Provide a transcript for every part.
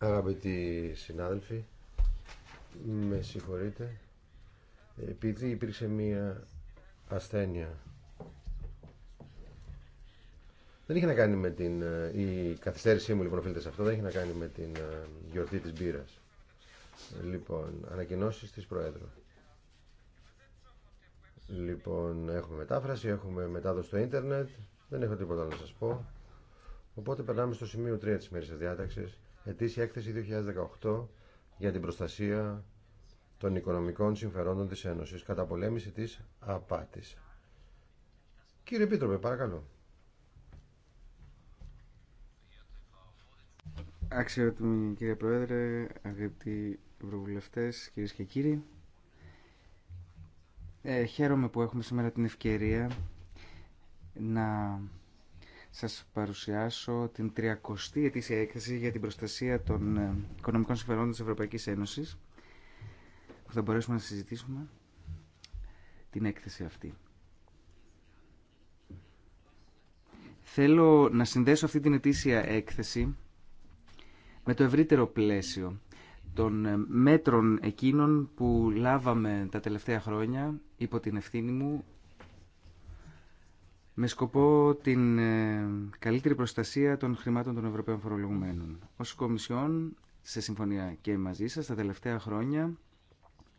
Αγαπητοί συνάδελφοι, με συγχωρείτε, επειδή υπήρξε μία ασθένεια. Δεν είχε να κάνει με την... Ε, η καθυστέρησή μου λοιπόν οφείλεται σε αυτό, δεν είχε να κάνει με την ε, γιορτή της μπύρας. Λοιπόν, ανακοινώσεις της Προέδρου. Λοιπόν, έχουμε μετάφραση, έχουμε μετάδοση στο ίντερνετ, δεν έχω τίποτα να σας πω. Οπότε περνάμε στο σημείο 3 της μέρης διάταξης, ετήσια έκθεση 2018 για την προστασία των οικονομικών συμφερόντων της Ένωσης κατά πολέμηση της απάτης. Κύριε Επίτροπε, παρακαλώ. Αξιότιμη κύριε Πρόεδρε, αγαπητοί ευρωβουλευτές, κυρίες και κύριοι, ε, χαίρομαι που έχουμε σήμερα την ευκαιρία να σας παρουσιάσω την 30η ετήσια έκθεση για την προστασία των ε, οικονομικών συμφερόντων της Ευρωπαϊκής Ένωσης που θα μπορέσουμε να συζητήσουμε την έκθεση αυτή. Θέλω να συνδέσω αυτή την ετήσια έκθεση με το ευρύτερο πλαίσιο των ε, μέτρων εκείνων που λάβαμε τα τελευταία χρόνια υπό την ευθύνη μου με σκοπό την ε, καλύτερη προστασία των χρημάτων των Ευρωπαίων φορολογουμένων. Ως Κομισιόν, σε συμφωνία και μαζί σας, τα τελευταία χρόνια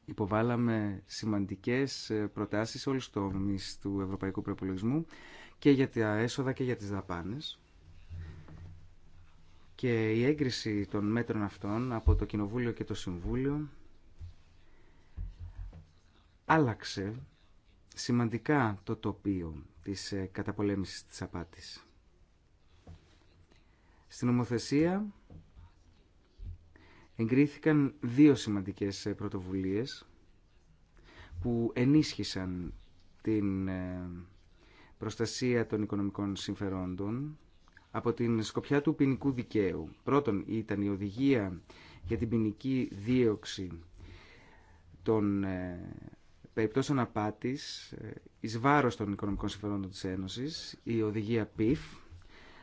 υποβάλαμε σημαντικές ε, προτάσεις σε όλους τομείς του ευρωπαϊκού προπολογισμού και για τα έσοδα και για τις δαπάνες. Και η έγκριση των μέτρων αυτών από το Κοινοβούλιο και το Συμβούλιο άλλαξε σημαντικά το τοπίο της ε, καταπολέμησης της απάτης. Στην ομοθεσία εγκρίθηκαν δύο σημαντικές ε, πρωτοβουλίες που ενίσχυσαν την ε, προστασία των οικονομικών συμφερόντων από την σκοπιά του ποινικού δικαίου. Πρώτον ήταν η οδηγία για την ποινική δίωξη των περιπτώσεων απάτης ε, ει βάρο των οικονομικών συμφερόντων τη Ένωση, η οδηγία PIF,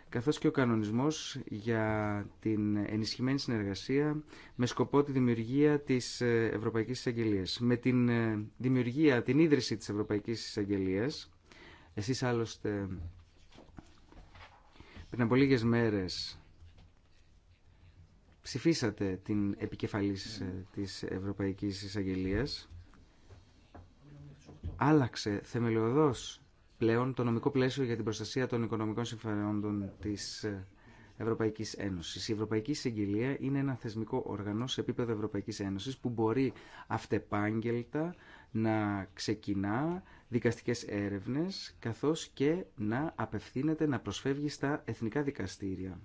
καθώς και ο κανονισμός για την ενισχυμένη συνεργασία με σκοπό τη δημιουργία της ε, Ευρωπαϊκής Εισαγγελία. Με την ε, δημιουργία, την ίδρυση τη Ευρωπαϊκής Εισαγγελία, εσείς άλλωστε πριν από λίγες μέρες ψηφίσατε την επικεφαλής της Ευρωπαϊκής Εισαγγελίας άλλαξε θεμελιωδώς πλέον το νομικό πλαίσιο για την προστασία των οικονομικών συμφερόντων της ε, Ευρωπαϊκή Ένωση. Η Ευρωπαϊκή Συγκυλία είναι ένα θεσμικό όργανο σε επίπεδο Ευρωπαϊκή Ένωση που μπορεί αυτεπάγγελτα να ξεκινά δικαστικές έρευνες καθώς και να απευθύνεται να προσφεύγει στα εθνικά δικαστήρια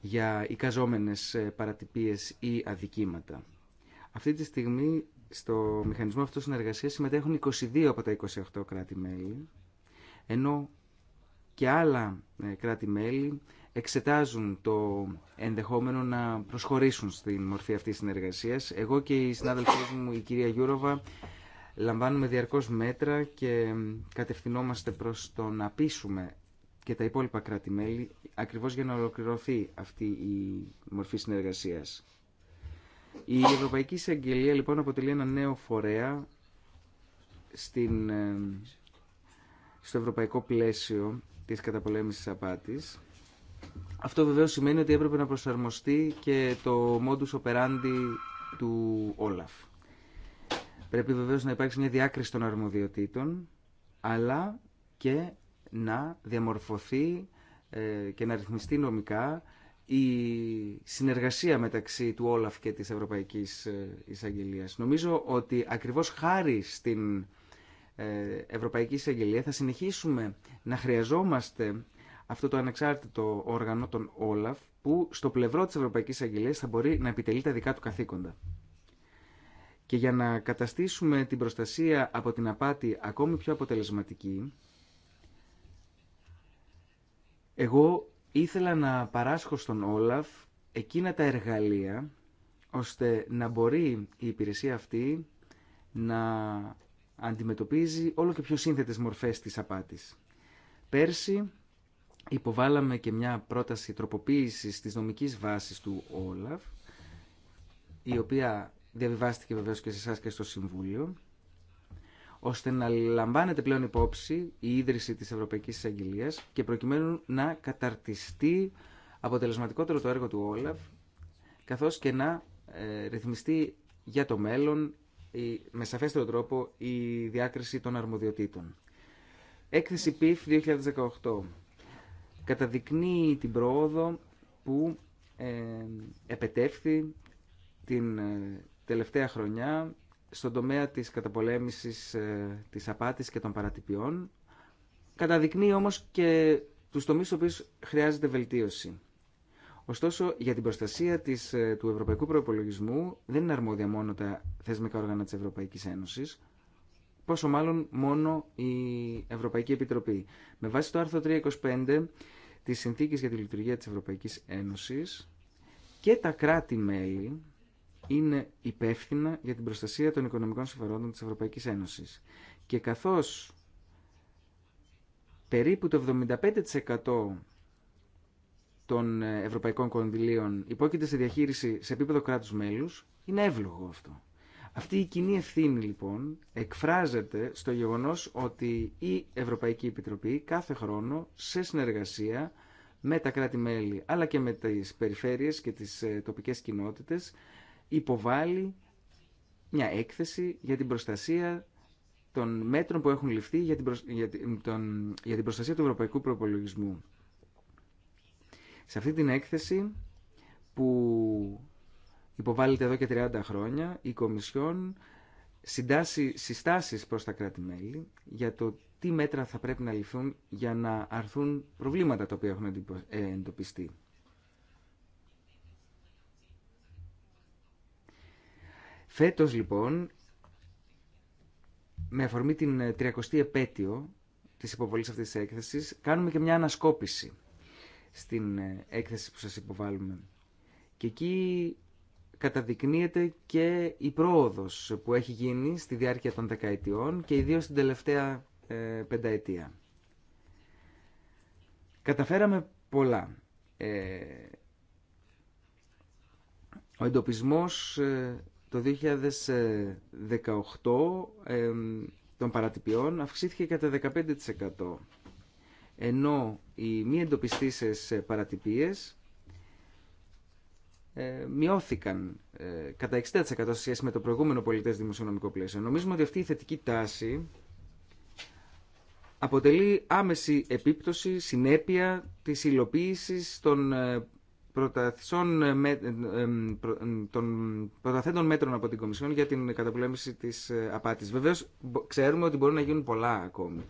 για εικαζόμενες ε, παρατυπίες ή αδικήματα. Αυτή τη στιγμή στο μηχανισμό αυτό συνεργασία συμμετέχουν 22 από τα 28 κράτη-μέλη, ενώ και άλλα ε, κράτη-μέλη εξετάζουν το ενδεχόμενο να προσχωρήσουν στην μορφή αυτή της συνεργασίας. Εγώ και η συνάδελφή μου, η κυρία Γιούροβα, λαμβάνουμε διαρκώς μέτρα και κατευθυνόμαστε προς το να πείσουμε και τα υπόλοιπα κράτη-μέλη ακριβώς για να ολοκληρωθεί αυτή η μορφή συνεργασίας. Η Ευρωπαϊκή Εισαγγελία λοιπόν αποτελεί ένα νέο φορέα ε, στο ευρωπαϊκό πλαίσιο της καταπολέμησης απάτης. Αυτό βεβαίως σημαίνει ότι έπρεπε να προσαρμοστεί και το modus operandi του Όλαφ. Πρέπει βεβαίως να υπάρξει μια διάκριση των αρμοδιοτήτων, αλλά και να διαμορφωθεί ε, και να ρυθμιστεί νομικά η συνεργασία μεταξύ του Όλαφ και της Ευρωπαϊκής ε, Εισαγγελίας. Νομίζω ότι ακριβώς χάρη στην ε, Ευρωπαϊκή Εισαγγελία θα συνεχίσουμε να χρειαζόμαστε αυτό το ανεξάρτητο όργανο, τον Όλαφ, που στο πλευρό της Ευρωπαϊκής Εισαγγελίας θα μπορεί να επιτελεί τα δικά του καθήκοντα. Και για να καταστήσουμε την προστασία από την απάτη ακόμη πιο αποτελεσματική, εγώ ήθελα να παράσχω στον Όλαφ εκείνα τα εργαλεία ώστε να μπορεί η υπηρεσία αυτή να αντιμετωπίζει όλο και πιο σύνθετες μορφές της απάτης. Πέρσι υποβάλαμε και μια πρόταση τροποποίησης της νομικής βάσης του Όλαφ, η οποία διαβιβάστηκε βεβαίως και σε εσά και στο Συμβούλιο ώστε να λαμβάνεται πλέον υπόψη η ίδρυση της Ευρωπαϊκής Εισαγγελίας και προκειμένου να καταρτιστεί αποτελεσματικότερο το έργο του Όλαφ καθώς και να ε, ρυθμιστεί για το μέλλον με σαφέστερο τρόπο η διάκριση των αρμοδιοτήτων. Έκθεση PIF 2018 καταδεικνύει την πρόοδο που ε, την ε, τελευταία χρονιά στον τομέα της καταπολέμησης ε, της απάτης και των παρατυπιών, καταδεικνύει όμως και τους τομείς στους οποίους χρειάζεται βελτίωση. Ωστόσο, για την προστασία της, ε, του ευρωπαϊκού προπολογισμού δεν είναι αρμόδια μόνο τα θεσμικά όργανα της Ευρωπαϊκής Ένωσης, πόσο μάλλον μόνο η Ευρωπαϊκή Επιτροπή. Με βάση το άρθρο 325 της Συνθήκης για τη Λειτουργία της Ευρωπαϊκής Ένωσης και τα κράτη-μέλη είναι υπεύθυνα για την προστασία των οικονομικών συμφερόντων της Ευρωπαϊκής Ένωσης. Και καθώς περίπου το 75% των ε, ευρωπαϊκών κονδυλίων υπόκειται σε διαχείριση σε επίπεδο κράτους μέλους, είναι εύλογο αυτό. Αυτή η κοινή ευθύνη λοιπόν εκφράζεται στο γεγονός ότι η Ευρωπαϊκή Επιτροπή κάθε χρόνο σε συνεργασία με τα κράτη-μέλη αλλά και με τις περιφέρειες και τις ε, τοπικές κοινότητες υποβάλλει μια έκθεση για την προστασία των μέτρων που έχουν ληφθεί για την, προστασία του ευρωπαϊκού προπολογισμού. Σε αυτή την έκθεση που υποβάλλεται εδώ και 30 χρόνια, η Κομισιόν συντάσσει συστάσεις προς τα κράτη-μέλη για το τι μέτρα θα πρέπει να ληφθούν για να αρθούν προβλήματα τα οποία έχουν ε, εντοπιστεί. Φέτος λοιπόν, με αφορμή την 30η ε, επέτειο της υποβολής αυτής της έκθεσης, κάνουμε και μια ανασκόπηση στην ε, έκθεση που σας υποβάλλουμε. Και εκεί καταδεικνύεται και η πρόοδος που έχει γίνει στη διάρκεια των δεκαετιών και ιδίως την τελευταία ε, πενταετία. Καταφέραμε πολλά. ο εντοπισμός το 2018 ε, των παρατυπιών αυξήθηκε κατά 15%. Ενώ οι μη εντοπιστήσεις ε, παρατυπίες ε, μειώθηκαν ε, κατά 60% σε σχέση με το προηγούμενο πολιτές δημοσιονομικό πλαίσιο. Νομίζουμε ότι αυτή η θετική τάση αποτελεί άμεση επίπτωση, συνέπεια της υλοποίησης των προταθών, ε, με, ε, ε, των μέτρων από την Κομισιόν για την καταπολέμηση της απάτης. Βεβαίω, ξέρουμε ότι μπορούν να γίνουν πολλά ακόμη.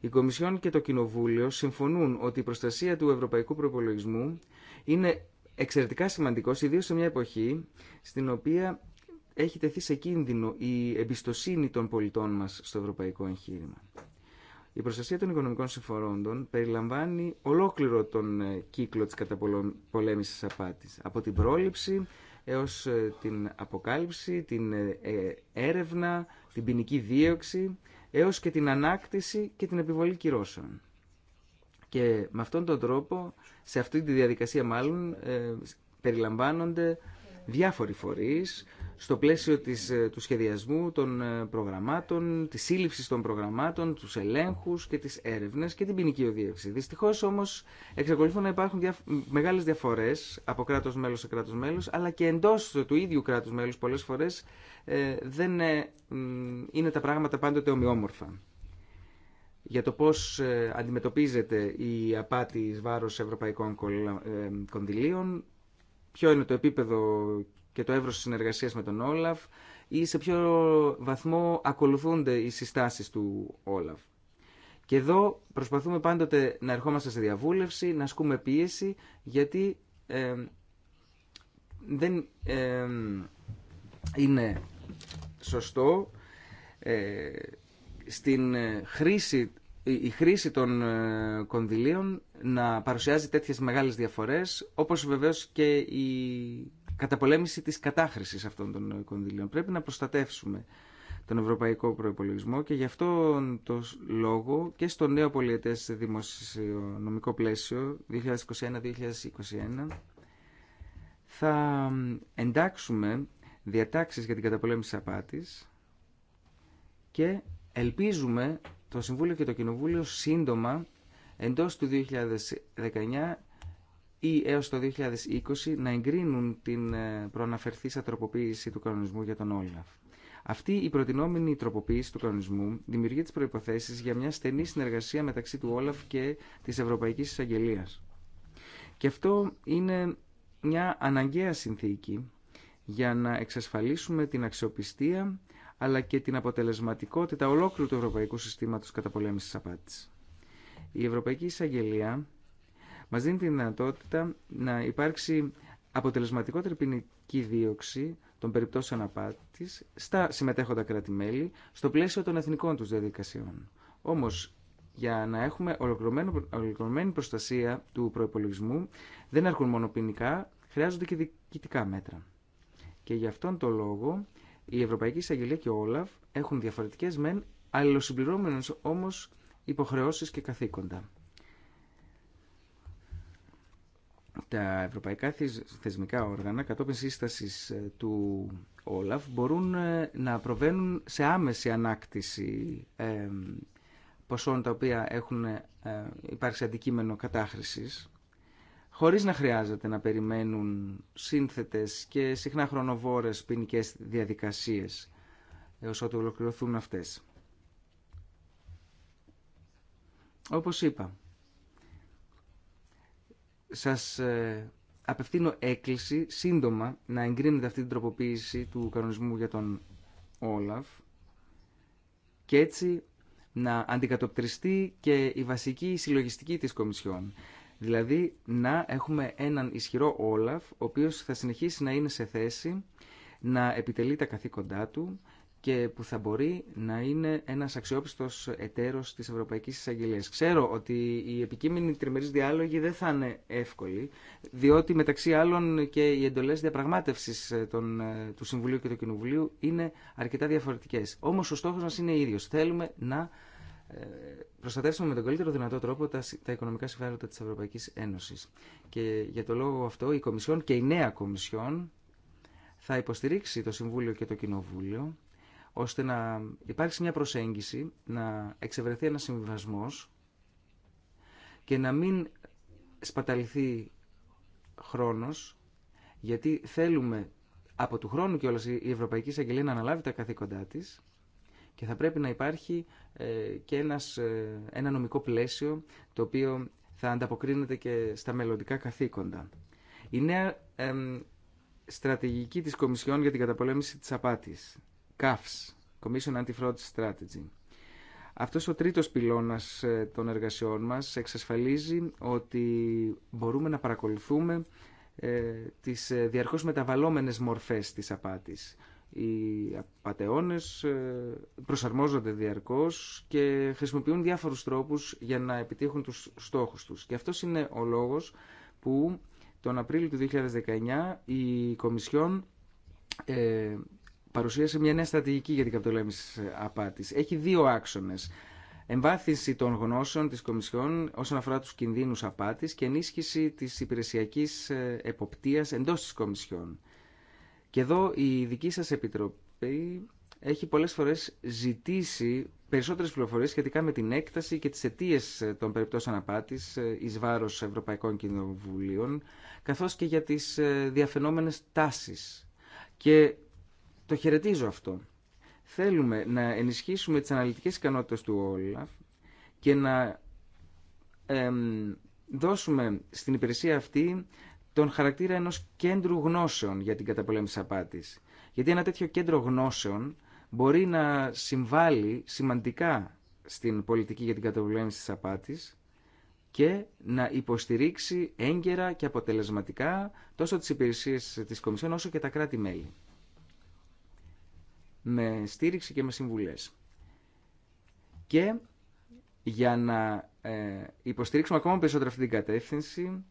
Η Κομισιόν και το Κοινοβούλιο συμφωνούν ότι η προστασία του ευρωπαϊκού προπολογισμού είναι εξαιρετικά σημαντικός, ιδίω σε μια εποχή στην οποία έχει τεθεί σε κίνδυνο η εμπιστοσύνη των πολιτών μας στο ευρωπαϊκό εγχείρημα. Η προστασία των οικονομικών συμφορώντων περιλαμβάνει ολόκληρο τον ε, κύκλο της καταπολέμησης απάτης. Από την πρόληψη έως ε, την αποκάλυψη, την ε, έρευνα, την ποινική δίωξη, έως και την ανάκτηση και την επιβολή κυρώσεων. Και με αυτόν τον τρόπο, σε αυτή τη διαδικασία μάλλον, περιλαμβάνονται διάφοροι φορείς στο πλαίσιο της, ε, του σχεδιασμού των ε, προγραμμάτων, της σύλληψη των προγραμμάτων, τους ελέγχους και τις έρευνες και την ποινική οδίευση. Δυστυχώς όμως εξακολουθούν να υπάρχουν μεγάλες διαφορές από κράτος μέλος σε κράτος μέλος, αλλά και εντός του ίδιου κράτους μέλους πολλές φορές ε, δεν είναι τα πράγματα πάντοτε ομοιόμορφα για το πώς αντιμετωπίζεται η απάτη βάρος ευρωπαϊκών κονδυλίων, ποιο είναι το επίπεδο και το εύρος συνεργασίας με τον Όλαφ ή σε ποιο βαθμό ακολουθούνται οι συστάσεις του Όλαφ. Και εδώ προσπαθούμε πάντοτε να ερχόμαστε σε διαβούλευση, να ασκούμε πίεση, γιατί δεν είναι σωστό ε, στην ε, χρήση, η χρήση των ε, κονδυλίων να παρουσιάζει τέτοιες μεγάλες διαφορές, όπως βεβαίως και η καταπολέμηση της κατάχρησης αυτών των κονδυλίων. Πρέπει να προστατεύσουμε τον ευρωπαϊκό προϋπολογισμό και γι' αυτόν το λόγο και στο νέο πολιετές δημοσιονομικό πλαίσιο 2021-2021 θα εντάξουμε διατάξεις για την καταπολέμηση της απάτης και ελπίζουμε το Συμβούλιο και το Κοινοβούλιο σύντομα εντός του 2019 ή έως το 2020 να εγκρίνουν την ε, προαναφερθήσα τροποποίηση του κανονισμού για τον Όλαφ. Αυτή η προτινόμενη τροποποίηση του κανονισμού δημιουργεί τις προϋποθέσεις για μια στενή συνεργασία μεταξύ του Όλαφ και της Ευρωπαϊκής Εισαγγελία. Και αυτό είναι μια αναγκαία συνθήκη για να εξασφαλίσουμε την αξιοπιστία αλλά και την αποτελεσματικότητα ολόκληρου του ευρωπαϊκού συστήματος καταπολέμησης απάτης. Η Ευρωπαϊκή Εισαγγελία μας δίνει τη δυνατότητα να υπάρξει αποτελεσματικότερη ποινική δίωξη των περιπτώσεων αναπάτης στα συμμετέχοντα κράτη-μέλη στο πλαίσιο των εθνικών τους διαδικασιών. Όμως, για να έχουμε ολοκληρωμένη προστασία του προπολογισμού, δεν έρχονται μόνο ποινικά, χρειάζονται και διοικητικά μέτρα. Και γι' αυτόν τον λόγο, η Ευρωπαϊκή Εισαγγελία και ο Όλαφ έχουν διαφορετικές μεν αλληλοσυμπληρώμενες όμως υποχρεώσεις και καθήκοντα. τα ευρωπαϊκά θεσμικά όργανα κατόπιν σύστασης ε, του Όλαφ μπορούν ε, να προβαίνουν σε άμεση ανάκτηση ποσών τα οποία έχουν ε, υπάρξει αντικείμενο κατάχρησης χωρίς να χρειάζεται να περιμένουν σύνθετες και συχνά χρονοβόρες ποινικέ διαδικασίες έως ότου ολοκληρωθούν αυτές. Όπως είπα, σας ε, απευθύνω έκκληση σύντομα να εγκρίνετε αυτή την τροποποίηση του κανονισμού για τον Όλαφ και έτσι να αντικατοπτριστεί και η βασική συλλογιστική της Κομισιόν. Δηλαδή να έχουμε έναν ισχυρό Όλαφ, ο οποίος θα συνεχίσει να είναι σε θέση να επιτελεί τα καθήκοντά του, και που θα μπορεί να είναι ένας αξιόπιστος εταίρος της Ευρωπαϊκής Εισαγγελία. Ξέρω ότι οι επικείμενοι τριμερείς διάλογοι δεν θα είναι εύκολοι, διότι μεταξύ άλλων και οι εντολές διαπραγμάτευσης ε, των, ε, του Συμβουλίου και του Κοινοβουλίου είναι αρκετά διαφορετικές. Όμως ο στόχος μας είναι ίδιος. Θέλουμε να ε, προστατεύσουμε με τον καλύτερο δυνατό τρόπο τα, οικονομικά συμφέροντα της Ευρωπαϊκής Ένωσης. Και για το λόγο αυτό η Κομισιόν και η νέα Κομισιόν θα υποστηρίξει το Συμβούλιο και το Κοινοβούλιο ώστε να υπάρξει μια προσέγγιση, να εξευρεθεί ένα συμβιβασμός και να μην σπαταληθεί χρόνος, γιατί θέλουμε από του χρόνου και όλα η Ευρωπαϊκή Εισαγγελία να αναλάβει τα καθήκοντά της και θα πρέπει να υπάρχει ε, και ένας, ε, ένα νομικό πλαίσιο το οποίο θα ανταποκρίνεται και στα μελλοντικά καθήκοντα. Η νέα στρατηγική της Κομισιόν για την καταπολέμηση της απάτης CAFS, Commission Anti-Fraud Strategy. Αυτός ο τρίτος πυλώνας ε, των εργασιών μας εξασφαλίζει ότι μπορούμε να παρακολουθούμε ε, τις ε, διαρκώς μεταβαλλόμενες μορφές της απάτης. Οι απαταιώνες προσαρμόζονται διαρκώς και χρησιμοποιούν διάφορους τρόπους για να επιτύχουν τους στόχους τους. Και αυτός είναι ο λόγος που τον Απρίλιο του 2019 η Κομισιόν παρουσίασε μια νέα στρατηγική για την καπτολέμηση απάτη. Έχει δύο άξονε: Εμβάθυνση των γνώσεων τη Κομισιόν όσον αφορά του κινδύνου απάτη και ενίσχυση τη υπηρεσιακή ε, εποπτείας εντό τη Κομισιόν. Και εδώ η δική σα επιτροπή έχει πολλές φορές ζητήσει περισσότερες πληροφορίες σχετικά με την έκταση και τις αιτίε ε, των περιπτώσεων απάτης ε, εις βάρος Ευρωπαϊκών Κοινοβουλίων, καθώς και για τις διαφαινόμενε τάσεις. Και το χαιρετίζω αυτό. Θέλουμε να ενισχύσουμε τις αναλυτικές ικανότητες του Όλαφ και να δώσουμε στην υπηρεσία αυτή τον χαρακτήρα ενός κέντρου γνώσεων για την καταπολέμηση απάτης. Γιατί ένα τέτοιο κέντρο γνώσεων μπορεί να συμβάλλει σημαντικά στην πολιτική για την καταπολέμηση της απάτης και να υποστηρίξει έγκαιρα και αποτελεσματικά τόσο τις υπηρεσίες της Κομισιόν όσο και τα κράτη-μέλη με στήριξη και με συμβουλές. Και για να ε, υποστηρίξουμε ακόμα περισσότερο αυτή την κατεύθυνση,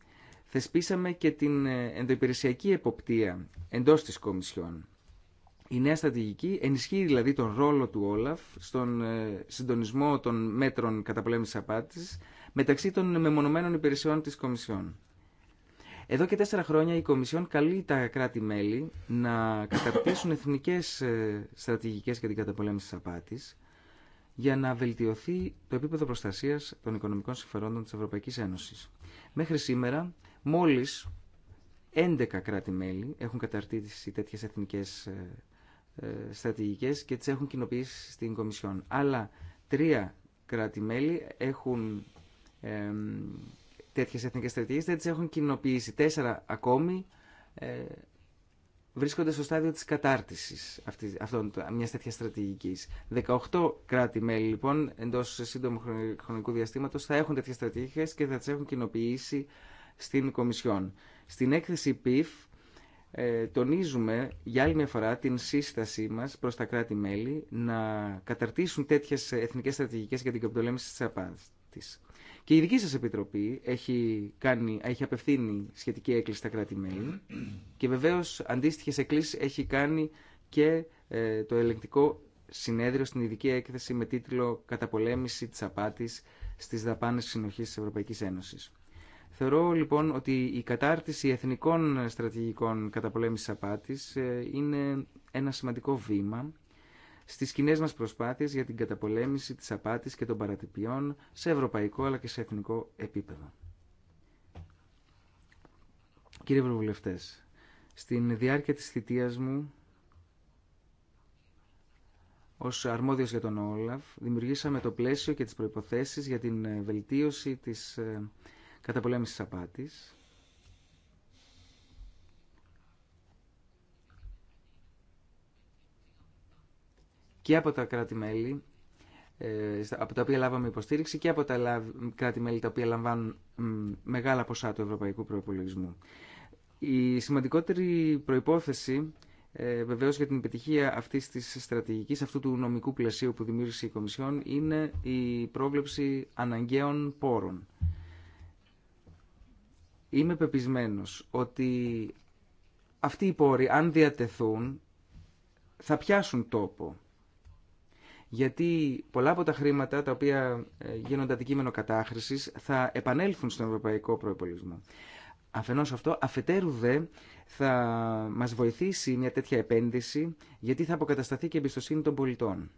θεσπίσαμε και την ε, ενδοϊπηρεσιακή εποπτεία εντός της Κομισιόν. Η νέα στρατηγική ενισχύει δηλαδή τον ρόλο του Όλαφ στον ε, συντονισμό των μέτρων καταπολέμησης απάτης μεταξύ των μεμονωμένων υπηρεσιών της Κομισιόν. Εδώ και τέσσερα χρόνια η Κομισιόν καλεί τα κράτη-μέλη να καταρτήσουν εθνικές ε, στρατηγικές για την καταπολέμηση τη απάτη, για να βελτιωθεί το επίπεδο προστασίας των οικονομικών συμφερόντων της Ευρωπαϊκή Ένωση. Μέχρι σήμερα, μόλις 11 κράτη-μέλη έχουν καταρτήσει τέτοιες εθνικές ε, ε, στρατηγικέ και τι έχουν κοινοποιήσει στην Κομισιόν. Αλλά τρία κράτη-μέλη έχουν τέτοιες εθνικές στρατηγίες, δεν τις έχουν κοινοποιήσει. Τέσσερα ακόμη ε, βρίσκονται στο στάδιο της κατάρτισης μια τέτοια μιας τέτοιας στρατηγικής. 18 κράτη-μέλη λοιπόν εντός σύντομου χρονικού διαστήματος θα έχουν τέτοιες στρατηγικές και θα τις έχουν κοινοποιήσει στην Κομισιόν. Στην έκθεση PIF ε, τονίζουμε για άλλη μια φορά την σύστασή μα προ τα κράτη-μέλη να καταρτήσουν τέτοιε εθνικέ στρατηγικέ για την καπιτολέμηση τη απάτη. Και η δική σας Επιτροπή έχει, κάνει, έχει απευθύνει σχετική έκκληση στα κράτη-μέλη και βεβαίως αντίστοιχες εκκλήσεις έχει κάνει και ε, το ελεγκτικό συνέδριο στην ειδική έκθεση με τίτλο «Καταπολέμηση της απάτης στις δαπάνες συνοχής της Ευρωπαϊκής Ένωσης». Θεωρώ λοιπόν ότι η κατάρτιση εθνικών στρατηγικών καταπολέμησης απάτης ε, είναι ένα σημαντικό βήμα στις κοινέ μας προσπάθειες για την καταπολέμηση της απάτης και των παρατυπιών σε ευρωπαϊκό αλλά και σε εθνικό επίπεδο. Κύριε Ευρωβουλευτέ, στην διάρκεια της θητείας μου ως αρμόδιος για τον Όλαφ, δημιουργήσαμε το πλαίσιο και τις προϋποθέσεις για την βελτίωση της ε, καταπολέμησης απάτης και από τα κράτη-μέλη, ε, από τα οποία λάβαμε υποστήριξη και από τα κράτη-μέλη τα οποία λαμβάνουν μεγάλα ποσά του ευρωπαϊκού προπολογισμού. Η σημαντικότερη προϋπόθεση ε, βεβαίως Βεβαίω για την επιτυχία αυτή τη στρατηγική, αυτού του νομικού πλαισίου που δημιούργησε η Κομισιόν, είναι η πρόβλεψη αναγκαίων πόρων. Είμαι πεπισμένος ότι αυτοί οι πόροι, αν διατεθούν, θα πιάσουν τόπο γιατί πολλά από τα χρήματα τα οποία ε, γίνονται αντικείμενο κατάχρησης θα επανέλθουν στον ευρωπαϊκό προϋπολογισμό. Αφενός αυτό, αφετέρου δε θα μας βοηθήσει μια τέτοια επένδυση γιατί θα αποκατασταθεί και η εμπιστοσύνη των πολιτών.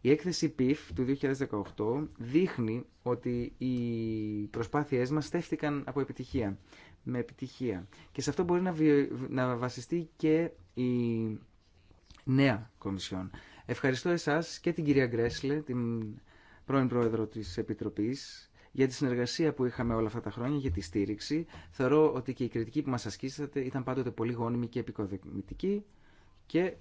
Η έκθεση PIF του 2018 δείχνει ότι οι προσπάθειές μας στέφτηκαν από επιτυχία, με επιτυχία. Και σε αυτό μπορεί να, να βασιστεί και η νέα Κομισιόν. Ευχαριστώ εσάς και την κυρία Γκρέσλε, την πρώην πρόεδρο της Επιτροπής, για τη συνεργασία που είχαμε όλα αυτά τα χρόνια, για τη στήριξη. Θεωρώ ότι και η κριτική που μας ασκήσατε ήταν πάντοτε πολύ γόνιμη και επικοδομητική και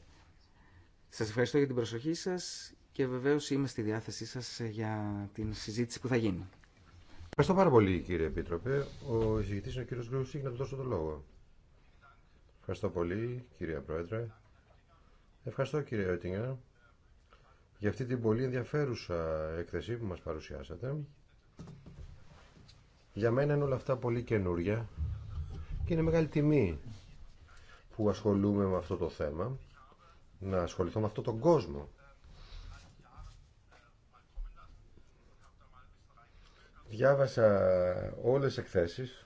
σας ευχαριστώ για την προσοχή σας και βεβαίως είμαι στη διάθεσή σας για την συζήτηση που θα γίνει. Ευχαριστώ πάρα πολύ κύριε Επίτροπε. Ο εισηγητής είναι ο κύριος Γκρούση να του δώσω το λόγο. Ευχαριστώ πολύ κύριε Πρόεδρε. Ευχαριστώ κύριε Ότιγκερ για αυτή την πολύ ενδιαφέρουσα εκθεσή που μας παρουσιάσατε. Για μένα είναι όλα αυτά πολύ καινούρια και είναι μεγάλη τιμή που ασχολούμαι με αυτό το θέμα, να ασχοληθώ με αυτόν τον κόσμο. Διάβασα όλες τις εκθέσεις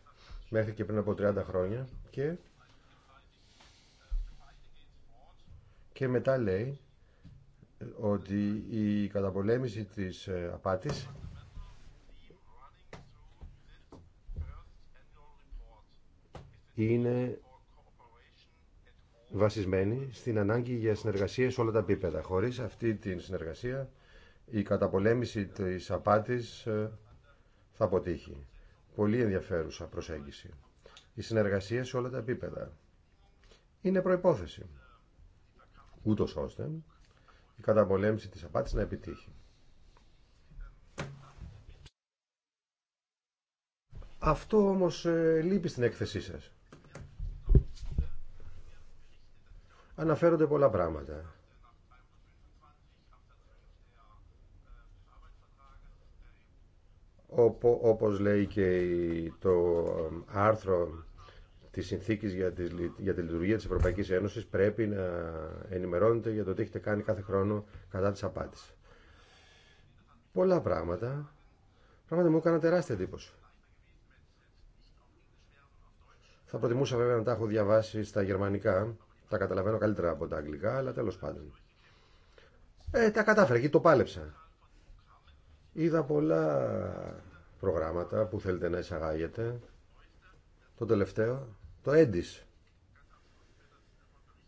μέχρι και πριν από 30 χρόνια και, και μετά λέει ότι η καταπολέμηση της ε, απάτης είναι βασισμένη στην ανάγκη για συνεργασία σε όλα τα επίπεδα. Χωρίς αυτή τη συνεργασία η καταπολέμηση της απάτης ε, θα αποτύχει. Πολύ ενδιαφέρουσα προσέγγιση. Η συνεργασία σε όλα τα επίπεδα είναι προϋπόθεση. Ούτως ώστε η καταπολέμηση της απάτης να επιτύχει. Αυτό όμως ε, λείπει στην έκθεσή σας. Αναφέρονται πολλά πράγματα. Όπως λέει και το ε, άρθρο τη συνθήκη για, για τη λειτουργία τη Ευρωπαϊκή Ένωση πρέπει να ενημερώνεται για το τι έχετε κάνει κάθε χρόνο κατά τη απάτη. Πολλά πράγματα. Πράγματα μου έκανα τεράστια εντύπωση. Θα προτιμούσα βέβαια να τα έχω διαβάσει στα γερμανικά. Τα καταλαβαίνω καλύτερα από τα αγγλικά, αλλά τέλο πάντων. Ε, τα κατάφερα και το πάλεψα. Είδα πολλά προγράμματα που θέλετε να εισαγάγετε. Το τελευταίο το έντις.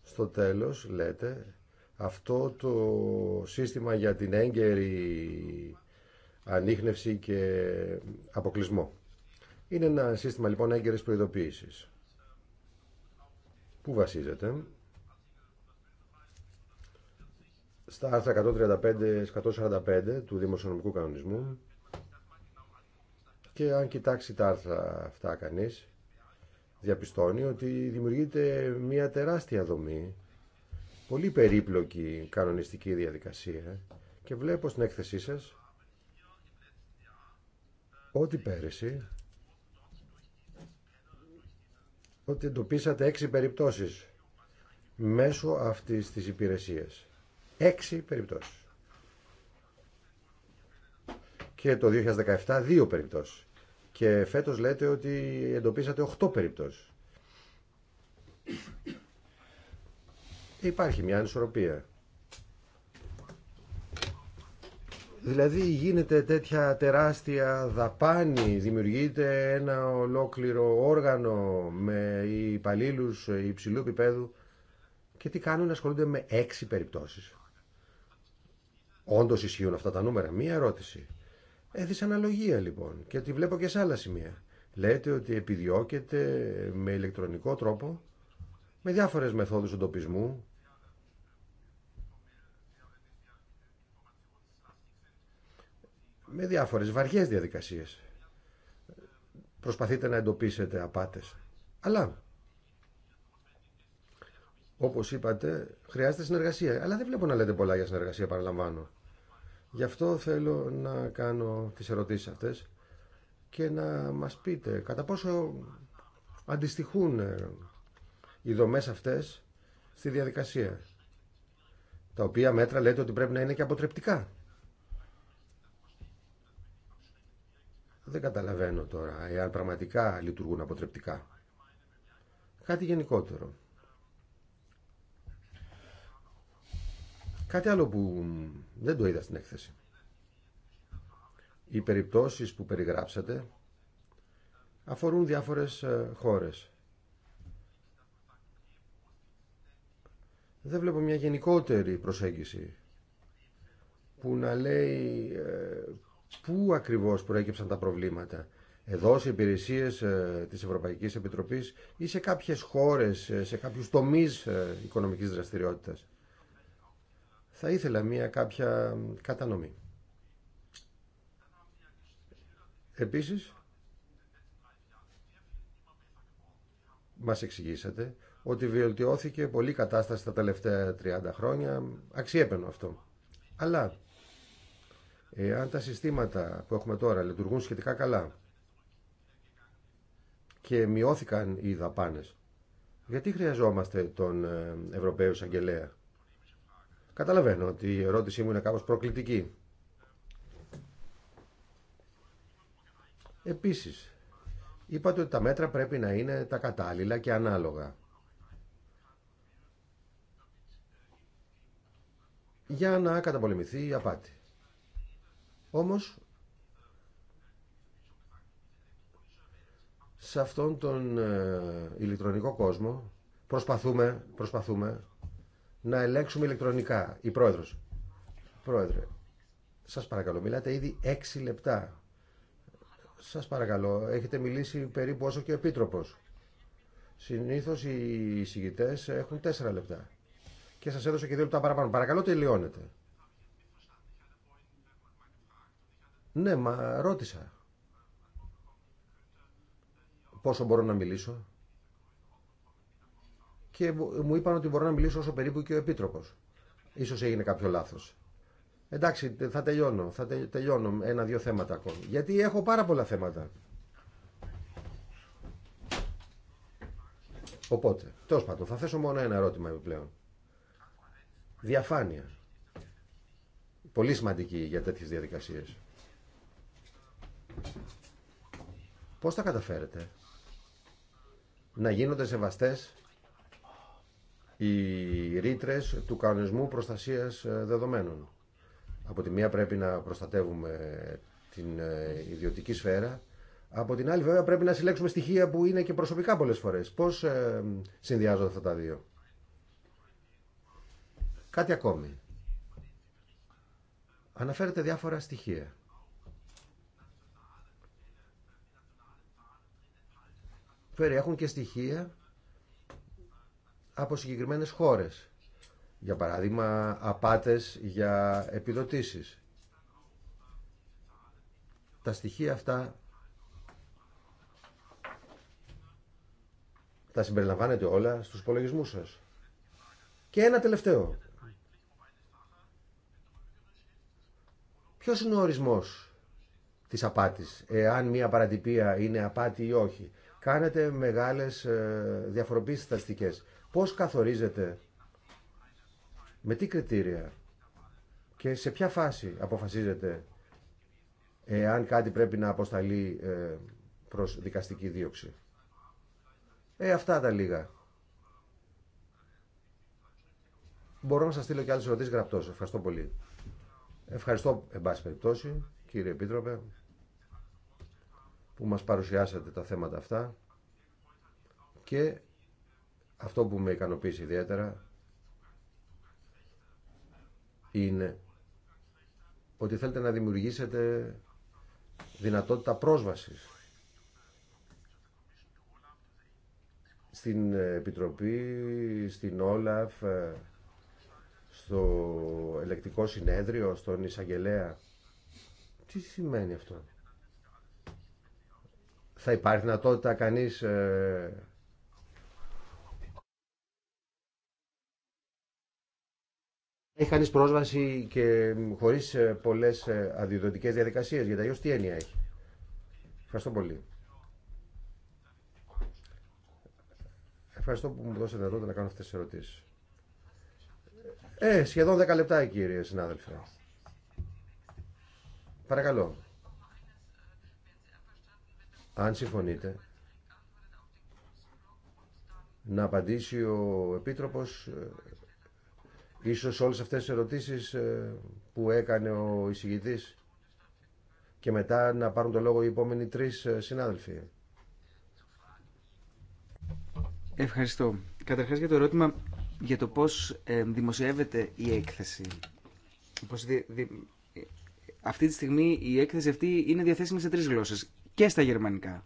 Στο τέλος λέτε αυτό το σύστημα για την έγκαιρη ανείχνευση και αποκλεισμό. Είναι ένα σύστημα λοιπόν έγκαιρης προειδοποίησης. Πού βασίζεται. Στα άρθρα 135-145 του Δημοσιονομικού Κανονισμού και αν κοιτάξει τα άρθρα αυτά κανείς διαπιστώνει ότι δημιουργείται μια τεράστια δομή, πολύ περίπλοκη κανονιστική διαδικασία και βλέπω στην έκθεσή σας ότι πέρυσι ότι εντοπίσατε έξι περιπτώσεις μέσω αυτής της υπηρεσίας. Έξι περιπτώσεις. Και το 2017 δύο περιπτώσεις και φέτος λέτε ότι εντοπίσατε 8 περιπτώσεις. Υπάρχει μια ανισορροπία. Δηλαδή γίνεται τέτοια τεράστια δαπάνη, δημιουργείται ένα ολόκληρο όργανο με υπαλλήλου υψηλού επίπεδου και τι κάνουν, ασχολούνται με έξι περιπτώσεις. Όντως ισχύουν αυτά τα νούμερα. Μία ερώτηση. Ε, δυσαναλογία λοιπόν και τη βλέπω και σε άλλα σημεία. Λέτε ότι επιδιώκεται με ηλεκτρονικό τρόπο, με διάφορες μεθόδους εντοπισμού, με διάφορες βαριές διαδικασίες. Προσπαθείτε να εντοπίσετε απάτες. Αλλά, όπως είπατε, χρειάζεται συνεργασία. Αλλά δεν βλέπω να λέτε πολλά για συνεργασία, παραλαμβάνω. Γι' αυτό θέλω να κάνω τις ερωτήσεις αυτές και να μας πείτε κατά πόσο αντιστοιχούν ε, οι δομές αυτές στη διαδικασία τα οποία μέτρα λέτε ότι πρέπει να είναι και αποτρεπτικά. Δεν καταλαβαίνω τώρα εάν πραγματικά λειτουργούν αποτρεπτικά. Κάτι γενικότερο. Κάτι άλλο που δεν το είδα στην έκθεση. Οι περιπτώσεις που περιγράψατε αφορούν διάφορες ε, χώρες. Δεν βλέπω μια γενικότερη προσέγγιση που να λέει ε, πού ακριβώς προέκυψαν τα προβλήματα. Εδώ σε υπηρεσίες ε, της Ευρωπαϊκής Επιτροπής ή σε κάποιες χώρες, σε κάποιους τομείς οικονομικής δραστηριότητας θα ήθελα μια κάποια κατανομή. Επίσης, μας εξηγήσατε ότι βελτιώθηκε πολύ κατάσταση τα τελευταία 30 χρόνια, αξιέπαινο αυτό. Αλλά, εάν τα συστήματα που έχουμε τώρα λειτουργούν σχετικά καλά και μειώθηκαν οι δαπάνες, γιατί χρειαζόμαστε τον ε, Ευρωπαίο Αγγελέα Καταλαβαίνω ότι η ερώτησή μου είναι κάπως προκλητική. Επίσης, είπατε ότι τα μέτρα πρέπει να είναι τα κατάλληλα και ανάλογα. για να καταπολεμηθεί η απάτη. Όμως, σε αυτόν τον ε, ηλεκτρονικό κόσμο προσπαθούμε, προσπαθούμε να ελέγξουμε ηλεκτρονικά. Η πρόεδρος. Πρόεδρε, σας παρακαλώ, μιλάτε ήδη 6 λεπτά. Σας παρακαλώ, έχετε μιλήσει περίπου όσο και ο Επίτροπος. Συνήθως οι εισηγητές έχουν 4 λεπτά. Και σας έδωσα και 2 λεπτά παραπάνω. Παρακαλώ τελειώνετε. Ναι, μα ρώτησα. Πόσο μπορώ να μιλήσω και μου είπαν ότι μπορώ να μιλήσω όσο περίπου και ο επίτροπο. Ίσως έγινε κάποιο λάθο. Εντάξει, θα τελειώνω. Θα τελειώνω ένα-δύο θέματα ακόμη. Γιατί έχω πάρα πολλά θέματα. Οπότε, τέλο πάντων, θα θέσω μόνο ένα ερώτημα επιπλέον. Διαφάνεια. Πολύ σημαντική για τέτοιε διαδικασίε. Πώς τα καταφέρετε να γίνονται σεβαστές οι ρήτρε του κανονισμού προστασίας ε, δεδομένων. Από τη μία πρέπει να προστατεύουμε την ε, ιδιωτική σφαίρα, από την άλλη βέβαια πρέπει να συλλέξουμε στοιχεία που είναι και προσωπικά πολλές φορές. Πώς ε, συνδυάζονται αυτά τα δύο. Κάτι ακόμη. Αναφέρεται διάφορα στοιχεία. έχουν και στοιχεία από συγκεκριμένες χώρες. Για παράδειγμα, απάτες για επιδοτήσεις. Τα στοιχεία αυτά τα συμπεριλαμβάνετε όλα στους υπολογισμού σας. Και ένα τελευταίο. Ποιος είναι ο ορισμός της απάτης, εάν μια παρατυπία είναι απάτη ή όχι. Κάνετε μεγάλες ε, διαφοροποίησεις στατιστικές. Πώς καθορίζεται, με τι κριτήρια και σε ποια φάση αποφασίζεται αν κάτι πρέπει να αποσταλεί ε, προς δικαστική δίωξη. Ε, αυτά τα λίγα. Μπορώ να σας στείλω και άλλες ερωτήσεις γραπτός. Ευχαριστώ πολύ. Ευχαριστώ, εν πάση περιπτώσει, κύριε Επίτροπε, που μας παρουσιάσατε τα θέματα αυτά και αυτό που με ικανοποίησε ιδιαίτερα είναι ότι θέλετε να δημιουργήσετε δυνατότητα πρόσβασης στην Επιτροπή, στην Όλαφ, στο ελεκτικό συνέδριο, στον Ισαγγελέα. Τι σημαίνει αυτό. Θα υπάρχει δυνατότητα κανείς ε, Έχει κανεί πρόσβαση και χωρί ε, πολλέ ε, αδειοδοτικέ διαδικασίε, γιατί αλλιώ τι έννοια έχει. Ευχαριστώ πολύ. Ευχαριστώ που μου δώσετε εδώ να κάνω αυτέ τι ερωτήσει. Ε, σχεδόν 10 λεπτά, κύριε συνάδελφε. Παρακαλώ. Αν συμφωνείτε, να απαντήσει ο Επίτροπος ε, Ίσως όλες αυτές τις ερωτήσεις ε, που έκανε ο εισηγητής και μετά να πάρουν το λόγο οι επόμενοι τρεις ε, συνάδελφοι. Ευχαριστώ. Καταρχάς για το ερώτημα για το πώς ε, δημοσιεύεται η έκθεση. Πώς αυτή τη στιγμή η έκθεση αυτή είναι διαθέσιμη σε τρεις γλώσσες και στα γερμανικά.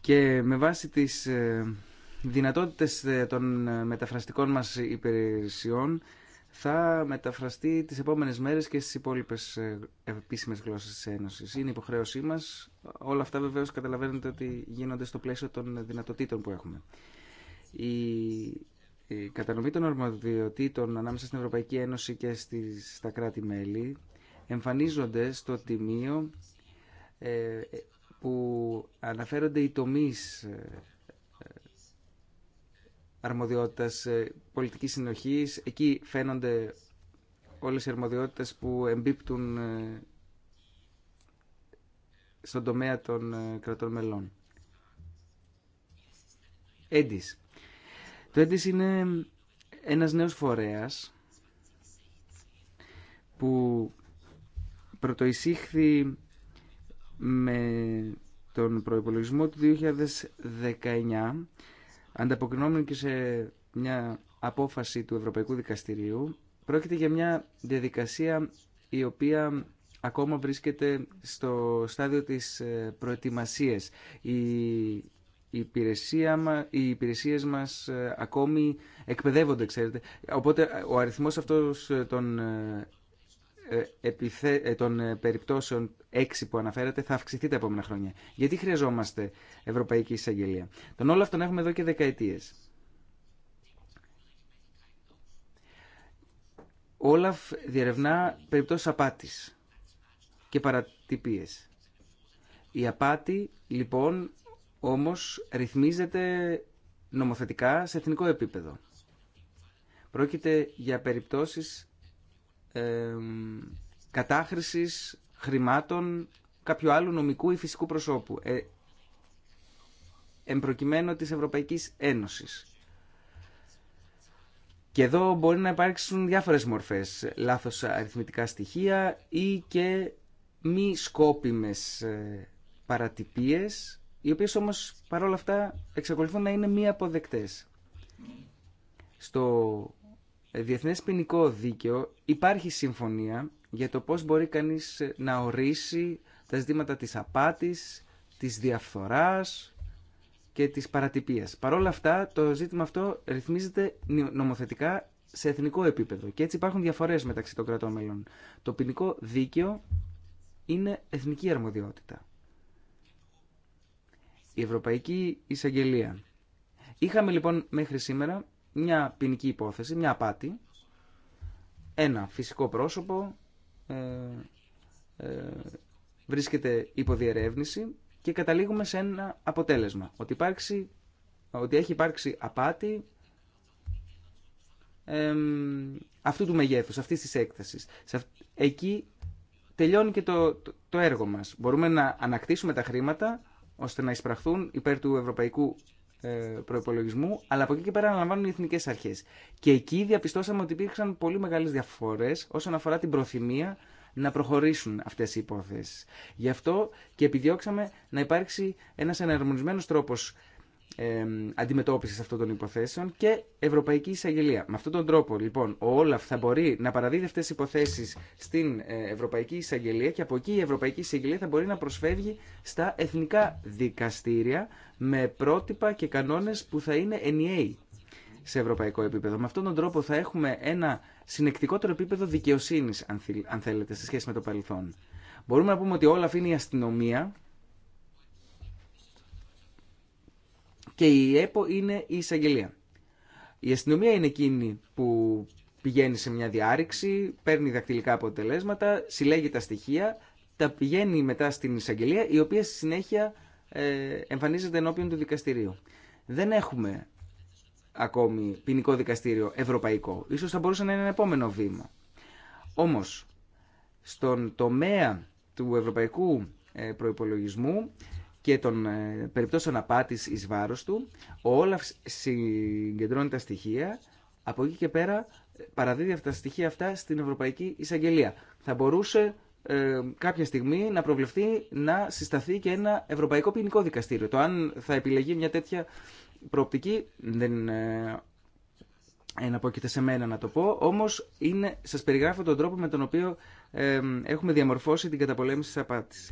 Και με βάση τις δυνατότητες ε, των ε, μεταφραστικών μας υπηρεσιών θα μεταφραστεί τις επόμενες μέρες και στις υπόλοιπες ε, επίσημες γλώσσες της Ένωσης. Είναι υποχρέωσή μας. Όλα αυτά βεβαίως καταλαβαίνετε ότι γίνονται στο πλαίσιο των δυνατοτήτων που έχουμε. Η, η κατανομή των αρμοδιοτήτων ανάμεσα στην Ευρωπαϊκή Ένωση και στα κράτη-μέλη εμφανίζονται στο τιμίο που αναφέρονται οι τομείς Αρμοδιότητα ε, πολιτικής συνοχής. Εκεί φαίνονται όλες οι αρμοδιότητες που εμπίπτουν ε, στον τομέα των ε, κρατών μελών. Έντις. Το Έντις είναι ένας νέος φορέας που πρωτοεισήχθη με τον προϋπολογισμό του 2019 Ανταποκρινόμενοι και σε μια απόφαση του Ευρωπαϊκού Δικαστηρίου, πρόκειται για μια διαδικασία η οποία ακόμα βρίσκεται στο στάδιο της ε, προετοιμασίας. Η η υπηρεσία μα, οι μας ε, ακόμη εκπαιδεύονται, ξέρετε. Οπότε ε, ο αριθμός αυτός των ε, ε, των ε, περιπτώσεων 6 που αναφέρατε θα αυξηθεί τα επόμενα χρόνια. Γιατί χρειαζόμαστε Ευρωπαϊκή Εισαγγελία. Τον όλο αυτόν έχουμε εδώ και δεκαετίες. Όλαφ διερευνά περιπτώσεις απάτης και παρατυπίες. Η απάτη, λοιπόν, όμως ρυθμίζεται νομοθετικά σε εθνικό επίπεδο. Πρόκειται για περιπτώσεις κατάχρησης χρημάτων κάποιου άλλου νομικού ή φυσικού προσώπου ε, εμπροκειμένου της Ευρωπαϊκής Ένωσης. Και εδώ μπορεί να υπάρξουν διάφορες μορφές, λάθος αριθμητικά στοιχεία ή και μη σκόπιμες ε, παρατυπίες, οι οποίες όμως παρόλα αυτά εξακολουθούν να είναι μη αποδεκτές. Στο Διεθνέ ποινικό δίκαιο υπάρχει συμφωνία για το πώς μπορεί κανείς να ορίσει τα ζητήματα της απάτης, της διαφθοράς και της παρατυπίας. Παρ' όλα αυτά το ζήτημα αυτό ρυθμίζεται νομοθετικά σε εθνικό επίπεδο και έτσι υπάρχουν διαφορές μεταξύ των κρατών μελών. Το ποινικό δίκαιο είναι εθνική αρμοδιότητα. Η Ευρωπαϊκή Εισαγγελία. Είχαμε λοιπόν μέχρι σήμερα μια ποινική υπόθεση, μια απάτη, ένα φυσικό πρόσωπο ε, ε, βρίσκεται υπό διερεύνηση και καταλήγουμε σε ένα αποτέλεσμα. Ότι, υπάρξει, ότι έχει υπάρξει απάτη αυτού του μεγέθους, αυτής της έκτασης. Σε, εκεί τελειώνει και το, το, έργο μας. Μπορούμε να ανακτήσουμε τα χρήματα ώστε να εισπραχθούν υπέρ του ευρωπαϊκού ε, προπολογισμού, αλλά από εκεί και πέρα αναλαμβάνουν οι εθνικέ αρχέ. Και εκεί διαπιστώσαμε ότι υπήρξαν πολύ μεγάλε διαφορέ όσον αφορά την προθυμία να προχωρήσουν αυτέ οι υποθέσει. Γι' αυτό και επιδιώξαμε να υπάρξει ένα εναρμονισμένο τρόπο Αντιμετώπιση αυτών των υποθέσεων και Ευρωπαϊκή Εισαγγελία. Με αυτόν τον τρόπο, λοιπόν, ο Όλαφ θα μπορεί να παραδίδει αυτές τι υποθέσεις στην ε, Ευρωπαϊκή Εισαγγελία και από εκεί η Ευρωπαϊκή Εισαγγελία θα μπορεί να προσφεύγει στα εθνικά δικαστήρια με πρότυπα και κανόνε που θα είναι ενιαίοι σε ευρωπαϊκό επίπεδο. Με αυτόν τον τρόπο θα έχουμε ένα συνεκτικότερο επίπεδο δικαιοσύνη αν θέλετε, σε σχέση με το παρελθόν. Μπορούμε να πούμε ότι όλα είναι η αστυνομία και η ΕΠΟ είναι η εισαγγελία. Η αστυνομία είναι εκείνη που πηγαίνει σε μια διάρρηξη, παίρνει δακτυλικά αποτελέσματα, συλλέγει τα στοιχεία, τα πηγαίνει μετά στην εισαγγελία, η οποία στη συνέχεια ε, εμφανίζεται ενώπιον του δικαστηρίου. Δεν έχουμε ακόμη ποινικό δικαστήριο ευρωπαϊκό. Ίσως θα μπορούσε να είναι ένα επόμενο βήμα. Όμως, στον τομέα του ευρωπαϊκού ε, προϋπολογισμού και των ε, περιπτώσεων απάτης εις βάρος του, ο Όλαφ συγκεντρώνει τα στοιχεία, από εκεί και πέρα ε, παραδίδει αυτά τα στοιχεία αυτά στην Ευρωπαϊκή Εισαγγελία. Θα μπορούσε ε, κάποια στιγμή να προβλεφθεί να συσταθεί και ένα Ευρωπαϊκό Ποινικό Δικαστήριο. Το αν θα επιλεγεί μια τέτοια προοπτική δεν σε μένα να το πω, όμως είναι, σας περιγράφω τον τρόπο με τον οποίο έχουμε διαμορφώσει την καταπολέμηση της απάτης.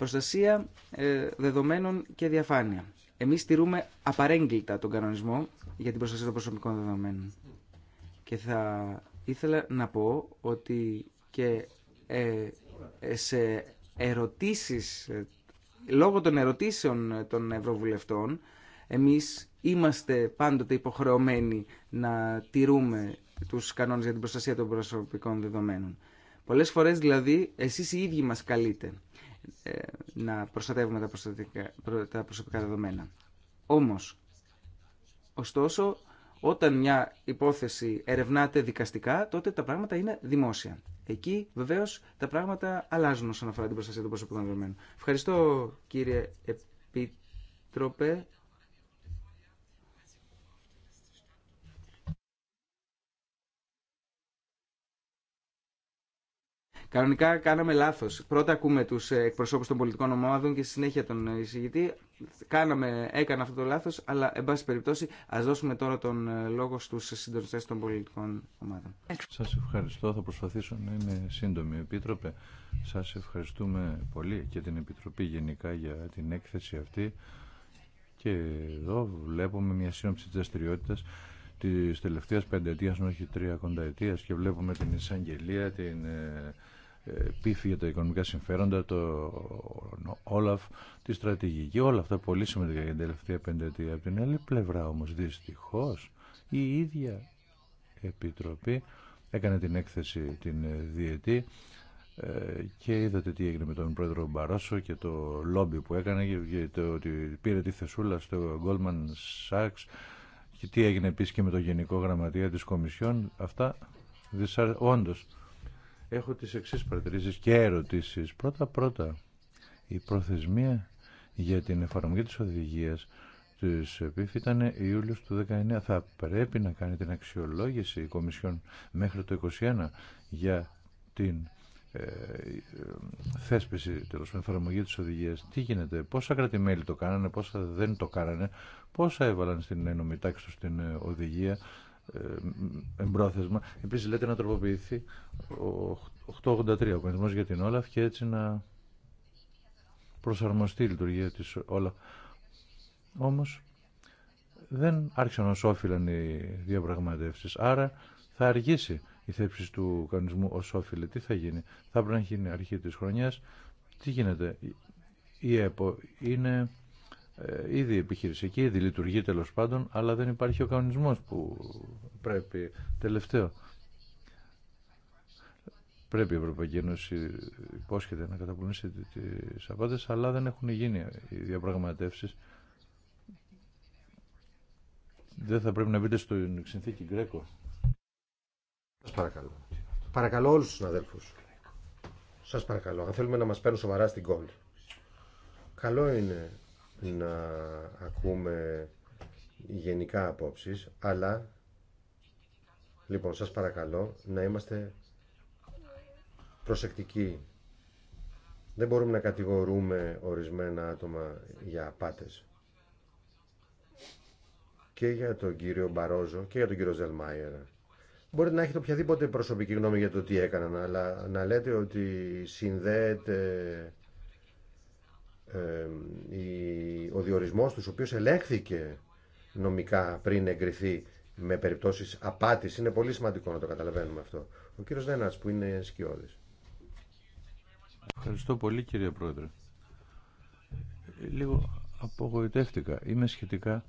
Προστασία ε, δεδομένων και διαφάνεια. Εμείς στηρούμε απαρέγκλητα τον κανονισμό για την προστασία των προσωπικών δεδομένων. Και θα ήθελα να πω ότι και ε, ε, σε ερωτήσεις, λόγω των ερωτήσεων των Ευρωβουλευτών, εμείς είμαστε πάντοτε υποχρεωμένοι να τηρούμε τους κανόνες για την προστασία των προσωπικών δεδομένων. Πολλές φορές δηλαδή εσείς οι ίδιοι μας καλείτε ε, να προστατεύουμε τα, προσωπικά δεδομένα. Όμως, ωστόσο, όταν μια υπόθεση ερευνάται δικαστικά, τότε τα πράγματα είναι δημόσια. Εκεί βεβαίω τα πράγματα αλλάζουν όσον αφορά την προστασία των προσωπικών δεδομένων. Ευχαριστώ κύριε Επίτροπε. Κανονικά κάναμε λάθο. Πρώτα ακούμε του ε, εκπροσώπου των πολιτικών ομάδων και στη συνέχεια τον ε, εισηγητή. Κάναμε, έκανα αυτό το λάθο, αλλά εν πάση περιπτώσει α δώσουμε τώρα τον ε, λόγο στου συντονιστέ των πολιτικών ομάδων. Σα ευχαριστώ. Θα προσπαθήσω να είμαι σύντομη. Επίτροπε, σα ευχαριστούμε πολύ και την Επιτροπή γενικά για την έκθεση αυτή. Και εδώ βλέπουμε μια σύνοψη τη δραστηριότητα τη τελευταία πενταετία, όχι τρία κονταετία, και βλέπουμε την εισαγγελία, την ε, πύφη για τα οικονομικά συμφέροντα, το Όλαφ, τη στρατηγική, όλα αυτά πολύ σημαντικά για την τελευταία πενταετία. Από την άλλη πλευρά όμως δυστυχώς η ίδια Επιτροπή έκανε την έκθεση την ε, διετή ε, και είδατε τι έγινε με τον πρόεδρο Μπαρόσο και το λόμπι που έκανε και το ότι πήρε τη θεσούλα στο Goldman Sachs και τι έγινε επίσης και με το Γενικό Γραμματεία της Κομισιόν αυτά δυσαρ... όντως έχω τις εξής παρατηρήσεις και ερωτήσεις. Πρώτα πρώτα, η προθεσμία για την εφαρμογή της οδηγίας της ΕΠΙΦ ήταν Ιούλιος του 19. Θα πρέπει να κάνει την αξιολόγηση η Κομισιόν μέχρι το 2021 για την ε, ε, θέσπιση τέλο πάντων εφαρμογή τη οδηγία. Τι γίνεται, πόσα κρατημέλη το κάνανε, πόσα δεν το κάνανε, πόσα έβαλαν στην ένωμη του στην ε, οδηγία, ε, εμπρόθεσμα. Επίσης λέτε να τροποποιηθεί ο 883 ο κανονισμό για την Όλαφ και έτσι να προσαρμοστεί η λειτουργία της Όλαφ. Όμως δεν άρχισαν να όφυλαν οι διαπραγματεύσει. Άρα θα αργήσει η θέψη του κανονισμού ω όφιλε. Τι θα γίνει. Θα πρέπει να γίνει αρχή της χρονιάς. Τι γίνεται. Η ΕΠΟ είναι ε, ήδη επιχειρησιακή, ήδη λειτουργεί τέλο πάντων, αλλά δεν υπάρχει ο κανονισμός που πρέπει τελευταίο. Πρέπει η Ευρωπαϊκή Ένωση υπόσχεται να καταπολεμήσει τις απάτες, αλλά δεν έχουν γίνει οι διαπραγματεύσεις. Δεν θα πρέπει να μπείτε στο συνθήκη Γκρέκο. Σα παρακαλώ. Παρακαλώ όλους του συναδέλφου. Σας παρακαλώ, αν θέλουμε να μα παίρνουν σοβαρά στην κόλ. Καλό είναι να ακούμε γενικά απόψεις, αλλά λοιπόν σας παρακαλώ να είμαστε προσεκτικοί. Δεν μπορούμε να κατηγορούμε ορισμένα άτομα για απάτες. Και για τον κύριο Μπαρόζο και για τον κύριο Ζελμάιερ. Μπορείτε να έχετε οποιαδήποτε προσωπική γνώμη για το τι έκαναν, αλλά να λέτε ότι συνδέεται ο διορισμός τους, ο οποίος ελέγχθηκε νομικά πριν εγκριθεί με περιπτώσεις απάτης. Είναι πολύ σημαντικό να το καταλαβαίνουμε αυτό. Ο κύριος Δένας που είναι σκιώδης. Ευχαριστώ πολύ κύριε Πρόεδρε. Λίγο απογοητεύτηκα. Είμαι σχετικά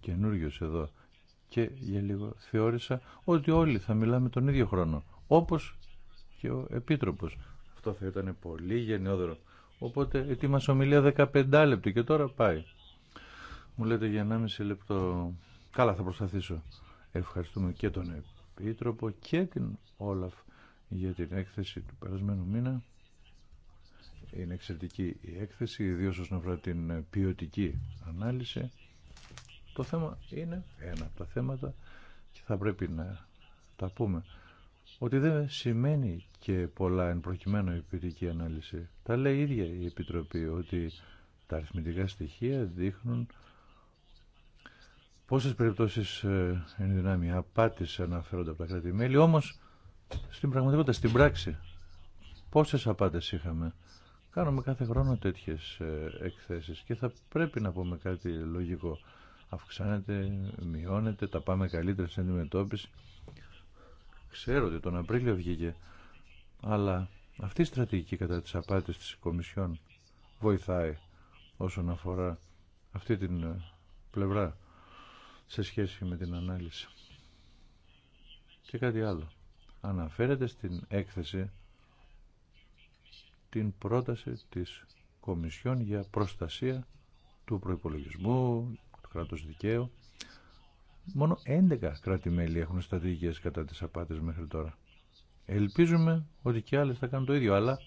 καινούριο εδώ και για λίγο θεώρησα ότι όλοι θα μιλάμε τον ίδιο χρόνο. Όπως και ο Επίτροπος. Αυτό θα ήταν πολύ γενναιόδωρο. Οπότε ετοίμασε ομιλία 15 λεπτό και τώρα πάει. Μου λέτε για 1,5 λεπτό. Καλά θα προσπαθήσω. Ευχαριστούμε και τον Επίτροπο και την Όλαφ για την έκθεση του περασμένου μήνα. Είναι εξαιρετική η έκθεση, ιδίω όσον αφορά την ποιοτική ανάλυση. Το θέμα είναι ένα από τα θέματα και θα πρέπει να τα πούμε ότι δεν σημαίνει και πολλά εν προκειμένου η ανάλυση. Τα λέει η ίδια η Επιτροπή ότι τα αριθμητικά στοιχεία δείχνουν πόσες περιπτώσεις ε, εν δυνάμει απάτης αναφέρονται από τα κράτη-μέλη, όμως στην πραγματικότητα, στην πράξη, πόσες απάτες είχαμε. Κάνουμε κάθε χρόνο τέτοιες ε, εκθέσεις και θα πρέπει να πούμε κάτι λογικό. Αυξάνεται, μειώνεται, τα πάμε καλύτερα στην αντιμετώπιση. Ξέρω ότι τον Απρίλιο βγήκε, αλλά αυτή η στρατηγική κατά τις απάτες της Κομισιόν βοηθάει όσον αφορά αυτή την ε, πλευρά σε σχέση με την ανάλυση. Και κάτι άλλο. Αναφέρεται στην έκθεση την πρόταση της Κομισιόν για προστασία του προϋπολογισμού, του κράτους δικαίου Μόνο 11 κράτη-μέλη έχουν στρατηγικές κατά τις απάτες μέχρι τώρα. Ελπίζουμε ότι και άλλες θα κάνουν το ίδιο, αλλά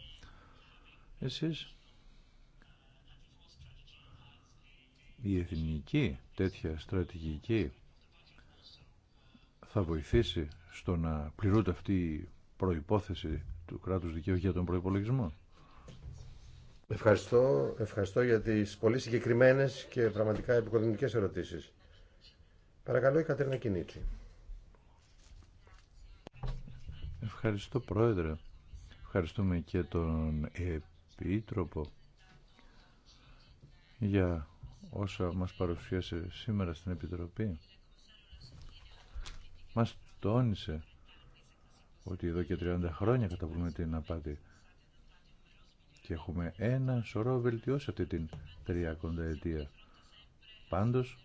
εσείς η εθνική τέτοια στρατηγική θα βοηθήσει στο να πληρούνται αυτή η προϋπόθεση του κράτους δικαίου για τον προϋπολογισμό. Ευχαριστώ, ευχαριστώ για τις πολύ συγκεκριμένες και πραγματικά επικοδομικές ερωτήσεις. Παρακαλώ η Κατρίνα Κινίτση. Ευχαριστώ Πρόεδρε. Ευχαριστούμε και τον Επίτροπο για όσα μας παρουσίασε σήμερα στην Επιτροπή. Μας τόνισε ότι εδώ και 30 χρόνια καταβούμε την απάτη και έχουμε ένα σωρό βελτιώσει αυτή την 30 ετία. Πάντως,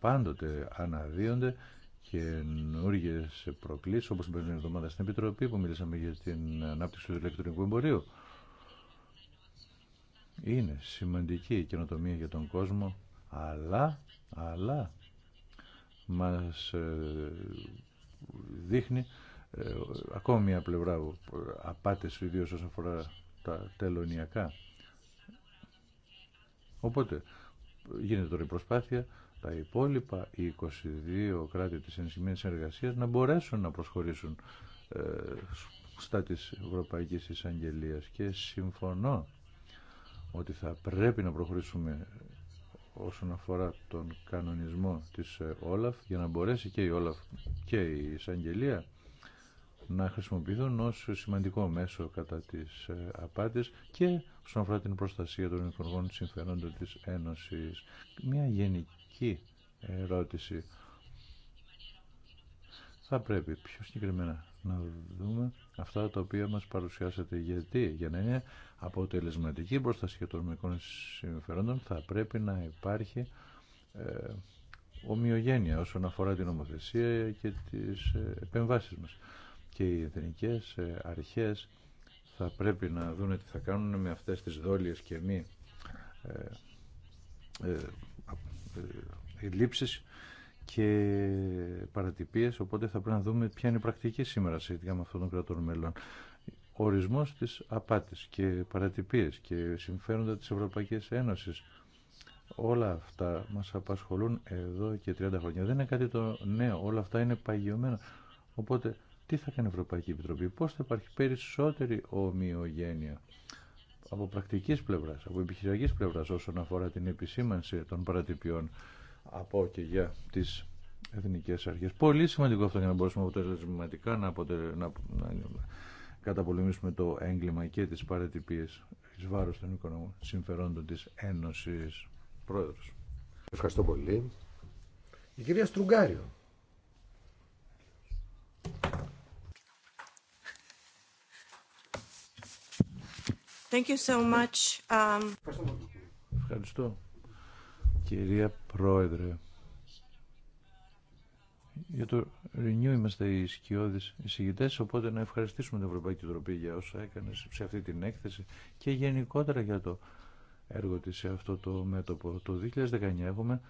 πάντοτε αναδύονται καινούργιε προκλήσει, όπω την περσμένη εβδομάδα στην Επιτροπή που μιλήσαμε για την ανάπτυξη του ηλεκτρονικού εμπορίου. Είναι σημαντική η καινοτομία για τον κόσμο, αλλά, αλλά μας ε, δείχνει ε, ακόμα μια πλευρά απάτες ιδίω όσον αφορά τα τελωνιακά. Οπότε γίνεται τώρα η προσπάθεια τα υπόλοιπα οι 22 κράτη της ενσυμμένης εργασίας να μπορέσουν να προσχωρήσουν ε, στα της Ευρωπαϊκής Εισαγγελίας και συμφωνώ ότι θα πρέπει να προχωρήσουμε όσον αφορά τον κανονισμό της ε, Όλαφ για να μπορέσει και η Όλαφ και η Εισαγγελία να χρησιμοποιηθούν ως σημαντικό μέσο κατά τις ε, απάτες και όσον αφορά την προστασία των οικονομικών συμφερόντων της Ένωσης. Μια γενική ειδική ερώτηση. Θα πρέπει πιο συγκεκριμένα να δούμε αυτά τα οποία μας παρουσιάσατε. Γιατί, για να είναι αποτελεσματική προστασία των νομικών συμφερόντων, θα πρέπει να υπάρχει ε, ομοιογένεια όσον αφορά την νομοθεσία και τις ε, επεμβάσεις μας. Και οι εθνικές ε, αρχές θα πρέπει να δουν τι θα κάνουν με αυτές τις δόλειες και μη ε, ε, λήψει και παρατυπίες, οπότε θα πρέπει να δούμε ποια είναι η πρακτική σήμερα σχετικά με αυτόν τον κρατών μέλλον. Ορισμός της απάτης και παρατυπίες και συμφέροντα της Ευρωπαϊκής Ένωσης. Όλα αυτά μας απασχολούν εδώ και 30 χρόνια. Δεν είναι κάτι το νέο, όλα αυτά είναι παγιωμένα. Οπότε τι θα κάνει η Ευρωπαϊκή Επιτροπή, πώς θα υπάρχει περισσότερη ομοιογένεια από πρακτικής πλευράς, από επιχειρηματική πλευράς όσον αφορά την επισήμανση των παρατυπιών από και για τις εθνικές αρχές. Πολύ σημαντικό αυτό για να μπορέσουμε αποτελεσματικά να, αποτελε... να... καταπολεμήσουμε το έγκλημα και τις παρατυπίες ει βάρο των οικονομικών συμφερόντων της ενωση πρόεδρο. Ευχαριστώ πολύ. Η κυρία Στρουγκάριο. Thank you so much. Um... Ευχαριστώ. Κυρία Πρόεδρε, για το Renew είμαστε οι σκιώδεις εισηγητές, οπότε να ευχαριστήσουμε την Ευρωπαϊκή Τροπή για όσα έκανε σε αυτή την έκθεση και γενικότερα για το έργο της σε αυτό το μέτωπο. Το 2019 έχουμε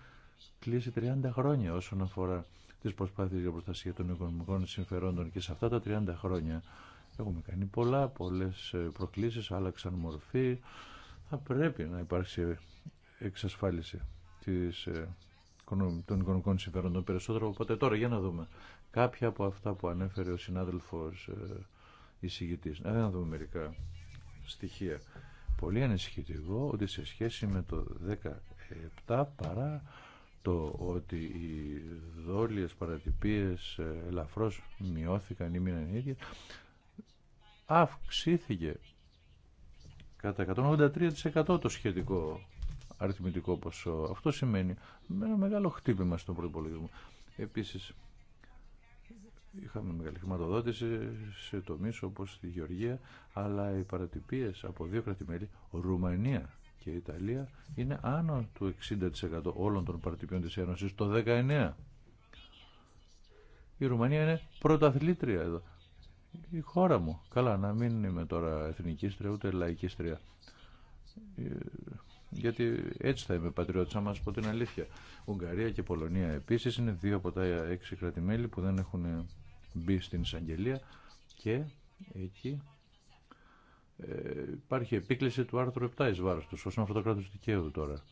κλείσει 30 χρόνια όσον αφορά τις προσπάθειες για προστασία των οικονομικών συμφερόντων και σε αυτά τα 30 χρόνια Έχουμε κάνει πολλά, πολλές ε, προκλήσεις, άλλαξαν μορφή. Θα πρέπει να υπάρξει εξασφάλιση της, ε, των οικονομικών συμφέροντων περισσότερο. Οπότε τώρα για να δούμε κάποια από αυτά που ανέφερε ο συνάδελφος ε, εισηγητής. Να δούμε μερικά στοιχεία. Πολύ ανησυχητικό ότι σε σχέση με το 17 παρά το ότι οι δόλειες παρατυπίες ελαφρώς μειώθηκαν ή μείναν ίδιες αυξήθηκε κατά 183% το σχετικό αριθμητικό ποσό. Αυτό σημαίνει με ένα μεγάλο χτύπημα στον προπολογισμό. Επίσης, είχαμε μεγάλη χρηματοδότηση σε τομεί όπως τη Γεωργία, αλλά οι παρατυπίες από δύο κρατημέλη, Ρουμανία και Ιταλία, είναι άνω του 60% όλων των παρατυπιών της Ένωσης, το 19%. Η Ρουμανία είναι πρωταθλήτρια εδώ η χώρα μου. Καλά, να μην είμαι τώρα εθνικήστρια ούτε λαϊκήστρια. Ε, γιατί έτσι θα είμαι πατριώτης, άμα σας πω την αλήθεια. Ουγγαρία και Πολωνία επίσης είναι δύο από τα έξι κρατημέλη που δεν έχουν μπει στην εισαγγελία και εκεί ε, υπάρχει επίκληση του άρθρου 7 εις βάρος τους, όσον αφορά το κράτος δικαίου τώρα.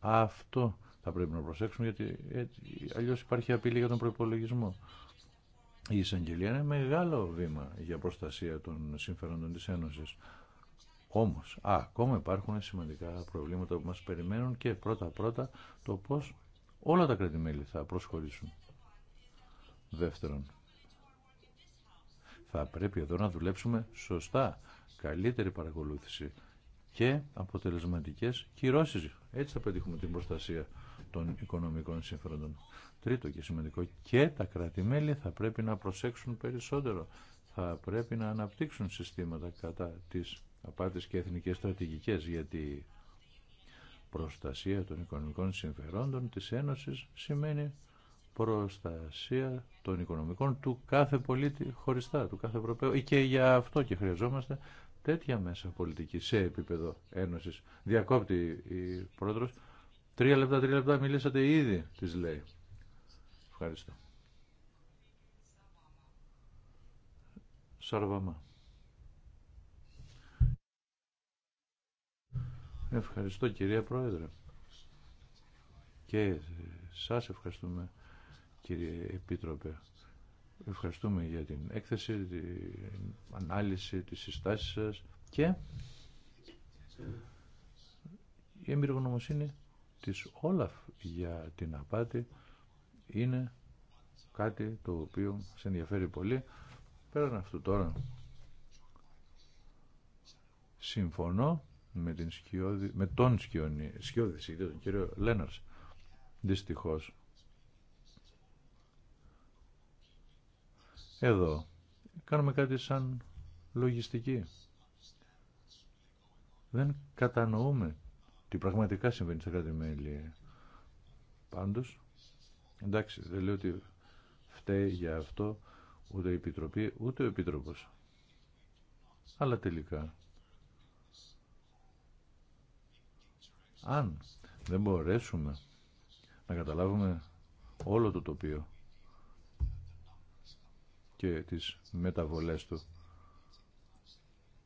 Αυτό θα πρέπει να προσέξουμε γιατί αλλιώ αλλιώς υπάρχει απειλή για τον προϋπολογισμό η εισαγγελία είναι μεγάλο βήμα για προστασία των συμφερόντων της Ένωσης. Όμως, α, ακόμα υπάρχουν σημαντικά προβλήματα που μας περιμένουν και πρώτα-πρώτα το πώς όλα τα κρατημέλη θα προσχωρήσουν. Δεύτερον, θα πρέπει εδώ να δουλέψουμε σωστά, καλύτερη παρακολούθηση και αποτελεσματικές κυρώσεις. Έτσι θα πετύχουμε την προστασία των οικονομικών συμφερόντων. Τρίτο και σημαντικό, και τα κρατη θα πρέπει να προσέξουν περισσότερο. Θα πρέπει να αναπτύξουν συστήματα κατά τις απάτες και εθνικές στρατηγικές, γιατί προστασία των οικονομικών συμφερόντων της Ένωσης σημαίνει προστασία των οικονομικών του κάθε πολίτη χωριστά, του κάθε Ευρωπαίου. Και για αυτό και χρειαζόμαστε τέτοια μέσα πολιτική σε επίπεδο Ένωσης. Διακόπτη η Πρόεδρος. Τρία λεπτά, τρία λεπτά μιλήσατε ήδη, τη λέει. Ευχαριστώ. Σαρβαμά. Ευχαριστώ κυρία Πρόεδρε. Και σας ευχαριστούμε κύριε Επίτροπε. Ευχαριστούμε για την έκθεση, την ανάλυση, τις συστάσεις σας και η εμπειρογνωμοσύνη της Όλαφ για την απάτη είναι κάτι το οποίο σε ενδιαφέρει πολύ. Πέραν αυτού τώρα συμφωνώ με, την σκιώδη, με τον σκιώδη, σκιώδη τον κύριο Λέναρς. Δυστυχώς. Εδώ κάνουμε κάτι σαν λογιστική. Δεν κατανοούμε τι πραγματικά συμβαίνει στα κράτη-μέλη. Πάντως, εντάξει, δεν λέω ότι φταίει για αυτό ούτε η Επιτροπή, ούτε ο Επίτροπος. Αλλά τελικά, αν δεν μπορέσουμε να καταλάβουμε όλο το τοπίο και τις μεταβολές του,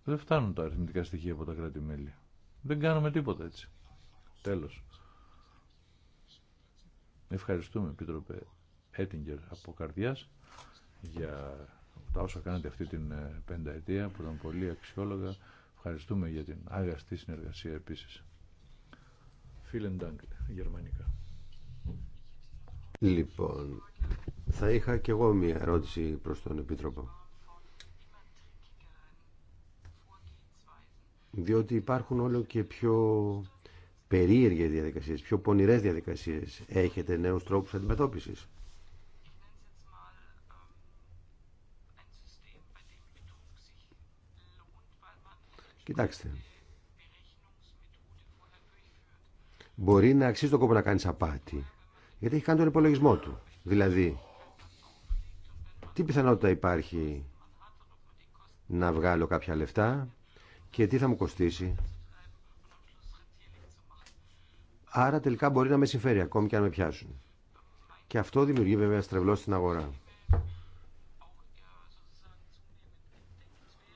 δεν φτάνουν τα αριθμητικά στοιχεία από τα κράτη-μέλη. Δεν κάνουμε τίποτα έτσι. Τέλος. Ευχαριστούμε, Επίτροπε Έτιγκερ, από καρδιάς για τα όσα κάνατε αυτή την ε, πενταετία που ήταν πολύ αξιόλογα. Ευχαριστούμε για την άγαστη συνεργασία επίσης. Vielen Dank, γερμανικά. Λοιπόν, θα είχα και εγώ μία ερώτηση προς τον Επίτροπο. Διότι υπάρχουν όλο και πιο περίεργες διαδικασίες, πιο πονηρές διαδικασίες. Έχετε νέους τρόπους αντιμετώπισης. Κοιτάξτε. Μπορεί να αξίζει το κόπο να κάνεις απάτη. Γιατί έχει κάνει τον υπολογισμό του. Δηλαδή, τι πιθανότητα υπάρχει να βγάλω κάποια λεφτά και τι θα μου κοστίσει Άρα τελικά μπορεί να με συμφέρει ακόμη και αν με πιάσουν. Και αυτό δημιουργεί βέβαια στρεβλό στην αγορά.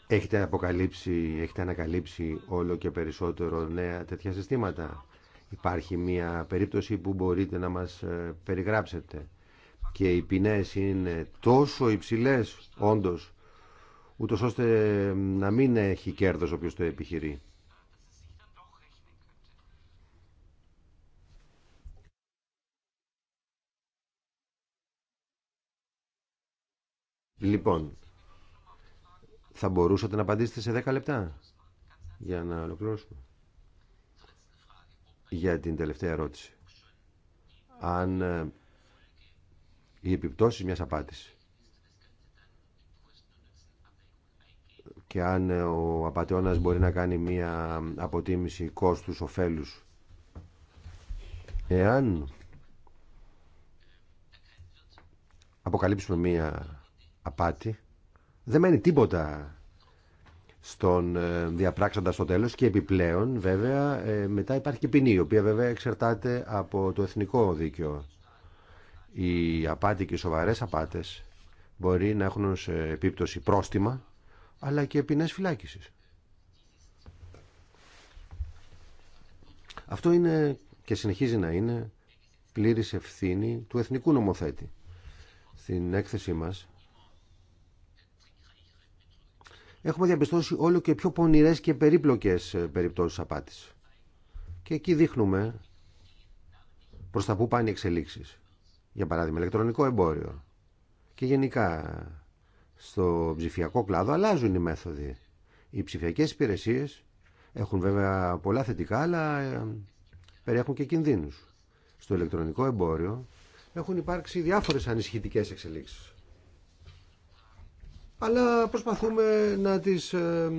Έχετε αποκαλύψει, έχετε ανακαλύψει όλο και περισσότερο νέα τέτοια συστήματα. Υπάρχει μια περίπτωση που μπορείτε να μας ε, περιγράψετε. Και οι ποινές είναι τόσο υψηλές, όντως, ούτως ώστε ε, να μην έχει κέρδος όποιος το επιχειρεί. Λοιπόν, θα μπορούσατε να απαντήσετε σε 10 λεπτά για να ολοκληρώσουμε. Για την τελευταία ερώτηση. Αν ε, οι επιπτώσεις μιας απάτης και αν ε, ο απατεώνας μπορεί να κάνει μια αποτίμηση κόστους, ωφέλους. Εάν αποκαλύψουμε μια απάτη. Δεν μένει τίποτα στον ε, διαπράξαντα στο τέλος και επιπλέον βέβαια ε, μετά υπάρχει και ποινή η οποία βέβαια εξαρτάται από το εθνικό δίκαιο. Οι απάτη και οι σοβαρές απάτες μπορεί να έχουν σε επίπτωση πρόστιμα αλλά και ποινές φυλάκισης. Αυτό είναι και συνεχίζει να είναι πλήρης ευθύνη του εθνικού νομοθέτη. Στην έκθεσή μας έχουμε διαπιστώσει όλο και πιο πονηρές και περίπλοκες ε, περιπτώσεις απάτης. Και εκεί δείχνουμε προς τα που πάνε οι εξελίξεις. Για παράδειγμα, ηλεκτρονικό εμπόριο. Και γενικά στο ψηφιακό κλάδο αλλάζουν οι μέθοδοι. Οι ψηφιακές υπηρεσίες έχουν βέβαια πολλά θετικά, αλλά ε, περιέχουν και κινδύνους. Στο ηλεκτρονικό εμπόριο έχουν υπάρξει διάφορες ανισχυτικές εξελίξεις αλλά προσπαθούμε να, τις, ε,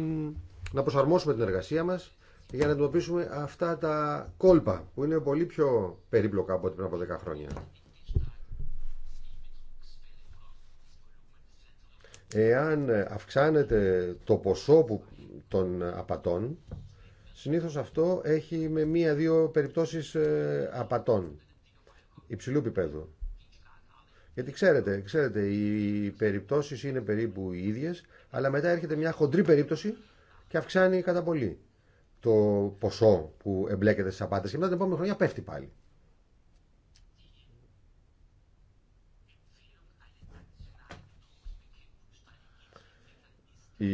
να προσαρμόσουμε την εργασία μας για να αντιμετωπίσουμε αυτά τα κόλπα που είναι πολύ πιο περίπλοκα από ό,τι πριν από 10 χρόνια. Εάν αυξάνεται το ποσό των απατών, συνήθως αυτό έχει με μία-δύο περιπτώσεις ε, απατών υψηλού επίπεδου. Γιατί ξέρετε, ξέρετε, οι περιπτώσει είναι περίπου οι ίδιε, αλλά μετά έρχεται μια χοντρή περίπτωση και αυξάνει κατά πολύ το ποσό που εμπλέκεται στι απάτε. Και μετά την επόμενη χρονιά πέφτει πάλι. Η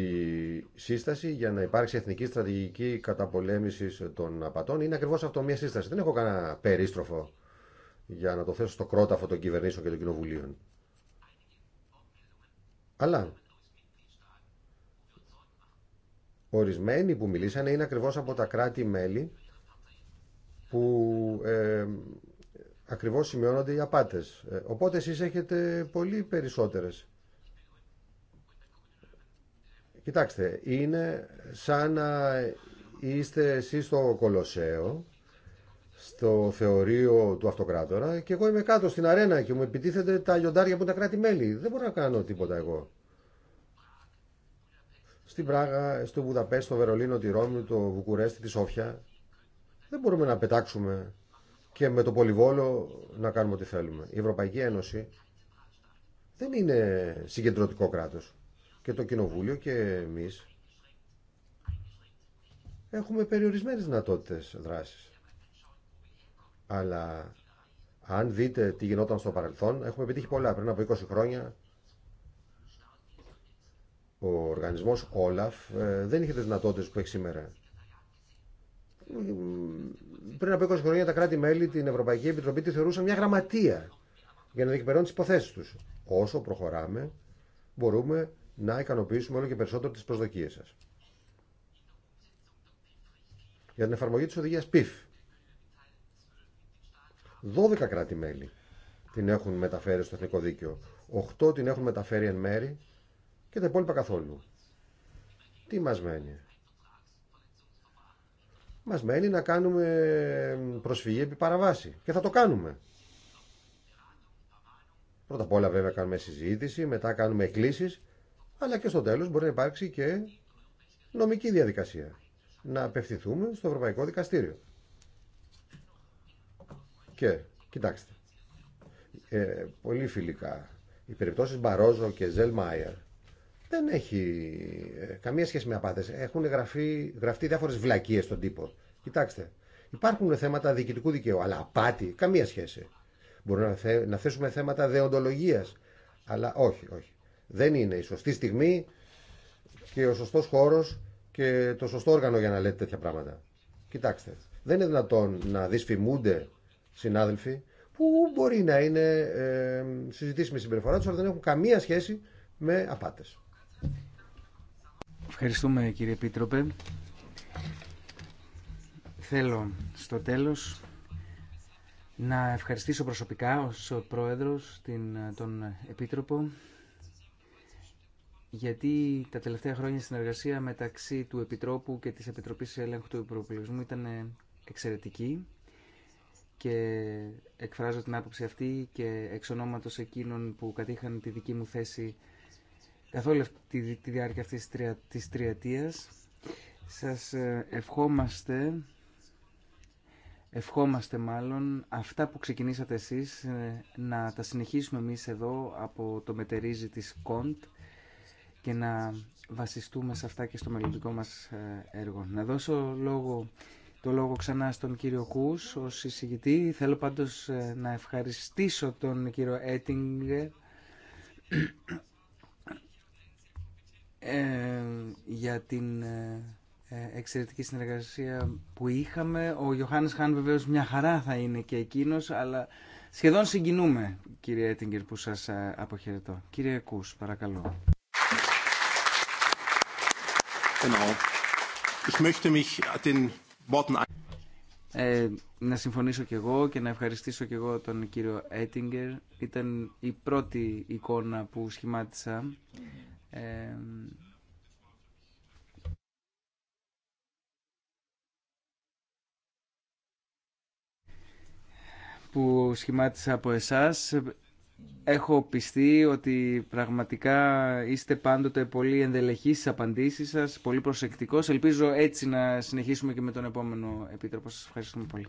σύσταση για να υπάρξει εθνική στρατηγική καταπολέμηση των απατών είναι ακριβώ αυτό μια σύσταση. Δεν έχω κανένα περίστροφο για να το θέσω στο κρόταφο των κυβερνήσεων και των κοινοβουλίων. Αλλά ορισμένοι που μιλήσανε είναι ακριβώς από τα κράτη-μέλη που ε, ακριβώς σημειώνονται οι απάτες. Ε, οπότε εσείς έχετε πολύ περισσότερες. Κοιτάξτε, είναι σαν να είστε εσείς στο Κολοσσέο στο θεωρείο του αυτοκράτορα και εγώ είμαι κάτω στην αρένα και μου επιτίθενται τα λιοντάρια που τα κράτη-μέλη. Δεν μπορώ να κάνω τίποτα εγώ. Στην Πράγα, στο Βουδαπέ, στο Βερολίνο, τη Ρώμη, το Βουκουρέστι, τη Σόφια. Δεν μπορούμε να πετάξουμε και με το πολυβόλο να κάνουμε ό,τι θέλουμε. Η Ευρωπαϊκή Ένωση δεν είναι συγκεντρωτικό κράτος. Και το Κοινοβούλιο και εμείς έχουμε περιορισμένες δυνατότητες δράσης. Αλλά αν δείτε τι γινόταν στο παρελθόν, έχουμε επιτύχει πολλά. Πριν από 20 χρόνια, ο οργανισμός Όλαφ ε, δεν είχε τις δυνατότητες που έχει σήμερα. Πριν από 20 χρόνια τα κράτη-μέλη την Ευρωπαϊκή Επιτροπή τη θεωρούσαν μια γραμματεία για να διεκπαιρώνουν τις υποθέσεις τους. Όσο προχωράμε μπορούμε να ικανοποιήσουμε όλο και περισσότερο τις προσδοκίες σας. Για την εφαρμογή της οδηγίας PIF. 12 κράτη-μέλη την έχουν μεταφέρει στο εθνικό δίκαιο. 8 την έχουν μεταφέρει εν μέρη και τα υπόλοιπα καθόλου. Τι μας μένει. Μας μένει να κάνουμε προσφυγή επί παραβάση. Και θα το κάνουμε. Πρώτα απ' όλα βέβαια κάνουμε συζήτηση, μετά κάνουμε εκκλήσεις, αλλά και στο τέλος μπορεί να υπάρξει και νομική διαδικασία. Να απευθυνθούμε στο Ευρωπαϊκό Δικαστήριο. Και, κοιτάξτε, ε, πολύ φιλικά, οι περιπτώσεις Μπαρόζο και Ζελ δεν έχει ε, καμία σχέση με απάτε. Έχουν γραφτεί διάφορες βλακίε στον τύπο. Κοιτάξτε, υπάρχουν θέματα διοικητικού δικαίου, αλλά απάτη, καμία σχέση. Μπορούμε να, να θέσουμε θέματα δεοντολογίας, αλλά όχι, όχι. Δεν είναι η σωστή στιγμή και ο σωστό χώρο και το σωστό όργανο για να λέτε τέτοια πράγματα. Κοιτάξτε, δεν είναι δυνατόν να δυσφημούνται συνάδελφοι που μπορεί να είναι ε, συζητήσιμη συμπεριφορά τους αλλά δεν έχουν καμία σχέση με απάτες. Ευχαριστούμε κύριε Επίτροπε. Θέλω στο τέλος να ευχαριστήσω προσωπικά ως πρόεδρος την, τον Επίτροπο γιατί τα τελευταία χρόνια η συνεργασία μεταξύ του Επιτρόπου και της Επιτροπής Ελέγχου του Ευρωπαϊκού ήταν ε, εξαιρετική και εκφράζω την άποψη αυτή και εξ ονόματος εκείνων που κατήχαν τη δική μου θέση καθόλου τη, διάρκεια αυτής της τριετίας. Σας ε, ευχόμαστε, ευχόμαστε μάλλον, αυτά που ξεκινήσατε εσείς ε, να τα συνεχίσουμε εμείς εδώ από το μετερίζι της Κοντ και να βασιστούμε σε αυτά και στο μελλοντικό μας ε, έργο. Να δώσω λόγο το λόγο ξανά στον κύριο Κούς ως εισηγητή. Θέλω πάντως ε, να ευχαριστήσω τον κύριο Έτιγκερ ε, για την ε, εξαιρετική συνεργασία που είχαμε. Ο Ιωάννης Χάν βεβαίως μια χαρά θα είναι και εκείνος, αλλά σχεδόν συγκινούμε, κύριε Έτιγκερ, που σας αποχαιρετώ. Κύριε Κούς, παρακαλώ. Genau. Ich möchte mich den ε, να συμφωνήσω και εγώ και να ευχαριστήσω και εγώ τον κύριο Έτιγκερ. Ήταν η πρώτη εικόνα που σχημάτισα. Ε, που σχημάτισα από εσάς έχω πιστεί ότι πραγματικά είστε πάντοτε πολύ ενδελεχείς στις απαντήσεις σας, πολύ προσεκτικός. Ελπίζω έτσι να συνεχίσουμε και με τον επόμενο επίτροπο. Σας ευχαριστούμε πολύ.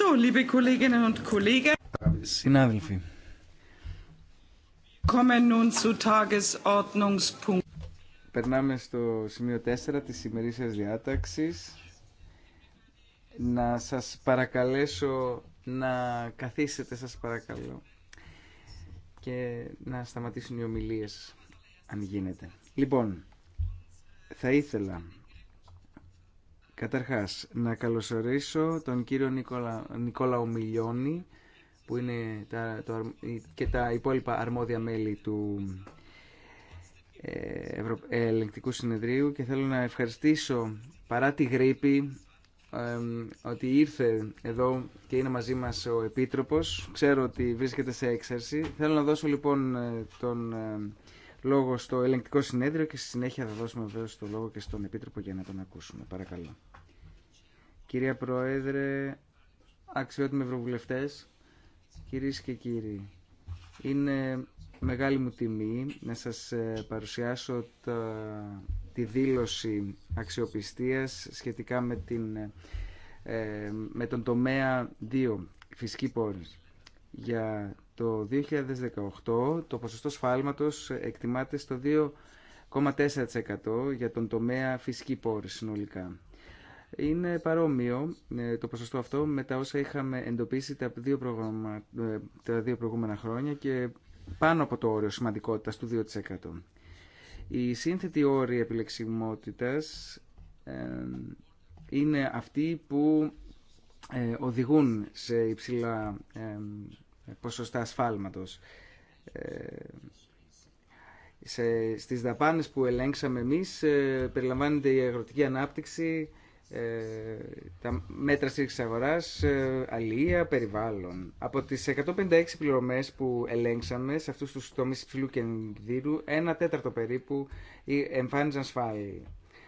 So, liebe Kolleginnen und Kollegen. Συνάδελφοι. Kommen nun zu Tagesordnungspunkt. Περνάμε στο σημείο 4 της σημερινής διάταξης. Να σας παρακαλέσω να καθίσετε σας παρακαλώ και να σταματήσουν οι ομιλίες αν γίνεται. Λοιπόν, θα ήθελα Καταρχάς, να καλωσορίσω τον κύριο Νικόλα, Νικόλα που είναι τα, και τα υπόλοιπα αρμόδια μέλη του ε, Ευρω... Ε, Ελεγκτικού Συνεδρίου και θέλω να ευχαριστήσω παρά τη γρήπη ότι ήρθε εδώ και είναι μαζί μας ο Επίτροπος. Ξέρω ότι βρίσκεται σε έξαρση. Θέλω να δώσω λοιπόν ε, τον λόγο στο ελεγκτικό συνέδριο και στη συνέχεια θα δώσουμε βέβαια το λόγο και στον Επίτροπο για να τον ακούσουμε. Παρακαλώ. Κυρία Πρόεδρε, αξιότιμοι ευρωβουλευτέ, κύριε και κύριοι, είναι μεγάλη μου τιμή να σας ε, παρουσιάσω τη δήλωση αξιοπιστίας σχετικά με, την, ε, με τον τομέα 2, φυσική πόρη. Για το 2018 το ποσοστό σφάλματος εκτιμάται στο 2,4% για τον τομέα φυσική πόρη συνολικά είναι παρόμοιο ε, το ποσοστό αυτό με τα όσα είχαμε εντοπίσει τα δύο, προγραμμα... Ε, τα προηγούμενα χρόνια και πάνω από το όριο σημαντικότητας του 2%. Οι σύνθετοι όροι επιλεξιμότητας ε, είναι αυτοί που οδηγούν σε υψηλά ποσοστά ασφάλματος. Στις δαπάνες που ελέγξαμε εμείς περιλαμβάνεται η αγροτική ανάπτυξη, ε, τα μέτρα στήριξης αγοράς, ε, αλληλεία, περιβάλλον. Από τις 156 πληρωμέ που ελέγξαμε σε αυτού του τομείς ψηλού κινδύνου, ένα τέταρτο περίπου ε, εμφάνιζαν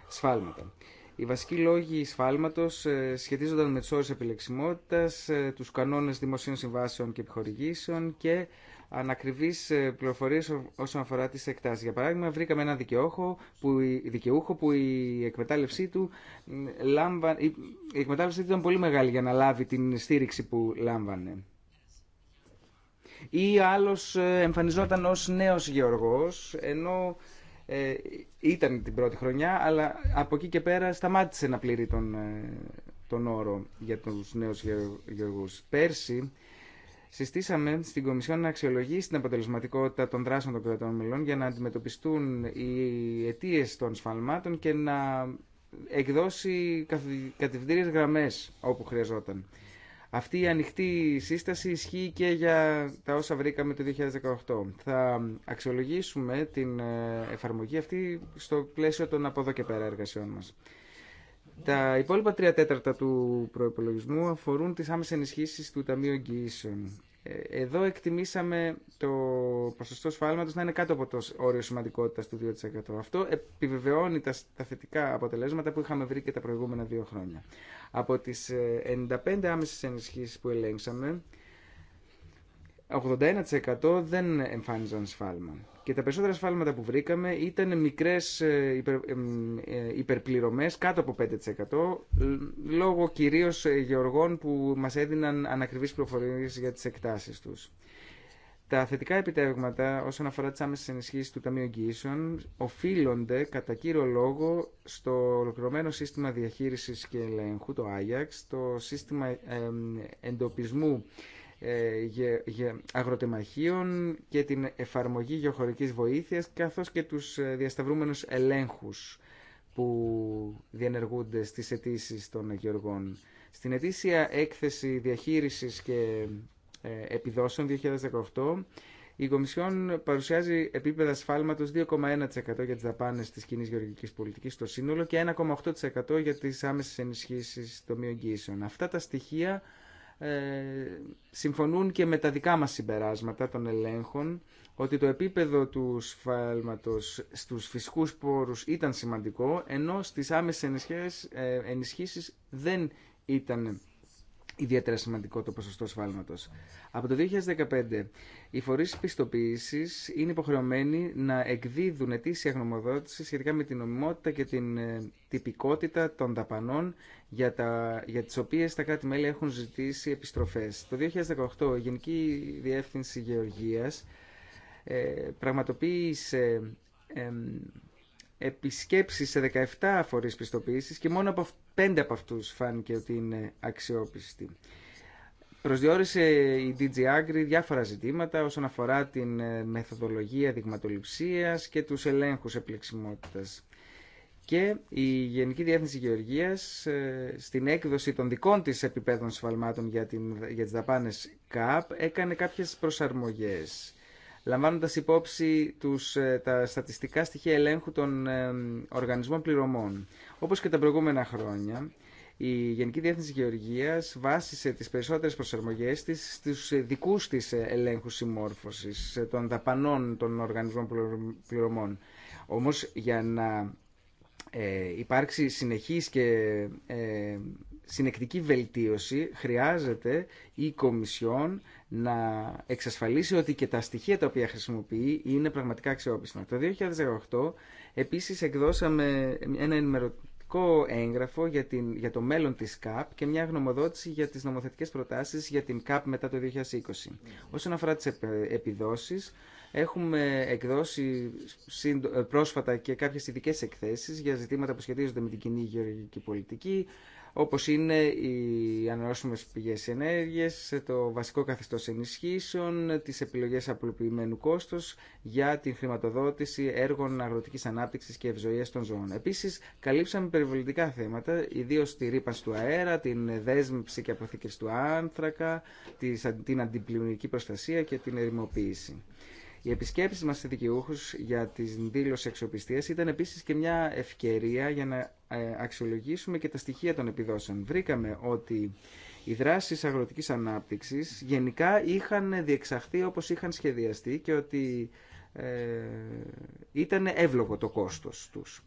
σφάλματα. Οι βασικοί λόγοι σφάλματος σχετίζονταν με τους όρους επιλεξιμότητας, τους κανόνες δημοσίων συμβάσεων και επιχορηγήσεων και ανακριβείς ε, πληροφορίες όσον αφορά τι εκτάσει. Για παράδειγμα, βρήκαμε ένα δικαιούχο που, δικαιούχο που η εκμετάλλευσή του η, εκμετάλλευσή του ήταν πολύ μεγάλη για να λάβει την στήριξη που λάμβανε. Ή άλλος ε, εμφανιζόταν ως νέος γεωργός, ενώ ε, ήταν την πρώτη χρονιά, αλλά από εκεί και πέρα σταμάτησε να πληρεί τον, τον όρο για τους νέους γεωργούς. Πέρσι συστήσαμε στην Κομισιόν να αξιολογήσει την αποτελεσματικότητα των δράσεων των κρατών μελών για να αντιμετωπιστούν οι αιτίε των σφαλμάτων και να εκδώσει κατευθυντήριες γραμμές όπου χρειαζόταν. Αυτή η ανοιχτή σύσταση ισχύει και για τα όσα βρήκαμε το 2018. Θα αξιολογήσουμε την ε, εφαρμογή αυτή στο πλαίσιο των από εδώ και πέρα εργασιών μας. Τα υπόλοιπα τρία τέταρτα του προπολογισμού αφορούν τις άμεσες ενισχύσεις του Ταμείου Εγγυήσεων. Ε, εδώ εκτιμήσαμε το ποσοστό σφάλματος να είναι κάτω από το όριο σημαντικότητας του 2%. Αυτό επιβεβαιώνει τα, τα θετικά αποτελέσματα που είχαμε βρει και τα προηγούμενα δύο χρόνια. Από τις 95 ε, άμεσες ενισχύσεις που ελέγξαμε, 81% δεν εμφάνιζαν σφάλμα και τα περισσότερα σφάλματα που βρήκαμε ήταν μικρέ ε, υπερ, ε, ε, υπερπληρωμές κάτω από 5% λόγω κυρίως γεωργών που μας έδιναν ανακριβείς πληροφορίες για τις εκτάσεις τους. Τα θετικά επιτεύγματα όσον αφορά τι άμεσε ενισχύσει του Ταμείου Εγγυήσεων οφείλονται κατά κύριο λόγο στο ολοκληρωμένο σύστημα διαχείριση και ελέγχου, το Ajax, το σύστημα εντοπισμού ε, αγροτεμαχίων και την εφαρμογή γεωχωρικής βοήθειας καθώς και τους ε, διασταυρούμενους ελέγχους που διενεργούνται στις αιτήσει των γεωργών. Στην ετήσια έκθεση διαχείρισης και ε, επιδόσεων 2018 η Κομισιόν παρουσιάζει επίπεδα σφάλματος 2,1% για τις δαπάνες της κοινή γεωργικής πολιτικής στο σύνολο και 1,8% για τις άμεσες ενισχύσεις των μειογγύσεων. Αυτά τα στοιχεία ε, συμφωνούν και με τα δικά μας συμπεράσματα των ελέγχων ότι το επίπεδο του σφάλματος στους φυσικούς πόρους ήταν σημαντικό ενώ στις άμεσες ενισχύσεις ε, δεν ήταν ιδιαίτερα σημαντικό το ποσοστό σφάλματος. Από το 2015, οι φορείς πιστοποίηση είναι υποχρεωμένοι να εκδίδουν ετήσια γνωμοδότηση σχετικά με την νομιμότητα και την ε, τυπικότητα των δαπανών για, τα, για τις οποίες τα κράτη-μέλη έχουν ζητήσει επιστροφές. Το 2018, η Γενική Διεύθυνση Γεωργίας ε, πραγματοποίησε... Ε, επισκέψεις σε 17 φορείς πιστοποίησης και μόνο από 5 από αυτούς φάνηκε ότι είναι αξιόπιστοι. Προσδιορίσε η DG Agri διάφορα ζητήματα όσον αφορά την ε, μεθοδολογία δειγματοληψίας και τους ελέγχους επιλεξιμότητας. Και η Γενική Διεύθυνση Γεωργίας ε, στην έκδοση των δικών της επιπέδων σφαλμάτων για, την, για τις δαπάνες ΚΑΠ έκανε κάποιες προσαρμογές. Λαμβάνοντα υπόψη τους, ε, τα στατιστικά στοιχεία ελέγχου των ε, οργανισμών πληρωμών. Όπω και τα προηγούμενα χρόνια, η Γενική Διεύθυνση Γεωργίας βάσισε τι περισσότερε προσαρμογέ της στους δικούς της ε, ελέγχους συμμόρφωση των δαπανών των οργανισμών πληρωμών. Όμως για να υπάρξει συνεχής και ε, συνεκτική βελτίωση χρειάζεται η Κομισιόν να εξασφαλίσει ότι και τα στοιχεία τα οποία χρησιμοποιεί είναι πραγματικά αξιόπιστα. Το 2018 επίσης εκδώσαμε ένα ενημερωτικό έγγραφο για, την, για το μέλλον της ΚΑΠ και μια γνωμοδότηση για τις νομοθετικές προτάσεις για την ΚΑΠ μετά το 2020. Όσον αφορά τις επιδόσεις, Έχουμε εκδώσει ε, πρόσφατα και κάποιες ειδικέ εκθέσεις για ζητήματα που σχετίζονται με την κοινή γεωργική πολιτική, όπως είναι οι ανανεώσιμες πηγές ενέργειας, το βασικό καθεστώς ενισχύσεων, τις επιλογές απλοποιημένου κόστος για την χρηματοδότηση έργων αγροτικής ανάπτυξης και ευζοίας των ζώων. Επίσης, καλύψαμε περιβαλλοντικά θέματα, ιδίως τη ρήπανση του αέρα, την δέσμευση και αποθήκευση του άνθρακα, την αντιπλημμυρική προστασία και την ερημοποίηση. Οι επισκέψεις μας σε δικαιούχου για τη δήλωση αξιοπιστίας ήταν επίσης και μια ευκαιρία για να ε, αξιολογήσουμε και τα στοιχεία των επιδόσεων. Βρήκαμε ότι οι δράσεις αγροτικής ανάπτυξης γενικά είχαν διεξαχθεί όπως είχαν σχεδιαστεί και ότι ε, ήταν εύλογο το κόστος τους.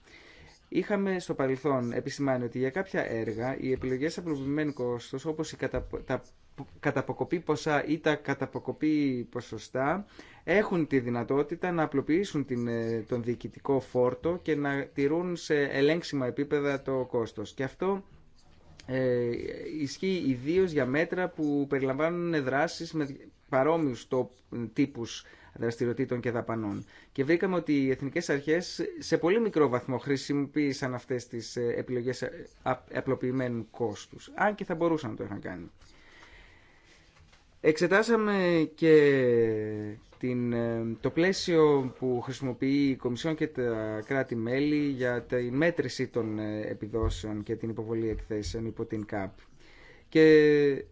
Είχαμε στο παρελθόν επισημάνει ότι για κάποια έργα οι επιλογές απλοποιημένου κόστο όπω. η καταποκοπή ποσά ή τα καταποκοπή ποσοστά έχουν τη δυνατότητα να απλοποιήσουν την, ε, τον διοικητικό φόρτο και να τηρούν σε ελέγξιμα επίπεδα το κόστος. Και αυτό ε, ισχύει ιδίως για μέτρα που περιλαμβάνουν δράσεις με παρόμοιους το, τύπους δραστηριοτήτων και δαπανών. Και βρήκαμε ότι οι εθνικές αρχές σε πολύ μικρό βαθμό χρησιμοποίησαν αυτές τις ε, επιλογές ε, απλοποιημένου κόστους, αν και θα μπορούσαν να το είχαν κάνει. Εξετάσαμε και την, ε, το πλαίσιο που χρησιμοποιεί η Κομισιόν και τα κράτη-μέλη για τη μέτρηση των ε, επιδόσεων και την υποβολή εκθέσεων υπό την ΚΑΠ. Και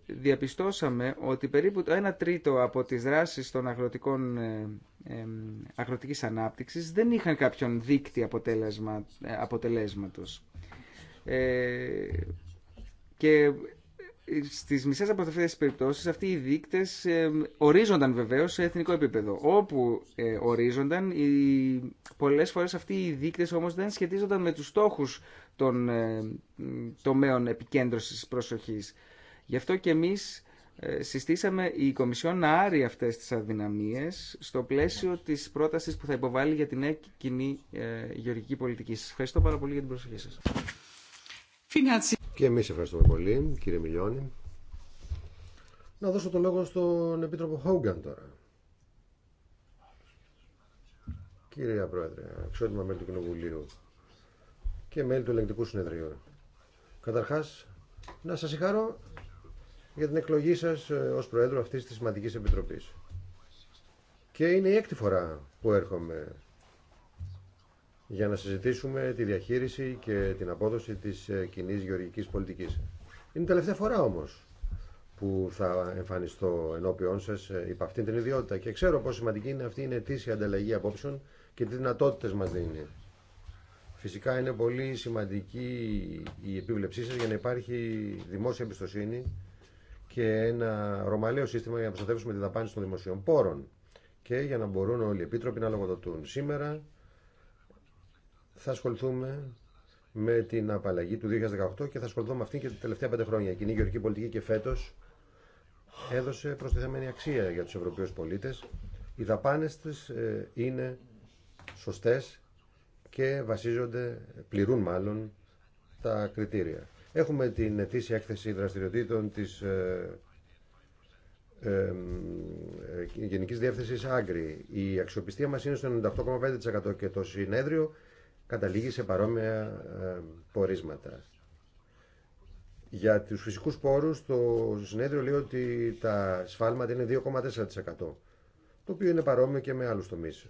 διαπιστώσαμε ότι περίπου το 1 τρίτο από τις δράσεις των αγροτικών, ε, ε, αγροτικής ανάπτυξης δεν είχαν κάποιον δίκτυ αποτέλεσμα, αποτελέσματος. και στις μισές από αυτές τι περιπτώσεις αυτοί οι δείκτες ορίζονταν βεβαίως σε εθνικό επίπεδο. Όπου ε, ορίζονταν, πολλέ πολλές φορές αυτοί οι δείκτες όμως δεν σχετίζονταν με τους στόχους των ε, τομέων επικέντρωσης προσοχής. Γι' αυτό και εμείς ε, συστήσαμε η Κομισιόν να άρει αυτές τις αδυναμίες στο πλαίσιο τη πρόταση που θα υποβάλει για την νέα κοινή γεωργική πολιτική. Σα ευχαριστώ πάρα πολύ για την προσοχή σα. Και εμείς ευχαριστούμε πολύ, κύριε Μιλιώνη. Να δώσω το λόγο στον Επίτροπο Χόγκαν τώρα. Κυρία Πρόεδρε, αξιότιμα μέλη του Κοινοβουλίου και μέλη του Ελεγκτικού Συνεδρίου. Καταρχάς, να σας συγχαρώ για την εκλογή σας ε, ως Προέδρο αυτής της σημαντικής επιτροπής. Και είναι η έκτη φορά που έρχομαι για να συζητήσουμε τη διαχείριση και την απόδοση της ε, κοινή γεωργικής πολιτικής. Είναι η τελευταία φορά όμως που θα εμφανιστώ ενώπιόν σας ε, υπ' αυτήν την ιδιότητα και ξέρω πόσο σημαντική είναι αυτή η αιτήσια ανταλλαγή απόψεων και τι δυνατότητες μας δίνει. Φυσικά είναι πολύ σημαντική η επίβλεψή σας για να υπάρχει δημόσια εμπιστοσύνη και ένα ρωμαλαίο σύστημα για να προστατεύσουμε τη δαπάνηση των δημοσίων πόρων και για να μπορούν όλοι οι επίτροποι να λογοδοτούν. Σήμερα θα ασχοληθούμε με την απαλλαγή του 2018 και θα ασχοληθούμε με αυτήν και τα τελευταία πέντε χρόνια. Η κοινή γεωργική πολιτική και φέτο έδωσε προστιθέμενη αξία για του Ευρωπαίου πολίτε. Οι δαπάνε τη ε, είναι σωστέ και βασίζονται, πληρούν μάλλον, τα κριτήρια. Έχουμε την ετήσια έκθεση δραστηριοτήτων της ε, ε, ε Γενικής Διεύθυνσης Άγκρη. Η αξιοπιστία μα είναι στο 98,5% και το συνέδριο καταλήγει σε παρόμοια ε, πορίσματα. Για τους φυσικούς πόρους το συνέδριο λέει ότι τα σφάλματα είναι 2,4% το οποίο είναι παρόμοιο και με άλλους τομείς.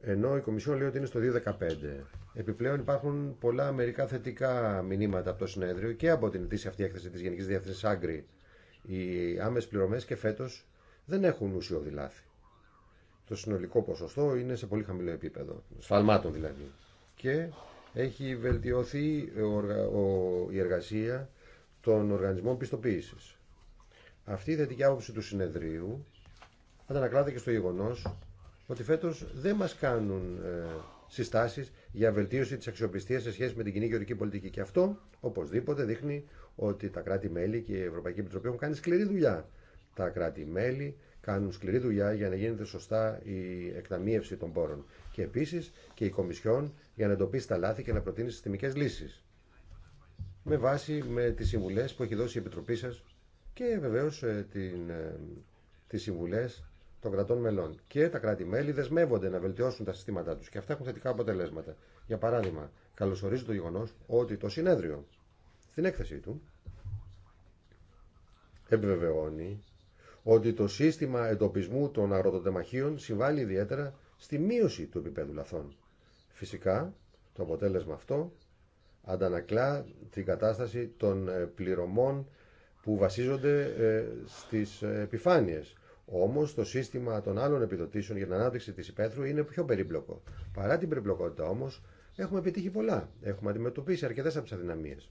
Ενώ η Κομισιόν λέει ότι είναι στο 2,15. Επιπλέον υπάρχουν πολλά μερικά θετικά μηνύματα από το συνέδριο και από την ετήσια αυτή έκθεση της Γενικής Διεύθυνσης Άγκρη. Οι άμεσες πληρωμές και φέτος δεν έχουν ουσιώδη λάθη το συνολικό ποσοστό είναι σε πολύ χαμηλό επίπεδο, σφαλμάτων δηλαδή. Και έχει βελτιωθεί η εργασία των οργανισμών πιστοποίησης. Αυτή η θετική άποψη του συνεδρίου αντανακλάται και στο γεγονό ότι φέτος δεν μας κάνουν ε, συστάσεις για βελτίωση της αξιοπιστίας σε σχέση με την κοινή γεωργική πολιτική. Και αυτό οπωσδήποτε δείχνει ότι τα κράτη-μέλη και η Ευρωπαϊκή Επιτροπή έχουν κάνει σκληρή δουλειά. Τα κράτη-μέλη κάνουν σκληρή δουλειά για να γίνεται σωστά η εκταμείευση των πόρων. Και επίση και η Κομισιόν για να εντοπίσει τα λάθη και να προτείνει συστημικέ λύσει. Με βάση με τι συμβουλέ που έχει δώσει η Επιτροπή σα και βεβαίω ε, ε, τι συμβουλέ των κρατών μελών. Και τα κράτη-μέλη δεσμεύονται να βελτιώσουν τα συστήματά του και αυτά έχουν θετικά αποτελέσματα. Για παράδειγμα, καλωσορίζω το γεγονό ότι το συνέδριο στην έκθεσή του επιβεβαιώνει ότι το σύστημα εντοπισμού των αγροτοτεμαχίων συμβάλλει ιδιαίτερα στη μείωση του επίπεδου λαθών. Φυσικά, το αποτέλεσμα αυτό αντανακλά την κατάσταση των ε, πληρωμών που βασίζονται ε, στις ε, επιφάνειες. Όμως το σύστημα των άλλων επιδοτήσεων για την ανάπτυξη της υπαίθρου είναι πιο περίπλοκο. Παρά την περιπλοκότητα όμως έχουμε επιτύχει πολλά. Έχουμε αντιμετωπίσει αρκετές από τις αδυναμίες.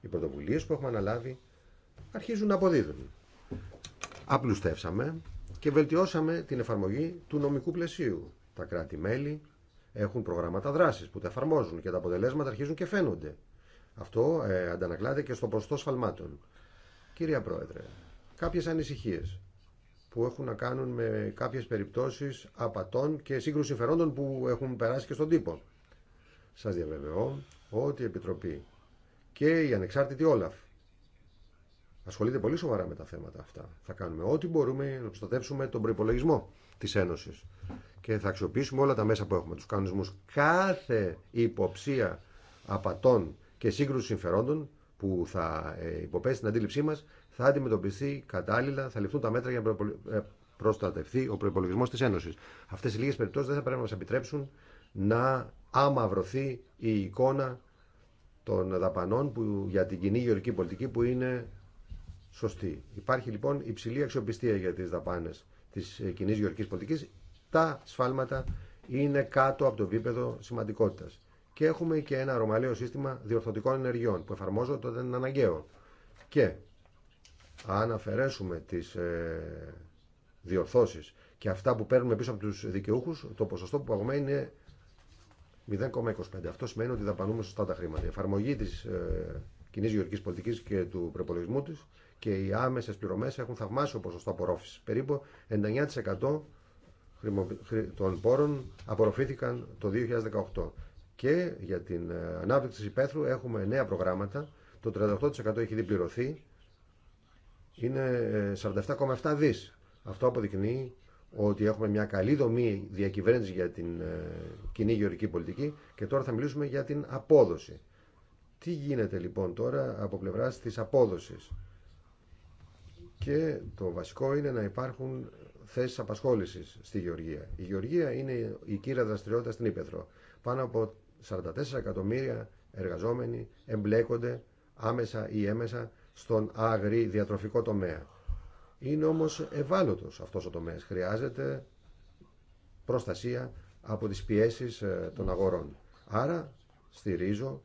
Οι πρωτοβουλίε που έχουμε αναλάβει αρχίζουν να αποδίδουν. Απλουστεύσαμε και βελτιώσαμε την εφαρμογή του νομικού πλαισίου. Τα κράτη-μέλη έχουν προγράμματα δράσης που τα εφαρμόζουν και τα αποτελέσματα αρχίζουν και φαίνονται. Αυτό ε, αντανακλάται και στο ποσοστό σφαλμάτων. Κυρία Πρόεδρε, κάποιες ανησυχίες που έχουν να κάνουν με κάποιες περιπτώσεις απατών και σύγκρουση συμφερόντων που έχουν περάσει και στον τύπο. Σας διαβεβαιώ ότι η Επιτροπή και η Ανεξάρτητη Όλαφ ασχολείται πολύ σοβαρά με τα θέματα αυτά. Θα κάνουμε ό,τι μπορούμε να προστατεύσουμε τον προπολογισμό τη Ένωση και θα αξιοποιήσουμε όλα τα μέσα που έχουμε, του κανονισμού. Κάθε υποψία απατών και σύγκρουση συμφερόντων που θα ε, υποπέσει στην αντίληψή μα θα αντιμετωπιστεί κατάλληλα, θα ληφθούν τα μέτρα για να ε, προστατευτεί ο προπολογισμό τη Ένωση. Αυτέ οι λίγε περιπτώσει δεν θα πρέπει να μα επιτρέψουν να αμαυρωθεί η εικόνα των δαπανών που, για την κοινή γεωρική πολιτική που είναι σωστή. Υπάρχει λοιπόν υψηλή αξιοπιστία για τι δαπάνε τη ε, κοινή γεωργικής πολιτική. Τα σφάλματα είναι κάτω από το επίπεδο σημαντικότητα. Και έχουμε και ένα ρωμαλαίο σύστημα διορθωτικών ενεργειών που εφαρμόζονται όταν είναι αναγκαίο. Και αν αφαιρέσουμε τι ε, διορθώσεις και αυτά που παίρνουμε πίσω από του δικαιούχου, το ποσοστό που παγωμένει είναι 0,25. Αυτό σημαίνει ότι δαπανούμε σωστά τα χρήματα. Η εφαρμογή τη ε, κοινή γεωργική πολιτική και του προπολογισμού τη και οι άμεσες πληρωμές έχουν θαυμάσιο ποσοστό απορρόφηση. Περίπου 99% των πόρων απορροφήθηκαν το 2018. Και για την ε, ανάπτυξη της υπαίθρου έχουμε νέα προγράμματα. Το 38% έχει διπληρωθεί. Είναι 47,7 ε, δις. Αυτό αποδεικνύει ότι έχουμε μια καλή δομή διακυβέρνηση για την ε, κοινή γεωρική πολιτική και τώρα θα μιλήσουμε για την απόδοση. Τι γίνεται λοιπόν τώρα από πλευράς της απόδοσης. Και το βασικό είναι να υπάρχουν θέσει απασχόληση στη Γεωργία. Η Γεωργία είναι η κύρια δραστηριότητα στην Ήπεθρο. Πάνω από 44 εκατομμύρια εργαζόμενοι εμπλέκονται άμεσα ή έμεσα στον άγρι διατροφικό τομέα. Είναι όμως ευάλωτος αυτός ο τομέας. Χρειάζεται προστασία από τις πιέσεις ε, των αγορών. Άρα στηρίζω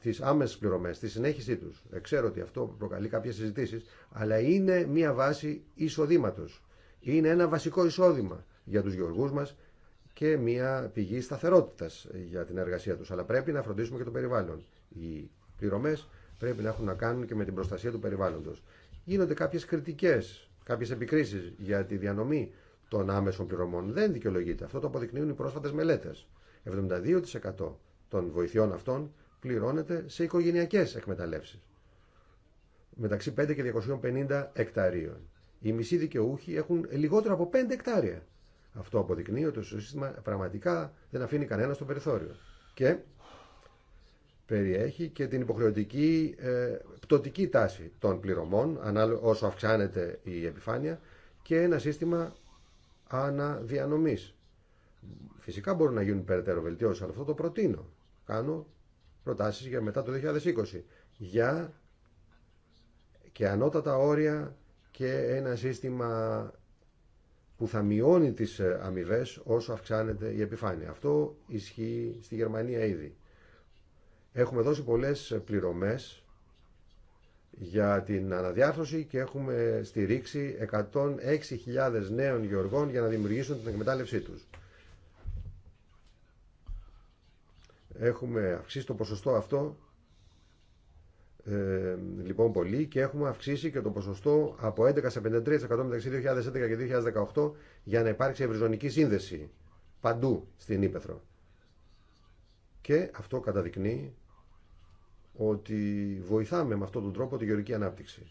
τι άμεσε πληρωμέ, τη συνέχιση τους. Ε, ξέρω ότι αυτό προκαλεί κάποιε συζητήσει, αλλά είναι μια βάση εισοδήματο. Είναι ένα βασικό εισόδημα για του γεωργού μα και μια πηγή σταθερότητα για την εργασία του. Αλλά πρέπει να φροντίσουμε και το περιβάλλον. Οι πληρωμές πρέπει να έχουν να κάνουν και με την προστασία του περιβάλλοντο. Γίνονται κάποιε κριτικέ κάποιε επικρίσεις για τη διανομή των άμεσων πληρωμών. Δεν δικαιολογείται. Αυτό το αποδεικνύουν οι πρόσφατε μελέτε. 72% των βοηθειών αυτών πληρώνεται σε οικογενειακές εκμεταλλεύσεις μεταξύ 5 και 250 εκταρίων. Οι μισοί δικαιούχοι έχουν λιγότερο από 5 εκτάρια. Αυτό αποδεικνύει ότι το σύστημα πραγματικά δεν αφήνει κανένα στο περιθώριο. Και περιέχει και την υποχρεωτική ε, πτωτική τάση των πληρωμών όσο αυξάνεται η επιφάνεια και ένα σύστημα αναδιανομής. Φυσικά μπορούν να γίνουν περαιτέρω βελτιώσεις, αλλά αυτό το προτείνω. Κάνω προτάσεις για μετά το 2020 για και ανώτατα όρια και ένα σύστημα που θα μειώνει τις αμοιβέ όσο αυξάνεται η επιφάνεια. Αυτό ισχύει στη Γερμανία ήδη. Έχουμε δώσει πολλές πληρωμές για την αναδιάρθρωση και έχουμε στηρίξει 106.000 νέων γεωργών για να δημιουργήσουν την εκμετάλλευσή τους. Έχουμε αυξήσει το ποσοστό αυτό ε, λοιπόν πολύ και έχουμε αυξήσει και το ποσοστό από 11 σε 53% μεταξύ 2011 και 2018 για να υπάρξει ευρυζωνική σύνδεση παντού στην Ήπεθρο. Και αυτό καταδεικνύει ότι βοηθάμε με αυτόν τον τρόπο τη γεωρική ανάπτυξη.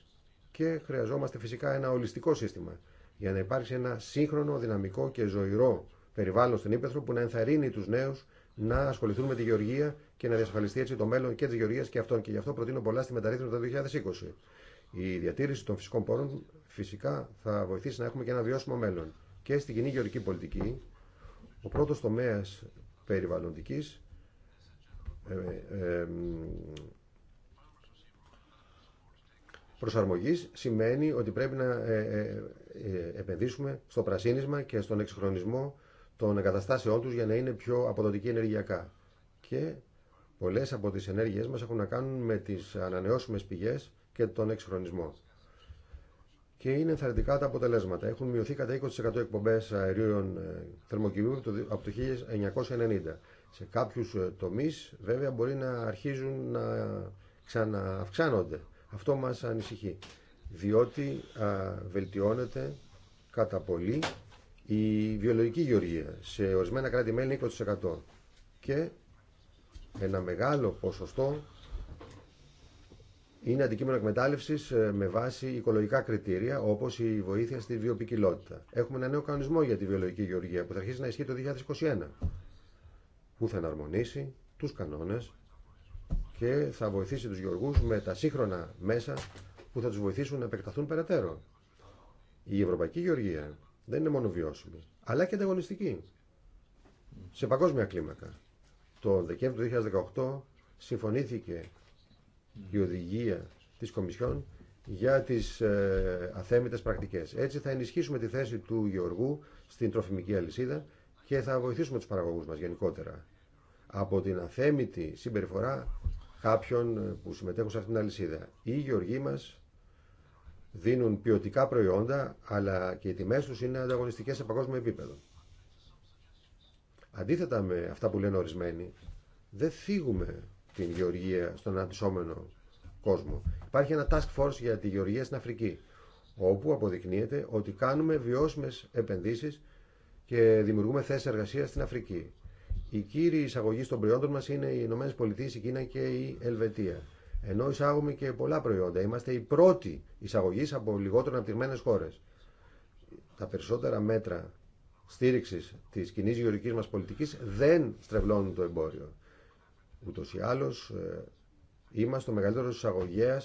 Και χρειαζόμαστε φυσικά ένα ολιστικό σύστημα για να υπάρξει ένα σύγχρονο, δυναμικό και ζωηρό περιβάλλον στην Ήπεθρο που να ενθαρρύνει τους νέους να ασχοληθούν με τη γεωργία και να διασφαλιστεί έτσι το μέλλον και τη γεωργία και αυτών. Και γι' αυτό προτείνω πολλά στη μεταρρύθμιση του 2020. Η διατήρηση των φυσικών πόρων φυσικά θα βοηθήσει να έχουμε και ένα βιώσιμο μέλλον. Και στην κοινή γεωργική πολιτική, ο πρώτο τομέα περιβαλλοντική ε, ε σημαίνει ότι πρέπει να ε, ε, επενδύσουμε στο πρασίνισμα και στον εξυγχρονισμό των εγκαταστάσεών τους για να είναι πιο αποδοτικοί ενεργειακά. Και πολλές από τις ενέργειές μας έχουν να κάνουν με τις ανανεώσιμες πηγές και τον εξχρονισμό. Και είναι ενθαρρυντικά τα αποτελέσματα. Έχουν μειωθεί κατά 20% εκπομπές αερίων ε, θερμοκηπίου από το 1990. Σε κάποιους ε, τομείς βέβαια μπορεί να αρχίζουν να ξανααυξάνονται. Αυτό μας ανησυχεί, διότι βελτιώνεται κατά πολύ η βιολογική γεωργία σε ορισμένα κράτη-μέλη είναι 20% και ένα μεγάλο ποσοστό είναι αντικείμενο εκμετάλλευση ε, με βάση οικολογικά κριτήρια όπω η βοήθεια στη βιοπικιλότητα. Έχουμε ένα νέο κανονισμό για τη βιολογική γεωργία που θα αρχίσει να ισχύει το 2021 που θα εναρμονίσει του κανόνε και θα βοηθήσει του γεωργού με τα σύγχρονα μέσα που θα του βοηθήσουν να επεκταθούν περαιτέρω. Η Ευρωπαϊκή Γεωργία δεν είναι μόνο βιώσιμη, αλλά και ανταγωνιστική σε παγκόσμια κλίμακα. Το Δεκέμβριο του 2018 συμφωνήθηκε η οδηγία της Κομισιόν για τις ε, αθέμητες πρακτικές. Έτσι θα ενισχύσουμε τη θέση του Γεωργού στην τροφιμική αλυσίδα και θα βοηθήσουμε τους παραγωγούς μας γενικότερα από την αθέμητη συμπεριφορά κάποιων που συμμετέχουν σε αυτήν την αλυσίδα. Οι Γεωργοί μας δίνουν ποιοτικά προϊόντα, αλλά και οι τιμέ του είναι ανταγωνιστικές σε παγκόσμιο επίπεδο. Αντίθετα με αυτά που λένε ορισμένοι, δεν φύγουμε την γεωργία στον αντισώμενο κόσμο. Υπάρχει ένα task force για τη γεωργία στην Αφρική, όπου αποδεικνύεται ότι κάνουμε βιώσιμες επενδύσεις και δημιουργούμε θέσεις εργασία στην Αφρική. Οι κύριοι εισαγωγοί των προϊόντων μα είναι οι ΗΠΑ, η Κίνα και η Ελβετία. Ενώ εισάγουμε και πολλά προϊόντα. Είμαστε οι πρώτοι εισαγωγή από λιγότερο αναπτυγμένε χώρε. Τα περισσότερα μέτρα στήριξη τη κοινή γεωργική μα πολιτική δεν στρεβλώνουν το εμπόριο. Ούτω ή άλλω ε, είμαστε ο μεγαλύτερο εισαγωγέα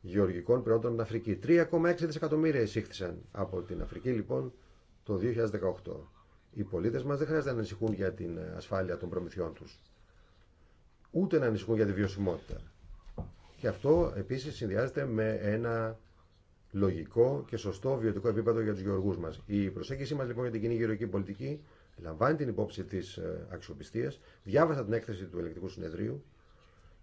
γεωργικών προϊόντων από Αφρική. 3,6 δισεκατομμύρια εισήχθησαν από την Αφρική λοιπόν το 2018. Οι πολίτε μα δεν χρειάζεται να ανησυχούν για την ασφάλεια των προμηθειών του ούτε να ανησυχούν για τη βιωσιμότητα. Και αυτό επίση συνδυάζεται με ένα λογικό και σωστό βιωτικό επίπεδο για του γεωργού μα. Η προσέγγιση μας λοιπόν για την κοινή γεωργική πολιτική λαμβάνει την υπόψη τη ε, αξιοπιστία, Διάβασα την έκθεση του ελεκτικού συνεδρίου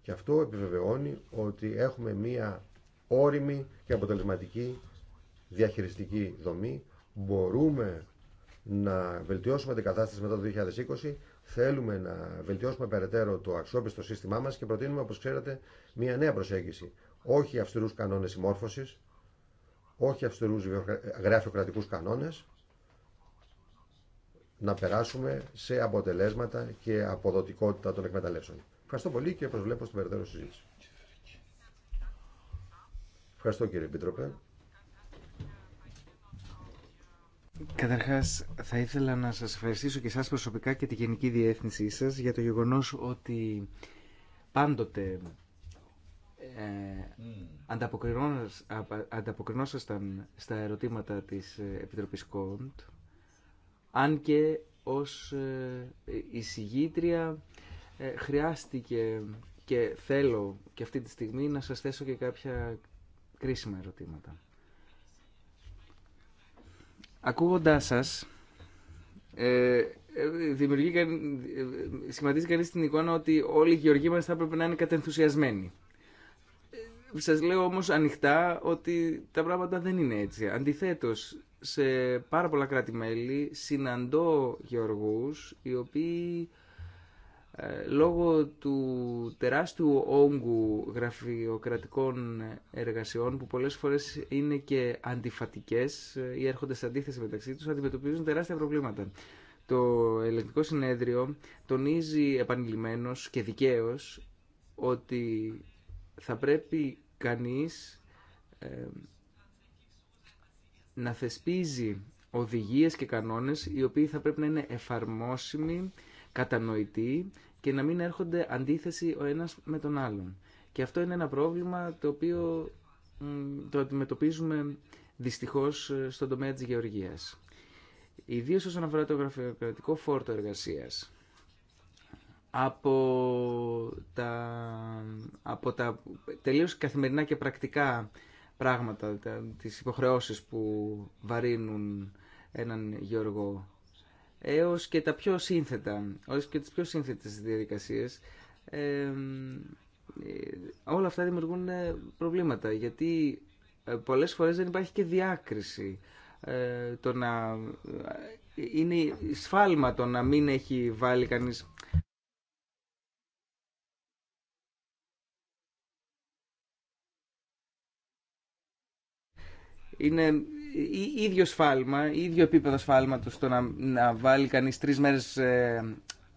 και αυτό επιβεβαιώνει ότι έχουμε μία όρημη και αποτελεσματική διαχειριστική δομή. Μπορούμε να βελτιώσουμε την κατάσταση μετά το 2020 Θέλουμε να βελτιώσουμε περαιτέρω το αξιόπιστο σύστημά μα και προτείνουμε, όπω ξέρετε, μια νέα προσέγγιση. Όχι αυστηρού κανόνε συμμόρφωση, όχι αυστηρού γραφειοκρατικού κανόνε. Να περάσουμε σε αποτελέσματα και αποδοτικότητα των εκμεταλλεύσεων. Ευχαριστώ πολύ και προσβλέπω στην περαιτέρω συζήτηση. Ευχαριστώ κύριε Επίτροπε. Καταρχά θα ήθελα να σας ευχαριστήσω και εσά προσωπικά και τη Γενική Διεύθυνσή σας για το γεγονό ότι πάντοτε ε, mm. ανταποκρινόσασταν στα ερωτήματα της ε, Επιτροπή Κόντ αν και ως ε, εισηγήτρια ε, χρειάστηκε και θέλω και αυτή τη στιγμή να σας θέσω και κάποια κρίσιμα ερωτήματα. Ακούγοντά σα, ε, ε, δημιουργεί, ε, σχηματίζει κανεί την εικόνα ότι όλοι οι γεωργοί μα θα έπρεπε να είναι κατενθουσιασμένοι. Ε, σας λέω όμως ανοιχτά ότι τα πράγματα δεν είναι έτσι. Αντιθέτως, σε πάρα πολλά κράτη-μέλη συναντώ γεωργού οι οποίοι ε, λόγω του τεράστιου όγκου γραφειοκρατικών εργασιών που πολλές φορές είναι και αντιφατικές ε, ή έρχονται σε αντίθεση μεταξύ τους, αντιμετωπίζουν τεράστια προβλήματα. Το ελεγκτικό συνέδριο τονίζει επανειλημμένος και δικαίως ότι θα πρέπει κανείς ε, να θεσπίζει οδηγίες και κανόνες οι οποίοι θα πρέπει να είναι εφαρμόσιμοι Κατανοητή και να μην έρχονται αντίθεση ο ένας με τον άλλον. Και αυτό είναι ένα πρόβλημα το οποίο το αντιμετωπίζουμε δυστυχώς ε, στον τομέα της γεωργίας. Ιδίω όσον αφορά το γραφειοκρατικό φόρτο εργασίας. Από τα, από τα τελείως καθημερινά και πρακτικά πράγματα, τα, τις υποχρεώσεις που βαρύνουν έναν γεωργό έως και τα πιο σύνθετα, έως και τις πιο σύνθετες διαδικασίες, ε, όλα αυτά δημιουργούν ε, προβλήματα, γιατί ε, πολλές φορές δεν υπάρχει και διάκριση. Ε, το να, είναι σφάλμα το να μην έχει βάλει κανείς είναι ίδιο σφάλμα, ίδιο επίπεδο σφάλματος το να, βάλει κανείς τρεις μέρες ε,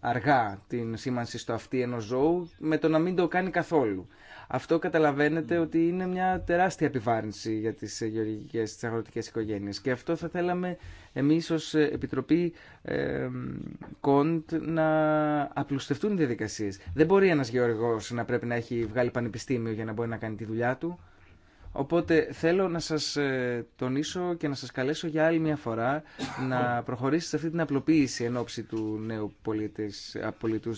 αργά την σήμανση στο αυτή ενό ζώου με το να μην το κάνει καθόλου. Αυτό καταλαβαίνετε ναι. ότι είναι μια τεράστια επιβάρυνση για τι ε, γεωργικές, τις αγροτικές οικογένειες και αυτό θα θέλαμε εμεί ω ε, Επιτροπή ε, Κοντ να απλουστευτούν οι διαδικασίε. Δεν μπορεί ένα γεωργός να πρέπει να έχει βγάλει πανεπιστήμιο για να μπορεί να κάνει τη δουλειά του. Οπότε θέλω να σας ε, τονίσω και να σας καλέσω για άλλη μια φορά να προχωρήσετε σε αυτή την απλοποίηση εν ώψη του νέου πολίτες,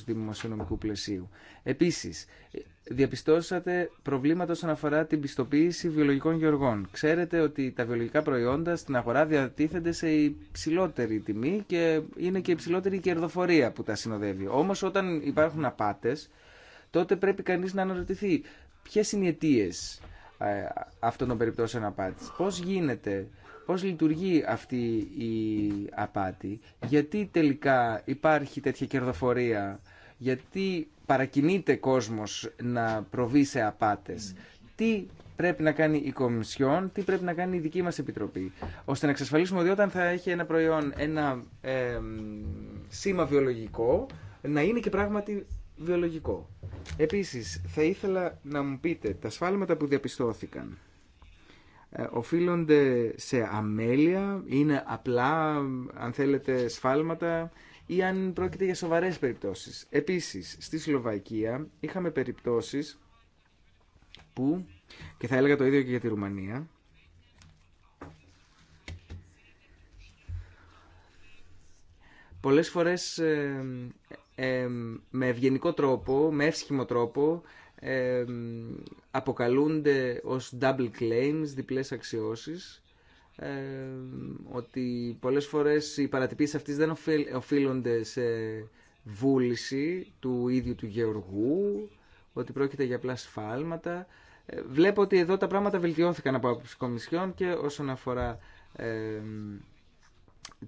δημοσιονομικού πλαισίου. Επίσης, ε, διαπιστώσατε προβλήματα όσον αφορά την πιστοποίηση βιολογικών γεωργών. Ξέρετε ότι τα βιολογικά προϊόντα στην αγορά διατίθενται σε υψηλότερη τιμή και είναι και υψηλότερη η κερδοφορία που τα συνοδεύει. Όμως όταν υπάρχουν απάτες, τότε πρέπει κανείς να αναρωτηθεί ποιε είναι οι αιτίες ε, αυτών των περιπτώσεων απάτης. Πώς γίνεται, πώς λειτουργεί αυτή η απάτη, γιατί τελικά υπάρχει τέτοια κερδοφορία, γιατί παρακινείται κόσμος να προβεί σε απάτες. Τι πρέπει να κάνει η Κομισιόν, τι πρέπει να κάνει η δική μας Επιτροπή, ώστε να εξασφαλίσουμε ότι όταν θα έχει ένα προϊόν ένα σήμα βιολογικό, να είναι και πράγματι βιολογικό. Επίσης, θα ήθελα να μου πείτε, τα σφάλματα που διαπιστώθηκαν ε, οφείλονται σε αμέλεια, είναι απλά, αν θέλετε, σφάλματα ή αν πρόκειται για σοβαρές περιπτώσεις. Επίσης, στη Σλοβακία είχαμε περιπτώσεις που, και θα έλεγα το ίδιο και για τη Ρουμανία, πολλές φορές ε, με ευγενικό τρόπο, με εύσχυμο τρόπο αποκαλούνται ως double claims, διπλές αξιώσεις ότι πολλές φορές οι παρατυπίες αυτές δεν οφείλονται σε βούληση του ίδιου του γεωργού ότι πρόκειται για απλά σφάλματα ε, βλέπω ότι εδώ τα πράγματα βελτιώθηκαν από άποψη κομισιών και όσον αφορά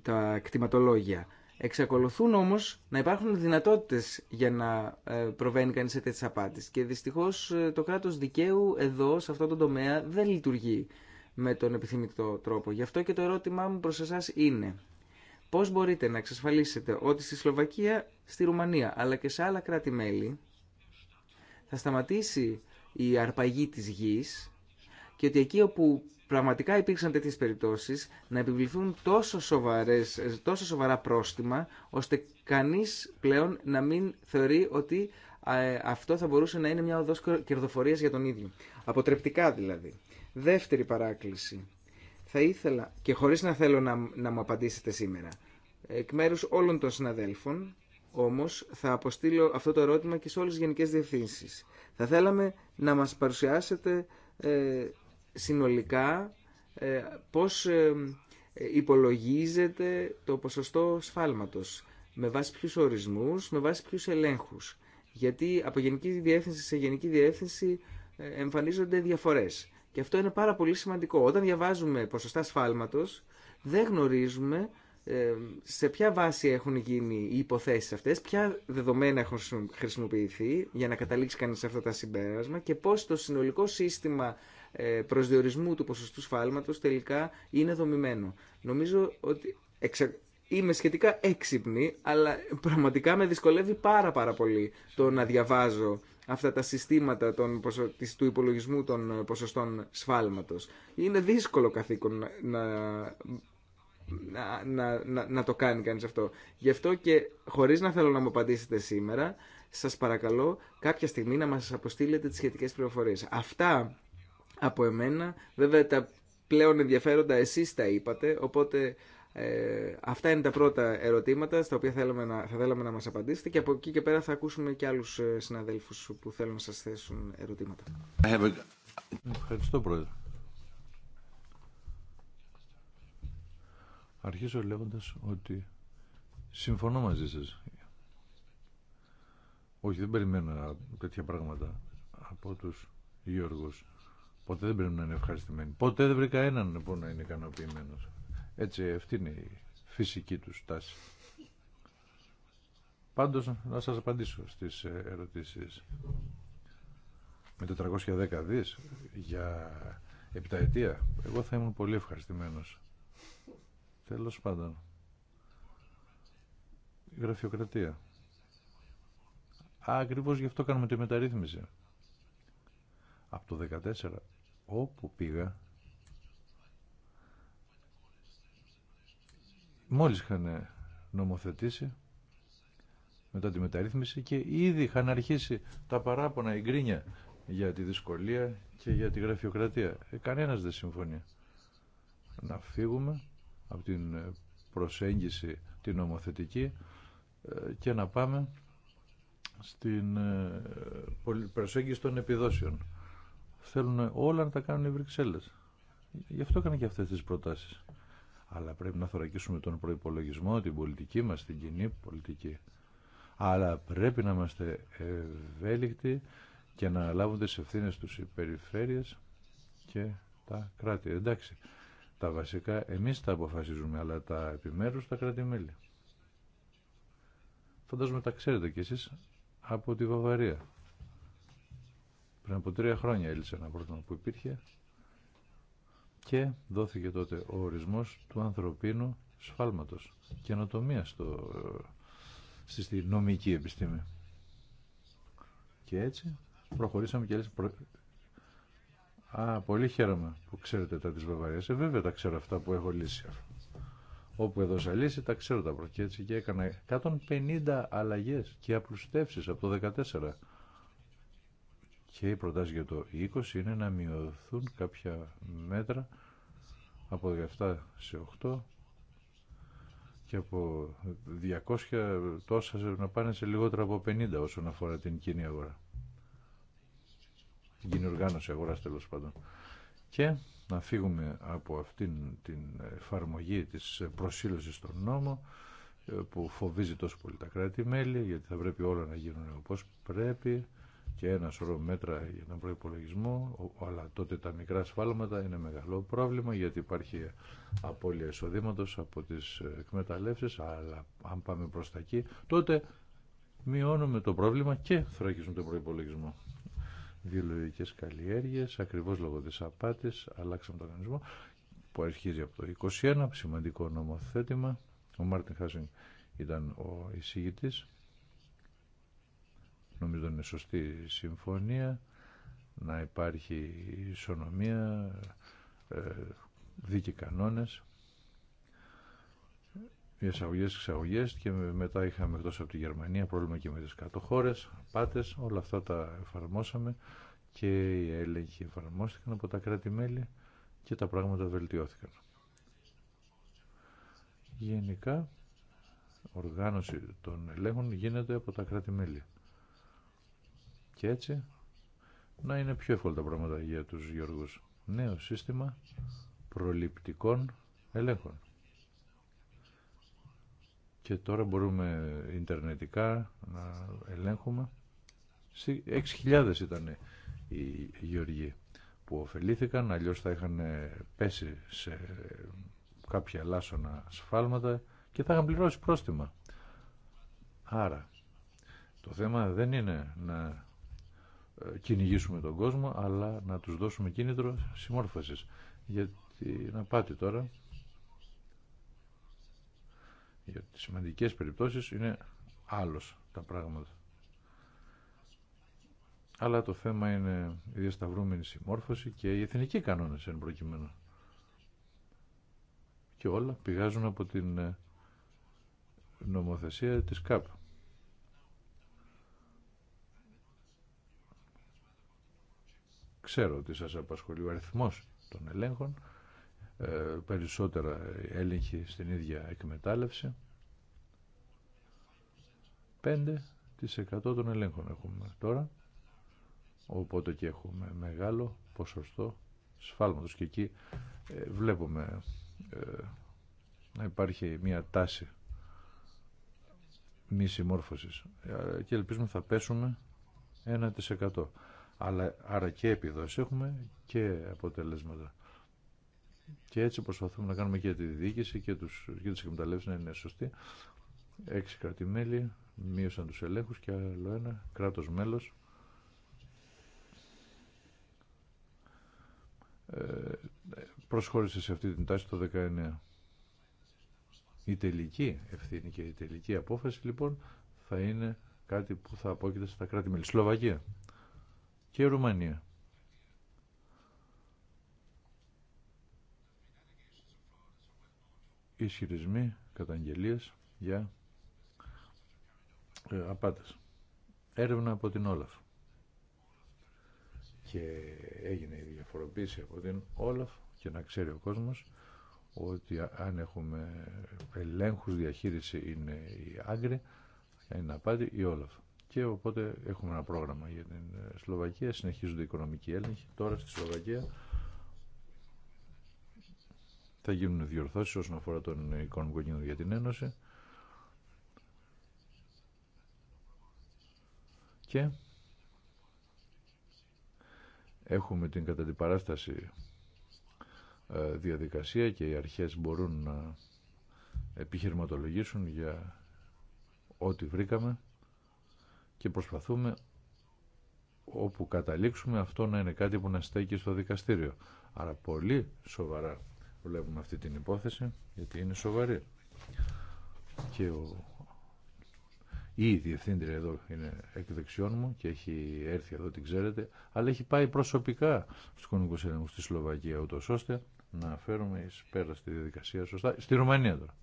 τα κτηματολόγια Εξακολουθούν όμως να υπάρχουν δυνατότητες για να ε, προβαίνει κανεί σε τέτοιε απάτη. και δυστυχώς ε, το κράτος δικαίου εδώ, σε αυτό το τομέα, δεν λειτουργεί με τον επιθυμητό τρόπο. Γι' αυτό και το ερώτημά μου προς εσά είναι πώς μπορείτε να εξασφαλίσετε ότι στη Σλοβακία, στη Ρουμανία αλλά και σε άλλα κράτη-μέλη θα σταματήσει η αρπαγή της γης και ότι εκεί όπου πραγματικά υπήρξαν τέτοιες περιπτώσεις να επιβληθούν τόσο, σοβαρές, τόσο σοβαρά πρόστιμα ώστε κανείς πλέον να μην θεωρεί ότι ε, αυτό θα μπορούσε να είναι μια οδός κερδοφορία για τον ίδιο. Αποτρεπτικά δηλαδή. Δεύτερη παράκληση. Θα ήθελα, και χωρίς να θέλω να, να μου απαντήσετε σήμερα, εκ μέρους όλων των συναδέλφων, όμως θα αποστείλω αυτό το ερώτημα και σε όλες τις γενικές διευθύνσεις. Θα θέλαμε να μας παρουσιάσετε ε, συνολικά ε, πώς ε, υπολογίζεται το ποσοστό σφάλματος, με βάση ποιους ορισμούς, με βάση ποιους ελέγχους. Γιατί από γενική διεύθυνση σε γενική διεύθυνση ε, εμφανίζονται διαφορές. Και αυτό είναι πάρα πολύ σημαντικό. Όταν διαβάζουμε ποσοστά σφάλματος, δεν γνωρίζουμε σε ποια βάση έχουν γίνει οι υποθέσεις αυτές, ποια δεδομένα έχουν χρησιμοποιηθεί για να καταλήξει κανείς σε αυτά τα συμπέρασμα και πώς το συνολικό σύστημα ε, προσδιορισμού του ποσοστού σφάλματος τελικά είναι δομημένο. Νομίζω ότι είμαι σχετικά έξυπνη, αλλά πραγματικά με δυσκολεύει πάρα πάρα πολύ το να διαβάζω αυτά τα συστήματα των, του υπολογισμού των ποσοστών σφάλματος. Είναι δύσκολο καθήκον να, να, να, να, να το κάνει κανείς αυτό. Γι' αυτό και χωρίς να θέλω να μου απαντήσετε σήμερα, σας παρακαλώ κάποια στιγμή να μας αποστείλετε τις σχετικές πληροφορίες. Αυτά από εμένα. Βέβαια τα πλέον ενδιαφέροντα εσείς τα είπατε, οπότε ε, αυτά είναι τα πρώτα ερωτήματα στα οποία θέλαμε να, θα θέλαμε να μας απαντήσετε και από εκεί και πέρα θα ακούσουμε και άλλους ε, συναδέλφους που θέλουν να σας θέσουν ερωτήματα. Ευχαριστώ Πρόεδρε. Αρχίζω λέγοντας ότι συμφωνώ μαζί σας. Όχι, δεν περιμένω τέτοια πράγματα από τους Γιώργους. Ποτέ δεν πρέπει να είναι ευχαριστημένοι. Ποτέ δεν βρήκα έναν που να είναι ικανοποιημένο. Έτσι, αυτή είναι η φυσική του τάση. Πάντως, να σας απαντήσω στις ε, ερωτήσεις. Με 410 δις για επιταετία. εγώ θα ήμουν πολύ ευχαριστημένος. Τέλος πάντων. γραφειοκρατία. Α, ακριβώς γι' αυτό κάνουμε τη μεταρρύθμιση. Από το 14 όπου πήγα μόλις είχαν νομοθετήσει μετά τη μεταρρύθμιση και ήδη είχαν αρχίσει τα παράπονα εγκρίνια για τη δυσκολία και για τη γραφειοκρατία. Ε, κανένας δεν συμφωνεί. Να φύγουμε από την προσέγγιση την νομοθετική ε, και να πάμε στην ε, προσέγγιση των επιδόσεων θέλουν όλα να τα κάνουν οι Βρυξέλλες. Γι' αυτό έκανε και αυτές τις προτάσεις. Αλλά πρέπει να θωρακίσουμε τον προϋπολογισμό, την πολιτική μας, την κοινή πολιτική. Αλλά πρέπει να είμαστε ευέλικτοι και να λάβουν τις ευθύνες τους οι περιφέρειες και τα κράτη. Εντάξει, τα βασικά εμείς τα αποφασίζουμε, αλλά τα επιμέρους τα κράτη-μέλη. Φαντάζομαι τα ξέρετε κι εσείς από τη Βαβαρία. Πριν από τρία χρόνια έλυσε ένα πρόβλημα που υπήρχε και δόθηκε τότε ο ορισμός του ανθρωπίνου σφάλματος και ανατομία στο, στη, νομική επιστήμη. Και έτσι προχωρήσαμε και έλυσε... Α, πολύ χαίρομαι που ξέρετε τα της Βαβαρίας. Ε, βέβαια τα ξέρω αυτά που έχω λύσει. Όπου έδωσα λύση τα ξέρω τα προκέτσι και έκανα 150 αλλαγές και απλουστεύσεις από το 14 και οι προτάση για το 20 είναι να μειωθούν κάποια μέτρα από 17 σε 8 και από 200 τόσα να πάνε σε λιγότερα από 50 όσον αφορά την κοινή αγορά. Την κοινή οργάνωση αγοράς τέλος πάντων. Και να φύγουμε από αυτήν την εφαρμογή της προσήλωσης στον νόμο ε, που φοβίζει τόσο πολύ τα κράτη-μέλη γιατί θα πρέπει όλα να γίνουν όπως πρέπει και ένα σωρό μέτρα για τον προπολογισμό, αλλά τότε τα μικρά σφάλματα είναι μεγάλο πρόβλημα γιατί υπάρχει απώλεια εισοδήματο από τι εκμεταλλεύσει. Αλλά αν πάμε προ τα εκεί, τότε μειώνουμε το πρόβλημα και θωρακίζουμε τον προπολογισμό. Βιολογικέ καλλιέργειε, ακριβώ λόγω τη απάτη, αλλάξαμε τον οργανισμό που αρχίζει από το 21, σημαντικό νομοθέτημα. Ο Μάρτιν Χάσινγκ ήταν ο εισηγητής νομίζω είναι σωστή συμφωνία, να υπάρχει ισονομία, ε, δίκαιοι κανόνες, οι εισαγωγέ και και μετά είχαμε εκτό από τη Γερμανία πρόβλημα και με τις κάτω πάτες πάτε, όλα αυτά τα εφαρμόσαμε και οι έλεγχοι εφαρμόστηκαν από τα κράτη-μέλη και τα πράγματα βελτιώθηκαν. Γενικά, οργάνωση των ελέγχων γίνεται από τα κράτη-μέλη και έτσι να είναι πιο εύκολα τα πράγματα για τους Γιώργους. Νέο σύστημα προληπτικών ελέγχων. Και τώρα μπορούμε ιντερνετικά να ελέγχουμε. 6.000 ήταν οι Γιώργοι που ωφελήθηκαν, αλλιώς θα είχαν πέσει σε κάποια λάσσονα σφάλματα και θα είχαν πληρώσει πρόστιμα. Άρα, το θέμα δεν είναι να κυνηγήσουμε τον κόσμο, αλλά να τους δώσουμε κίνητρο συμμόρφωσης. Γιατί να πάτε τώρα, για τις σημαντικές περιπτώσεις είναι άλλος τα πράγματα. Αλλά το θέμα είναι η διασταυρούμενη συμμόρφωση και οι εθνικοί κανόνες εν προκειμένου. Και όλα πηγάζουν από την ε, νομοθεσία της ΚΑΠ. ξέρω ότι σας απασχολεί ο αριθμός των ελέγχων, ε, περισσότερα έλεγχοι στην ίδια εκμετάλλευση. 5% των ελέγχων έχουμε τώρα, οπότε και έχουμε μεγάλο ποσοστό σφάλματος και εκεί ε, βλέπουμε ε, να υπάρχει μια τάση μη συμμόρφωσης και ελπίζουμε θα πέσουμε 1% αλλά άρα και επιδόσεις έχουμε και αποτελέσματα. Και έτσι προσπαθούμε να κάνουμε και τη διοίκηση και, τους, και τις εκμεταλλεύσεις να είναι σωστοί. Έξι κρατημέλη μείωσαν τους ελέγχους και άλλο ένα κράτος μέλος. Ε, προσχώρησε σε αυτή την τάση το 19. Η τελική ευθύνη και η τελική απόφαση λοιπόν θα είναι κάτι που θα απόκειται στα κράτη-μέλη. Σλοβακία και Ρουμανία. Ισχυρισμοί, καταγγελίες για ε, απάτες. Έρευνα από την Όλαφ. Και έγινε η διαφοροποίηση από την Όλαφ και να ξέρει ο κόσμος ότι αν έχουμε ελέγχους διαχείριση είναι η Άγκρη, είναι απάτη η Όλαφ και οπότε έχουμε ένα πρόγραμμα για την ε, Σλοβακία. Συνεχίζονται οι οικονομικοί έλεγχοι. Τώρα στη Σλοβακία θα γίνουν διορθώσεις όσον αφορά τον οικονομικό κίνδυνο για την Ένωση. Και έχουμε την κατά την παράσταση ε, διαδικασία και οι αρχές μπορούν να επιχειρηματολογήσουν για ό,τι βρήκαμε και προσπαθούμε όπου καταλήξουμε αυτό να είναι κάτι που να στέκει στο δικαστήριο. Άρα πολύ σοβαρά βλέπουμε αυτή την υπόθεση γιατί είναι σοβαρή. Και ο... η διευθύντρια εδώ είναι εκ δεξιών μου και έχει έρθει εδώ την ξέρετε αλλά έχει πάει προσωπικά στους κονικούς ελέγχους στη Σλοβακία ούτως ώστε να φέρουμε εις πέρα στη διαδικασία σωστά στη Ρουμανία τώρα.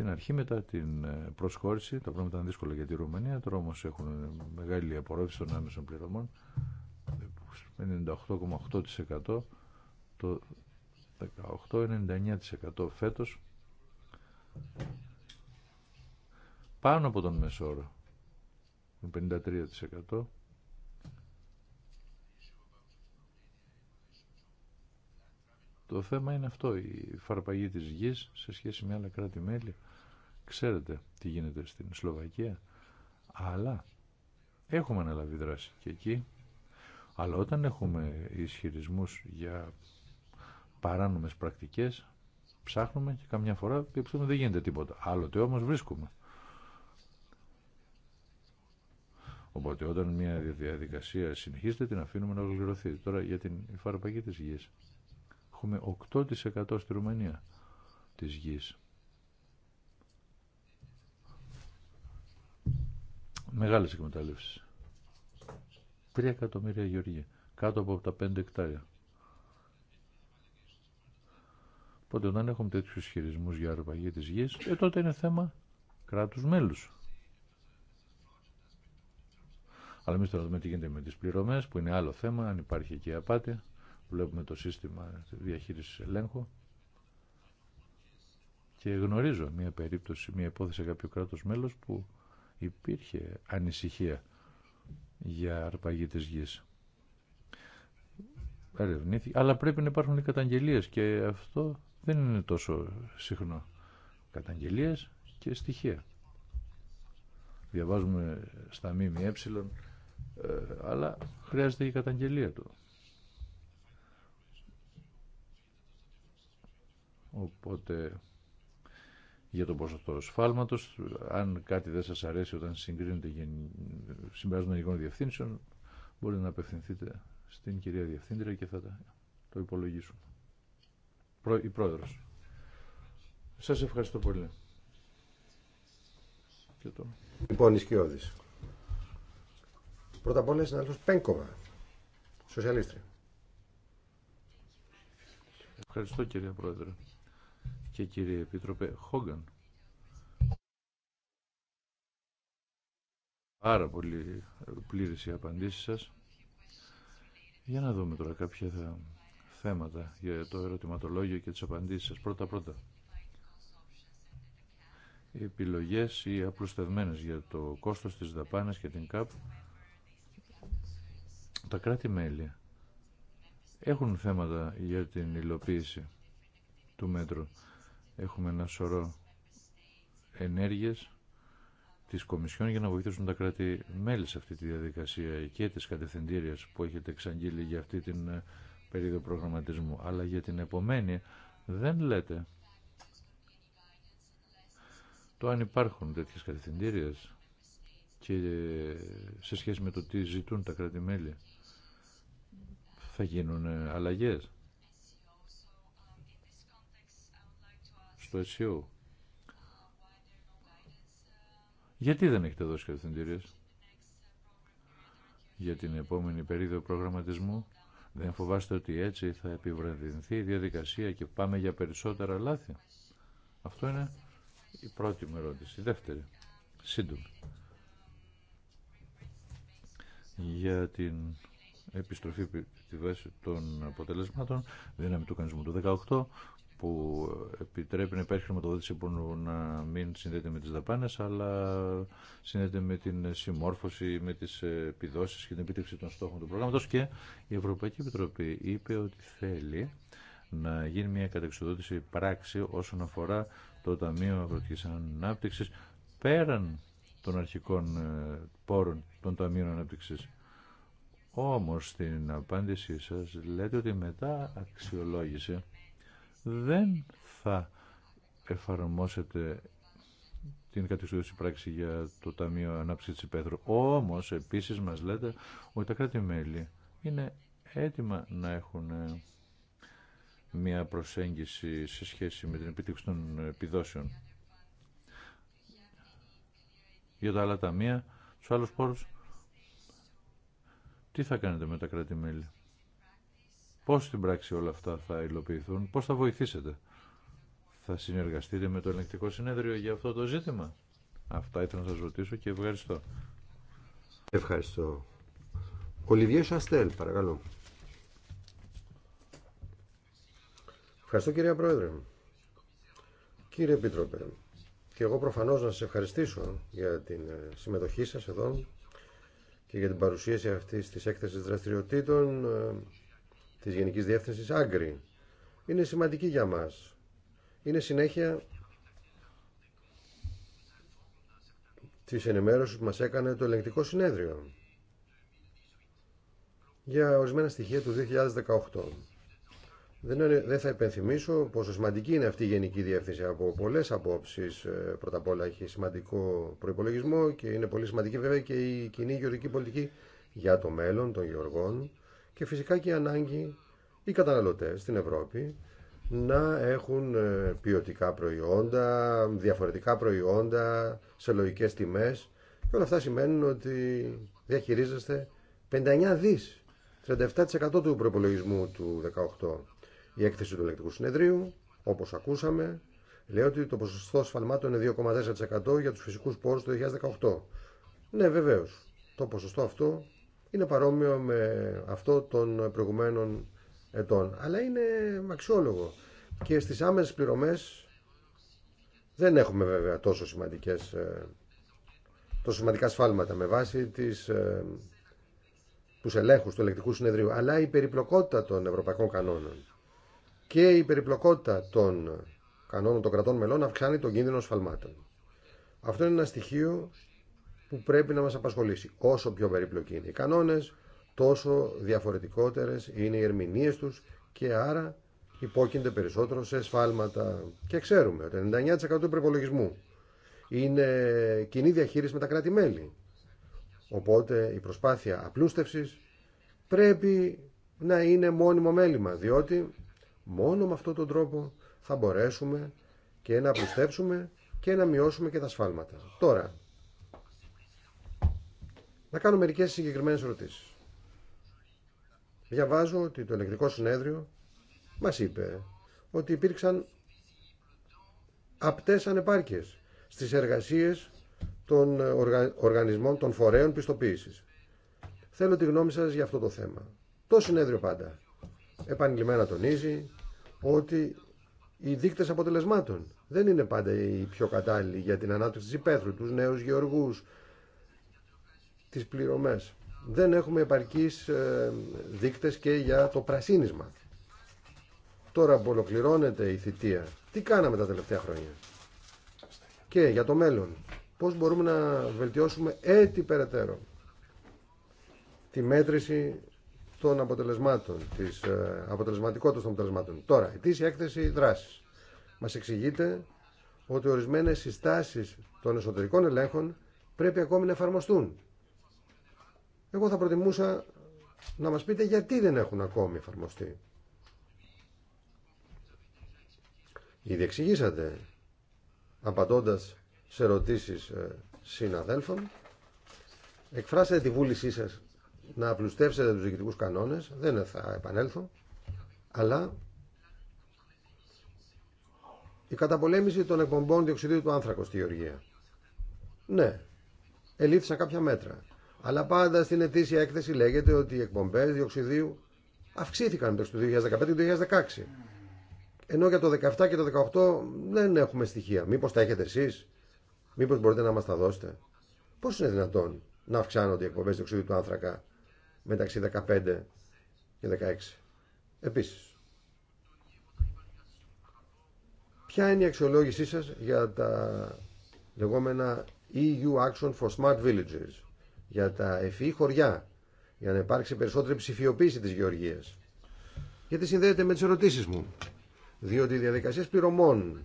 Στην αρχή μετά την ε, προσχώρηση τα πράγματα ήταν δύσκολα για τη Ρουμανία, τώρα όμω έχουν μεγάλη απορρόφηση των άμεσων πληρωμών, 98,8% το 18-99% φέτος πάνω από τον μεσόρο 53% Το θέμα είναι αυτό, η φαρπαγή της γης σε σχέση με άλλα κράτη-μέλη Ξέρετε τι γίνεται στην Σλοβακία. Αλλά έχουμε αναλάβει δράση και εκεί. Αλλά όταν έχουμε ισχυρισμούς για παράνομες πρακτικές, ψάχνουμε και καμιά φορά πιστεύουμε δεν γίνεται τίποτα. Άλλοτε όμως βρίσκουμε. Οπότε όταν μια διαδικασία συνεχίζεται την αφήνουμε να ολοκληρωθεί. Τώρα για την υφαρπαγή της γης. Έχουμε 8% στη Ρουμανία της γης. Μεγάλες εκμεταλλεύσεις. 3 εκατομμύρια γεωργία. Κάτω από τα 5 εκτάρια. Οπότε όταν έχουμε τέτοιου ισχυρισμού για αρπαγή τη γη, ε, τότε είναι θέμα κράτου μέλου. Αλλά εμεί τώρα δούμε τι γίνεται με τι πληρωμέ, που είναι άλλο θέμα, αν υπάρχει και απάτη. Βλέπουμε το σύστημα διαχείριση ελέγχου. Και γνωρίζω μια περίπτωση, μια υπόθεση κάποιο κράτο μέλο που υπήρχε ανησυχία για αρπαγή της γης. Αλλά πρέπει να υπάρχουν καταγγελίες και αυτό δεν είναι τόσο συχνό. Καταγγελίες και στοιχεία. Διαβάζουμε στα ΜΜΕ, ε, αλλά χρειάζεται η καταγγελία του. Οπότε για το ποσοστό σφάλματος. Αν κάτι δεν σας αρέσει όταν συγκρίνετε συμπεράσματα γενικών διευθύνσεων, μπορείτε να απευθυνθείτε στην κυρία Διευθύντρια και θα το υπολογίσουμε. Η Πρόεδρος. Σας ευχαριστώ πολύ. Και το... Λοιπόν, Ισκιώδη. Πρώτα απ' όλα, συνάδελφος Πένκοβα, σοσιαλίστρια. Ευχαριστώ, κύριε Πρόεδρε και κύριε Επίτροπε Χόγκαν. Πάρα πολύ πλήρης οι απαντήσεις σας. Για να δούμε τώρα κάποια θέματα για το ερωτηματολόγιο και τις απαντήσεις σας. Πρώτα-πρώτα. Οι επιλογές ή απλουστευμένες για το κόστος της δαπάνης και την ΚΑΠ. Τα κράτη-μέλη έχουν θέματα για την υλοποίηση του μέτρου. Έχουμε ένα σωρό ενέργειες της Κομισιόν για να βοηθήσουν τα κράτη-μέλη σε αυτή τη διαδικασία και τις κατευθυντήριες που έχετε εξαγγείλει για αυτή την ε, περίοδο προγραμματισμού. Αλλά για την επομένη δεν λέτε το αν υπάρχουν τέτοιες κατευθυντήριες και σε σχέση με το τι ζητούν τα κράτη-μέλη θα γίνουν ε, αλλαγές. στο Γιατί δεν έχετε δώσει καθεντήριες για την επόμενη περίοδο προγραμματισμού. Δεν φοβάστε ότι έτσι θα επιβραδυνθεί η διαδικασία και πάμε για περισσότερα λάθη. Αυτό είναι η πρώτη μου ερώτηση. Η δεύτερη, σύντομη. Για την επιστροφή τη βάση των αποτελεσμάτων δύναμη του κανονισμού του 18 που επιτρέπει να υπάρχει χρηματοδότηση που να μην συνδέεται με τις δαπάνες αλλά συνδέεται με την συμμόρφωση, με τις επιδόσεις και την επίτευξη των στόχων του προγράμματος και η Ευρωπαϊκή Επιτροπή είπε ότι θέλει να γίνει μια κατεξοδότηση πράξη όσον αφορά το Ταμείο Αγροτικής Ανάπτυξης πέραν των αρχικών ε, πόρων των Ταμείων Ανάπτυξης. Όμως στην απάντησή σας λέτε ότι μετά αξιολόγηση δεν θα εφαρμόσετε την κατεξοδότηση πράξη για το Ταμείο Ανάπτυξη της Υπέθρου. Όμως επίσης μας λέτε ότι τα κράτη-μέλη είναι έτοιμα να έχουν ε, μια προσέγγιση σε σχέση με την επίτευξη των επιδόσεων. Για τα άλλα ταμεία, τους άλλους πόρους τι θα κάνετε με τα κράτη-μέλη. Πώς στην πράξη όλα αυτά θα υλοποιηθούν, πώς θα βοηθήσετε. Θα συνεργαστείτε με το ελεγκτικό συνέδριο για αυτό το ζήτημα. Αυτά ήθελα να σας ρωτήσω και ευχαριστώ. Ευχαριστώ. Ολιβιέ Σαστέλ, παρακαλώ. Ευχαριστώ κυρία Πρόεδρε. Κύριε Επίτροπε, και εγώ προφανώς να σας ευχαριστήσω για την ε, συμμετοχή σας εδώ και για την παρουσίαση αυτής της έκθεσης δραστηριοτήτων ε, της Γενικής Διεύθυνσης Άγκρη. Είναι σημαντική για μας. Είναι συνέχεια της ενημέρωσης που μας έκανε το ελεγκτικό συνέδριο για ορισμένα στοιχεία του 2018. Δεν, δεν θα υπενθυμίσω πόσο σημαντική είναι αυτή η Γενική Διεύθυνση από πολλέ απόψει. Ε, πρώτα απ' όλα έχει σημαντικό προπολογισμό και είναι πολύ σημαντική βέβαια και η κοινή γεωργική πολιτική για το μέλλον των γεωργών και φυσικά και η ανάγκη οι καταναλωτέ στην Ευρώπη να έχουν ε, ποιοτικά προϊόντα, διαφορετικά προϊόντα, σε λογικέ τιμέ. Και όλα αυτά σημαίνουν ότι διαχειρίζεστε 59 δι, 37% του προπολογισμού του 2018. Η έκθεση του Ελεκτικού Συνεδρίου, όπω ακούσαμε, λέει ότι το ποσοστό σφαλμάτων είναι 2,4% για του φυσικού πόρου το 2018. Ναι, βεβαίω. Το ποσοστό αυτό είναι παρόμοιο με αυτό των προηγουμένων ετών. Αλλά είναι αξιόλογο. Και στις άμεσες πληρωμέ δεν έχουμε βέβαια τόσο, σημαντικές, ε, τόσο σημαντικά σφάλματα με βάση τις, ε, τους ελέγχους του ελεκτικού συνεδρίου, αλλά η περιπλοκότητα των ευρωπαϊκών κανόνων και η περιπλοκότητα των κανόνων των κρατών μελών αυξάνει τον κίνδυνο σφαλμάτων. Αυτό είναι ένα στοιχείο που πρέπει να μας απασχολήσει. Όσο πιο περίπλοκοι είναι οι κανόνες, τόσο διαφορετικότερες είναι οι ερμηνείες τους και άρα υπόκεινται περισσότερο σε σφάλματα. Και ξέρουμε ότι 99% του υπερπολογισμού είναι κοινή διαχείριση με τα κράτη-μέλη. Οπότε η προσπάθεια απλούστευσης πρέπει να είναι μόνιμο μέλημα, διότι Μόνο με αυτόν τον τρόπο θα μπορέσουμε και να απλουστεύσουμε και να μειώσουμε και τα σφάλματα. Τώρα, να κάνω μερικές συγκεκριμένες ερωτήσει. Διαβάζω ότι το ηλεκτρικό συνέδριο μας είπε ότι υπήρξαν απτές ανεπάρκειες στις εργασίες των ε, οργανισμών, των φορέων πιστοποίησης. Θέλω τη γνώμη σας για αυτό το θέμα. Το συνέδριο πάντα επανειλημμένα τονίζει ότι οι δείκτε αποτελεσμάτων δεν είναι πάντα οι πιο κατάλληλοι για την ανάπτυξη τη υπαίθρου, τους νέου γεωργού τις πληρωμές. Δεν έχουμε επαρκείς ε, δείκτε και για το πρασίνισμα. Τώρα που ολοκληρώνεται η θητεία, τι κάναμε τα τελευταία χρόνια. Και για το μέλλον, πώς μπορούμε να βελτιώσουμε έτσι περαιτέρω τη μέτρηση των αποτελεσμάτων, της ε, αποτελεσματικότητα των αποτελεσμάτων. Τώρα, ετήσια έκθεση δράση. Μα εξηγείται ότι ορισμένες συστάσεις των εσωτερικών ελέγχων πρέπει ακόμη να εφαρμοστούν. Εγώ θα προτιμούσα να μας πείτε γιατί δεν έχουν ακόμη εφαρμοστεί. Ήδη εξηγήσατε, απαντώντας σε ερωτήσεις ε, συναδέλφων, εκφράσατε τη βούλησή σας να απλουστεύσετε τους διοικητικούς κανόνες, δεν θα επανέλθω, αλλά η καταπολέμηση των εκπομπών διοξιδίου του άνθρακο στη Γεωργία. Ναι, ελήφθησαν κάποια μέτρα. Αλλά πάντα στην ετήσια έκθεση λέγεται ότι οι εκπομπέ διοξιδίου αυξήθηκαν μεταξύ του 2015 και του 2016. Ενώ για το 17 και το 2018 δεν έχουμε στοιχεία. Μήπω τα έχετε εσεί, μήπω μπορείτε να μα τα δώσετε. Πώ είναι δυνατόν να αυξάνονται οι εκπομπέ διοξιδίου του άνθρακα μεταξύ 15 και 16. Επίσης, ποια είναι η αξιολόγησή σας για τα λεγόμενα EU Action for Smart Villages, για τα ευφυή e χωριά, για να υπάρξει περισσότερη ψηφιοποίηση της γεωργίας. Γιατί συνδέεται με τις ερωτήσεις μου. Διότι οι διαδικασίες πληρωμών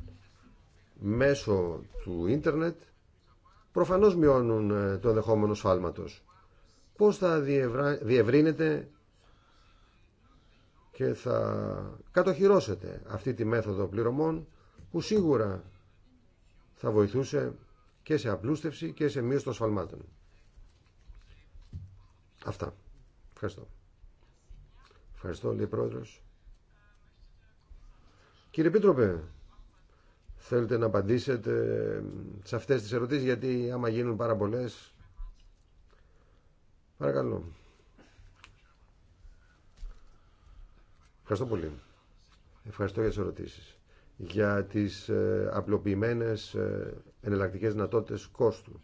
μέσω του ίντερνετ προφανώς μειώνουν ε, το ενδεχόμενο σφάλματος πώς θα διευρύνετε και θα κατοχυρώσετε αυτή τη μέθοδο πληρωμών που σίγουρα θα βοηθούσε και σε απλούστευση και σε μείωση των σφαλμάτων. Αυτά. Ευχαριστώ. Ευχαριστώ, λέει Πρόεδρος. Κύριε Πίτροπε, θέλετε να απαντήσετε σε αυτές τις ερωτήσεις, γιατί άμα γίνουν πάρα πολλές, Παρακαλώ. Ευχαριστώ πολύ. Ευχαριστώ για τις ερωτήσεις. Για τις ε, απλοποιημένες ε, ενελακτικές δυνατότητες κόστου.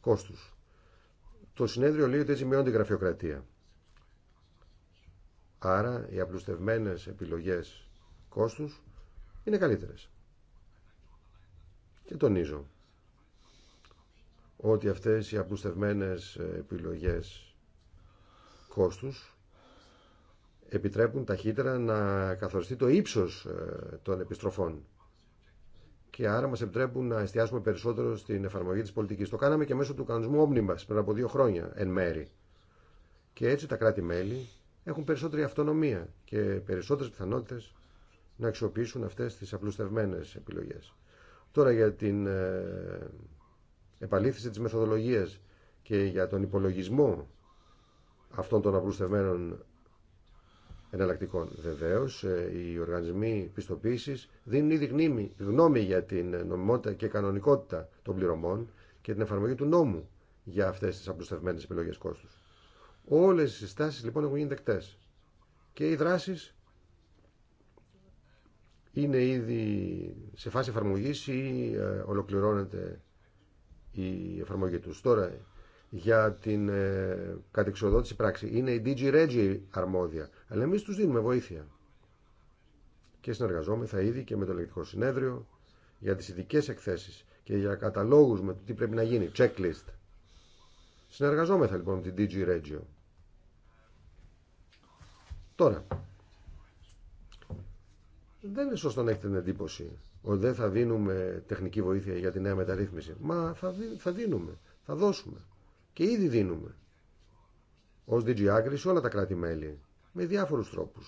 κόστους. Το συνέδριο λέει ότι έτσι μειώνει γραφειοκρατία. Άρα οι απλουστευμένες επιλογές κόστους είναι καλύτερες. Και τονίζω ότι αυτές οι απλουστευμένες ε, επιλογές κόστους επιτρέπουν ταχύτερα να καθοριστεί το ύψος ε, των επιστροφών και άρα μας επιτρέπουν να εστιάσουμε περισσότερο στην εφαρμογή της πολιτικής. Το κάναμε και μέσω του κανονισμού Omnibus πριν από δύο χρόνια εν μέρη. Και έτσι τα κράτη-μέλη έχουν περισσότερη αυτονομία και περισσότερες πιθανότητες να αξιοποιήσουν αυτές τις απλουστευμένες επιλογές. Τώρα για την ε, επαλήθευση της μεθοδολογίας και για τον υπολογισμό αυτών των απλουστευμένων εναλλακτικών. Βεβαίω, ε, οι οργανισμοί πιστοποίηση δίνουν ήδη γνώμη, γνώμη για την νομιμότητα και κανονικότητα των πληρωμών και την εφαρμογή του νόμου για αυτέ τι απλουστευμένε επιλογέ κόστου. Όλε οι συστάσει λοιπόν έχουν γίνει δεκτέ. Και οι δράσει είναι ήδη σε φάση εφαρμογή ή ε, ολοκληρώνεται η εφαρμογή τους. Τώρα, για την ε, κατεξοδότηση πράξη. Είναι η DG Regi αρμόδια, αλλά εμείς τους δίνουμε βοήθεια. Και συνεργαζόμεθα ήδη και με το ελεκτικό συνέδριο για τις ειδικέ εκθέσεις και για καταλόγους με το τι πρέπει να γίνει, checklist. Συνεργαζόμεθα λοιπόν με την DG Regio. Τώρα, δεν είναι σωστό να έχετε την εντύπωση ότι δεν θα δίνουμε τεχνική βοήθεια για τη νέα μεταρρύθμιση. Μα θα, θα δίνουμε, θα δώσουμε. Και ήδη δίνουμε. Ω DG Agri σε όλα τα κράτη-μέλη. Με διάφορου τρόπου.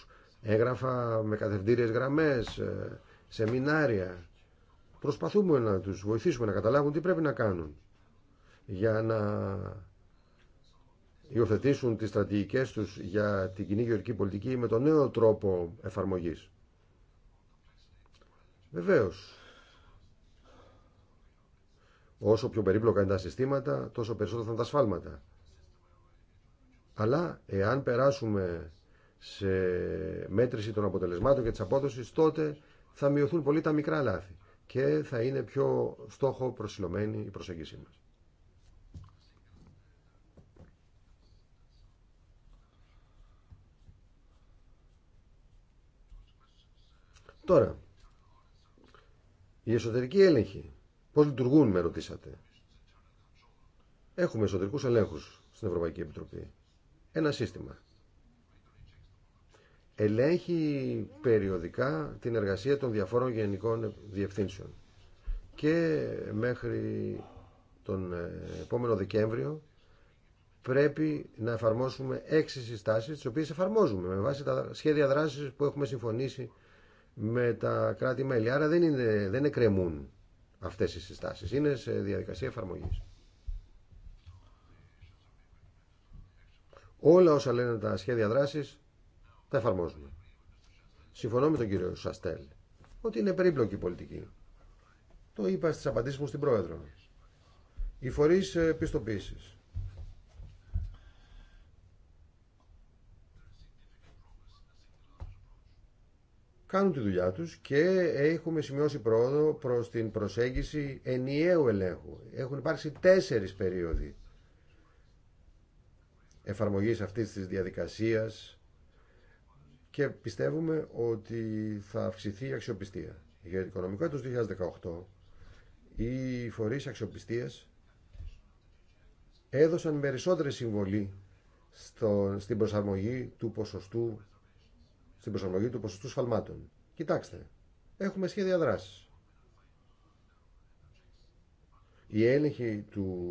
Έγραφα με καθευτήριε γραμμέ, ε, σεμινάρια. Προσπαθούμε να του βοηθήσουμε να καταλάβουν τι πρέπει να κάνουν για να υιοθετήσουν τις στρατηγικές τους για την κοινή γεωργική πολιτική με τον νέο τρόπο εφαρμογής. Βεβαίω. όσο πιο περίπλοκα είναι τα συστήματα, τόσο περισσότερο θα είναι τα σφάλματα. Αλλά εάν περάσουμε σε μέτρηση των αποτελεσμάτων και της απόδοσης, τότε θα μειωθούν πολύ τα μικρά λάθη και θα είναι πιο στόχο προσιλωμένη η προσέγγιση μας. Τώρα, η εσωτερική έλεγχοι. Πώς λειτουργούν, με ρωτήσατε. Έχουμε εσωτερικούς ελέγχου στην Ευρωπαϊκή Επιτροπή. Ένα σύστημα. Ελέγχει περιοδικά την εργασία των διαφόρων γενικών διευθύνσεων. Και μέχρι τον ε, επόμενο Δεκέμβριο πρέπει να εφαρμόσουμε έξι συστάσεις τις οποίες εφαρμόζουμε με βάση τα σχέδια δράσης που έχουμε συμφωνήσει με τα κράτη-μέλη. Άρα δεν, είναι, δεν εκκρεμούν αυτές οι συστάσεις. Είναι σε διαδικασία εφαρμογής. Όλα όσα λένε τα σχέδια δράσης τα εφαρμόζουμε. Συμφωνώ με τον κύριο Σαστέλ ότι είναι περίπλοκη πολιτική. Το είπα στις απαντήσεις μου στην Πρόεδρο. Οι φορείς ε, πιστοποίησης κάνουν τη δουλειά τους και έχουμε σημειώσει πρόοδο προς την προσέγγιση ενιαίου ελέγχου. Έχουν υπάρξει τέσσερις περίοδοι εφαρμογής αυτής της διαδικασίας και πιστεύουμε ότι θα αυξηθεί η αξιοπιστία. Για το οικονομικό έτος 2018 οι φορείς αξιοπιστίας έδωσαν περισσότερη συμβολή στην προσαρμογή του ποσοστού στην προσαρμογή του ποσοστού σφαλμάτων. Κοιτάξτε, έχουμε σχέδια δράσης. Οι έλεγχοι του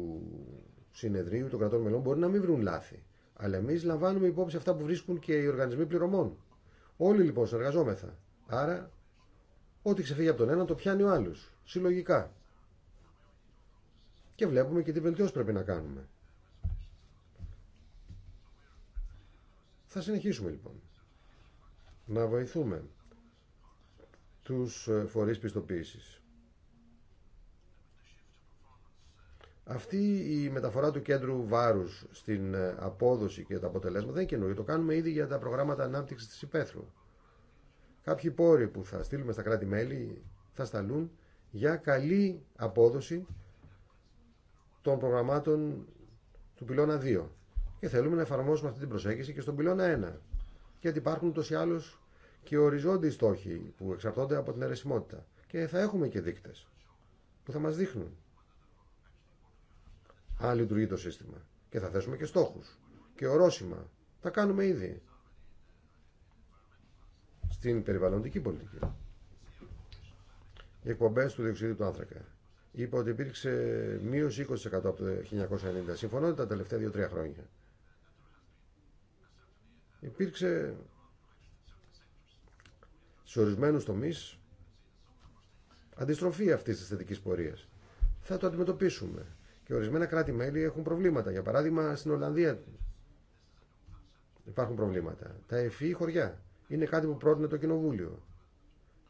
συνεδρίου των κρατών μελών μπορεί να μην βρουν λάθη. Αλλά εμεί λαμβάνουμε υπόψη αυτά που βρίσκουν και οι οργανισμοί πληρωμών. Όλοι λοιπόν συνεργαζόμεθα. Άρα, ό,τι ξεφύγει από τον ένα το πιάνει ο άλλο. Συλλογικά. Και βλέπουμε και τι βελτιώσει πρέπει να κάνουμε. Θα συνεχίσουμε λοιπόν να βοηθούμε τους ε, φορείς πιστοποίησης. Αυτή η μεταφορά του κέντρου βάρους στην ε, απόδοση και τα αποτελέσματα δεν είναι καινούργια. Το κάνουμε ήδη για τα προγράμματα ανάπτυξης της υπαίθρου. Κάποιοι πόροι που θα στείλουμε στα κράτη-μέλη θα σταλούν για καλή απόδοση των προγραμμάτων του πυλώνα 2. Και θέλουμε να εφαρμόσουμε αυτή την προσέγγιση και στον πυλώνα 1. Γιατί υπάρχουν τόσοι και οριζόντιοι στόχοι που εξαρτώνται από την αιρεσιμότητα. Και θα έχουμε και δείκτες που θα μας δείχνουν αν λειτουργεί το σύστημα. Και θα θέσουμε και στόχους και ορόσημα. Τα κάνουμε ήδη στην περιβαλλοντική πολιτική. Οι εκπομπέ του διοξιδίου του άνθρακα. Είπε ότι υπήρξε μείωση 20% από το 1990. Συμφωνώ ότι τα τελευταία 2-3 χρόνια. Υπήρξε σε ορισμένου τομεί αντιστροφή αυτή τη θετική πορεία. Θα το αντιμετωπίσουμε. Και ορισμένα κράτη-μέλη έχουν προβλήματα. Για παράδειγμα, στην Ολλανδία υπάρχουν προβλήματα. Τα ευφυή χωριά είναι κάτι που πρότεινε το Κοινοβούλιο.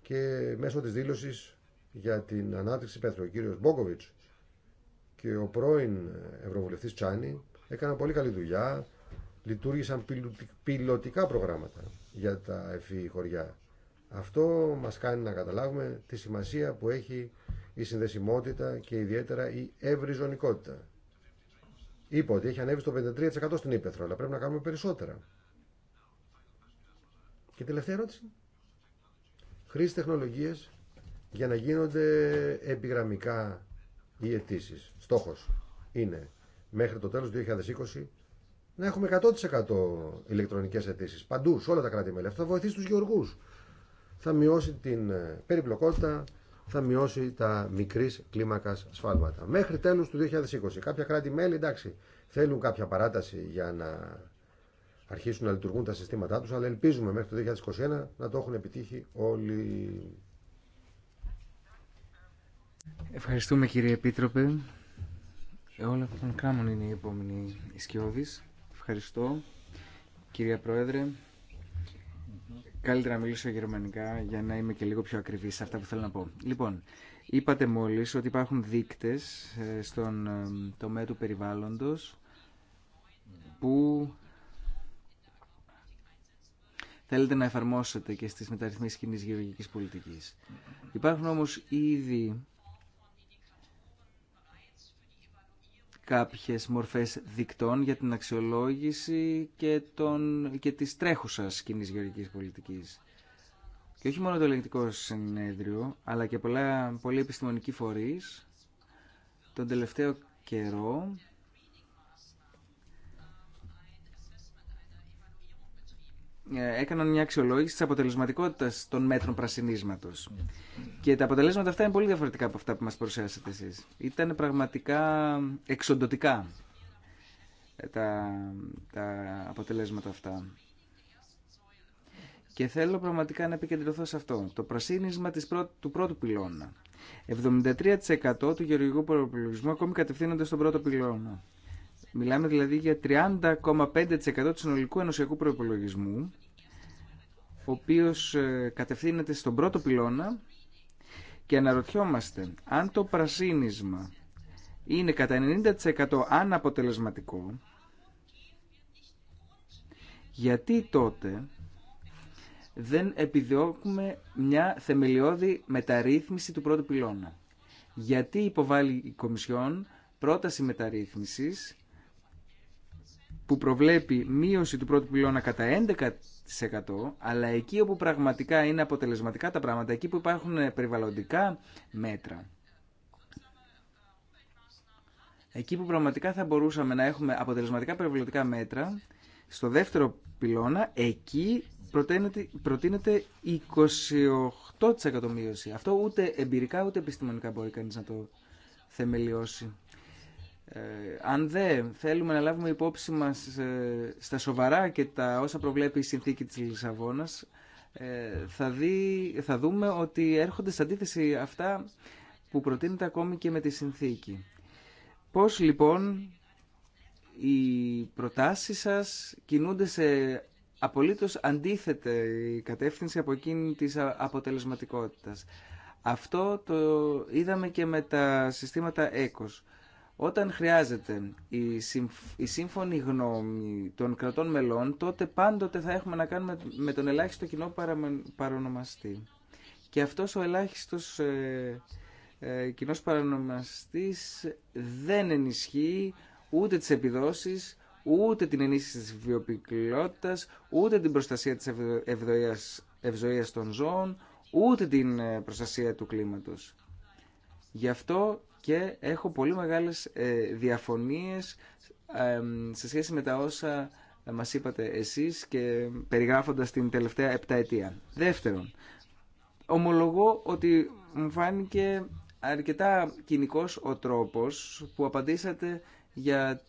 Και μέσω τη δήλωση για την ανάπτυξη πέθρου, ο κύριος Μπόκοβιτς και ο πρώην Ευρωβουλευτής Τσάνι έκαναν πολύ καλή δουλειά, λειτουργήσαν πιλωτικά προγράμματα για τα ευφυή χωριά. Αυτό μας κάνει να καταλάβουμε τη σημασία που έχει η συνδεσιμότητα και ιδιαίτερα η ευρυζωνικότητα. Είπα ότι έχει ανέβει στο 53% στην Ήπεθρο, αλλά πρέπει να κάνουμε περισσότερα. Και τελευταία ερώτηση. Χρήση τεχνολογίες για να γίνονται επιγραμμικά οι αιτήσει. Στόχος είναι μέχρι το τέλος του 2020 να έχουμε 100% ηλεκτρονικές αιτήσει παντού, σε όλα τα κράτη-μέλη. θα βοηθήσει τους γεωργούς θα μειώσει την ε, περιπλοκότητα, θα μειώσει τα μικρή κλίμακα σφάλματα. Μέχρι τέλου του 2020. Κάποια κράτη-μέλη, εντάξει, θέλουν κάποια παράταση για να αρχίσουν να λειτουργούν τα συστήματά τους, αλλά ελπίζουμε μέχρι το 2021 να το έχουν επιτύχει όλοι. Ευχαριστούμε κύριε Επίτροπε. Όλα των κράμων είναι η επόμενη Ισκιώδης. Ευχαριστώ. Κυρία Πρόεδρε, καλύτερα να μιλήσω γερμανικά για να είμαι και λίγο πιο ακριβής σε αυτά που θέλω να πω. Λοιπόν, είπατε μόλι ότι υπάρχουν δείκτες ε, στον ε, τομέα του περιβάλλοντος που θέλετε να εφαρμόσετε και στις μεταρρυθμίσεις κοινή γεωργικής πολιτικής. Υπάρχουν όμως ήδη κάποιες μορφές δικτών για την αξιολόγηση και, τον, και της τρέχουσας κοινή γεωργικής πολιτικής. Και όχι μόνο το ελεγκτικό συνέδριο, αλλά και πολλά, πολλοί επιστημονικοί φορείς τον τελευταίο καιρό Ε, έκαναν μια αξιολόγηση της αποτελεσματικότητας των μέτρων πρασινίσματος. Και τα αποτελέσματα αυτά είναι πολύ διαφορετικά από αυτά που μας παρουσιάσατε εσείς. Ήταν πραγματικά εξοντοτικά ε, τα, τα αποτελέσματα αυτά. Και θέλω πραγματικά να επικεντρωθώ σε αυτό. Το πρασίνισμα της του πρώτου πυλώνα. 73% του γεωργικού προπολογισμού ακόμη κατευθύνονται στον πρώτο πυλώνα. Μιλάμε δηλαδή για 30,5% του συνολικού ενωσιακού προπολογισμού, ο οποίος ε, κατευθύνεται στον πρώτο πυλώνα και αναρωτιόμαστε αν το πρασίνισμα είναι κατά 90% αναποτελεσματικό, γιατί τότε δεν επιδιώκουμε μια θεμελιώδη μεταρρύθμιση του πρώτου πυλώνα. Γιατί υποβάλλει η Κομισιόν πρόταση μεταρρύθμισης που προβλέπει μείωση του πρώτου πυλώνα κατά 11% αλλά εκεί όπου πραγματικά είναι αποτελεσματικά τα πράγματα, εκεί που υπάρχουν περιβαλλοντικά μέτρα εκεί που πραγματικά θα μπορούσαμε να έχουμε αποτελεσματικά περιβαλλοντικά μέτρα στο δεύτερο πυλώνα εκεί προτείνεται, 28% μείωση. Αυτό ούτε εμπειρικά ούτε επιστημονικά μπορεί κανείς να το θεμελιώσει. Ε, αν δεν θέλουμε να λάβουμε υπόψη μας ε, στα σοβαρά και τα όσα προβλέπει η συνθήκη της Λισαβόνας, ε, θα, δούμε ότι έρχονται σε αντίθεση αυτά που προτείνεται ακόμη και με τη συνθήκη. Πώς λοιπόν οι προτάσεις σας κινούνται σε απολύτως αντίθετη κατεύθυνση από εκείνη της αποτελεσματικότητας. Αυτό το είδαμε και με τα συστήματα ECOS. Όταν χρειάζεται η, η σύμφωνη γνώμη των κρατών μελών, τότε πάντοτε θα έχουμε να κάνουμε με τον ελάχιστο κοινό παραμε παρονομαστή. Και αυτός ο ελάχιστος ε... Ε... κοινός παρονομαστής δεν ενισχύει ούτε τις επιδόσεις, ούτε την ενίσχυση της βιοποικιλότητας, ούτε την προστασία της ευδοίας... ευζοίας των ζώων, ούτε την ε, προστασία του κλίματος. Γι' αυτό και έχω πολύ μεγάλες ε, διαφωνίες σε σχέση με τα όσα μας είπατε εσείς και περιγράφοντας την τελευταία επταετία. Δεύτερον, ομολογώ ότι μου φάνηκε αρκετά κοινικός ο τρόπος που απαντήσατε για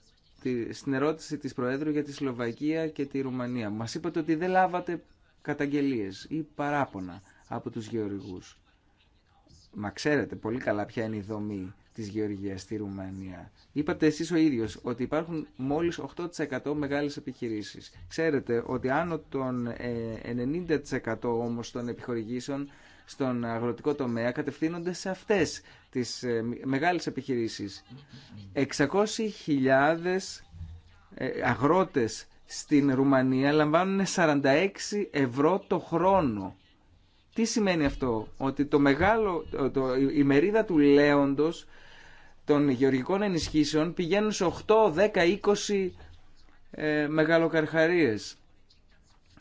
τη, στην ερώτηση της Προέδρου για τη Σλοβακία και τη Ρουμανία. Μας είπατε ότι δεν λάβατε καταγγελίες ή παράπονα από τους γεωργούς. Μα ξέρετε πολύ καλά ποια είναι η δομή της γεωργίας στη Ρουμανία. Είπατε εσείς ο ίδιος ότι υπάρχουν μόλις 8% μεγάλες επιχειρήσεις. Ξέρετε ότι άνω των 90% ε, όμως των επιχορηγήσεων στον αγροτικό τομέα κατευθύνονται σε αυτές τις ε, μεγάλες επιχειρήσεις. 600.000 ε, αγρότες στην Ρουμανία λαμβάνουν 46 ευρώ το χρόνο. Τι σημαίνει αυτό, ότι το μεγάλο, το, η μερίδα του λέοντος των γεωργικών ενισχύσεων πηγαίνουν σε 8, 10, 20 ε, μεγαλοκαρχαρίες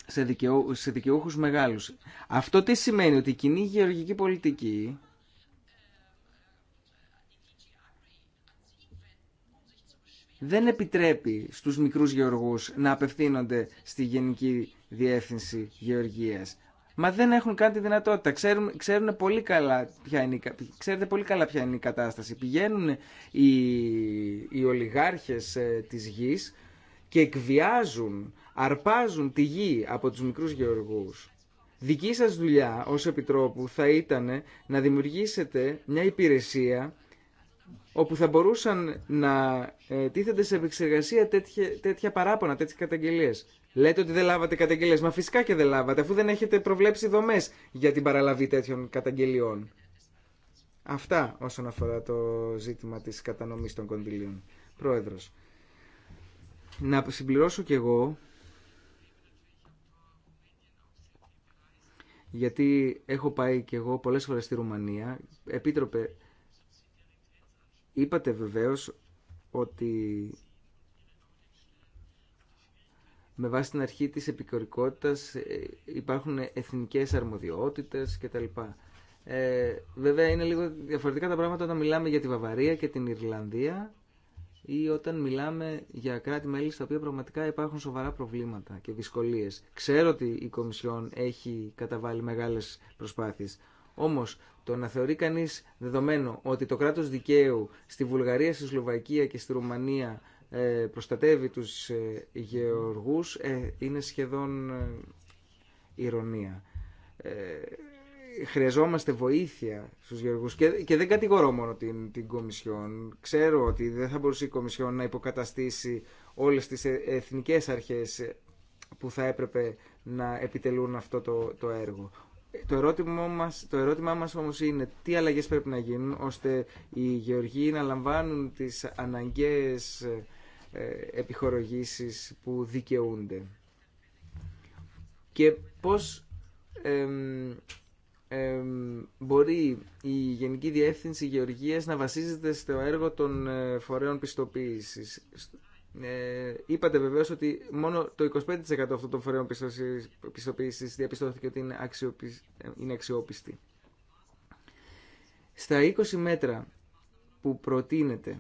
σε, δικαιού, σε δικαιούχους μεγάλους. Αυτό τι σημαίνει ότι η κοινή γεωργική πολιτική δεν επιτρέπει στους μικρούς γεωργούς να απευθύνονται στη Γενική Διεύθυνση Γεωργίας. Μα δεν έχουν καν τη δυνατότητα. Ξέρουν, ξέρουν πολύ καλά ποια είναι, ξέρετε πολύ καλά ποια είναι η κατάσταση. Πηγαίνουν οι, οι ολιγάρχες ε, της γης και εκβιάζουν, αρπάζουν τη γη από τους μικρούς γεωργούς. Δική σας δουλειά ως Επιτρόπου θα ήταν να δημιουργήσετε μια υπηρεσία όπου θα μπορούσαν να ε, τίθενται σε επεξεργασία τέτοια, τέτοια παράπονα, τέτοιες καταγγελίες. Λέτε ότι δεν λάβατε καταγγελίε. Μα φυσικά και δεν λάβατε, αφού δεν έχετε προβλέψει δομέ για την παραλαβή τέτοιων καταγγελιών. Αυτά όσον αφορά το ζήτημα της κατανομής των κονδυλίων. Πρόεδρος, να συμπληρώσω κι εγώ, γιατί έχω πάει κι εγώ πολλές φορές στη Ρουμανία. Επίτροπε, είπατε βεβαίως ότι με βάση την αρχή της επικορικότητας ε, υπάρχουν εθνικές αρμοδιότητες κτλ. Ε, βέβαια είναι λίγο διαφορετικά τα πράγματα όταν μιλάμε για τη Βαβαρία και την Ιρλανδία ή όταν μιλάμε για κράτη-μέλη στα οποία πραγματικά υπάρχουν σοβαρά προβλήματα και δυσκολίες. Ξέρω ότι η Κομισιόν έχει καταβάλει μεγάλες προσπάθειες. Όμως το να θεωρεί κανείς δεδομένο ότι το κράτος δικαίου στη Βουλγαρία, στη Σλοβακία και στη Ρουμανία ε, προστατεύει τους ε, γεωργούς ε, είναι σχεδόν ηρωνία. Χρειαζόμαστε βοήθεια στους γεωργούς και δεν κατηγορώ μόνο την, την Κομισιόν. Ξέρω ότι δεν θα μπορούσε η Κομισιόν να υποκαταστήσει όλες τις εθνικές αρχές που θα έπρεπε να επιτελούν αυτό το, το έργο. Το ερώτημά, μας, το ερώτημά μας όμως είναι τι αλλαγές πρέπει να γίνουν ώστε οι γεωργοί να λαμβάνουν τις αναγκαίες ε, επιχορογήσεις που δικαιούνται. Και πώς μπορεί η Γενική Διεύθυνση Γεωργίας να βασίζεται στο έργο των ε, φορέων πιστοποίησης. Ε, είπατε βεβαίως ότι μόνο το 25% αυτών των φορέων πιστοποίησης διαπιστώθηκε ότι είναι, άξιοπιστοί. είναι αξιόπιστη. Στα 20 μέτρα που προτείνεται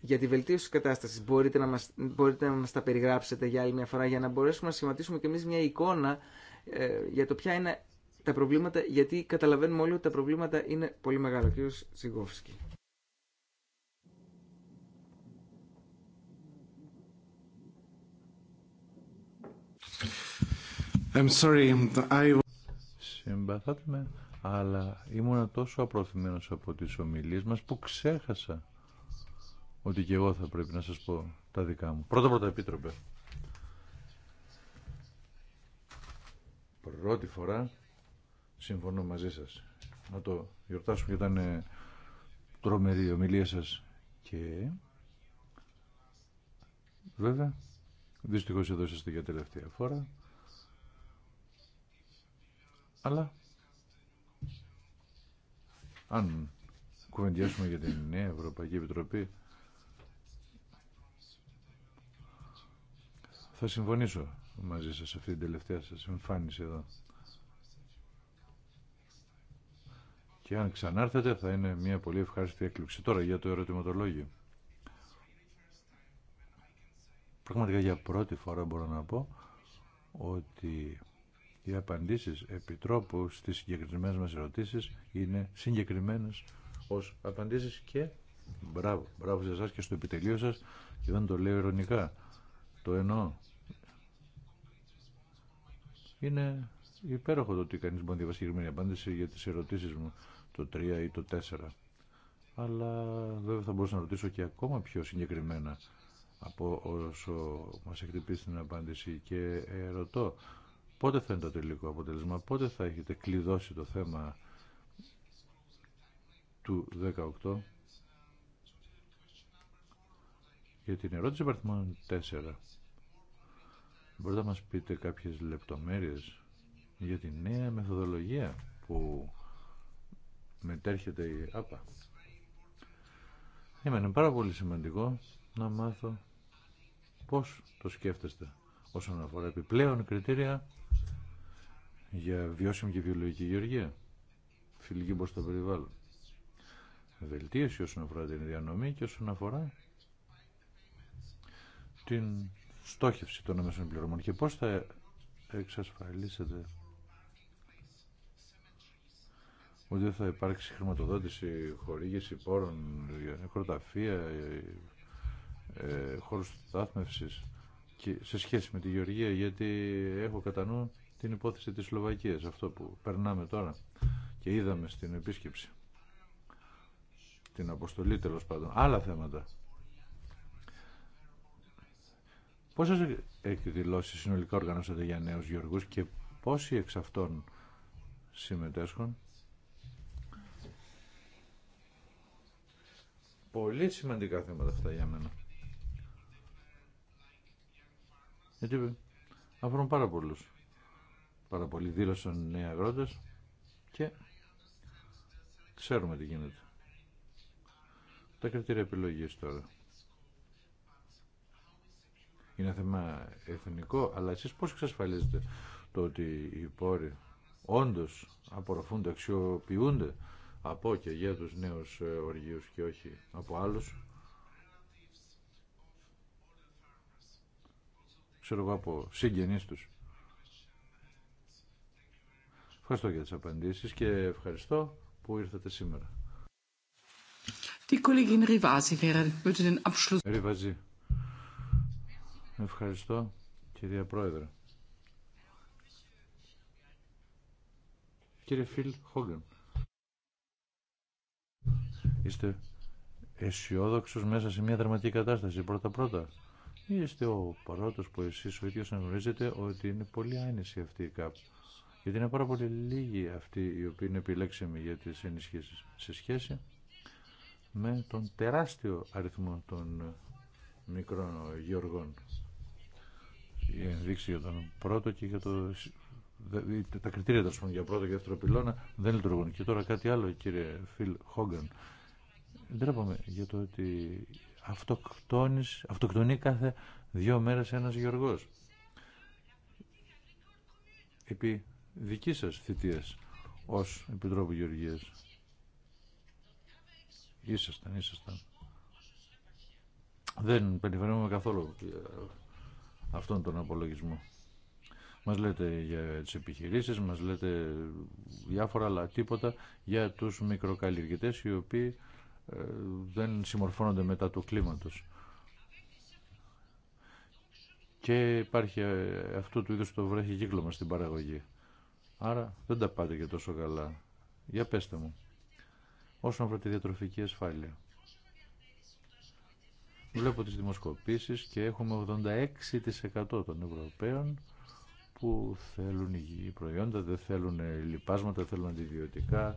για τη βελτίωση της κατάστασης μπορείτε να, μας, μπορείτε να μας τα περιγράψετε για άλλη μια φορά για να μπορέσουμε να σχηματίσουμε και εμεί μια εικόνα ε, για το ποια είναι τα προβλήματα γιατί καταλαβαίνουμε όλοι ότι τα προβλήματα είναι πολύ μεγάλα. Κύριο Σιγόφσκι. I'm sorry, Συμπαθάτε με, αλλά ήμουν τόσο απροθυμένος από τις ομιλίες μας που ξέχασα ότι και εγώ θα πρέπει να σας πω τα δικά μου. Πρώτα πρώτα επίτροπε. Πρώτη φορά συμφωνώ μαζί σας. Να το γιορτάσουμε και ήταν τρομερή η ομιλία σας και βέβαια δυστυχώς εδώ είστε για τελευταία φορά αλλά αν κουβεντιάσουμε για την νέα Ευρωπαϊκή Επιτροπή Θα συμφωνήσω μαζί σας σε αυτή την τελευταία σας εμφάνιση εδώ. Και αν ξανάρθετε θα είναι μια πολύ ευχάριστη έκπληξη. Τώρα για το ερωτηματολόγιο. Πραγματικά για πρώτη φορά μπορώ να πω ότι οι απαντήσεις επιτρόπου στις συγκεκριμένες μας ερωτήσεις είναι συγκεκριμένες ως απαντήσεις και μπράβο, μπράβο σε εσάς και στο επιτελείο σας και δεν το λέω ειρωνικά. Το εννοώ είναι υπέροχο το ότι κανείς μπορεί να διαβάσει συγκεκριμένη απάντηση για τις ερωτήσεις μου το 3 ή το 4. Αλλά βέβαια θα μπορούσα να ρωτήσω και ακόμα πιο συγκεκριμένα από όσο μας εκτυπεί στην απάντηση και ρωτώ πότε θα είναι το τελικό αποτέλεσμα, πότε θα έχετε κλειδώσει το θέμα του 18 για την ερώτηση παρθμών 4 Μπορείτε να μας πείτε κάποιες λεπτομέρειες για τη νέα μεθοδολογία που μετέρχεται η ΑΠΑ. Είμαι πάρα πολύ σημαντικό να μάθω πώς το σκέφτεστε όσον αφορά επιπλέον κριτήρια για βιώσιμη και βιολογική γεωργία, φιλική προς το περιβάλλον. Βελτίωση όσον αφορά την διανομή και όσον αφορά την στόχευση των μεσών πληρωμών και πώς θα εξασφαλίσετε ότι δεν θα υπάρξει χρηματοδότηση, χορήγηση πόρων, για ε, ε, χώρους στάθμευσης και σε σχέση με τη Γεωργία γιατί έχω κατά νου την υπόθεση της Σλοβακίας, αυτό που περνάμε τώρα και είδαμε στην επίσκεψη την αποστολή τέλο πάντων, άλλα θέματα Πόσες εκδηλώσεις ε, συνολικά οργανώσατε για νέου Γεωργού και πόσοι εξ αυτών συμμετέσχουν. Πολύ σημαντικά θέματα αυτά για μένα. Γιατί αφορούν πάρα πολλούς. Πάρα πολλοί δήλωσαν νέοι αγρότες και ξέρουμε τι γίνεται. Τα κριτήρια επιλογής τώρα είναι θέμα εθνικό, αλλά εσείς πώς εξασφαλίζετε το ότι οι πόροι όντως απορροφούνται, αξιοποιούνται από και για τους νέους ε, οργίους και όχι από άλλους. Ξέρω εγώ από συγγενείς τους. Ευχαριστώ για τις απαντήσεις και ευχαριστώ που ήρθατε σήμερα. Die Kollegin Rivasi wäre, würde den Abschluss... Ευχαριστώ, κυρία Πρόεδρε. Κύριε Φιλ Χόγκεν, είστε αισιόδοξο μέσα σε μια δραματική κατάσταση πρώτα-πρώτα. Είστε ο πρώτο που εσεί ο ίδιο αναγνωρίζετε ότι είναι πολύ άνηση αυτή η ΚΑΠ. Γιατί είναι πάρα πολύ λίγοι αυτοί οι οποίοι είναι επιλέξιμοι για τι ενισχύσει σε σχέση με τον τεράστιο αριθμό των μικρών γεωργών η ενδείξει για τον πρώτο και για το. Τα κριτήρια τα πούμε, για πρώτο και δεύτερο πυλώνα δεν λειτουργούν. Και τώρα κάτι άλλο, κύριε Φιλ Χόγκαν. Ντρέπαμε για το ότι αυτοκτονεί κάθε δύο μέρες ένας γεωργό. Επί δική σα θητεία ως Επιτρόπου Γεωργία. Ήσασταν, ήσασταν. Δεν περιφερόμαστε καθόλου αυτόν τον απολογισμό. Μας λέτε για τις επιχειρήσεις, μας λέτε διάφορα αλλά τίποτα για τους μικροκαλλιεργητές οι οποίοι ε, δεν συμμορφώνονται μετά του τους. Και υπάρχει ε, αυτού του είδους το βρέχει κύκλωμα στην παραγωγή. Άρα δεν τα πάτε και τόσο καλά. Για πέστε μου. Όσον αφορά τη διατροφική ασφάλεια. Βλέπω τις δημοσκοπήσεις και έχουμε 86% των Ευρωπαίων που θέλουν υγιή προϊόντα, δεν θέλουν λιπάσματα, θέλουν αντιβιωτικά,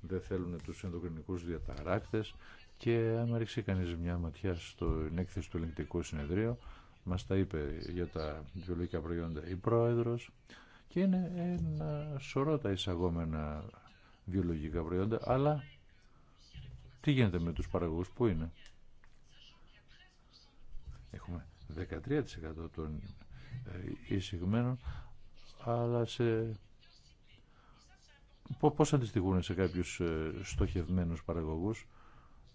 δεν θέλουν τους ενδοκρινικούς διαταράκτες και αν ρίξει κανείς μια ματιά στο ενέκθεση του ελεγκτικού συνεδρίου μας τα είπε για τα βιολογικά προϊόντα η πρόεδρος και είναι ένα σωρό τα εισαγόμενα βιολογικά προϊόντα αλλά τι γίνεται με τους παραγωγούς, πού είναι. Έχουμε 13% των ε, εισηγμένων, αλλά σε... πώς αντιστοιχούν σε κάποιους ε, στοχευμένους παραγωγούς.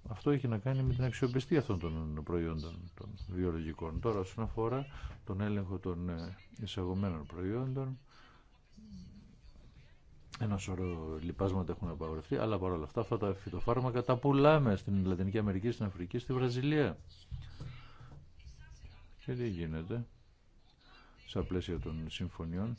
Αυτό έχει να κάνει με την αξιοπιστία αυτών των προϊόντων, των βιολογικών. Τώρα, όσον αφορά τον έλεγχο των ε, εισαγωμένων προϊόντων, ένα σωρό λοιπάσματα έχουν απαγορευτεί, αλλά παρόλα αυτά αυτά τα φυτοφάρμακα τα πουλάμε στην Λατινική Αμερική, στην Αφρική, στη Βραζιλία και τι γίνεται στα πλαίσια των συμφωνιών.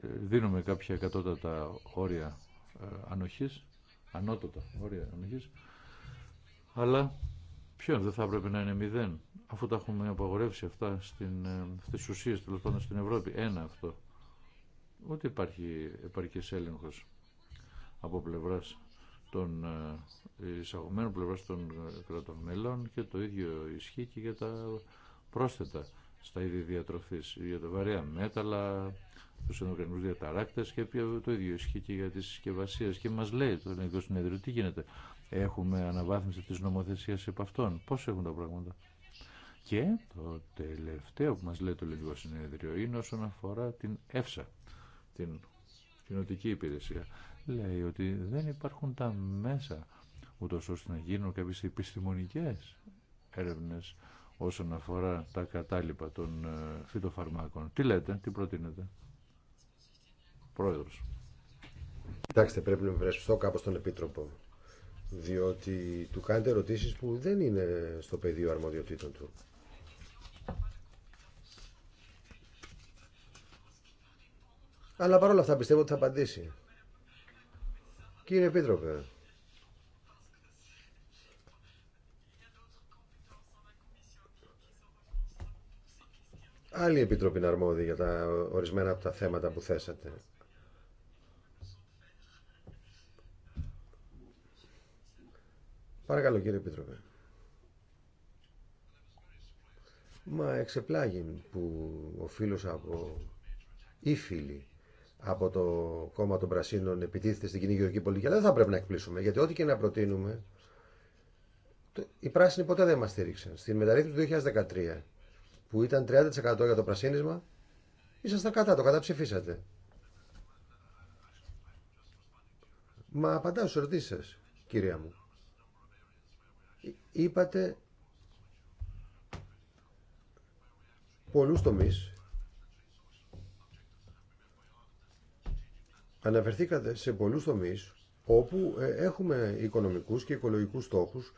Ε, δίνουμε κάποια εκατότατα όρια ε, ανοχής, ανώτατα όρια ανοχής, αλλά ποιον δεν θα έπρεπε να είναι μηδέν, αφού τα έχουμε απαγορεύσει αυτά στην, ε, στις ουσίες πάντων στην Ευρώπη. Ένα αυτό. ότι υπάρχει επαρκής έλεγχος από πλευράς των ε, εισαγωμένων πλευρά των ε, κρατών μελών και το ίδιο ισχύει και για τα πρόσθετα στα είδη διατροφή. για τα βαρέα μέταλλα, του ενδοκρινούς διαταράκτες και το ίδιο ισχύει και για τις συσκευασίε και μας λέει το ελληνικό συνέδριο τι γίνεται. Έχουμε αναβάθμιση τη νομοθεσία επ' αυτών. Πώς έχουν τα πράγματα. Και το τελευταίο που μας λέει το ελληνικό συνέδριο είναι όσον αφορά την ΕΦΣΑ, την κοινοτική υπηρεσία λέει ότι δεν υπάρχουν τα μέσα ούτως ώστε να γίνουν κάποιες επιστημονικές έρευνες όσον αφορά τα κατάλοιπα των ε, φυτοφαρμάκων. Τι λέτε, τι προτείνετε. Πρόεδρος. Κοιτάξτε, πρέπει να βρεθώ κάπως στον Επίτροπο, διότι του κάνετε ερωτήσεις που δεν είναι στο πεδίο αρμοδιοτήτων του. Αλλά παρόλα αυτά πιστεύω ότι θα απαντήσει. Κύριε Επίτροπε, Άλλη επιτροπή είναι για τα ορισμένα από τα θέματα που θέσατε. Παρακαλώ κύριε Επίτροπε. Μα εξεπλάγει που ο φίλος από ή φίλοι από το κόμμα των Πρασίνων επιτίθεται στην κοινή γεωργική πολιτική, αλλά δεν θα πρέπει να εκπλήσουμε, γιατί ό,τι και να προτείνουμε, οι πράσινοι ποτέ δεν μα στήριξαν. Στην μεταρρύθμιση του 2013, που ήταν 30% για το πρασίνισμα, ήσασταν κατά, το καταψηφίσατε. Μα απαντάω στους ερωτήσει σα, κυρία μου. Είπατε πολλούς τομείς Αναφερθήκατε σε πολλούς τομείς όπου ε, έχουμε οικονομικούς και οικολογικούς στόχους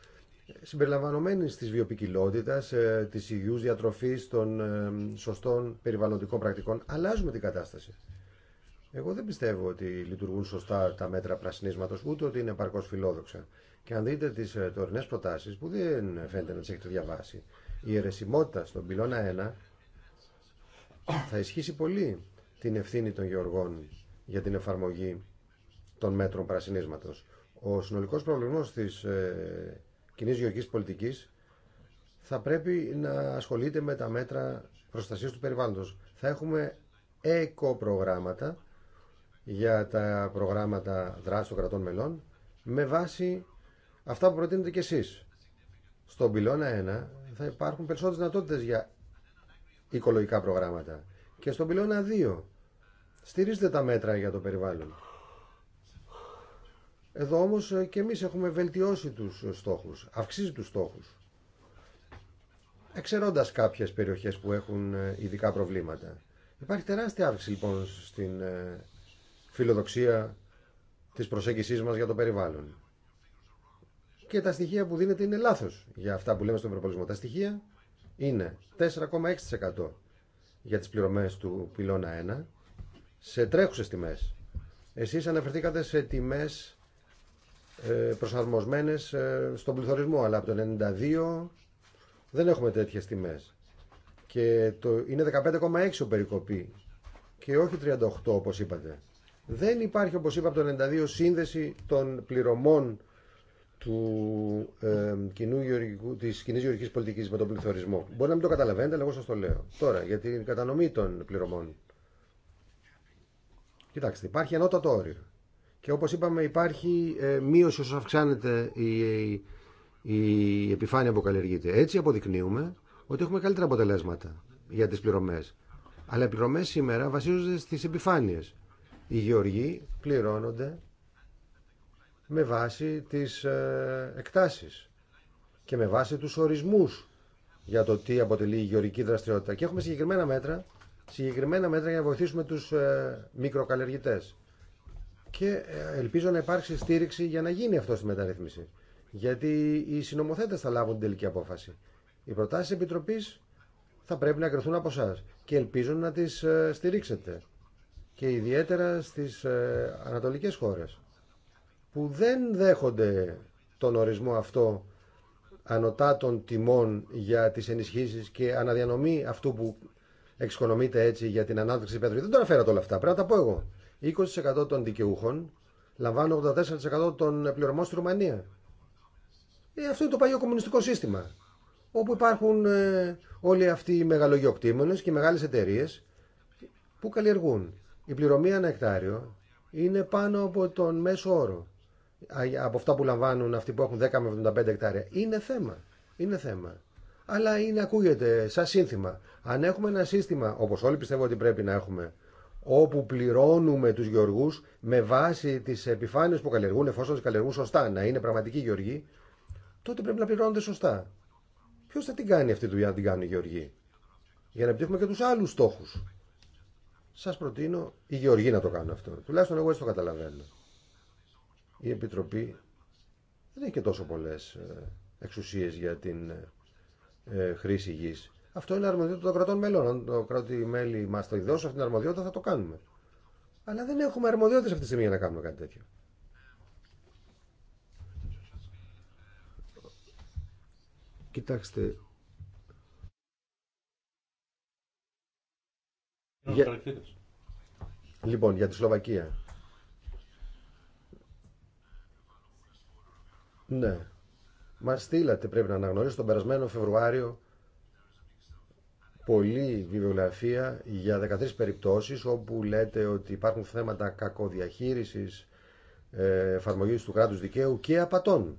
ε, συμπεριλαμβανομένης της βιοπικιλότητας, ε, της υγιούς διατροφής, των σωστών περιβαλλοντικών πρακτικών. Αλλάζουμε την κατάσταση. Εγώ δεν πιστεύω ότι λειτουργούν σωστά τα μέτρα πρασινίσματος, ούτε ότι είναι παρκώς φιλόδοξα. Και αν δείτε τις τωρινές προτάσεις, που δεν φαίνεται να τις έχετε διαβάσει, η αιρεσιμότητα στον πυλώνα 1 θα ισχύσει πολύ την ευθύνη των γεωργών για την εφαρμογή των μέτρων παρασυνίσματος. Ο συνολικός προβλημό της ε, κοινή πολιτικής θα πρέπει να ασχολείται με τα μέτρα προστασίας του περιβάλλοντος. Θα έχουμε εκο-προγράμματα για τα προγράμματα δράσης των κρατών μελών με βάση αυτά που προτείνετε κι εσείς. Στον πυλώνα 1 θα υπάρχουν περισσότερες δυνατότητες για οικολογικά προγράμματα και στον πυλώνα 2 στηρίζετε τα μέτρα για το περιβάλλον. Εδώ όμως ε, και εμείς έχουμε βελτιώσει τους ε, στόχους, αυξήσει τους στόχους, εξαιρώντας κάποιες περιοχές που έχουν ε, ειδικά προβλήματα. Υπάρχει τεράστια αύξηση λοιπόν στην φιλοδοξία της προσέγγισής μας για το περιβάλλον. Και τα στοιχεία που δίνεται είναι λάθος για αυτά που λέμε στον προπολισμό. Τα στοιχεία είναι 4,6% για τις πληρωμές του πυλώνα 1, σε τρέχουσες τιμέ. Εσείς αναφερθήκατε σε τιμέ ε, προσαρμοσμένες ε, στον πληθωρισμό, αλλά από το 92 δεν έχουμε τέτοιε τιμέ. Και το, είναι 15,6 ο περικοπή και όχι 38 όπως είπατε. Δεν υπάρχει όπως είπα από το 92 σύνδεση των πληρωμών του, ε, κοινού γεωργικού, της κοινής γεωργικής πολιτικής με τον πληθωρισμό. Μπορεί να μην το καταλαβαίνετε, αλλά εγώ σας το λέω. Τώρα, για την κατανομή των πληρωμών. Κοιτάξτε, υπάρχει ανώτατο όριο. Και όπως είπαμε υπάρχει ε, μείωση όσο αυξάνεται η, η, επιφάνεια που καλλιεργείται. Έτσι αποδεικνύουμε ότι έχουμε καλύτερα αποτελέσματα για τις πληρωμές. Αλλά οι πληρωμές σήμερα βασίζονται στις επιφάνειες. Οι γεωργοί πληρώνονται με βάση τις ε, εκτάσεις και με βάση τους ορισμούς για το τι αποτελεί η γεωργική δραστηριότητα. Και έχουμε συγκεκριμένα μέτρα συγκεκριμένα μέτρα για να βοηθήσουμε τους ε, μικροκαλλιεργητές. Και ε, ελπίζω να υπάρξει στήριξη για να γίνει αυτό στη μεταρρύθμιση. Γιατί οι συνομοθέτε θα λάβουν την τελική απόφαση. Οι προτάσει Επιτροπή θα πρέπει να κρυθούν από εσά και ελπίζω να τι ε, στηρίξετε. Και ιδιαίτερα στι ανατολικέ χώρε που δεν δέχονται τον ορισμό αυτό ανωτά των τιμών για τι ενισχύσει και αναδιανομή αυτού που εξοικονομείται έτσι για την ανάπτυξη τη Δεν τα αναφέρατε όλα αυτά. Πρέπει να τα πω εγώ. 20% των δικαιούχων λαμβάνουν 84% των πληρωμών στη Ρουμανία. Ε, αυτό είναι το παλιό κομμουνιστικό σύστημα. Όπου υπάρχουν ε, όλοι αυτοί οι μεγαλογιοκτήμονε και οι μεγάλε εταιρείε που καλλιεργούν. Η πληρωμή ένα εκτάριο είναι πάνω από τον μέσο όρο. Από αυτά που λαμβάνουν αυτοί που έχουν 10 με 75 εκτάρια. Είναι θέμα. Είναι θέμα αλλά είναι ακούγεται σαν σύνθημα. Αν έχουμε ένα σύστημα, όπως όλοι πιστεύω ότι πρέπει να έχουμε, όπου πληρώνουμε τους γεωργούς με βάση τις επιφάνειες που καλλιεργούν, εφόσον τις καλλιεργούν σωστά, να είναι πραγματικοί γεωργοί, τότε πρέπει να πληρώνονται σωστά. Ποιο θα την κάνει αυτή τη δουλειά, να την κάνουν οι γεωργοί. Για να επιτύχουμε και του άλλου στόχου. Σα προτείνω οι γεωργοί να το κάνουν αυτό. Τουλάχιστον εγώ έτσι το καταλαβαίνω. Η Επιτροπή δεν έχει και τόσο πολλέ ε, εξουσίε για την ε, ε, χρήση γη. Αυτό είναι αρμοδιότητα των κρατών μελών. Αν το κράτη μέλη μα το δώσουν αυτήν την αρμοδιότητα, θα το κάνουμε. Αλλά δεν έχουμε αρμοδιότητε αυτή τη στιγμή για να κάνουμε κάτι τέτοιο. Κοιτάξτε. Λοιπόν, για τη Σλοβακία. Ναι. Μα στείλατε, πρέπει να αναγνωρίσω, τον περασμένο Φεβρουάριο πολλή βιβλιογραφία για 13 περιπτώσεις όπου λέτε ότι υπάρχουν θέματα κακοδιαχείρισης, ε, εφαρμογή του κράτους δικαίου και απατών.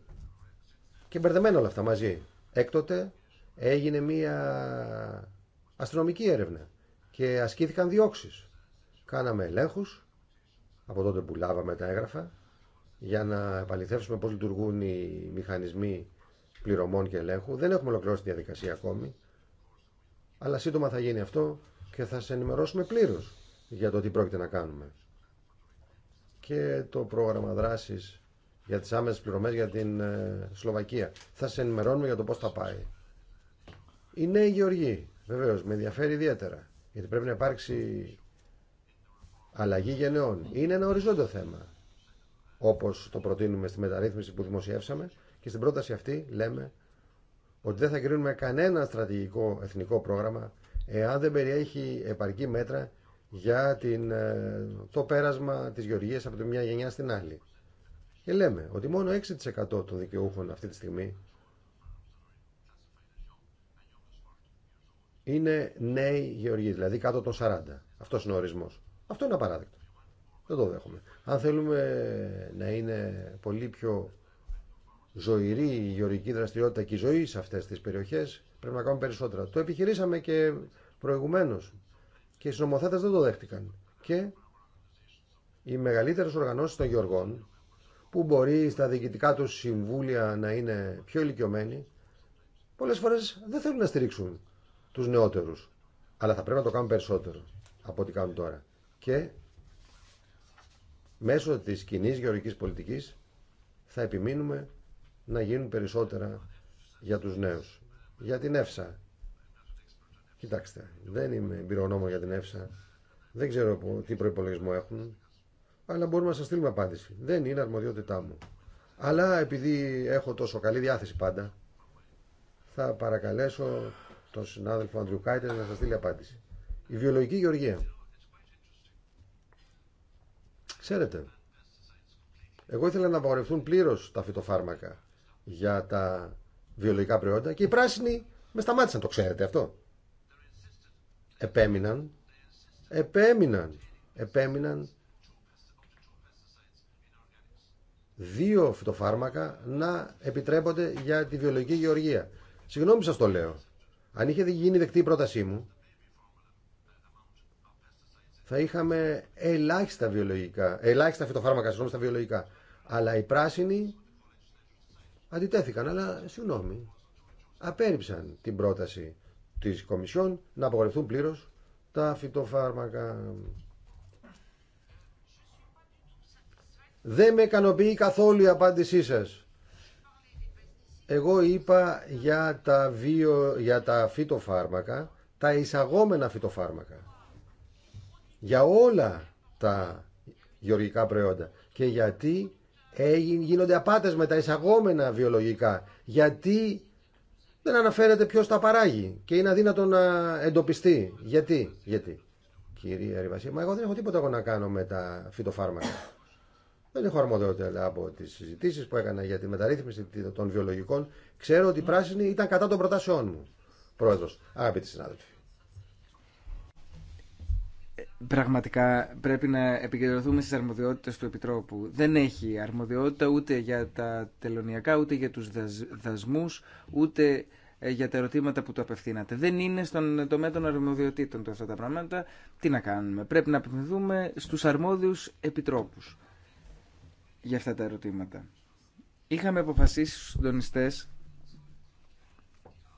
Και μπερδεμένα όλα αυτά μαζί. Έκτοτε έγινε μία αστυνομική έρευνα και ασκήθηκαν διώξεις. Κάναμε ελέγχους από τότε που λάβαμε τα έγγραφα για να επαληθεύσουμε πώς λειτουργούν οι μηχανισμοί πληρωμών και ελέγχου. Δεν έχουμε ολοκληρώσει τη διαδικασία ακόμη, αλλά σύντομα θα γίνει αυτό και θα σε ενημερώσουμε πλήρως για το τι πρόκειται να κάνουμε. Και το πρόγραμμα δράσης για τις άμεσες πληρωμές για την ε, Σλοβακία. Θα σε ενημερώνουμε για το πώς θα πάει. Η νέοι γεωργοί, βεβαίως, με ενδιαφέρει ιδιαίτερα, γιατί πρέπει να υπάρξει αλλαγή γενεών. Είναι ένα οριζόντιο θέμα όπως το προτείνουμε στη μεταρρύθμιση που δημοσιεύσαμε και στην πρόταση αυτή λέμε ότι δεν θα κρίνουμε κανένα στρατηγικό εθνικό πρόγραμμα εάν δεν περιέχει επαρκή μέτρα για την, ε, το πέρασμα της γεωργίας από τη μια γενιά στην άλλη. Και λέμε ότι μόνο 6% των δικαιούχων αυτή τη στιγμή είναι νέοι γεωργοί, δηλαδή κάτω των 40. Αυτό είναι ο ορισμός. Αυτό είναι απαράδεκτο. Δεν το δέχομαι. Αν θέλουμε να είναι πολύ πιο ζωηρή η γεωργική δραστηριότητα και η ζωή σε αυτές τις περιοχές, πρέπει να κάνουμε περισσότερα. Το επιχειρήσαμε και προηγουμένως και οι συνομοθέτες δεν το δέχτηκαν. Και οι μεγαλύτερες οργανώσεις των γεωργών, που μπορεί στα διοικητικά τους συμβούλια να είναι πιο ηλικιωμένοι, πολλές φορές δεν θέλουν να στηρίξουν τους νεότερους. Αλλά θα πρέπει να το κάνουν περισσότερο από ό,τι κάνουν τώρα. Και μέσω της κοινή γεωργικής πολιτικής θα επιμείνουμε να γίνουν περισσότερα για τους νέους. Για την ΕΦΣΑ. Κοιτάξτε, δεν είμαι εμπειρονόμο για την ΕΦΣΑ. Δεν ξέρω τι προπολογισμό έχουν. Αλλά μπορούμε να σας στείλουμε απάντηση. Δεν είναι αρμοδιότητά μου. Αλλά επειδή έχω τόσο καλή διάθεση πάντα, θα παρακαλέσω τον συνάδελφο Ανδριουκάιτερ να σας στείλει απάντηση. Η βιολογική γεωργία. Ξέρετε, εγώ ήθελα να απαγορευτούν πλήρω τα φυτοφάρμακα για τα βιολογικά προϊόντα και οι πράσινοι με σταμάτησαν. Το ξέρετε αυτό. Επέμειναν. Επέμειναν. Επέμειναν δύο φυτοφάρμακα να επιτρέπονται για τη βιολογική γεωργία. Συγγνώμη σας το λέω. Αν είχε γίνει δεκτή η πρότασή μου, θα είχαμε ελάχιστα, βιολογικά, ελάχιστα φυτοφάρμακα συγγνώμη, στα βιολογικά. Αλλά οι πράσινοι αντιτέθηκαν, αλλά συγγνώμη, απέρριψαν την πρόταση της Κομισιόν να απογορευτούν πλήρως τα φυτοφάρμακα. Δεν με ικανοποιεί καθόλου η απάντησή σας. Εγώ είπα για τα, βιο, για τα φυτοφάρμακα, τα εισαγόμενα φυτοφάρμακα για όλα τα γεωργικά προϊόντα και γιατί γίνονται απάτες με τα εισαγόμενα βιολογικά γιατί δεν αναφέρεται ποιος τα παράγει και είναι αδύνατο να εντοπιστεί γιατί, γιατί κυρία Ριβασία, μα εγώ δεν έχω τίποτα να κάνω με τα φυτοφάρμακα δεν έχω αρμοδιότητα από τι συζητήσει που έκανα για τη μεταρρύθμιση των βιολογικών. Ξέρω ότι οι πράσινοι ήταν κατά των προτάσεών μου. Πρόεδρο, αγαπητοί συνάδελφοι πραγματικά πρέπει να επικεντρωθούμε στις αρμοδιότητες του Επιτρόπου. Δεν έχει αρμοδιότητα ούτε για τα τελωνιακά, ούτε για τους δασμούς, ούτε ε, για τα ερωτήματα που του απευθύνατε. Δεν είναι στον τομέα των αρμοδιοτήτων του αυτά τα πράγματα. Τι να κάνουμε. Πρέπει να απευθυνθούμε στους αρμόδιους επιτρόπους για αυτά τα ερωτήματα. Είχαμε αποφασίσει στους συντονιστές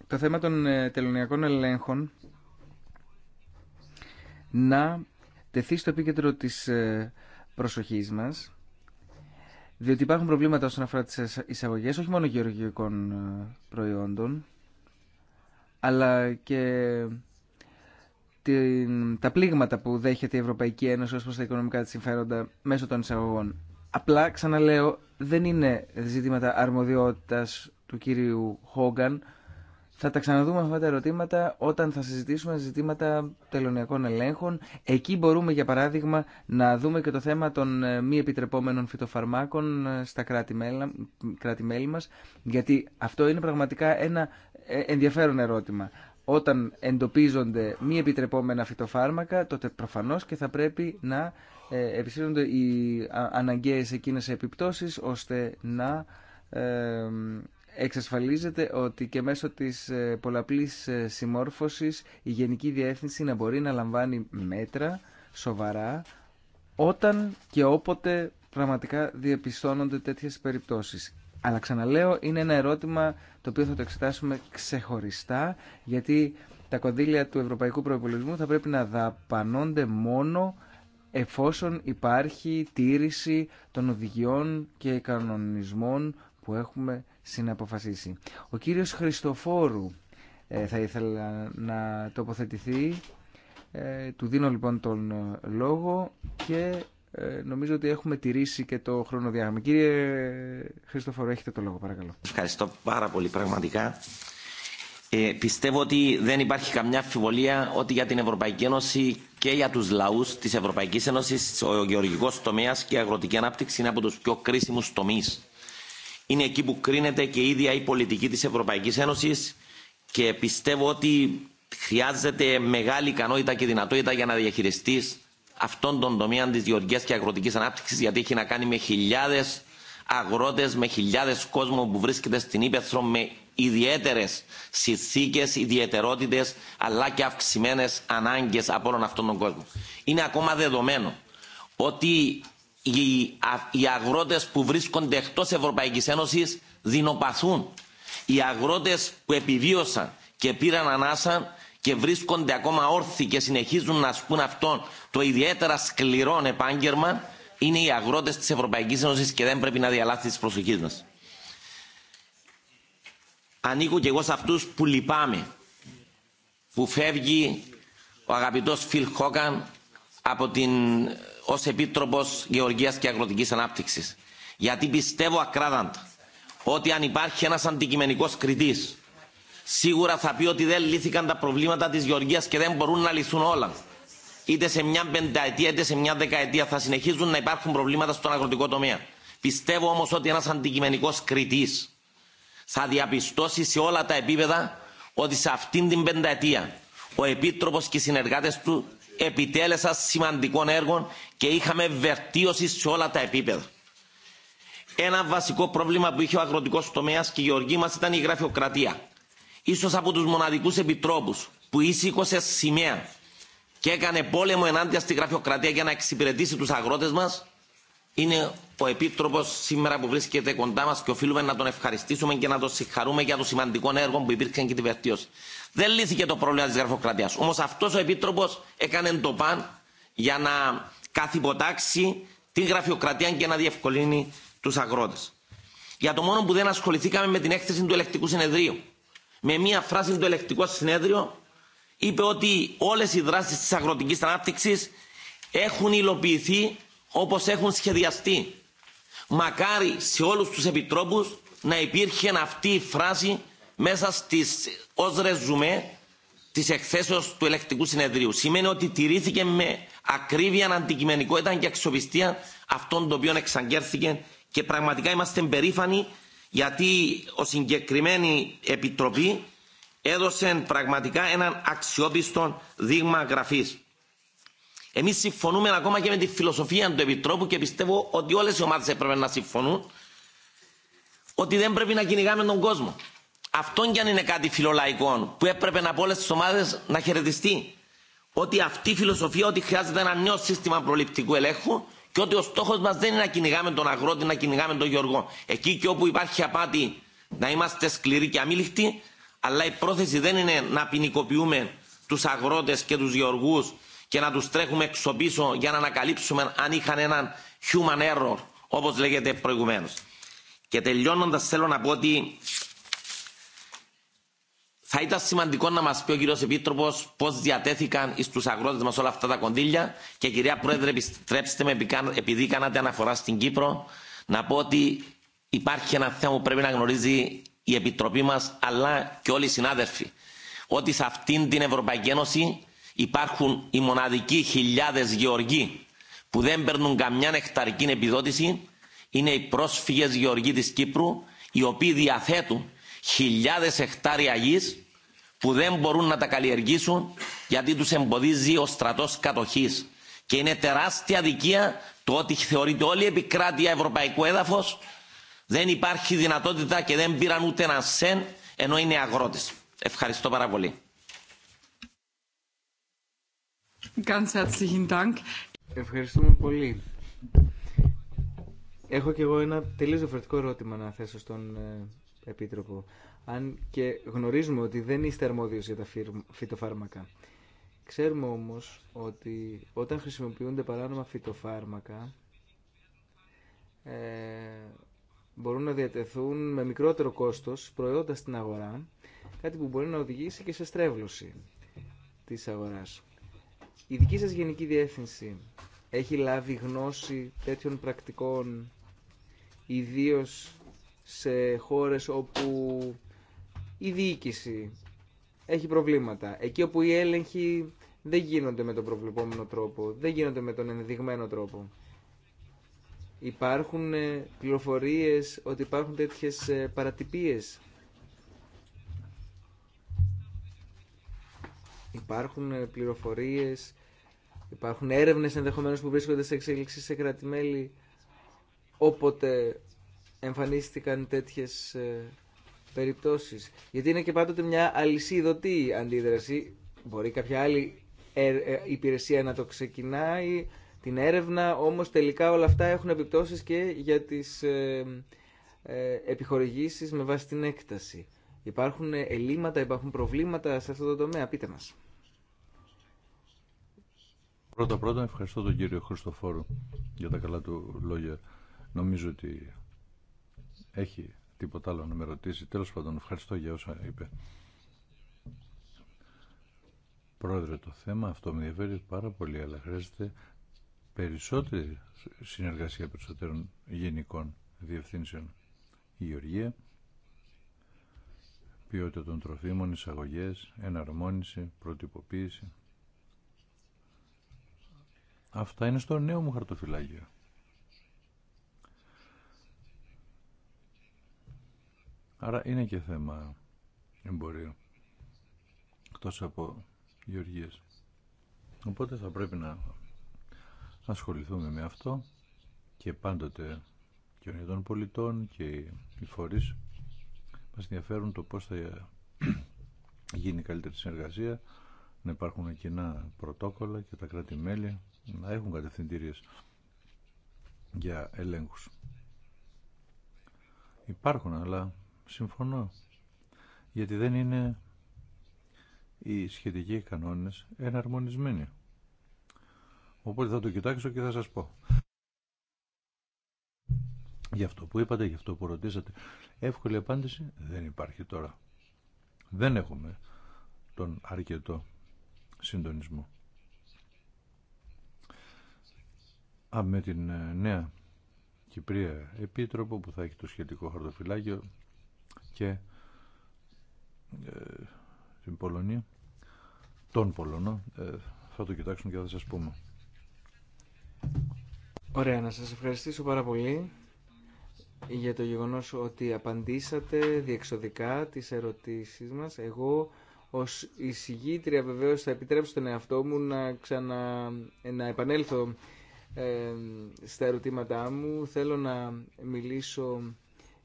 το θέμα των ε, τελωνιακών ελέγχων να τεθεί στο επίκεντρο της ε, προσοχής μας διότι υπάρχουν προβλήματα όσον αφορά τις εισαγωγές όχι μόνο γεωργικών ε, προϊόντων αλλά και τα πλήγματα που δέχεται η Ευρωπαϊκή Ένωση ως προς τα οικονομικά της συμφέροντα μέσω των εισαγωγών. Απλά, ξαναλέω, δεν είναι ζήτηματα αρμοδιότητας του κύριου Χόγκαν θα τα ξαναδούμε αυτά τα ερωτήματα όταν θα συζητήσουμε ζητήματα τελωνιακών ελέγχων. Εκεί μπορούμε, για παράδειγμα, να δούμε και το θέμα των ε, μη επιτρεπόμενων φυτοφαρμάκων ε, στα κράτη-μέλη μας, γιατί αυτό είναι πραγματικά ένα ε, ενδιαφέρον ερώτημα. Όταν εντοπίζονται μη επιτρεπόμενα φυτοφάρμακα, τότε προφανώς και θα πρέπει να επισύρονται οι αναγκαίες εκείνες επιπτώσεις, ώστε να εξασφαλίζεται ότι και μέσω της ε, πολλαπλής ε, συμμόρφωσης η Γενική Διεύθυνση να μπορεί να λαμβάνει μέτρα σοβαρά όταν και όποτε πραγματικά διαπιστώνονται τέτοιες περιπτώσεις. Αλλά ξαναλέω, είναι ένα ερώτημα το οποίο θα το εξετάσουμε ξεχωριστά, γιατί τα κονδύλια του ευρωπαϊκού προϋπολογισμού θα πρέπει να δαπανώνται μόνο εφόσον υπάρχει τήρηση των οδηγιών και κανονισμών που έχουμε συναποφασίσει. Ο κύριος Χριστοφόρου ε, θα ήθελα να τοποθετηθεί. Ε, του δίνω λοιπόν τον ε, λόγο και ε, νομίζω ότι έχουμε τηρήσει και το χρονοδιάγραμμα. Κύριε Χριστοφόρου, έχετε το λόγο, παρακαλώ. Ευχαριστώ πάρα πολύ πραγματικά. Ε, πιστεύω ότι δεν υπάρχει καμιά αμφιβολία ότι για την Ευρωπαϊκή Ένωση και για του λαού τη Ευρωπαϊκή Ένωση, ο γεωργικός τομέα και η αγροτική ανάπτυξη είναι από του πιο κρίσιμου τομεί είναι εκεί που κρίνεται και η ίδια η πολιτική της Ευρωπαϊκής Ένωσης και πιστεύω ότι χρειάζεται μεγάλη ικανότητα και δυνατότητα για να διαχειριστεί αυτόν τον τομέα της γεωργίας και αγροτικής ανάπτυξης γιατί έχει να κάνει με χιλιάδες αγρότες, με χιλιάδες κόσμο που βρίσκεται στην Ήπεθρο με ιδιαίτερε συνθήκε, ιδιαίτερότητε, αλλά και αυξημένε ανάγκε από όλον αυτόν τον κόσμο. Είναι ακόμα δεδομένο ότι οι αγρότες που βρίσκονται εκτός Ευρωπαϊκής Ένωσης δεινοπαθούν. Οι αγρότες που επιβίωσαν και πήραν ανάσα και βρίσκονται ακόμα όρθιοι και συνεχίζουν να σπούν αυτόν το ιδιαίτερα σκληρό επάγγελμα είναι οι αγρότες της Ευρωπαϊκής Ένωσης και δεν πρέπει να διαλάθει τη προσοχή μας. Ανήκω και εγώ σε αυτούς που λυπάμαι που φεύγει ο αγαπητός Φιλ Χόκαν από την Ω Επίτροπο Γεωργίας και Αγροτική ανάπτυξη. Γιατί πιστεύω ακράδαντα ότι αν υπάρχει ένα αντικειμενικός κριτή σίγουρα θα πει ότι δεν λύθηκαν τα προβλήματα τη Γεωργίας και δεν μπορούν να λυθούν όλα. Είτε σε μια πενταετία είτε σε μια δεκαετία θα συνεχίζουν να υπάρχουν προβλήματα στον αγροτικό τομέα. Πιστεύω όμω ότι ένα αντικειμενικός κριτή θα διαπιστώσει σε όλα τα επίπεδα ότι σε αυτήν την πενταετία ο επίτροπο και οι συνεργάτε του επιτέλεσα σημαντικών έργων και είχαμε βελτίωση σε όλα τα επίπεδα. Ένα βασικό πρόβλημα που είχε ο αγροτικό τομέα και η γεωργία μα ήταν η γραφειοκρατία. σω από του μοναδικού επιτρόπου που ήσυχοσε σημαία και έκανε πόλεμο ενάντια στη γραφειοκρατία για να εξυπηρετήσει του αγρότε μα, είναι ο επίτροπο σήμερα που βρίσκεται κοντά μα και οφείλουμε να τον ευχαριστήσουμε και να τον συγχαρούμε για το σημαντικό έργο που υπήρξε και την βελτίωση. Δεν λύθηκε το πρόβλημα τη γραφειοκρατία. Όμω αυτό ο Επίτροπο έκανε το παν για να καθυποτάξει την γραφειοκρατία και να διευκολύνει του αγρότε. Για το μόνο που δεν ασχοληθήκαμε με την έκθεση του ελεκτικού συνεδρίου. Με μία φράση του ελεκτικού συνέδριο είπε ότι όλε οι δράσει τη αγροτική ανάπτυξη έχουν υλοποιηθεί όπω έχουν σχεδιαστεί. Μακάρι σε όλου του επιτρόπου να υπήρχε αυτή η φράση μέσα στις, ως ρεζουμέ της εκθέσεως του ελεκτικού συνεδρίου. Σημαίνει ότι τηρήθηκε με ακρίβεια αντικειμενικότητα και αξιοπιστία αυτών των οποίων εξαγγέρθηκε και πραγματικά είμαστε περήφανοι γιατί ο συγκεκριμένη επιτροπή έδωσε πραγματικά έναν αξιόπιστο δείγμα γραφής. Εμείς συμφωνούμε ακόμα και με τη φιλοσοφία του Επιτρόπου και πιστεύω ότι όλες οι ομάδες έπρεπε να συμφωνούν ότι δεν πρέπει να κυνηγάμε τον κόσμο αυτό κι αν είναι κάτι φιλολαϊκό που έπρεπε από όλε τι ομάδε να χαιρετιστεί. Ότι αυτή η φιλοσοφία ότι χρειάζεται ένα νέο σύστημα προληπτικού ελέγχου και ότι ο στόχο μα δεν είναι να κυνηγάμε τον αγρότη, να κυνηγάμε τον γεωργό. Εκεί και όπου υπάρχει απάτη να είμαστε σκληροί και αμήλικτοι, αλλά η πρόθεση δεν είναι να ποινικοποιούμε του αγρότε και του γεωργού και να του τρέχουμε πίσω για να ανακαλύψουμε αν είχαν έναν human error, όπω λέγεται προηγουμένω. Και τελειώνοντα, θέλω να πω ότι θα ήταν σημαντικό να μα πει ο κύριο Επίτροπο πώ διατέθηκαν στου αγρότε μα όλα αυτά τα κονδύλια. Και κυρία Πρόεδρε, επιστρέψτε με, επειδή κάνατε αναφορά στην Κύπρο, να πω ότι υπάρχει ένα θέμα που πρέπει να γνωρίζει η Επιτροπή μα, αλλά και όλοι οι συνάδελφοι. Ότι σε αυτήν την Ευρωπαϊκή Ένωση υπάρχουν οι μοναδικοί χιλιάδε γεωργοί που δεν παίρνουν καμιά νεκταρική επιδότηση. Είναι οι πρόσφυγε γεωργοί τη Κύπρου, οι οποίοι διαθέτουν χιλιάδε εκτάρια γης που δεν μπορούν να τα καλλιεργήσουν γιατί τους εμποδίζει ο στρατός κατοχής. Και είναι τεράστια δικία το ότι θεωρείται όλη η επικράτεια ευρωπαϊκού έδαφος, δεν υπάρχει δυνατότητα και δεν πήραν ούτε ένα σεν ενώ είναι αγρότες. Ευχαριστώ πάρα πολύ. Ευχαριστούμε πολύ. Έχω και εγώ ένα τελείως διαφορετικό ερώτημα να θέσω στον ε, Επίτροπο αν και γνωρίζουμε ότι δεν είστε αρμόδιος για τα φυτοφάρμακα. Ξέρουμε όμως ότι όταν χρησιμοποιούνται παράνομα φυτοφάρμακα ε, μπορούν να διατεθούν με μικρότερο κόστος προϊόντα στην αγορά, κάτι που μπορεί να οδηγήσει και σε στρέβλωση της αγοράς. Η δική σας Γενική Διεύθυνση έχει λάβει γνώση τέτοιων πρακτικών, ιδίως σε χώρες όπου η διοίκηση έχει προβλήματα. Εκεί όπου οι έλεγχοι δεν γίνονται με τον προβλεπόμενο τρόπο, δεν γίνονται με τον ενδειγμένο τρόπο. Υπάρχουν ε, πληροφορίες ότι υπάρχουν τέτοιες ε, παρατυπίες. Υπάρχουν ε, πληροφορίες, υπάρχουν έρευνες ενδεχομένως που βρίσκονται σε εξέλιξη σε κρατημέλη όποτε εμφανίστηκαν τέτοιες περιπτώσεις. Γιατί είναι και πάντοτε μια αλυσίδωτη αντίδραση. Μπορεί κάποια άλλη ε, ε, υπηρεσία να το ξεκινάει, την έρευνα, όμως τελικά όλα αυτά έχουν επιπτώσεις και για τις ε, ε, επιχορηγήσεις με βάση την έκταση. Υπάρχουν ελλείμματα, υπάρχουν προβλήματα σε αυτό το τομέα. Πείτε μας. Πρώτα πρώτα ευχαριστώ τον κύριο Χριστοφόρο για τα καλά του λόγια. Νομίζω ότι έχει τίποτα άλλο να με ρωτήσει. Τέλος πάντων, ευχαριστώ για όσα είπε. Πρόεδρε, το θέμα αυτό με ενδιαφέρει πάρα πολύ, αλλά χρειάζεται περισσότερη συνεργασία περισσότερων γενικών διευθύνσεων. Η Γεωργία, ποιότητα των τροφίμων, εισαγωγές, εναρμόνιση, προτυποποίηση. Αυτά είναι στο νέο μου χαρτοφυλάγιο Άρα είναι και θέμα εμπορίου. Εκτό από γεωργίε. Οπότε θα πρέπει να ασχοληθούμε με αυτό και πάντοτε και των πολιτών και οι φορείς μας ενδιαφέρουν το πώς θα γίνει καλύτερη συνεργασία, να υπάρχουν κοινά πρωτόκολλα και τα κράτη-μέλη να έχουν κατευθυντήριες για ελέγχους. Υπάρχουν, αλλά συμφωνώ. Γιατί δεν είναι οι σχετικοί κανόνες εναρμονισμένοι. Οπότε θα το κοιτάξω και θα σας πω. Γι' αυτό που είπατε, γι' αυτό που ρωτήσατε, εύκολη απάντηση δεν υπάρχει τώρα. Δεν έχουμε τον αρκετό συντονισμό. Α, με την ε, νέα Κυπρία Επίτροπο που θα έχει το σχετικό χαρτοφυλάκιο και ε, την Πολωνία τον Πολωνό ε, θα το κοιτάξουν και θα σας πούμε. Ωραία, να σας ευχαριστήσω πάρα πολύ για το γεγονός ότι απαντήσατε διεξοδικά τις ερωτήσεις μας. Εγώ ως εισηγήτρια βεβαίως θα επιτρέψω τον εαυτό μου να, ξανα, να επανέλθω ε, στα ερωτήματά μου. Θέλω να μιλήσω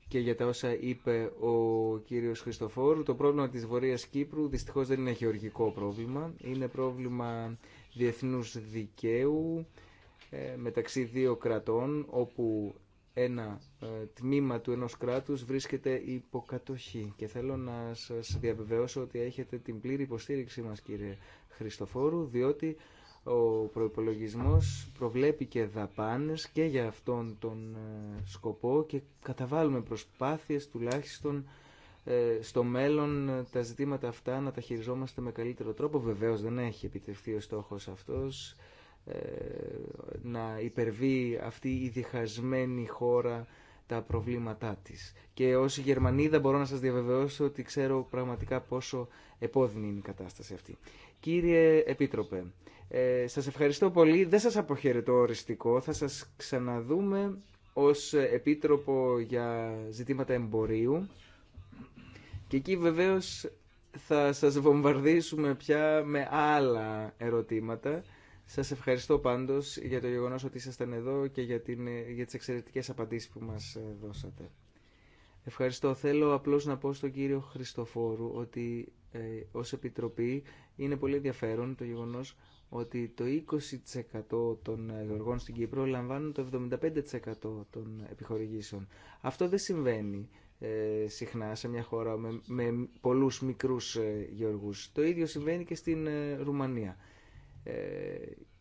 και για τα όσα είπε ο κύριος Χριστοφόρου. Το πρόβλημα της Βορείας Κύπρου δυστυχώς δεν είναι γεωργικό πρόβλημα. Είναι πρόβλημα διεθνούς δικαίου ε, μεταξύ δύο κρατών όπου ένα ε, τμήμα του ενός κράτους βρίσκεται υποκατοχή. Και θέλω να σας διαβεβαιώσω ότι έχετε την πλήρη υποστήριξή μας κύριε Χριστοφόρου διότι ο προϋπολογισμός προβλέπει και δαπάνες και για αυτόν τον ε, σκοπό και καταβάλουμε προσπάθειες τουλάχιστον ε, στο μέλλον ε, τα ζητήματα αυτά να τα χειριζόμαστε με καλύτερο τρόπο. Βεβαίως δεν έχει επιτευχθεί ο στόχος αυτός να υπερβεί αυτή η διχασμένη χώρα τα προβλήματά της. Και ως Γερμανίδα μπορώ να σας διαβεβαιώσω ότι ξέρω πραγματικά πόσο επώδυνη είναι η κατάσταση αυτή. Κύριε Επίτροπε, ε, σας ευχαριστώ πολύ. Δεν σας αποχαιρετώ οριστικό. Θα σας ξαναδούμε ως Επίτροπο για ζητήματα εμπορίου. Και εκεί βεβαίως θα σας βομβαρδίσουμε πια με άλλα ερωτήματα. Σας ευχαριστώ πάντως για το γεγονός ότι ήσασταν εδώ και για, την, για τις εξαιρετικές απαντήσεις που μας ε, δώσατε. Ευχαριστώ. Θέλω απλώς να πω στον κύριο Χριστοφόρου ότι ε, ως Επιτροπή είναι πολύ ενδιαφέρον το γεγονός ότι το 20% των γεωργών στην Κύπρο λαμβάνουν το 75% των επιχορηγήσεων. Αυτό δεν συμβαίνει ε, συχνά σε μια χώρα με, με πολλούς μικρούς ε, γεωργούς. Το ίδιο συμβαίνει και στην ε, Ρουμανία.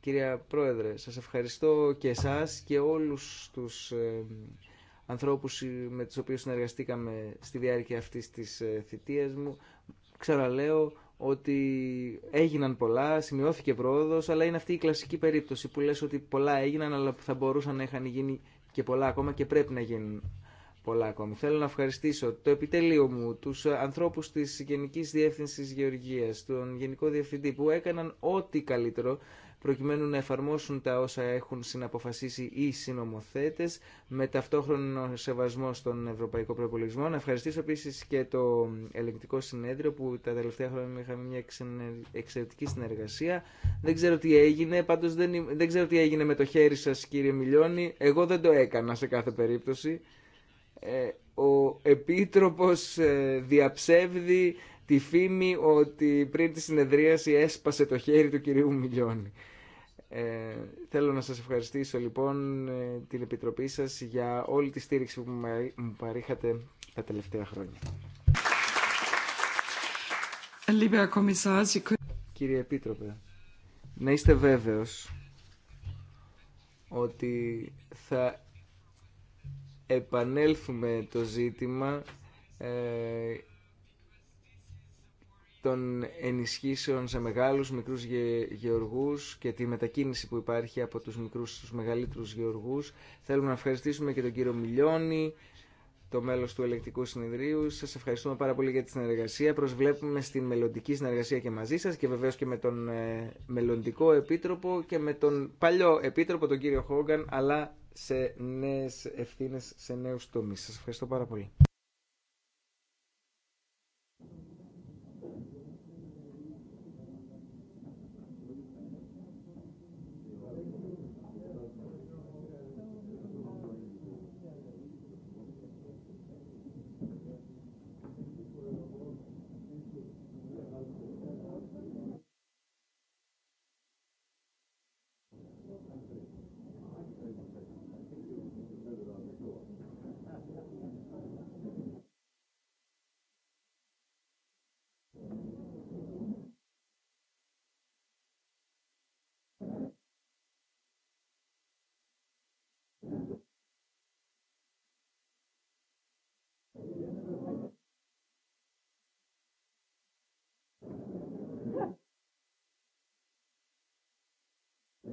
Κυρία Πρόεδρε, σας ευχαριστώ και εσάς και όλους τους ανθρώπους με τους οποίους συνεργαστήκαμε στη διάρκεια αυτής της θητείας μου. Ξαναλέω, ότι έγιναν πολλά, σημειώθηκε πρόοδο, αλλά είναι αυτή η κλασική περίπτωση που λες ότι πολλά έγιναν, αλλά που θα μπορούσαν να είχαν γίνει και πολλά ακόμα και πρέπει να γίνουν πολλά ακόμα Θέλω να ευχαριστήσω το επιτελείο μου, τους ανθρώπους της Γενικής Διεύθυνση Γεωργία, τον Γενικό Διευθυντή που έκαναν ό,τι καλύτερο προκειμένου να εφαρμόσουν τα όσα έχουν συναποφασίσει οι συνομοθέτες με ταυτόχρονο σεβασμό στον ευρωπαϊκό προπολογισμό. Να ευχαριστήσω επίσης και το ελεγκτικό συνέδριο που τα τελευταία χρόνια είχαμε μια εξαιρετική συνεργασία. Δεν ξέρω τι έγινε, πάντως δεν, δεν ξέρω τι έγινε με το χέρι σας κύριε Μιλιώνη. Εγώ δεν το έκανα σε κάθε περίπτωση. Ε, ο Επίτροπος ε, διαψεύδει τη φήμη ότι πριν τη συνεδρίαση έσπασε το χέρι του κυρίου Μιλιώνη. Ε, θέλω να σας ευχαριστήσω λοιπόν ε, την Επιτροπή σας για όλη τη στήριξη που μου παρήχατε τα τελευταία χρόνια. Κύριε Επίτροπε, να είστε βέβαιος ότι θα επανέλθουμε το ζήτημα ε, των ενισχύσεων σε μεγάλους μικρούς γε, γεωργούς και τη μετακίνηση που υπάρχει από τους μικρούς στους μεγαλύτερους γεωργούς. Θέλουμε να ευχαριστήσουμε και τον κύριο Μιλιώνη, το μέλος του Ελεκτικού Συνεδρίου. Σας ευχαριστούμε πάρα πολύ για τη συνεργασία. Προσβλέπουμε στην μελλοντική συνεργασία και μαζί σας και βεβαίως και με τον ε, μελλοντικό επίτροπο και με τον παλιό επίτροπο, τον κύριο Χόγκαν, αλλά σε νέες ευθύνες, σε νέους τομείς. Σας ευχαριστώ πάρα πολύ.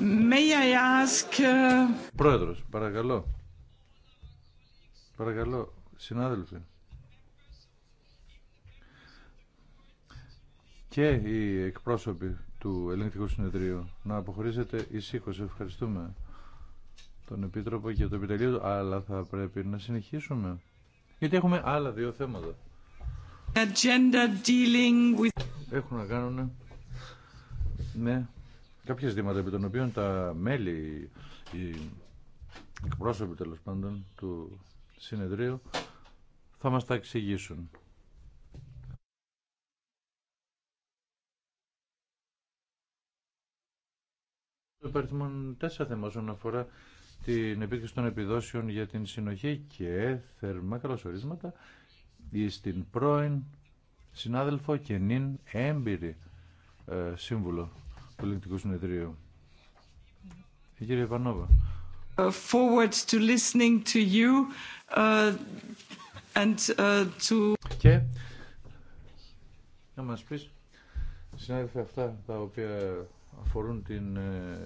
May uh, Πρόεδρος, παρακαλώ. Παρακαλώ, συνάδελφοι. Και οι εκπρόσωποι του Ελληνικού Συνεδρίου να αποχωρήσετε ησύχως. Ευχαριστούμε τον Επίτροπο και το Επιτελείο του, αλλά θα πρέπει να συνεχίσουμε. Γιατί έχουμε άλλα δύο θέματα. Έχουν να κάνουν με κάποια ζητήματα επί των οποίων τα μέλη, οι εκπρόσωποι τέλο πάντων του συνεδρίου θα μας τα εξηγήσουν. Υπάρχουν τέσσερα θέματα όσον αφορά την επίκριση των επιδόσεων για την συνοχή και θερμά καλωσορίσματα στην πρώην συνάδελφο και νυν έμπειρη ε, σύμβουλο πολιτικού Συνεδρίου. Η κυρία Πανόβα. Uh, forward to listening to you uh, and uh, to... Και να μας πεις, συνάδελφε, αυτά τα οποία αφορούν την ε,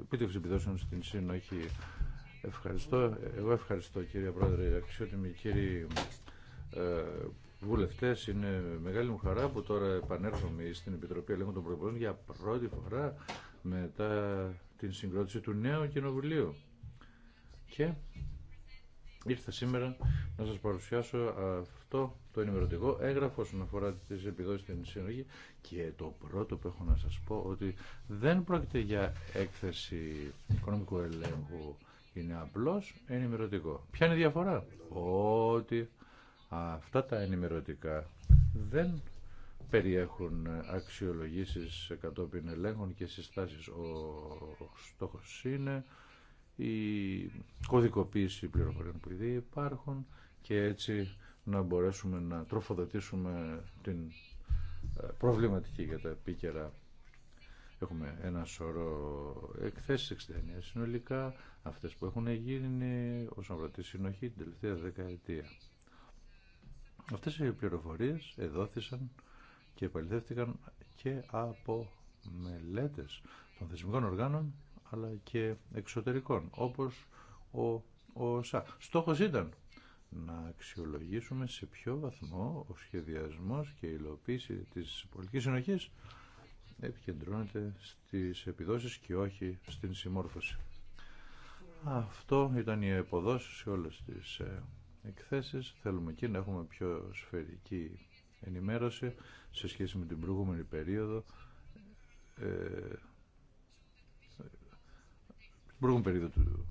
επίτευξη επιδόσεων στην συνοχή. Ευχαριστώ. Εγώ ευχαριστώ κύριε Πρόεδρε, αξιότιμοι κύριοι ε, βουλευτέ. Είναι μεγάλη μου χαρά που τώρα επανέρχομαι στην Επιτροπή Ελέγχων των Προπολών για πρώτη φορά μετά την συγκρότηση του νέου κοινοβουλίου. Και ήρθα σήμερα να σας παρουσιάσω αυτό το ενημερωτικό έγγραφο όσον αφορά τις επιδόσεις στην συνολική και το πρώτο που έχω να σας πω ότι δεν πρόκειται για έκθεση οικονομικού ελέγχου είναι απλώς ενημερωτικό. Ποια είναι η διαφορά? Ότι Αυτά τα ενημερωτικά δεν περιέχουν αξιολογήσεις κατόπιν ελέγχων και συστάσεις. Ο στόχος είναι η κωδικοποίηση πληροφοριών που ήδη υπάρχουν και έτσι να μπορέσουμε να τροφοδοτήσουμε την ε, προβληματική για τα επίκαιρα. Έχουμε ένα σωρό εκθέσεις 69 συνολικά, αυτές που έχουν γίνει όσον αφορά τη συνοχή την τελευταία δεκαετία. Αυτές οι πληροφορίες εδόθησαν και επαληθεύτηκαν και από μελέτες των θεσμικών οργάνων αλλά και εξωτερικών όπως ο, ο ΣΑ. Στόχος ήταν να αξιολογήσουμε σε ποιο βαθμό ο σχεδιασμός και η υλοποίηση της πολιτικής συνοχής επικεντρώνεται στις επιδόσεις και όχι στην συμμόρφωση. Αυτό ήταν η αποδόση σε όλες τις ε, εκθέσεις. Θέλουμε εκεί να έχουμε πιο σφαιρική ενημέρωση σε σχέση με την προηγούμενη περίοδο. Ε, περίοδο του,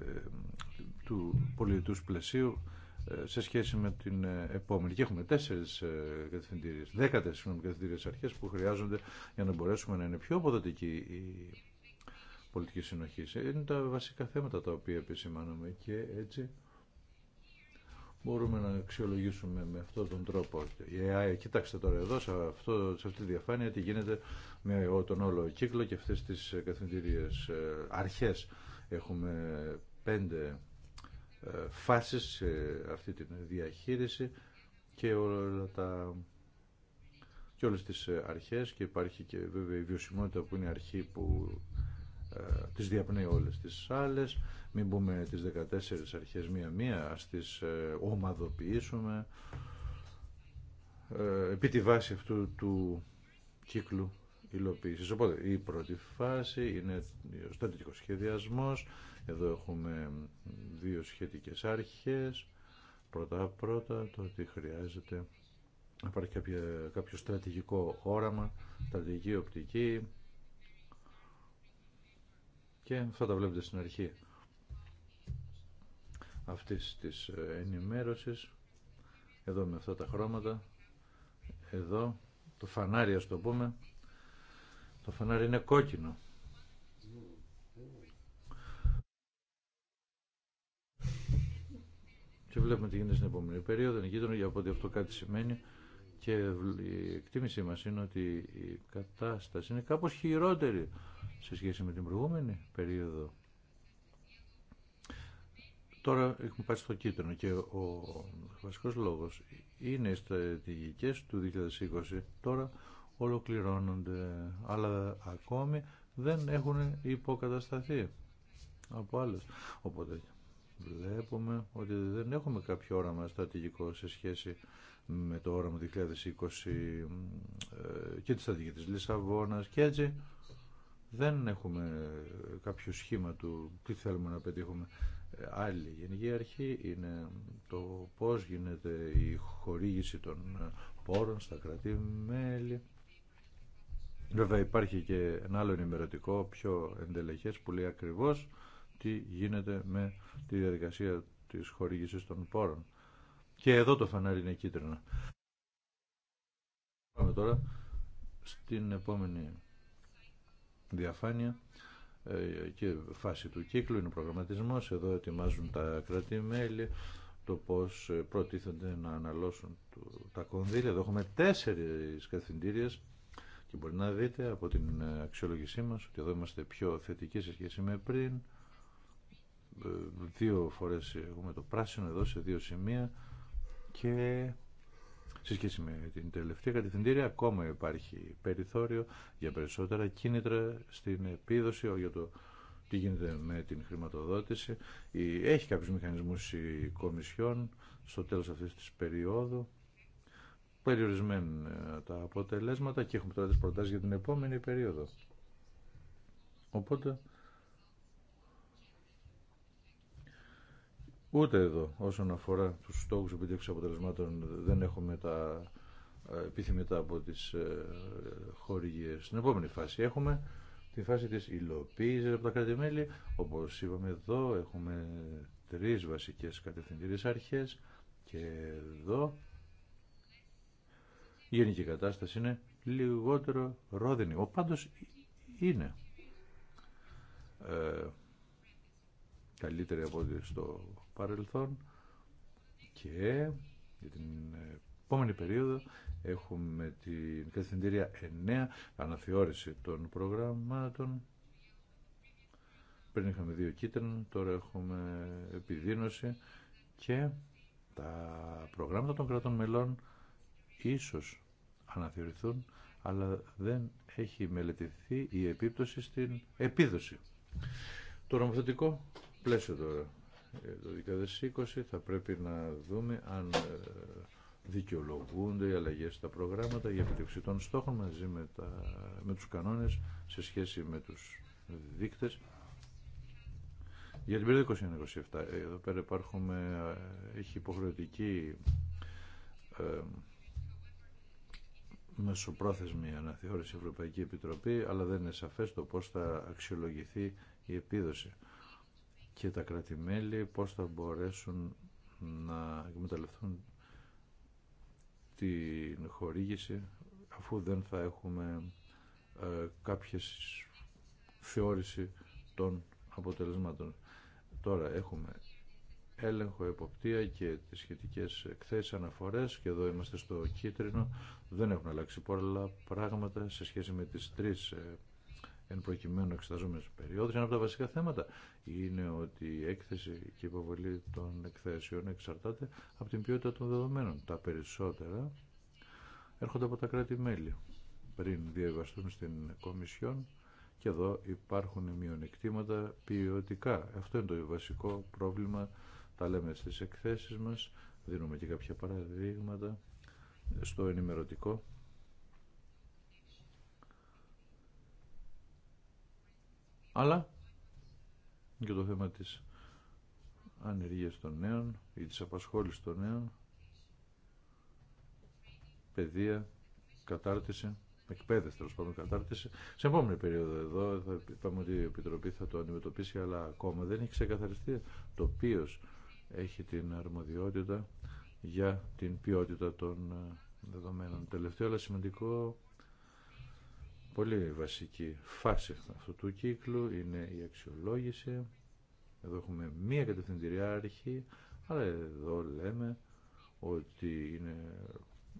ε, του πλαισίου ε, σε σχέση με την ε, επόμενη. Και έχουμε τέσσερι ε, κατευθυντήριε, δέκατε συγγνώμη κατευθυντήριε αρχέ που χρειάζονται για να μπορέσουμε να είναι πιο αποδοτική η πολιτική συνοχή. Είναι τα βασικά θέματα τα οποία επισημάνομαι και έτσι μπορούμε να αξιολογήσουμε με αυτόν τον τρόπο. Ε, κοιτάξτε τώρα εδώ, σε, αυτό, σε αυτή τη διαφάνεια, τι γίνεται με τον όλο κύκλο και αυτές τις καθημερινές ε, αρχές. Έχουμε πέντε ε, φάσεις σε αυτή τη διαχείριση και όλα τα και όλες τις ε, αρχές και υπάρχει και βέβαια η βιωσιμότητα που είναι η αρχή που ε, τις διαπνέει όλες τις άλλες, μην πούμε τις 14 αρχές μία-μία, ας τις ε, ομαδοποιήσουμε ε, επί τη βάση αυτού του κύκλου υλοποίησης. Οπότε η πρώτη φάση είναι ο στρατηγικός σχεδιασμός, εδώ έχουμε δύο σχετικές άρχες, πρώτα-πρώτα το ότι χρειάζεται να υπάρχει κάποιο στρατηγικό όραμα, στρατηγική οπτική, και αυτά τα βλέπετε στην αρχή αυτής της ε, ενημέρωσης. Εδώ με αυτά τα χρώματα. Εδώ το φανάρι ας το πούμε. Το φανάρι είναι κόκκινο. Και βλέπουμε τι γίνεται στην επόμενη περίοδο. Είναι για από αυτό κάτι σημαίνει. Και η εκτίμησή μας είναι ότι η κατάσταση είναι κάπως χειρότερη σε σχέση με την προηγούμενη περίοδο. Τώρα έχουμε πάει στο κίτρινο και ο βασικός λόγος είναι οι στρατηγικές του 2020 τώρα ολοκληρώνονται, αλλά ακόμη δεν έχουν υποκατασταθεί από άλλες. Οπότε βλέπουμε ότι δεν έχουμε κάποιο όραμα στρατηγικό σε σχέση με το όραμα 2020 ε, και τη στρατηγική της Λισαβόνας και έτσι δεν έχουμε κάποιο σχήμα του τι θέλουμε να πετύχουμε. Άλλη γενική αρχή είναι το πώς γίνεται η χορήγηση των πόρων στα κρατή-μέλη. Βέβαια υπάρχει και ένα άλλο ενημερωτικό πιο εντελεχές που λέει ακριβώς τι γίνεται με τη διαδικασία της χορήγησης των πόρων. Και εδώ το φανάρι είναι κίτρινο. Πάμε τώρα στην επόμενη διαφάνεια ε, και φάση του κύκλου είναι ο προγραμματισμός. Εδώ ετοιμάζουν τα κράτη-μέλη το πώς ε, προτίθενται να αναλώσουν τα κονδύλια. Εδώ έχουμε τέσσερις καθυντήριες και μπορεί να δείτε από την αξιολόγησή μας ότι εδώ είμαστε πιο θετικοί σε σχέση με πριν. Ε, δύο φορές έχουμε το πράσινο εδώ σε δύο σημεία και σε σχέση με την τελευταία κατευθυντήρια ακόμα υπάρχει περιθώριο για περισσότερα κίνητρα στην επίδοση για το τι γίνεται με την χρηματοδότηση. Έχει κάποιους μηχανισμούς η Κομισιόν στο τέλος αυτής της περίοδου. Περιορισμένα τα αποτελέσματα και έχουμε τώρα τις προτάσεις για την επόμενη περίοδο. Οπότε Ούτε εδώ όσον αφορά τους στόχους επιτύχους αποτελεσμάτων δεν έχουμε τα ε, επιθυμητά από τις ε, χορηγίες. Στην επόμενη φάση έχουμε τη φάση της υλοποίησης από τα κράτη-μέλη. Όπως είπαμε εδώ έχουμε τρεις βασικές κατευθυντήριες αρχές και εδώ η γενική κατάσταση είναι λιγότερο ρόδινη. Ο πάντως είναι ε, καλύτερη από ό,τι στο παρελθόν και για την επόμενη περίοδο έχουμε την καθημερινή 9 αναθεώρηση των προγραμμάτων πριν είχαμε δύο κίτρινα, τώρα έχουμε επιδείνωση και τα προγράμματα των κρατών μελών ίσως αναθεωρηθούν, αλλά δεν έχει μελετηθεί η επίπτωση στην επίδοση. Το νομοθετικό πλαίσιο τώρα το 2020 θα πρέπει να δούμε αν ε, δικαιολογούνται οι αλλαγές στα προγράμματα για επιτευξή των στόχων μαζί με, τα, με τους κανόνες σε σχέση με τους δείκτες. Για την περίοδο 2027, ε, εδώ πέρα υπάρχουμε, ε, έχει υποχρεωτική ε, μεσοπρόθεσμη αναθεώρηση Ευρωπαϊκή Επιτροπή, αλλά δεν είναι σαφές το πώς θα αξιολογηθεί η επίδοση και τα κράτη-μέλη πώς θα μπορέσουν να εκμεταλλευτούν την χορήγηση αφού δεν θα έχουμε ε, θεώρηση των αποτελεσμάτων. Τώρα έχουμε έλεγχο, εποπτεία και τις σχετικές εκθέσεις, αναφορές και εδώ είμαστε στο κίτρινο. Δεν έχουν αλλάξει πολλά πράγματα σε σχέση με τις τρεις ε, εν προκειμένου εξεταζόμενε περιόδου. Ένα από τα βασικά θέματα είναι ότι η έκθεση και η υποβολή των εκθέσεων εξαρτάται από την ποιότητα των δεδομένων. Τα περισσότερα έρχονται από τα κράτη-μέλη πριν διαβαστούν στην Κομισιόν και εδώ υπάρχουν μειονεκτήματα ποιοτικά. Αυτό είναι το βασικό πρόβλημα. Τα λέμε στις εκθέσεις μας, δίνουμε και κάποια παραδείγματα στο ενημερωτικό αλλά και το θέμα της ανεργίας των νέων ή της απασχόλησης των νέων, παιδεία, κατάρτιση, εκπαίδευση τέλο πάντων κατάρτιση. Σε επόμενη περίοδο εδώ θα είπαμε ότι η Επιτροπή θα το αντιμετωπίσει, αλλά ακόμα δεν έχει ξεκαθαριστεί το οποίο έχει την αρμοδιότητα για την ποιότητα των ε, δεδομένων. Τελευταίο, αλλά σημαντικό πολύ βασική φάση αυτού του κύκλου είναι η αξιολόγηση. Εδώ έχουμε μία κατευθυντηριά αρχή, αλλά εδώ λέμε ότι είναι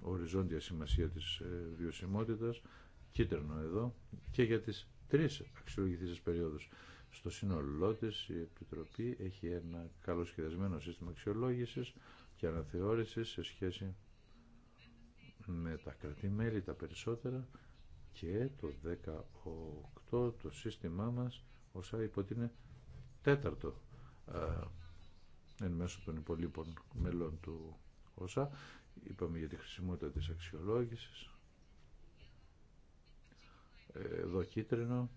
οριζόντια σημασία της ε, βιωσιμότητας, κίτρινο εδώ, και για τις τρεις αξιολογηθήσεις περίοδους. Στο σύνολό τη η Επιτροπή έχει ένα καλοσχεδιασμένο σύστημα αξιολόγησης και αναθεώρησης σε σχέση με τα κρατή μέλη, τα περισσότερα, και το 18 το σύστημά μας όσα είπε ότι είναι τέταρτο ε, εν μέσω των υπολείπων μελών του όσα είπαμε για τη χρησιμότητα της αξιολόγησης ε, εδώ κίτρινο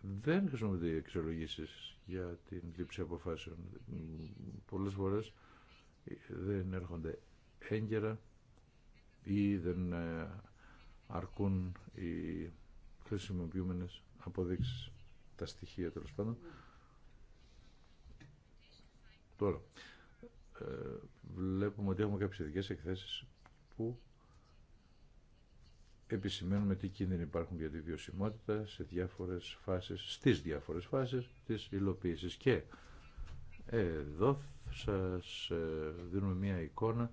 δεν χρησιμοποιούνται οι αξιολογήσεις για την λήψη αποφάσεων πολλές φορές ε, δεν έρχονται έγκαιρα ή δεν ε, αρκούν οι χρησιμοποιούμενες αποδείξεις, τα στοιχεία τέλο πάντων. Τώρα, ε, βλέπουμε ότι έχουμε κάποιες ειδικέ εκθέσεις που επισημαίνουμε τι κίνδυνοι υπάρχουν για τη βιωσιμότητα σε διάφορες φάσεις, στις διάφορες φάσεις της υλοποίησης. Και εδώ σας ε, δίνουμε μία εικόνα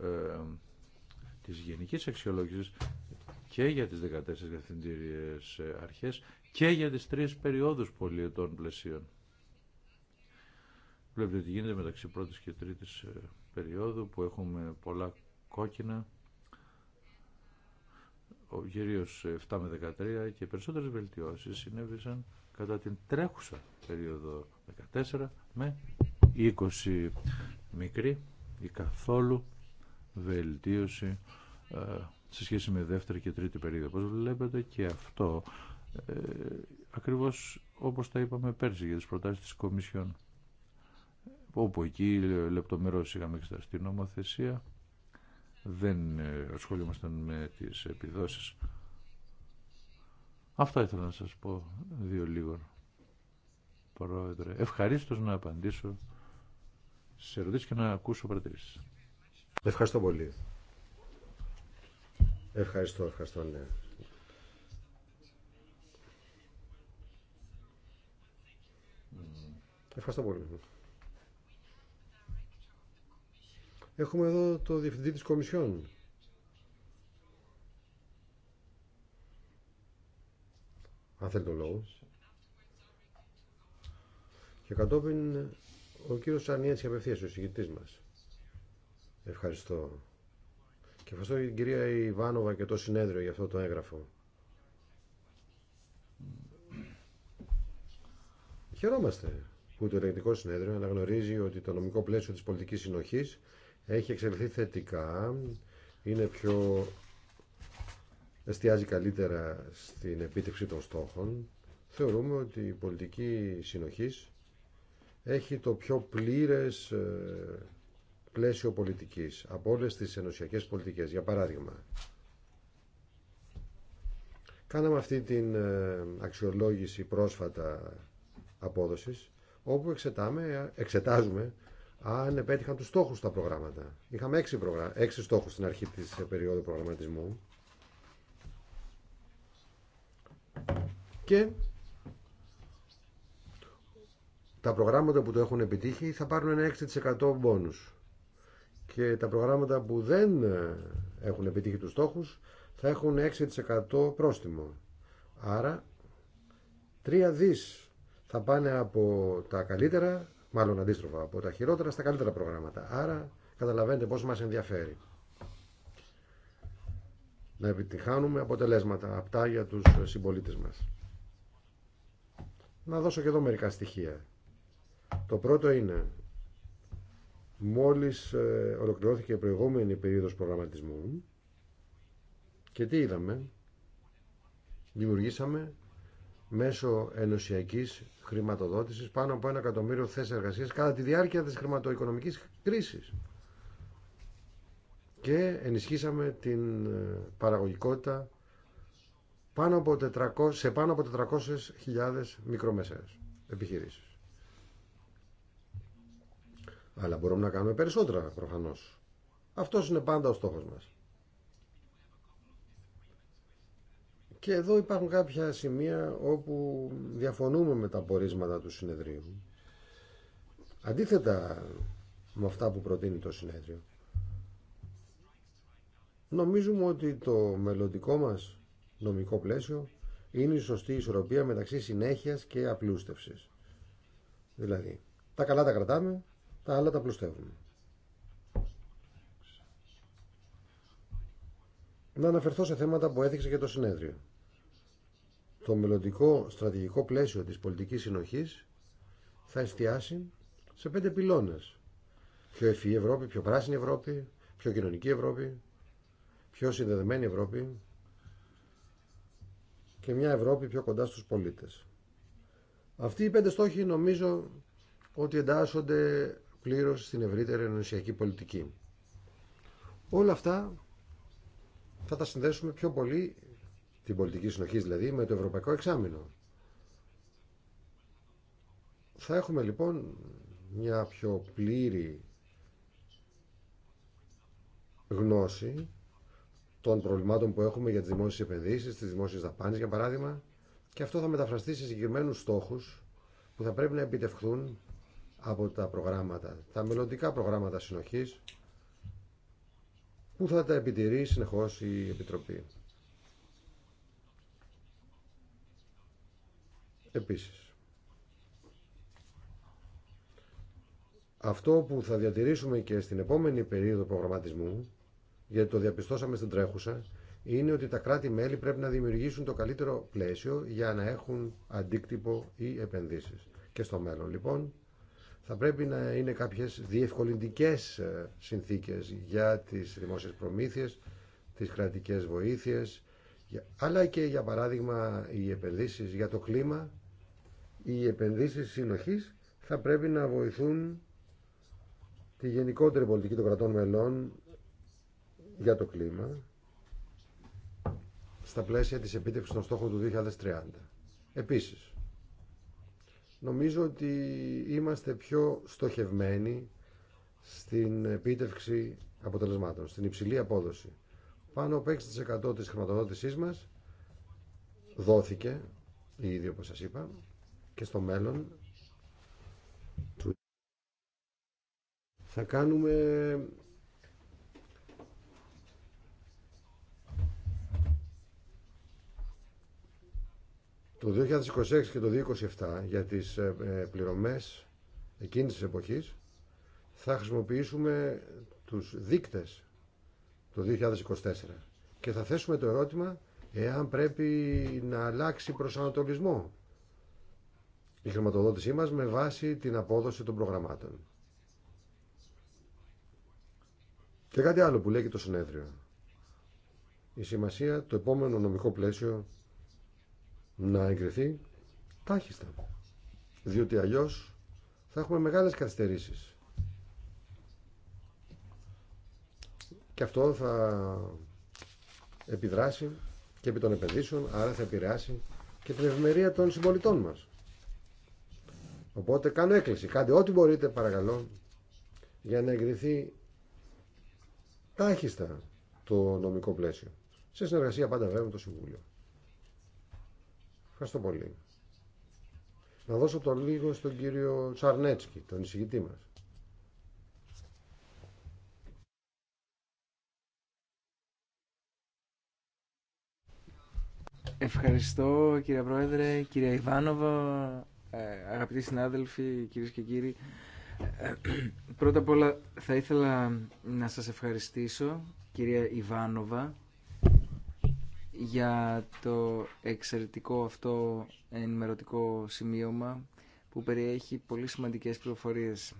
ε, της γενικής αξιολόγησης και για τις 14 διευθυντήριε ε, αρχές και για τις τρεις περιόδους πολιετών πλαισίων. Βλέπετε τι γίνεται μεταξύ πρώτης και τρίτης ε, περίοδου που έχουμε πολλά κόκκινα, κυρίω 7 ε, με 13 και περισσότερες βελτιώσεις συνέβησαν κατά την τρέχουσα περίοδο 14 με 20 μικρή ή καθόλου βελτίωση ε, σε σχέση με δεύτερη και τρίτη περίοδο. Πώς βλέπετε και αυτό, ε, ακριβώς όπως τα είπαμε πέρσι για τις προτάσεις της Κομισιόν, όπου εκεί λεπτομερώς είχαμε εξεταστεί νομοθεσία, δεν ε, ασχολούμασταν με τις επιδόσεις. Αυτά ήθελα να σας πω δύο λίγο. Πρόεδρε, ευχαρίστως να απαντήσω σε ερωτήσεις και να ακούσω παρατηρήσεις. Ευχαριστώ πολύ. Ευχαριστώ, ευχαριστώ, ναι. Ευχαριστώ πολύ. Έχουμε εδώ το Διευθυντή της Κομισιόν. Αν θέλει το λόγο. Και κατόπιν ο κύριος Σανιέτσι απευθείας, ο συγκητή μας. Ευχαριστώ. Και ευχαριστώ την κυρία Ιβάνοβα και το συνέδριο για αυτό το έγγραφο. Χαιρόμαστε που το ελεγκτικό συνέδριο αναγνωρίζει ότι το νομικό πλαίσιο της πολιτικής συνοχής έχει εξελιχθεί θετικά, είναι πιο εστιάζει καλύτερα στην επίτευξη των στόχων. Θεωρούμε ότι η πολιτική συνοχής έχει το πιο πλήρες ε, πλαίσιο πολιτικής από όλες τις ενωσιακές πολιτικές. Για παράδειγμα, κάναμε αυτή την ε, αξιολόγηση πρόσφατα απόδοσης όπου εξετάμε, ε, εξετάζουμε αν επέτυχαν τους στόχους τα προγράμματα. Είχαμε έξι, προγρά... έξι στόχους στην αρχή της ε, περίοδου προγραμματισμού και τα προγράμματα που το έχουν επιτύχει θα πάρουν ένα 6% μπόνους και τα προγράμματα που δεν ε, έχουν επιτύχει τους στόχους θα έχουν 6% πρόστιμο. Άρα 3 δις θα πάνε από τα καλύτερα, μάλλον αντίστροφα, από τα χειρότερα στα καλύτερα προγράμματα. Άρα καταλαβαίνετε πόσο μας ενδιαφέρει. Να επιτυχάνουμε αποτελέσματα αυτά για τους συμπολίτες μας. Να δώσω και εδώ μερικά στοιχεία. Το πρώτο είναι Μόλις ε, ολοκληρώθηκε η προηγούμενη περίοδος προγραμματισμού και τι είδαμε. Δημιουργήσαμε μέσω ενωσιακής χρηματοδότησης πάνω από ένα εκατομμύριο θέσεις εργασίας κατά τη διάρκεια της χρηματοοικονομικής κρίσης. Και ενισχύσαμε την ε, παραγωγικότητα πάνω από 400, σε πάνω από 400.000 μικρομεσαίες επιχειρήσεις. Αλλά μπορούμε να κάνουμε περισσότερα προφανώ. Αυτό είναι πάντα ο στόχο μας. Και εδώ υπάρχουν κάποια σημεία όπου διαφωνούμε με τα πορίσματα του συνεδρίου. Αντίθετα με αυτά που προτείνει το συνέδριο. Νομίζουμε ότι το μελλοντικό μας νομικό πλαίσιο είναι η σωστή ισορροπία μεταξύ συνέχειας και απλούστευσης. Δηλαδή, τα καλά τα κρατάμε, τα άλλα τα πλουστεύουμε. Να αναφερθώ σε θέματα που έθιξε και το συνέδριο. Το μελλοντικό στρατηγικό πλαίσιο της πολιτικής συνοχής θα εστιάσει σε πέντε πυλώνες. Πιο ευφυή Ευρώπη, πιο πράσινη Ευρώπη, πιο κοινωνική Ευρώπη, πιο συνδεδεμένη Ευρώπη και μια Ευρώπη πιο κοντά στους πολίτες. Αυτοί οι πέντε στόχοι νομίζω ότι εντάσσονται πλήρω στην ευρύτερη ενωσιακή πολιτική. Όλα αυτά θα τα συνδέσουμε πιο πολύ, την πολιτική συνοχή δηλαδή, με το Ευρωπαϊκό Εξάμεινο. Θα έχουμε λοιπόν μια πιο πλήρη γνώση των προβλημάτων που έχουμε για τις δημόσιες επενδύσεις, τις δημόσιες δαπάνες για παράδειγμα και αυτό θα μεταφραστεί σε συγκεκριμένους στόχους που θα πρέπει να επιτευχθούν από τα προγράμματα, τα μελλοντικά προγράμματα συνοχής που θα τα επιτηρεί συνεχώς η Επιτροπή. Επίσης, αυτό που θα διατηρήσουμε και στην επόμενη περίοδο προγραμματισμού, γιατί το διαπιστώσαμε στην τρέχουσα, είναι ότι τα κράτη-μέλη πρέπει να δημιουργήσουν το καλύτερο πλαίσιο για να έχουν αντίκτυπο ή επενδύσεις. Και στο μέλλον, λοιπόν, θα πρέπει να είναι κάποιες διευκολυντικές ε, συνθήκες για τις δημόσιες προμήθειες, τις κρατικές βοήθειες, αλλά και για παράδειγμα οι επενδύσεις για το κλίμα, οι επενδύσεις συνοχής θα πρέπει να βοηθούν τη γενικότερη πολιτική των κρατών μελών για το κλίμα στα πλαίσια της επίτευξης των στόχων του 2030. Επίσης, Νομίζω ότι είμαστε πιο στοχευμένοι στην επίτευξη αποτελεσμάτων, στην υψηλή απόδοση. Πάνω από 6% της χρηματοδότησής μας δόθηκε, ήδη όπως σας είπα, και στο μέλλον θα κάνουμε Το 2026 και το 2027 για τις ε, ε, πληρωμές εκείνης της εποχής θα χρησιμοποιήσουμε τους δείκτες το 2024 και θα θέσουμε το ερώτημα εάν πρέπει να αλλάξει προσανατολισμό η χρηματοδότησή μας με βάση την απόδοση των προγραμμάτων. Και κάτι άλλο που λέει και το συνέδριο. Η σημασία το επόμενο νομικό πλαίσιο να εγκριθεί τάχιστα. Διότι αλλιώς θα έχουμε μεγάλες καθυστερήσεις. Και αυτό θα επιδράσει και επί των επενδύσεων, άρα θα επηρεάσει και την ευημερία των συμπολιτών μας. Οπότε κάνω έκκληση. Κάντε ό,τι μπορείτε παρακαλώ για να εγκριθεί τάχιστα το νομικό πλαίσιο. Σε συνεργασία πάντα βέβαια με το Συμβούλιο. Ευχαριστώ πολύ. Να δώσω το λίγο στον κύριο Τσαρνέτσκι, τον εισηγητή μας. Ευχαριστώ κύριε Πρόεδρε, κύριε Ιβάνοβα, ε, αγαπητοί συνάδελφοι, κυρίες και κύριοι. Ε, πρώτα απ' όλα θα ήθελα να σας ευχαριστήσω, κυρία Ιβάνοβα, για το εξαιρετικό αυτό ενημερωτικό σημείωμα που περιέχει πολύ σημαντικές πληροφορίες.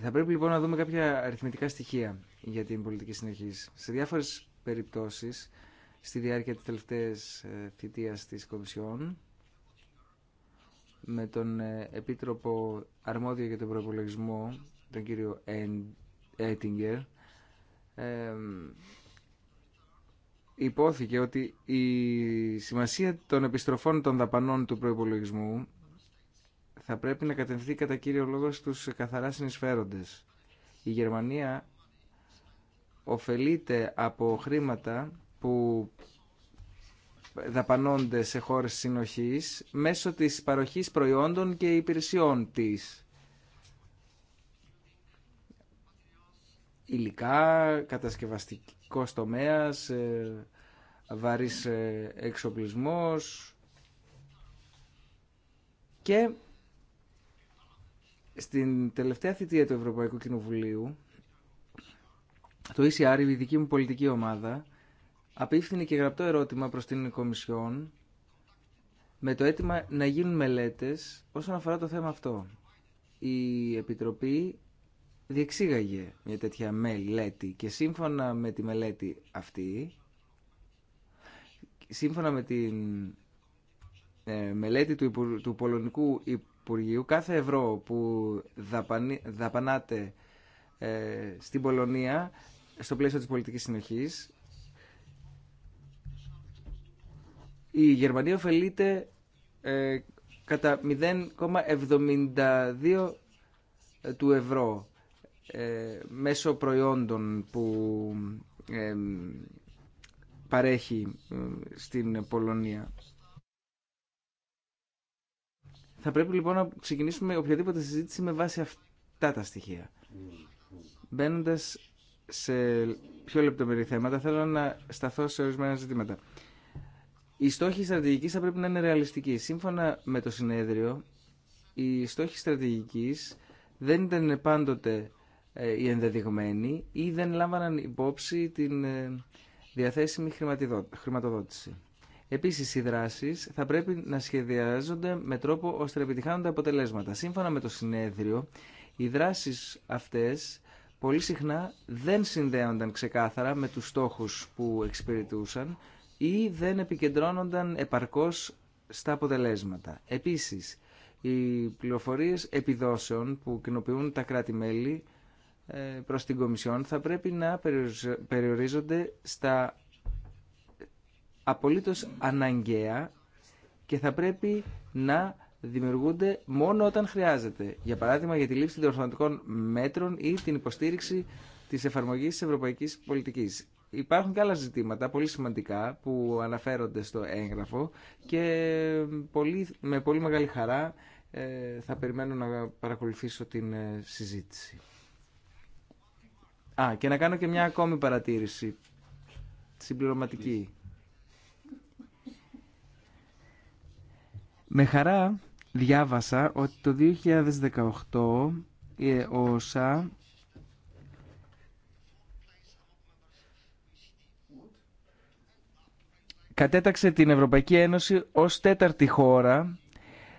Θα πρέπει λοιπόν να δούμε κάποια αριθμητικά στοιχεία για την πολιτική συνεχή. Σε διάφορες περιπτώσεις, στη διάρκεια της τελευταίας ε, θητείας της Κομισιόν, με τον ε, Επίτροπο Αρμόδιο για τον Προπολογισμό, τον κύριο Έτιγκερ, ε, υπόθηκε ότι η σημασία των επιστροφών των δαπανών του προϋπολογισμού θα πρέπει να κατευθεί κατά κύριο λόγο στους καθαρά συνεισφέροντες. Η Γερμανία ωφελείται από χρήματα που δαπανώνται σε χώρες συνοχής μέσω της παροχής προϊόντων και υπηρεσιών της. υλικά, κατασκευαστικός τομέας, ε, βαρύς ε, εξοπλισμός και στην τελευταία θητεία του Ευρωπαϊκού Κοινοβουλίου το ECR, η δική μου πολιτική ομάδα, απίφθινε και γραπτό ερώτημα προς την Κομισιόν με το αίτημα να γίνουν μελέτες όσον αφορά το θέμα αυτό. Η Επιτροπή διεξήγαγε μια τέτοια μελέτη και σύμφωνα με τη μελέτη αυτή, σύμφωνα με τη ε, μελέτη του, του Πολωνικού Υπουργείου, κάθε ευρώ που δαπανι, δαπανάται ε, στην Πολωνία στο πλαίσιο της πολιτικής συνοχής, η Γερμανία ωφελείται ε, κατά 0,72 του ευρώ ε, μέσω προϊόντων που ε, παρέχει ε, στην Πολωνία. Θα πρέπει λοιπόν να ξεκινήσουμε οποιαδήποτε συζήτηση με βάση αυτά τα στοιχεία. Μπαίνοντα σε πιο λεπτομερή θέματα, θέλω να σταθώ σε ορισμένα ζητήματα. Οι στόχοι στρατηγική θα πρέπει να είναι ρεαλιστικοί. Σύμφωνα με το συνέδριο, οι στόχοι στρατηγική δεν ήταν πάντοτε ε, οι ενδεδειγμένοι ή δεν λάμβαναν υπόψη την ε, διαθέσιμη χρηματοδότηση. Επίση, οι δράσει θα πρέπει να σχεδιάζονται με τρόπο ώστε να τα αποτελέσματα. Σύμφωνα με το συνέδριο, οι δράσει αυτέ πολύ συχνά δεν συνδέονταν ξεκάθαρα με τους στόχους που εξυπηρετούσαν ή δεν επικεντρώνονταν επαρκώς στα αποτελέσματα. Επίσης, οι πληροφορίες επιδόσεων που κοινοποιούν τα κράτη-μέλη ε, προς την Κομισιόν θα πρέπει να περιορίζονται στα απολύτως αναγκαία και θα πρέπει να δημιουργούνται μόνο όταν χρειάζεται. Για παράδειγμα, για τη λήψη των μέτρων ή την υποστήριξη τη εφαρμογή της ευρωπαϊκής πολιτικής. Υπάρχουν και άλλα ζητήματα πολύ σημαντικά που αναφέρονται στο έγγραφο και πολύ, με πολύ μεγάλη χαρά ε, θα περιμένω να παρακολουθήσω την ε, συζήτηση. Α, και να κάνω και μια ακόμη παρατήρηση. Συμπληρωματική. Με χαρά διάβασα ότι το 2018 η ε, ΩΣΑ κατέταξε την Ευρωπαϊκή Ένωση ως τέταρτη χώρα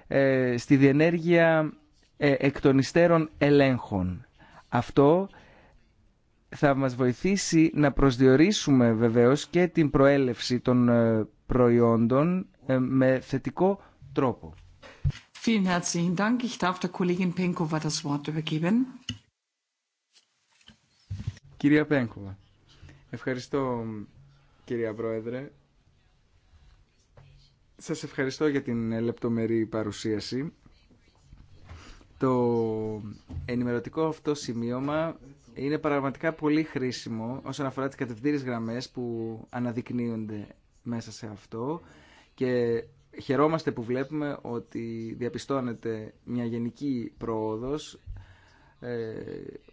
ε, στη διενέργεια εκτονιστέρων εκ ελέγχων. Αυτό θα μας βοηθήσει να προσδιορίσουμε βεβαίως και την προέλευση των ε, προϊόντων ε, με θετικό τρόπο. Κυρία Πένκοβα, ευχαριστώ κυρία Πρόεδρε. Σας ευχαριστώ για την λεπτομερή παρουσίαση. Το ενημερωτικό αυτό σημείωμα είναι πραγματικά πολύ χρήσιμο όσον αφορά τις κατευθύνες γραμμές που αναδεικνύονται μέσα σε αυτό και χαιρόμαστε που βλέπουμε ότι διαπιστώνεται μια γενική πρόοδος, ε,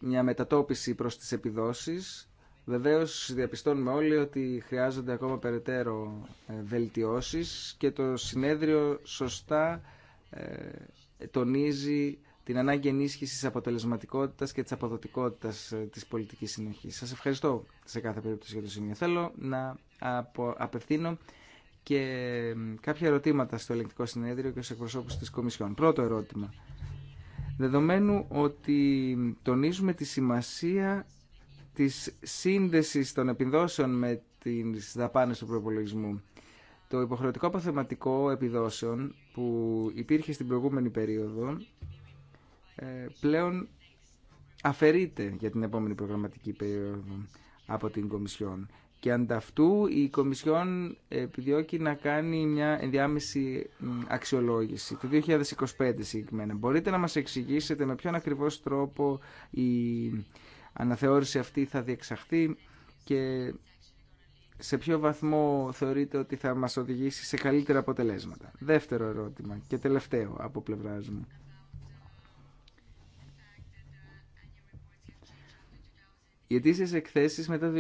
μια μετατόπιση προς τις επιδόσεις. Βεβαίως διαπιστώνουμε όλοι ότι χρειάζονται ακόμα περαιτέρω ε, βελτιώσεις και το συνέδριο σωστά ε, τονίζει την ανάγκη ενίσχυση τη αποτελεσματικότητα και τη αποδοτικότητα ε, τη πολιτική συνοχή. Σα ευχαριστώ σε κάθε περίπτωση για το σημείο. Θέλω να απευθύνω και κάποια ερωτήματα στο ελεγκτικό συνέδριο και στου εκπροσώπους τη Κομισιόν. Πρώτο ερώτημα. Δεδομένου ότι τονίζουμε τη σημασία τη σύνδεση των επιδόσεων με τι δαπάνε του προπολογισμού. Το υποχρεωτικό αποθεματικό επιδόσεων που υπήρχε στην προηγούμενη περίοδο ε, πλέον αφαιρείται για την επόμενη προγραμματική περίοδο από την Κομισιόν. Και ανταυτού η Κομισιόν επιδιώκει να κάνει μια ενδιάμεση αξιολόγηση Το 2025 συγκεκριμένα. Μπορείτε να μας εξηγήσετε με ποιον ακριβώς τρόπο η αναθεώρηση αυτή θα διεξαχθεί και σε ποιο βαθμό θεωρείτε ότι θα μας οδηγήσει σε καλύτερα αποτελέσματα. Δεύτερο ερώτημα και τελευταίο από πλευράς μου. Οι αιτήσει εκθέσει μετά το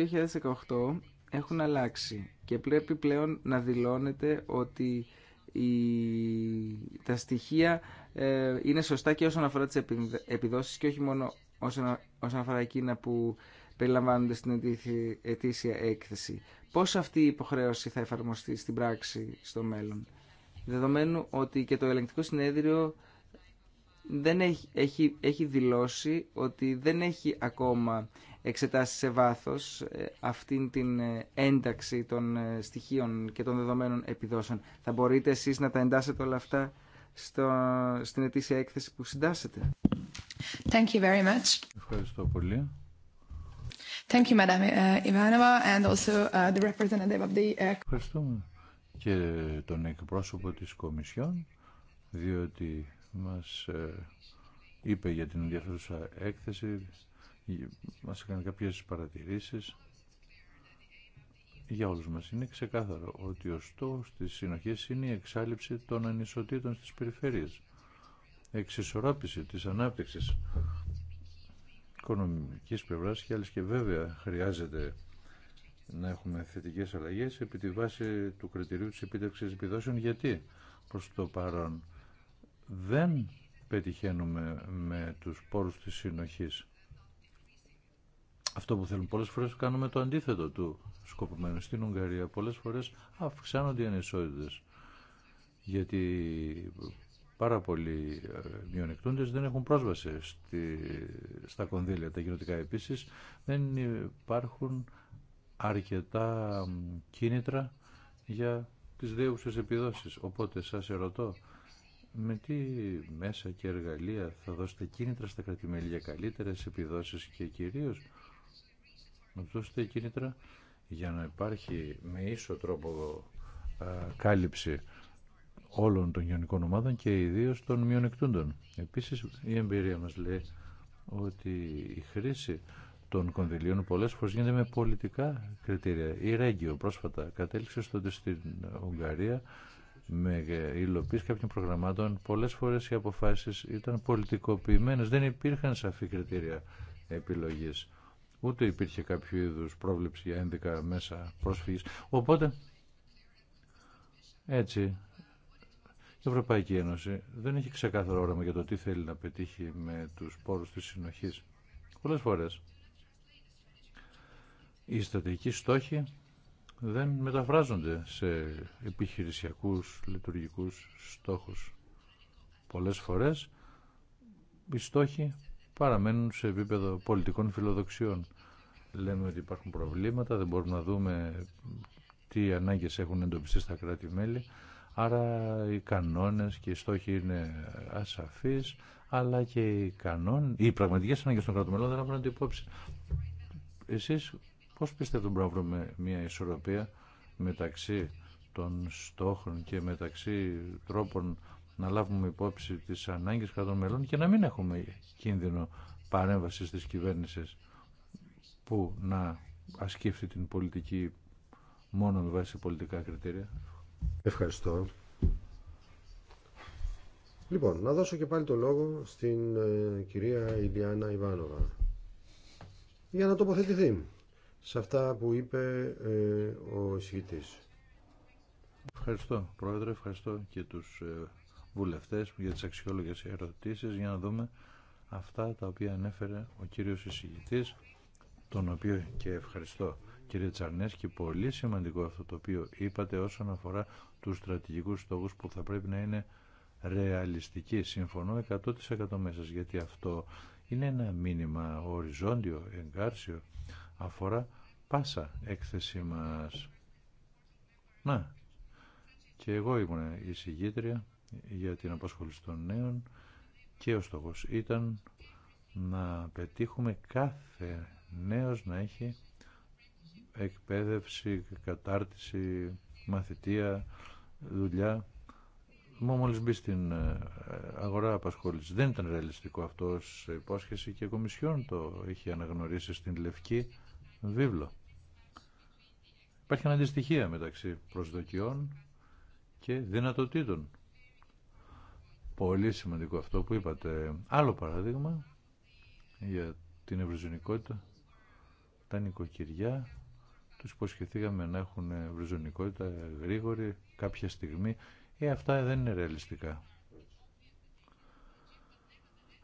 2018 έχουν αλλάξει και πρέπει πλέον να δηλώνεται ότι η... τα στοιχεία ε, είναι σωστά και όσον αφορά τις επιδόσεις και όχι μόνο όσον, αφορά εκείνα που περιλαμβάνονται στην ετήσια έκθεση. Πώς αυτή η υποχρέωση θα εφαρμοστεί στην πράξη στο μέλλον. Δεδομένου ότι και το ελεγκτικό συνέδριο δεν έχει, έχει, έχει δηλώσει ότι δεν έχει ακόμα εξετάσει σε βάθος ε, αυτήν την ε, ένταξη των ε, στοιχείων και των δεδομένων επιδόσεων. Θα μπορείτε εσείς να τα εντάσετε όλα αυτά στο, στην ετήσια έκθεση που συντάσσετε. Thank you very much. Ευχαριστώ πολύ. Thank you, Madam Ivanova, and also the representative of the... Ευχαριστούμε και τον εκπρόσωπο της Κομισιόν, διότι μας είπε για την ενδιαφέρουσα έκθεση μας έκανε κάποιες παρατηρήσεις για όλους μας. Είναι ξεκάθαρο ότι ο στόχος της είναι η εξάλληψη των ανισοτήτων στις περιφέρειες, εξισορρόπηση της ανάπτυξης οικονομικής πλευράς και άλλες και βέβαια χρειάζεται να έχουμε θετικές αλλαγές επί τη βάση του κριτηρίου της επίτευξης επιδόσεων γιατί προς το παρόν δεν πετυχαίνουμε με τους πόρους της συνοχής αυτό που θέλουν πολλές φορές κάνουμε το αντίθετο του σκοπημένου. Στην Ουγγαρία πολλές φορές αυξάνονται οι ανισότητες γιατί πάρα πολλοί ε, μειονεκτούντες δεν έχουν πρόσβαση στη, στα κονδύλια τα κοινωτικά επίσης δεν υπάρχουν αρκετά κίνητρα για τις δέουσες επιδόσεις οπότε σας ερωτώ με τι μέσα και εργαλεία θα δώσετε κίνητρα στα κρατημέλη για καλύτερες επιδόσεις και κυρίως να τους δώσετε κίνητρα για να υπάρχει με ίσο τρόπο κάλυψη όλων των γενικών ομάδων και ιδίως των μειονεκτούντων. Επίσης η εμπειρία μας λέει ότι η χρήση των κονδυλίων πολλές φορές γίνεται με πολιτικά κριτήρια. Η Ρέγγιο πρόσφατα κατέληξε στο ότι στην Ουγγαρία με υλοποίηση κάποιων προγραμμάτων πολλές φορές οι αποφάσεις ήταν πολιτικοποιημένες, δεν υπήρχαν σαφή κριτήρια επιλογής ούτε υπήρχε κάποιο είδους πρόβλεψη για 11 μέσα πρόσφυγης. Οπότε, έτσι, η Ευρωπαϊκή Ένωση δεν έχει ξεκάθαρο όραμα για το τι θέλει να πετύχει με τους πόρους της συνοχής. Πολλές φορές, οι στρατηγικοί στόχοι δεν μεταφράζονται σε επιχειρησιακούς, λειτουργικούς στόχους. Πολλές φορές οι στόχοι παραμένουν σε επίπεδο πολιτικών φιλοδοξιών. Λέμε ότι υπάρχουν προβλήματα, δεν μπορούμε να δούμε τι ανάγκες έχουν εντοπιστεί στα κράτη-μέλη, άρα οι κανόνες και οι στόχοι είναι ασαφείς, αλλά και οι κανόνες, οι πραγματικές ανάγκες των κρατών δεν έχουν την υπόψη. Εσείς πώς πιστεύετε να βρούμε μια ισορροπία μεταξύ των στόχων και μεταξύ τρόπων να λάβουμε υπόψη τις ανάγκες κατά των μελών και να μην έχουμε κίνδυνο παρέμβαση της κυβέρνησης που να ασκεί την πολιτική μόνο με βάση πολιτικά κριτήρια. Ευχαριστώ. Λοιπόν, να δώσω και πάλι το λόγο στην ε, κυρία Ιλιάνα Ιβάνοβα για να τοποθετηθεί σε αυτά που είπε ε, ο εισηγητής. Ευχαριστώ, Πρόεδρε. Ευχαριστώ και τους ε, βουλευτές για τις αξιόλογες ερωτήσεις για να δούμε αυτά τα οποία ανέφερε ο κύριος εισηγητής τον οποίο και ευχαριστώ κύριε Τσαρνέσκη πολύ σημαντικό αυτό το οποίο είπατε όσον αφορά του στρατηγικού στόχου που θα πρέπει να είναι ρεαλιστικοί συμφωνώ 100% μέσα γιατί αυτό είναι ένα μήνυμα οριζόντιο, εγκάρσιο αφορά πάσα έκθεση μας να και εγώ ήμουν εισηγήτρια για την απασχόληση των νέων και ο στόχος ήταν να πετύχουμε κάθε νέος να έχει εκπαίδευση, κατάρτιση, μαθητεία, δουλειά. μόλι μπει στην ε, αγορά απασχόληση. Δεν ήταν ρεαλιστικό αυτό σε υπόσχεση και η Κομισιόν το είχε αναγνωρίσει στην Λευκή Βίβλο. Υπάρχει αντιστοιχία μεταξύ προσδοκιών και δυνατοτήτων Πολύ σημαντικό αυτό που είπατε. Άλλο παράδειγμα για την ευρυζωνικότητα, τα νοικοκυριά. Τους υποσχεθήκαμε να έχουν ευρυζωνικότητα γρήγορη κάποια στιγμή. Ε, αυτά δεν είναι ρεαλιστικά.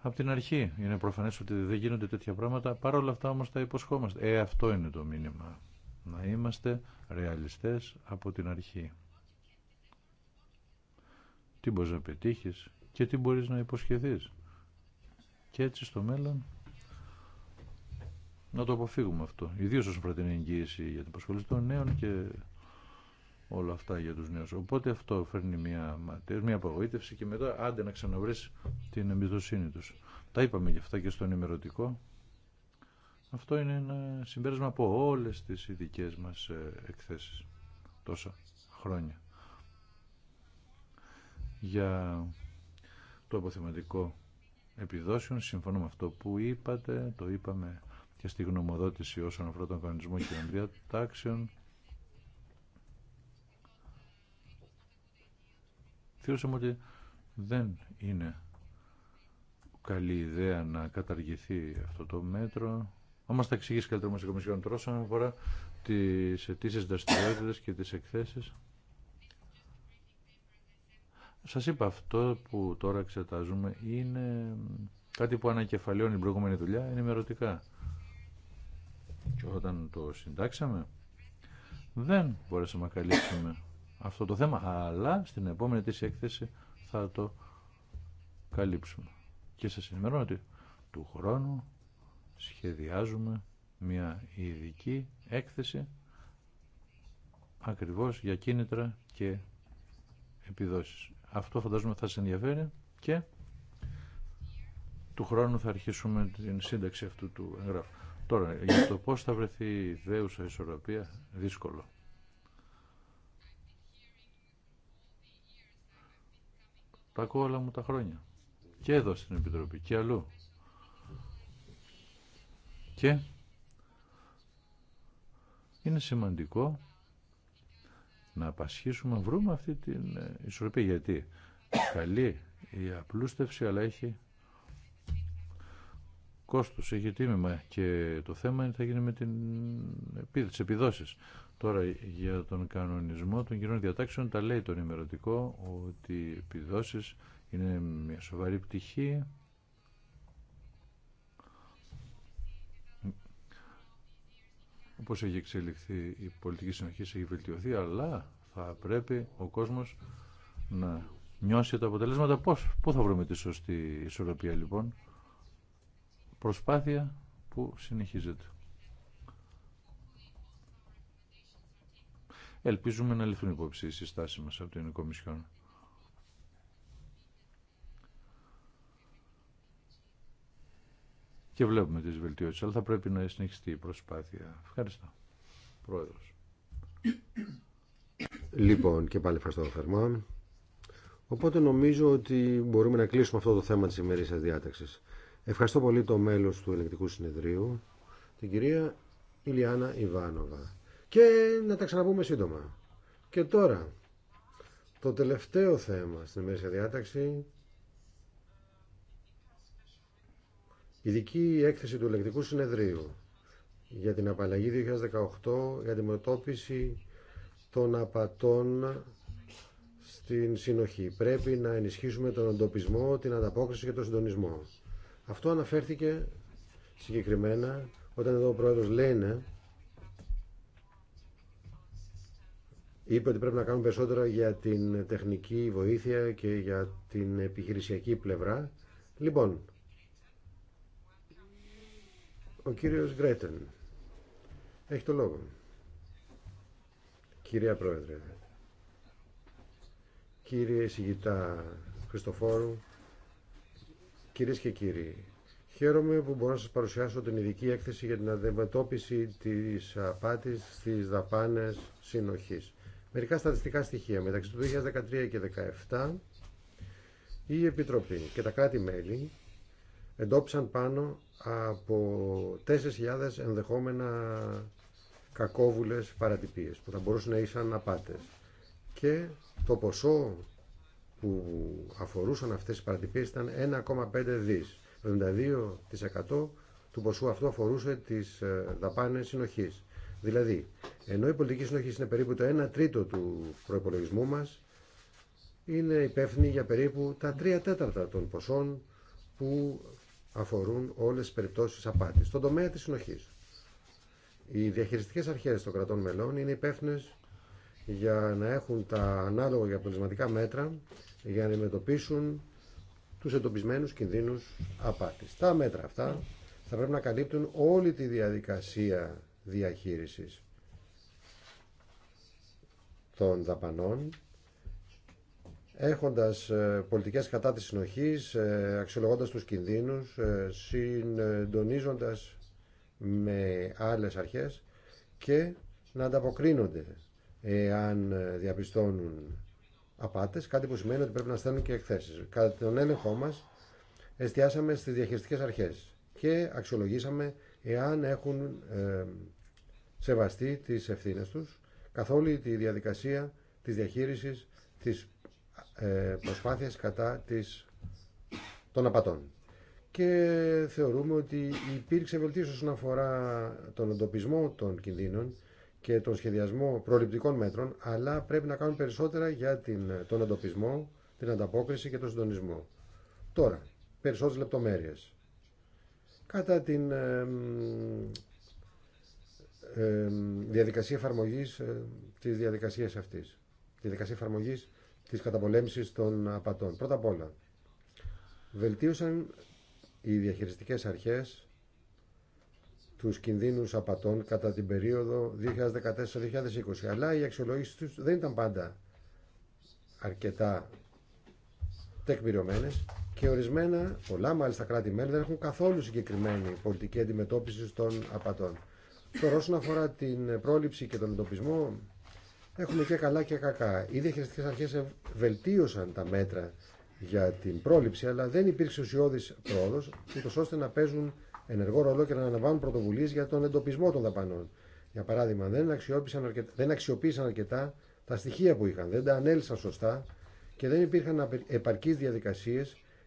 Από την αρχή είναι προφανές ότι δεν γίνονται τέτοια πράγματα, παρόλα αυτά όμως τα υποσχόμαστε. Ε, αυτό είναι το μήνυμα. Να είμαστε ρεαλιστές από την αρχή. Τι μπορεί να πετύχεις, και τι μπορείς να υποσχεθείς. Και έτσι στο μέλλον να το αποφύγουμε αυτό. Ιδίω όσον να είναι εγγύηση για την προσχολή των νέων και όλα αυτά για τους νέους. Οπότε αυτό φέρνει μια, μια απογοήτευση και μετά άντε να ξαναβρεις την εμπιστοσύνη τους. Τα είπαμε και αυτά και στον ημερωτικό. Αυτό είναι ένα συμπέρασμα από όλες τις ειδικέ μας ε, εκθέσεις τόσα χρόνια. Για το αποθεματικό επιδόσεων. Συμφωνώ με αυτό που είπατε, το είπαμε και στη γνωμοδότηση όσον αφορά τον κανονισμό και των διατάξεων. Θεωρούσαμε ότι δεν είναι καλή ιδέα να καταργηθεί αυτό το μέτρο. Όμω θα εξηγήσει καλύτερα μα η όσον αφορά τι αιτήσει δραστηριότητε και τι εκθέσει. Σας είπα, αυτό που τώρα εξετάζουμε είναι κάτι που ανακεφαλαιώνει την προηγούμενη δουλειά ενημερωτικά. Και όταν το συντάξαμε, δεν μπορέσαμε να καλύψουμε αυτό το θέμα, αλλά στην επόμενη της έκθεση θα το καλύψουμε. Και σας ενημερώνω ότι του χρόνου σχεδιάζουμε μια ειδική έκθεση ακριβώς για κίνητρα και επιδόσεις. Αυτό φαντάζομαι θα σας ενδιαφέρει και του χρόνου θα αρχίσουμε την σύνταξη αυτού του εγγράφου. Τώρα, για το πώς θα βρεθεί η δέουσα ισορροπία, δύσκολο. Τα ακούω όλα μου τα χρόνια. Και εδώ στην Επιτροπή και αλλού. Και είναι σημαντικό να απασχίσουμε, να βρούμε αυτή την ε, ισορροπία. Γιατί καλή η απλούστευση, αλλά έχει κόστος, έχει τίμημα και το θέμα θα γίνει με την, επίδοση επιδόσεις. Τώρα για τον κανονισμό των κοινών διατάξεων τα λέει το ενημερωτικό ότι οι επιδόσεις είναι μια σοβαρή πτυχή Όπως έχει εξελιχθεί η πολιτική συνοχή, έχει βελτιωθεί, αλλά θα πρέπει ο κόσμος να νιώσει τα αποτελέσματα. Πώς, πού θα βρούμε τη σωστή ισορροπία λοιπόν. Προσπάθεια που συνεχίζεται. Ελπίζουμε να λυθούν υπόψη οι συστάσεις μας από την Κομισιόν. και βλέπουμε τις βελτιώσεις, αλλά θα πρέπει να συνεχιστεί η προσπάθεια. Ευχαριστώ. Πρόεδρος. Λοιπόν, και πάλι ευχαριστώ θερμά. Οπότε νομίζω ότι μπορούμε να κλείσουμε αυτό το θέμα της ημερήσιας διάταξης. Ευχαριστώ πολύ το μέλος του Ελεκτικού Συνεδρίου, την κυρία Ηλιάνα Ιβάνοβα. Και να τα ξαναπούμε σύντομα. Και τώρα, το τελευταίο θέμα στην ημερήσια διάταξη Ειδική έκθεση του Ελεκτικού Συνεδρίου για την απαλλαγή 2018 για την μετώπιση των απατών στην συνοχή. Πρέπει να ενισχύσουμε τον εντοπισμό, την ανταπόκριση και τον συντονισμό. Αυτό αναφέρθηκε συγκεκριμένα όταν εδώ ο Πρόεδρος λένε είπε ότι πρέπει να κάνουμε περισσότερα για την τεχνική βοήθεια και για την επιχειρησιακή πλευρά. Λοιπόν, ο κύριος Γκρέτεν. Έχει το λόγο. Κυρία Πρόεδρε. Κύριε Σιγητά Χριστοφόρου. Κυρίες και κύριοι. Χαίρομαι που μπορώ να σας παρουσιάσω την ειδική έκθεση για την αντιμετώπιση της απάτης στις δαπάνες συνοχής. Μερικά στατιστικά στοιχεία. Μεταξύ του 2013 και 2017 η Επιτροπή και τα κράτη-μέλη εντόπισαν πάνω από 4.000 ενδεχόμενα κακόβουλες παρατυπίες που θα μπορούσαν να ήσαν απάτες. Και το ποσό που αφορούσαν αυτές τις παρατυπίες ήταν 1,5 δις. 72% του ποσού αυτού αφορούσε τις ε, δαπάνες συνοχής. Δηλαδή, ενώ η πολιτική συνοχή είναι περίπου το 1 τρίτο του προϋπολογισμού μας, είναι υπεύθυνη για περίπου τα 3 τέταρτα των ποσών που αφορούν όλες τι περιπτώσεις απάτης. Στον τομέα της συνοχή. οι διαχειριστικές αρχές των κρατών μελών είναι υπεύθυνε για να έχουν τα ανάλογα και αποτελεσματικά μέτρα για να αντιμετωπίσουν τους εντοπισμένου κινδύνους απάτης. Τα μέτρα αυτά θα πρέπει να καλύπτουν όλη τη διαδικασία διαχείρισης των δαπανών έχοντας ε, πολιτικές κατά της συνοχής, ε, αξιολογώντας τους κινδύνους, ε, συντονίζοντα με άλλες αρχές και να ανταποκρίνονται εάν διαπιστώνουν απάτες, κάτι που σημαίνει ότι πρέπει να στέλνουν και εκθέσεις. Κατά τον έλεγχό μα εστιάσαμε στις διαχειριστικέ αρχές και αξιολογήσαμε εάν έχουν σεβαστεί τις ευθύνες τους καθ' όλη τη διαδικασία της διαχείρισης της ε, προσπάθειες κατά της, των απατών. Και θεωρούμε ότι υπήρξε βελτίωση όσον αφορά τον εντοπισμό των κινδύνων και τον σχεδιασμό προληπτικών μέτρων, αλλά πρέπει να κάνουν περισσότερα για την, τον εντοπισμό, την ανταπόκριση και τον συντονισμό. Τώρα, περισσότερες λεπτομέρειες. Κατά την διαδικασία εφαρμογής ε, της διαδικασίας αυτής. Τη διαδικασία εφαρμογής της καταπολέμησης των απατών. Πρώτα απ' όλα, βελτίωσαν οι διαχειριστικές αρχές τους κινδύνους απατών κατά την περίοδο 2014-2020, αλλά οι αξιολόγηση τους δεν ήταν πάντα αρκετά τεκμηριωμένες και ορισμένα, πολλά μάλιστα κράτη-μέλη, δεν έχουν καθόλου συγκεκριμένη πολιτική αντιμετώπιση των απατών. Τώρα όσον αφορά την πρόληψη και τον εντοπισμό Έχουμε και καλά και κακά. Οι διαχειριστικέ αρχέ βελτίωσαν τα μέτρα για την πρόληψη, αλλά δεν υπήρξε ουσιώδη πρόοδο, ούτω ώστε να παίζουν ενεργό ρόλο και να αναλαμβάνουν πρωτοβουλίε για τον εντοπισμό των δαπανών. Για παράδειγμα, δεν αξιοποίησαν, αρκετά, δεν αρκετά τα στοιχεία που είχαν, δεν τα ανέλησαν σωστά και δεν υπήρχαν επαρκεί διαδικασίε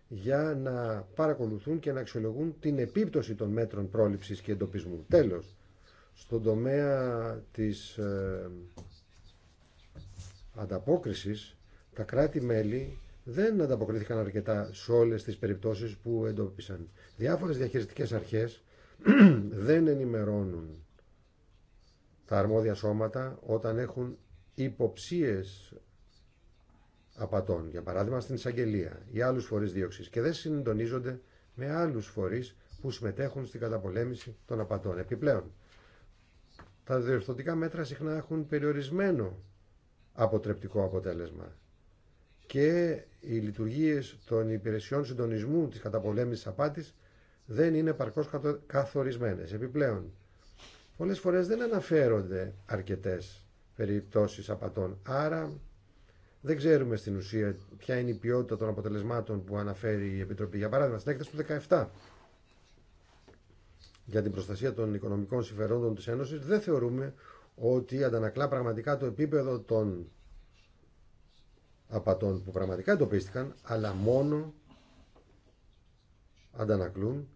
για να παρακολουθούν και να αξιολογούν την επίπτωση των μέτρων πρόληψη και εντοπισμού. Τέλο, στον τομέα της ε, ανταπόκρισης τα κράτη-μέλη δεν ανταποκρίθηκαν αρκετά σε όλες τις περιπτώσεις που εντόπισαν. Διάφορες διαχειριστικές αρχές δεν ενημερώνουν τα αρμόδια σώματα όταν έχουν υποψίες απατών, για παράδειγμα στην εισαγγελία ή άλλους φορείς δίωξης και δεν συντονίζονται με άλλους φορείς που συμμετέχουν στην καταπολέμηση των απατών. Επιπλέον, τα διορθωτικά μέτρα συχνά έχουν περιορισμένο αποτρεπτικό αποτέλεσμα. Και οι λειτουργίες των υπηρεσιών συντονισμού της καταπολέμησης απάτης δεν είναι παρκώς καθορισμένες. Επιπλέον, πολλές φορές δεν αναφέρονται αρκετές περιπτώσεις απατών. Άρα δεν ξέρουμε στην ουσία ποια είναι η ποιότητα των αποτελεσμάτων που αναφέρει η Επιτροπή. Για παράδειγμα, στην έκθεση του 17 για την προστασία των οικονομικών συμφερόντων της Ένωσης δεν θεωρούμε ότι αντανακλά πραγματικά το επίπεδο των απατών που πραγματικά εντοπίστηκαν, αλλά μόνο αντανακλούν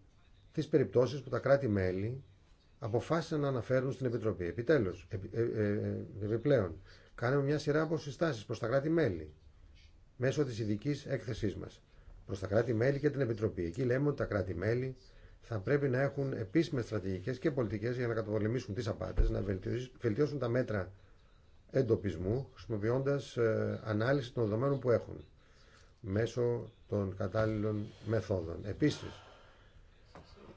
τις περιπτώσεις που τα κράτη-μέλη αποφάσισαν να αναφέρουν στην Επιτροπή. Επιτέλους, ε, ε, ε, επιπλέον, κάνουμε μια σειρά από συστάσεις προς τα κράτη-μέλη μέσω της ειδική έκθεσής μας προς τα κράτη-μέλη και την Επιτροπή. Εκεί λέμε ότι τα κράτη-μέλη θα πρέπει να έχουν επίσημες στρατηγικές και πολιτικές για να καταπολεμήσουν τις απάτες, να βελτιώσουν τα μέτρα εντοπισμού χρησιμοποιώντας ε, ανάλυση των δεδομένων που έχουν μέσω των κατάλληλων μεθόδων. Επίσης,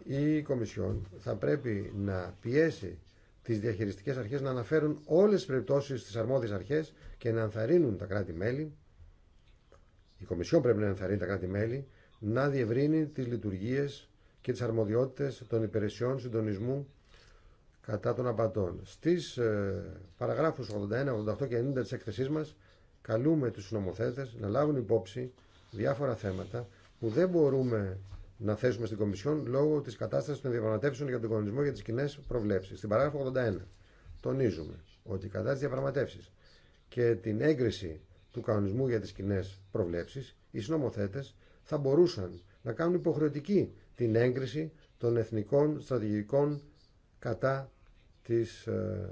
η Κομισιόν θα πρέπει να πιέσει τις διαχειριστικές αρχές να αναφέρουν όλες τις περιπτώσει στις αρμόδιες αρχές και να ανθαρρύνουν τα κράτη-μέλη η Κομισιόν πρέπει να ανθαρρύνει τα κράτη-μέλη να διευρύνει τις λειτουργίες και τις αρμοδιότητες των υπηρεσιών συντονισμού κατά των απατών. Στις ε, παραγράφους 81, 88 και 90 της έκθεσής μας καλούμε τους νομοθέτες να λάβουν υπόψη διάφορα θέματα που δεν μπορούμε να θέσουμε στην Κομισιόν λόγω της κατάστασης των διαπραγματεύσεων για τον κανονισμό για τις κοινέ προβλέψεις. Στην παράγραφο 81 τονίζουμε ότι κατά τις διαπραγματεύσεις και την έγκριση του κανονισμού για τις κοινέ προβλέψεις, οι συνομοθέτες θα μπορούσαν να κάνουν υποχρεωτική την έγκριση των εθνικών στρατηγικών κατά της, ε,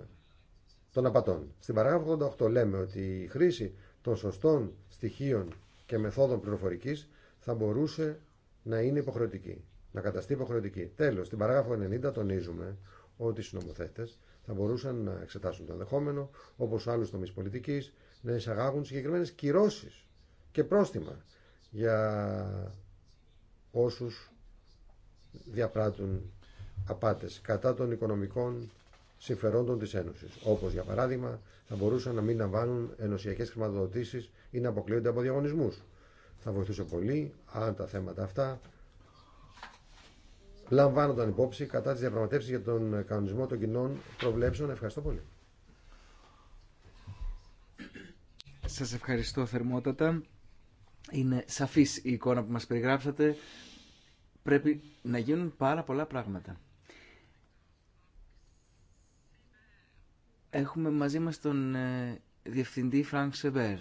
των απατών. Στην παράγραφο 88 λέμε ότι η χρήση των σωστών στοιχείων και μεθόδων πληροφορικής θα μπορούσε να είναι υποχρεωτική, να καταστεί υποχρεωτική. Τέλος, στην παράγραφο 90 τονίζουμε ότι οι συνομοθέτες θα μπορούσαν να εξετάσουν το ενδεχόμενο, όπως άλλους τομείς πολιτικής, να εισαγάγουν συγκεκριμένες κυρώσεις και πρόστιμα για όσους διαπράττουν απάτες κατά των οικονομικών συμφερόντων της Ένωσης. Όπως για παράδειγμα θα μπορούσαν να μην λαμβάνουν ενωσιακές χρηματοδοτήσεις ή να αποκλείονται από διαγωνισμούς. Θα βοηθούσε πολύ αν τα θέματα αυτά λαμβάνονταν υπόψη κατά τις διαπραγματεύσεις για τον κανονισμό των κοινών προβλέψεων. Ευχαριστώ πολύ. Σας ευχαριστώ θερμότατα. Είναι σαφής η εικόνα που μας περιγράψατε πρέπει να γίνουν πάρα πολλά πράγματα. Έχουμε μαζί μας τον ε, Διευθυντή Φρανκ Σεβέρ.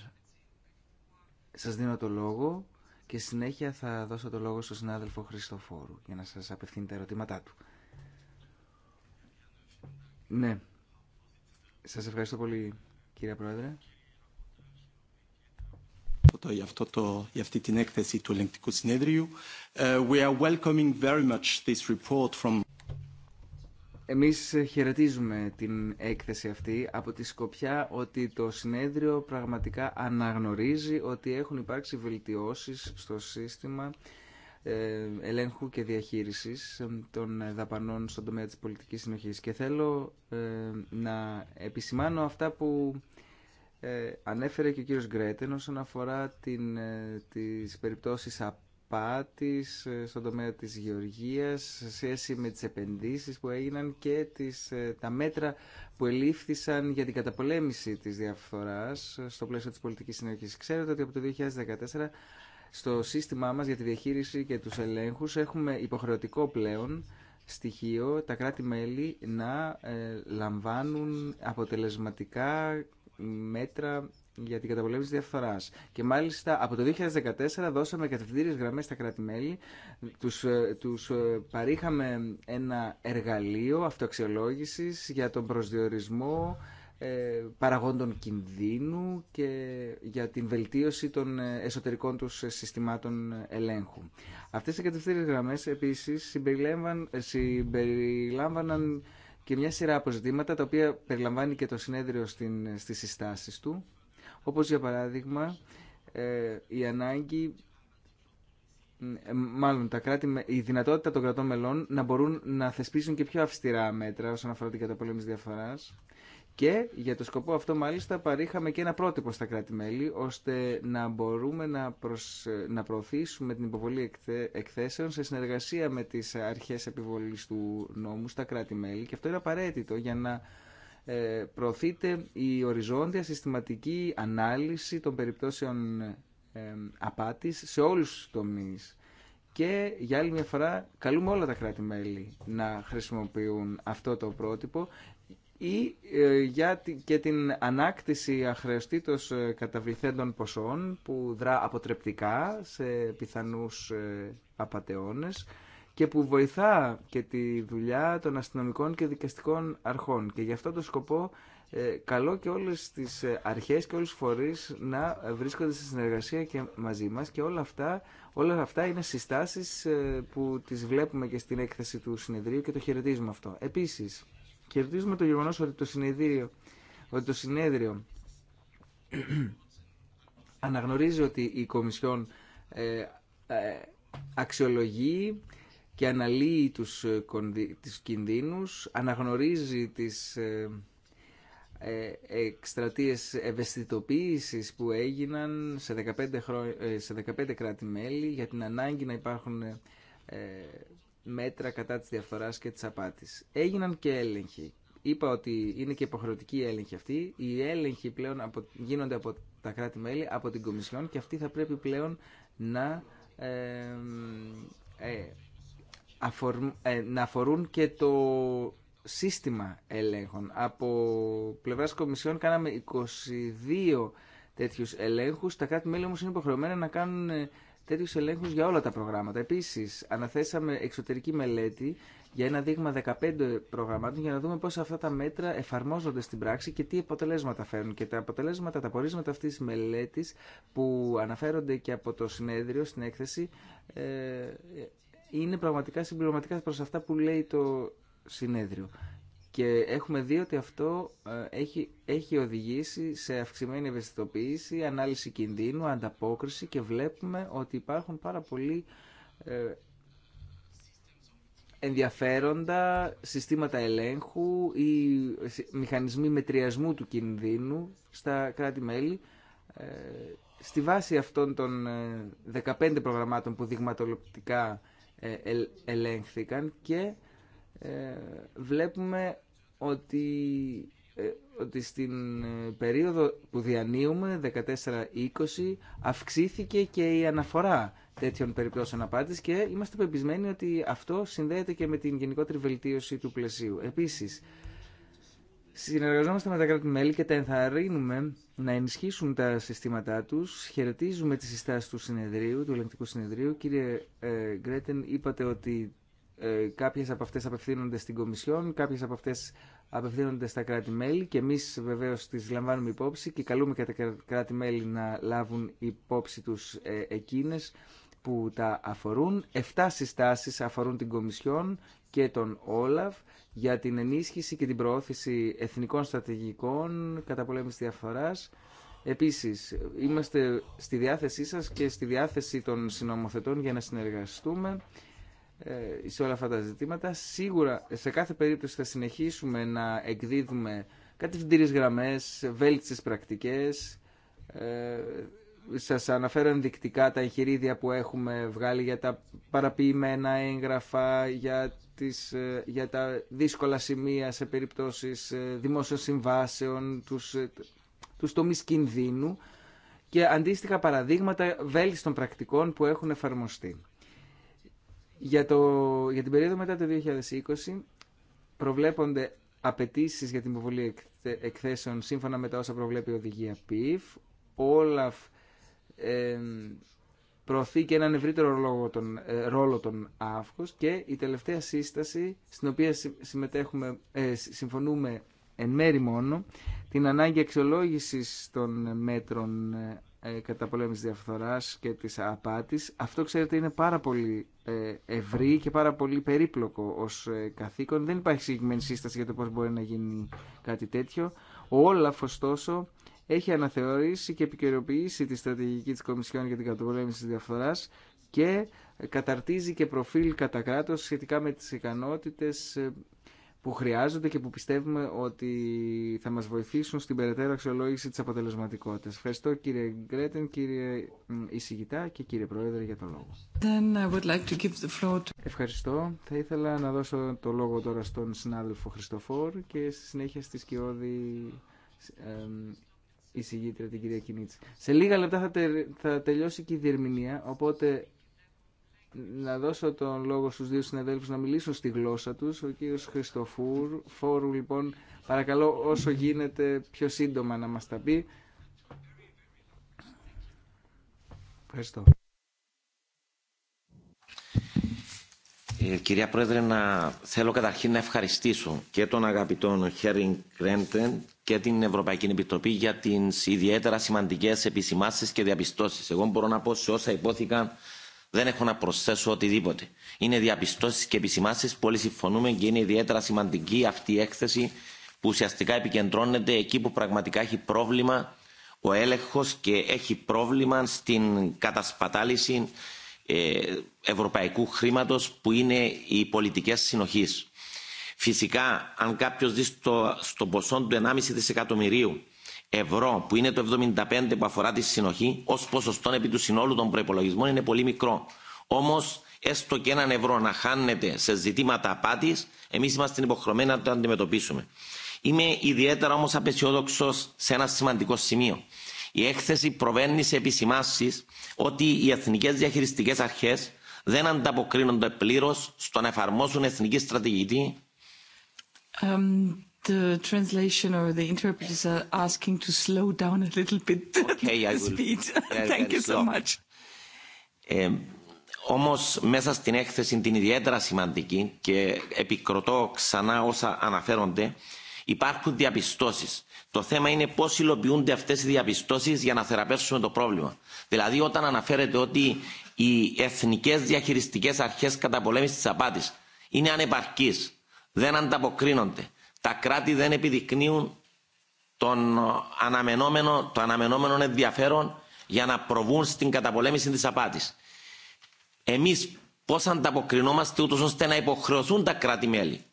Σας δίνω το λόγο και συνέχεια θα δώσω το λόγο στον συνάδελφο Χριστοφόρου για να σας απευθύνει τα ερωτήματά του. Ναι. Σας ευχαριστώ πολύ κύριε Πρόεδρε για, το, αυτή την έκθεση του ελεγκτικού συνέδριου. Ε, we are welcoming very much this report from... Εμείς χαιρετίζουμε την έκθεση αυτή από τη σκοπιά ότι το συνέδριο πραγματικά αναγνωρίζει ότι έχουν υπάρξει βελτιώσεις στο σύστημα ε, ελέγχου και διαχείρισης των δαπανών στον τομέα της πολιτικής συνοχής. Και θέλω ε, να επισημάνω αυτά που ε, ανέφερε και ο κύριος Γκρέτεν όσον αφορά την, ε, τις περιπτώσεις απάτης ε, στον τομέα της γεωργίας σε σχέση με τις επενδύσεις που έγιναν και τις, τα μέτρα που ελήφθησαν για την καταπολέμηση της διαφθοράς στο πλαίσιο της πολιτικής συνοχής. Ξέρετε ότι από το 2014 στο σύστημά μας για τη διαχείριση και τους ελέγχους έχουμε υποχρεωτικό πλέον στοιχείο τα κράτη-μέλη να λαμβάνουν αποτελεσματικά μέτρα για την καταπολέμηση διαφθορά. Και μάλιστα από το 2014 δώσαμε κατευθυντήριε γραμμέ στα κράτη-μέλη, τους, ε, τους ε, παρήχαμε ένα εργαλείο αυτοαξιολόγησης για τον προσδιορισμό ε, παραγόντων κινδύνου και για την βελτίωση των εσωτερικών τους συστημάτων ελέγχου. Αυτές οι κατευθύνες γραμμές επίσης συμπεριλάμβαναν και μια σειρά αποζητήματα τα οποία περιλαμβάνει και το συνέδριο στην, στις συστάσεις του, όπως για παράδειγμα ε, η ανάγκη μάλλον τα κράτη, η δυνατότητα των κρατών μελών να μπορούν να θεσπίσουν και πιο αυστηρά μέτρα όσον αφορά την καταπολέμηση διαφοράς και για το σκοπό αυτό μάλιστα παρήχαμε και ένα πρότυπο στα κράτη-μέλη ώστε να μπορούμε να, να προωθήσουμε την υποβολή εκθέσεων σε συνεργασία με τις αρχές επιβολής του νόμου στα κράτη-μέλη και αυτό είναι απαραίτητο για να ε, προωθείται η οριζόντια συστηματική ανάλυση των περιπτώσεων ε, απάτης σε όλους τους τομείς. Και για άλλη μια φορά καλούμε όλα τα κράτη-μέλη να χρησιμοποιούν αυτό το πρότυπο ή ε, για και την ανάκτηση αχρεωστήτως ε, καταβληθέντων ποσών που δρά αποτρεπτικά σε πιθανούς ε, απατεώνες και που βοηθά και τη δουλειά των αστυνομικών και δικαστικών αρχών. Και γι' αυτό το σκοπό καλό και όλες τις αρχές και όλες τις φορείς να βρίσκονται σε συνεργασία και μαζί μας και όλα αυτά, όλα αυτά είναι συστάσεις που τις βλέπουμε και στην έκθεση του συνεδρίου και το χαιρετίζουμε αυτό. Επίσης, Κερδίζουμε το γεγονός ότι το συνεδρίο, ότι το συνέδριο αναγνωρίζει ότι η Κομισιόν ε, ε, αξιολογεί και αναλύει τους, ε, τις κινδύνους, αναγνωρίζει τις ε, ε, εκστρατείες ευαισθητοποίησης που έγιναν σε 15, σε 15 κράτη-μέλη για την ανάγκη να υπάρχουν μέτρα κατά της διαφθοράς και της απάτης. Έγιναν και έλεγχοι. Είπα ότι είναι και υποχρεωτική η έλεγχη αυτή. Οι έλεγχοι πλέον από, γίνονται από τα κράτη-μέλη, από την Κομισιόν και αυτοί θα πρέπει πλέον να, ε, ε, ε να αφορούν και το σύστημα ελέγχων. Από πλευράς Κομισιόν κάναμε 22 τέτοιους ελέγχους. Τα κράτη-μέλη όμως είναι υποχρεωμένα να κάνουν ε, Τέτοιου ελέγχου για όλα τα προγράμματα. Επίση, αναθέσαμε εξωτερική μελέτη για ένα δείγμα 15 προγραμμάτων για να δούμε πώς αυτά τα μέτρα εφαρμόζονται στην πράξη και τι αποτελέσματα φέρνουν. Και τα αποτελέσματα, τα πορίσματα αυτή τη μελέτη που αναφέρονται και από το συνέδριο στην έκθεση ε, ε, είναι πραγματικά συμπληρωματικά προ αυτά που λέει το συνέδριο. Και έχουμε δει ότι αυτό ε, έχει, έχει οδηγήσει σε αυξημένη ευαισθητοποίηση, ανάλυση κινδύνου, ανταπόκριση και βλέπουμε ότι υπάρχουν πάρα πολλοί ε, ενδιαφέροντα συστήματα ελέγχου ή μηχανισμοί μετριασμού του κινδύνου στα κράτη-μέλη. Ε, στη βάση αυτών των 15 προγραμμάτων που δειγματοληπτικά ελέγχθηκαν και ε, βλέπουμε ότι, ε, ότι στην ε, περίοδο που διανύουμε, 14-20, αυξήθηκε και η αναφορά τέτοιων περιπτώσεων απάντης και είμαστε πεπισμένοι ότι αυτό συνδέεται και με την γενικότερη βελτίωση του πλαισίου. Επίσης, Συνεργαζόμαστε με τα κράτη-μέλη και τα ενθαρρύνουμε να ενισχύσουν τα συστήματά του. Χαιρετίζουμε τι συστάσει του συνεδρίου, του ελεγκτικού συνεδρίου. Κύριε ε, Γκρέτεν, είπατε ότι ε, κάποιες από αυτές απευθύνονται στην Κομισιόν, κάποιες από αυτές απευθύνονται στα κράτη-μέλη και εμείς βεβαίως τις λαμβάνουμε υπόψη και καλούμε και τα κράτη-μέλη να λάβουν υπόψη τους ε, εκείνες που τα αφορούν. Εφτά συστάσεις αφορούν την Κομισιόν και τον Όλαφ για την ενίσχυση και την προώθηση εθνικών στρατηγικών κατά πολέμης διαφοράς. Επίσης, είμαστε στη διάθεσή σας και στη διάθεση των συνομοθετών για να συνεργαστούμε. Ε, σε όλα αυτά τα ζητήματα. Σίγουρα σε κάθε περίπτωση θα συνεχίσουμε να εκδίδουμε κατευθυντήριες γραμμές, βέλτιστες πρακτικές. Ε, σας αναφέρω ενδεικτικά τα εγχειρίδια που έχουμε βγάλει για τα παραποιημένα έγγραφα, για, τις, ε, για τα δύσκολα σημεία σε περιπτώσεις δημόσιων συμβάσεων, τους, τους τομείς κινδύνου και αντίστοιχα παραδείγματα βέλτιστων πρακτικών που έχουν εφαρμοστεί. Για, το, για την περίοδο μετά το 2020 προβλέπονται απαιτήσει για την υποβολή εκθέσεων σύμφωνα με τα όσα προβλέπει η οδηγία PIF. Όλαφ προωθεί και έναν ευρύτερο λόγο τον, ε, ρόλο των ΑΦΚΟΣ και η τελευταία σύσταση στην οποία συμμετέχουμε, ε, συμφωνούμε εν μέρη μόνο την ανάγκη αξιολόγησης των μέτρων ε, κατά ε, καταπολέμησης διαφθοράς και της απάτης. Αυτό, ξέρετε, είναι πάρα πολύ ε, ευρύ και πάρα πολύ περίπλοκο ως ε, καθήκον. Δεν υπάρχει συγκεκριμένη σύσταση για το πώς μπορεί να γίνει κάτι τέτοιο. Ο Όλαφ, ωστόσο, έχει αναθεωρήσει και επικαιροποιήσει τη στρατηγική της Κομισιόν για την καταπολέμηση της διαφθοράς και καταρτίζει και προφίλ κατά κράτος σχετικά με τις ικανότητες που χρειάζονται και που πιστεύουμε ότι θα μας βοηθήσουν στην περαιτέρω αξιολόγηση της αποτελεσματικότητας. Ευχαριστώ κύριε Γκρέτεν, κύριε Ισηγητά και κύριε Πρόεδρε για τον λόγο. like to the Ευχαριστώ. Θα ήθελα να δώσω το λόγο τώρα στον συνάδελφο Χριστοφόρ και στη συνέχεια στη σκιώδη Ισηγήτρια, την κυρία Κινίτση. Σε λίγα λεπτά θα, θα τελειώσει και η διερμηνία, οπότε να δώσω τον λόγο στους δύο συναδέλφους να μιλήσω στη γλώσσα τους. Ο κύριος Χριστοφούρ φόρου, λοιπόν παρακαλώ όσο γίνεται πιο σύντομα να μας τα πει. Ευχαριστώ. Ε, κυρία Πρόεδρε, να... θέλω καταρχήν να ευχαριστήσω και τον αγαπητόν Χέριν Κρέντεν και την Ευρωπαϊκή Επιτροπή για τις ιδιαίτερα σημαντικές επισημάσεις και διαπιστώσεις. Εγώ μπορώ να πω σε όσα υπόθηκαν δεν έχω να προσθέσω οτιδήποτε. Είναι διαπιστώσει και επισημάσει που όλοι συμφωνούμε και είναι ιδιαίτερα σημαντική αυτή η έκθεση που ουσιαστικά επικεντρώνεται εκεί που πραγματικά έχει πρόβλημα ο έλεγχος και έχει πρόβλημα στην κατασπατάληση ε, ευρωπαϊκού χρήματο που είναι οι πολιτικέ συνοχή. Φυσικά, αν κάποιο δει στο, στο ποσό του 1,5 δισεκατομμυρίου ευρώ που είναι το 75 που αφορά τη συνοχή ως ποσοστό επί του συνόλου των προπολογισμών είναι πολύ μικρό. Όμως έστω και έναν ευρώ να χάνεται σε ζητήματα απάτης εμείς είμαστε υποχρεωμένοι να το αντιμετωπίσουμε. Είμαι ιδιαίτερα όμως απεσιόδοξο σε ένα σημαντικό σημείο. Η έκθεση προβαίνει σε επισημάσεις ότι οι εθνικές διαχειριστικές αρχές δεν ανταποκρίνονται πλήρως στο να εφαρμόσουν εθνική στρατηγική the translation or the asking to slow down a little bit Όμως μέσα στην έκθεση την ιδιαίτερα σημαντική και επικροτώ ξανά όσα αναφέρονται υπάρχουν διαπιστώσεις. Το θέμα είναι πώς υλοποιούνται αυτές οι διαπιστώσεις για να θεραπεύσουμε το πρόβλημα. Δηλαδή όταν αναφέρεται ότι οι εθνικές διαχειριστικές αρχές καταπολέμησης της απάτης είναι ανεπαρκείς, δεν ανταποκρίνονται τα κράτη δεν επιδεικνύουν τον ε, αναμενόμενο, το αναμενόμενο ενδιαφέρον για να προβούν στην καταπολέμηση της απάτης. Εμείς πώς ανταποκρινόμαστε ούτως ώστε να υποχρεωθούν τα κράτη-μέλη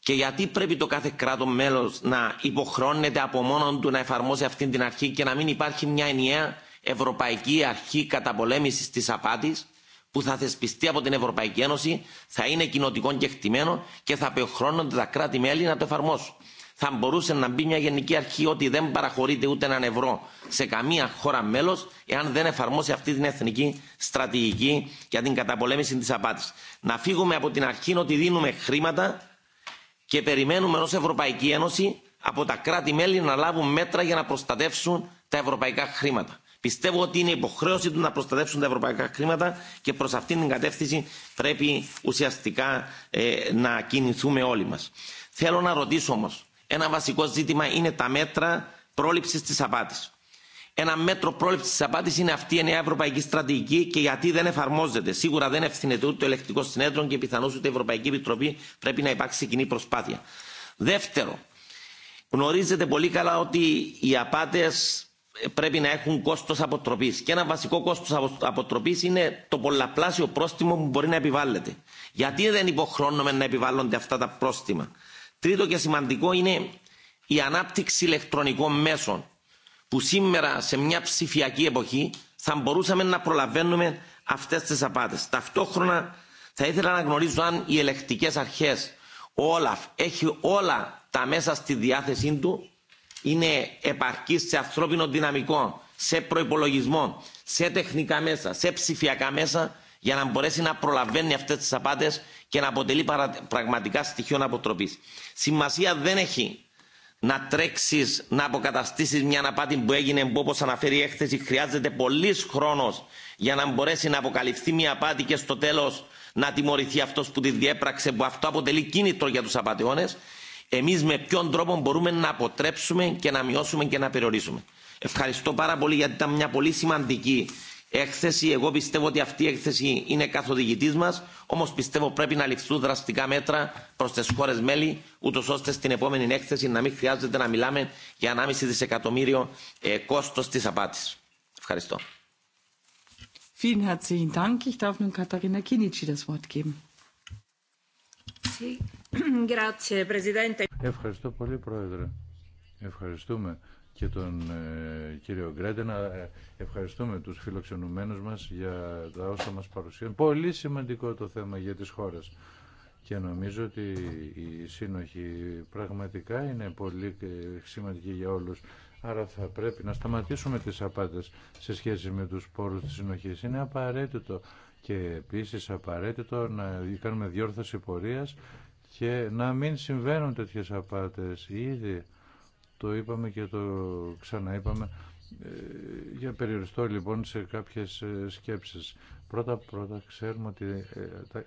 και γιατί πρέπει το κάθε κράτο μέλος να υποχρώνεται από μόνο του να εφαρμόσει αυτή την αρχή και να μην υπάρχει μια ενιαία ευρωπαϊκή αρχή καταπολέμησης της απάτης που θα θεσπιστεί από την Ευρωπαϊκή Ένωση θα είναι κοινοτικό και χτυμένο και θα απεχρώνονται τα κράτη-μέλη να το εφαρμόσουν. Θα μπορούσε να μπει μια γενική αρχή ότι δεν παραχωρείται ούτε έναν ευρώ σε καμία χώρα μέλο εάν δεν εφαρμόσει αυτή την εθνική στρατηγική για την καταπολέμηση τη απάτη. Να φύγουμε από την αρχή ότι δίνουμε χρήματα και περιμένουμε ω Ευρωπαϊκή Ένωση από τα κράτη-μέλη να λάβουν μέτρα για να προστατεύσουν τα ευρωπαϊκά χρήματα. Πιστεύω ότι είναι υποχρέωση του να προστατεύσουν τα ευρωπαϊκά χρήματα και προ αυτήν την κατεύθυνση πρέπει ουσιαστικά ε, να κινηθούμε όλοι μα. Θέλω να ρωτήσω όμω, ένα βασικό ζήτημα είναι τα μέτρα πρόληψη τη απάτη. Ένα μέτρο πρόληψη τη απάτη είναι αυτή η νέα ευρωπαϊκή στρατηγική και γιατί δεν εφαρμόζεται. Σίγουρα δεν ευθυνεται ούτε το ελεκτικό συνέδριο και πιθανώ ούτε η Ευρωπαϊκή Επιτροπή πρέπει να υπάρξει κοινή προσπάθεια. Δεύτερο, γνωρίζετε πολύ καλά ότι οι απάτε πρέπει να έχουν κόστος αποτροπής. Και ένα βασικό κόστος αποτροπής είναι το πολλαπλάσιο πρόστιμο που μπορεί να επιβάλλεται. Γιατί δεν υποχρώνουμε να επιβάλλονται αυτά τα πρόστιμα. Τρίτο και σημαντικό είναι η ανάπτυξη ηλεκτρονικών μέσων που σήμερα σε μια ψηφιακή εποχή θα μπορούσαμε να προλαβαίνουμε αυτές τις απάτες. Ταυτόχρονα θα ήθελα να γνωρίζω αν οι ελεκτικές αρχές, ο Όλαφ, έχει όλα τα μέσα στη διάθεσή του είναι επαρκή σε ανθρώπινο δυναμικό, σε προπολογισμό, σε τεχνικά μέσα, σε ψηφιακά μέσα για να μπορέσει να προλαβαίνει αυτέ τι απάτε και να αποτελεί πραγματικά στοιχείο αποτροπή. Σημασία δεν έχει να τρέξει να αποκαταστήσει μια απάτη που έγινε που όπω αναφέρει η έκθεση χρειάζεται πολλή χρόνο για να μπορέσει να αποκαλυφθεί μια απάτη και στο τέλο, να τιμωρηθεί αυτό που τη διέπραξε που αυτό αποτελεί κίνητρο για του απαταιώνε εμείς με ποιον τρόπο μπορούμε να αποτρέψουμε και να μειώσουμε και να περιορίσουμε. Ευχαριστώ πάρα πολύ γιατί ήταν μια πολύ σημαντική έκθεση. Εγώ πιστεύω ότι αυτή η έκθεση είναι καθοδηγητή μα, όμω πιστεύω πρέπει να ληφθούν δραστικά μέτρα προ τι χώρε μέλη, ούτω ώστε στην επόμενη έκθεση να μην χρειάζεται να μιλάμε για 1,5 δισεκατομμύριο ε, κόστο τη απάτη. Ευχαριστώ. Vielen herzlichen Dank. Ich darf nun Katharina Kinitschi das Wort geben. Ευχαριστώ πολύ, Πρόεδρε. Ευχαριστούμε και τον ε, κύριο Γκρέντενα. Ε, ευχαριστούμε τους φιλοξενουμένους μας για τα όσα μας παρουσίαν. Πολύ σημαντικό το θέμα για τις χώρες. Και νομίζω ότι η σύνοχη πραγματικά είναι πολύ ε, σημαντική για όλους. Άρα θα πρέπει να σταματήσουμε τις απάτες σε σχέση με τους πόρους της συνοχής. Είναι απαραίτητο και επίσης απαραίτητο να κάνουμε διόρθωση πορείας και να μην συμβαίνουν τέτοιες απάτες. Ήδη το είπαμε και το ξαναείπαμε ε, για περιοριστώ λοιπόν σε κάποιες ε, σκέψεις. Πρώτα πρώτα ξέρουμε ότι ε,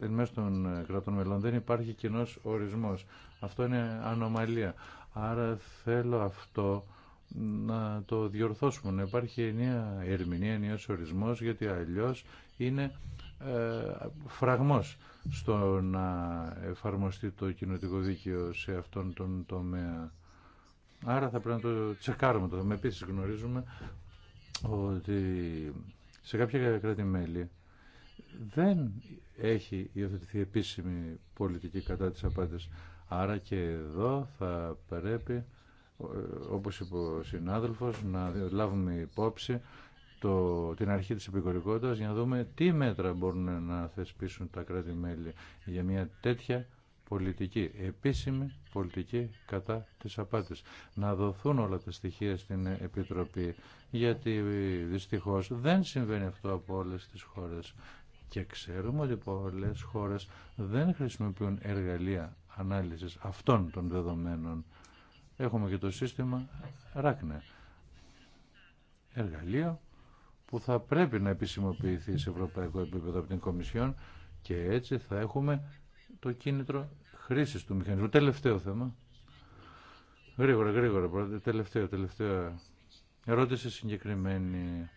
εν μέσω των κρατών μελών δεν υπάρχει κοινό ορισμός. Αυτό είναι ανομαλία. Άρα θέλω αυτό να το διορθώσουμε, να υπάρχει ενιαία ερμηνεία, ενιαίος ορισμός, γιατί αλλιώς είναι ε, φραγμός στο να εφαρμοστεί το κοινωτικό δίκαιο σε αυτόν τον τομέα. Άρα θα πρέπει να το τσεκάρουμε το θέμα. Επίσης γνωρίζουμε ότι σε κάποια κράτη-μέλη δεν έχει υιοθετηθεί επίσημη πολιτική κατά της απάτης. Άρα και εδώ θα πρέπει, ε, όπως είπε ο συνάδελφος, να λάβουμε υπόψη το, την αρχή της επικορικότητας για να δούμε τι μέτρα μπορούν να θεσπίσουν τα κράτη-μέλη για μια τέτοια πολιτική, επίσημη πολιτική κατά της απάτης. Να δοθούν όλα τα στοιχεία στην Επιτροπή, γιατί δυστυχώς δεν συμβαίνει αυτό από όλες τις χώρες. Και ξέρουμε ότι πολλές χώρες δεν χρησιμοποιούν εργαλεία ανάλυσης αυτών των δεδομένων. Έχουμε και το σύστημα ράκνε. Εργαλείο που θα πρέπει να επισημοποιηθεί σε ευρωπαϊκό επίπεδο από την Κομισιόν και έτσι θα έχουμε το κίνητρο χρήσης του μηχανισμού. Τελευταίο θέμα. Γρήγορα, γρήγορα, Τελευταία Τελευταίο, τελευταίο. Ερώτηση συγκεκριμένη.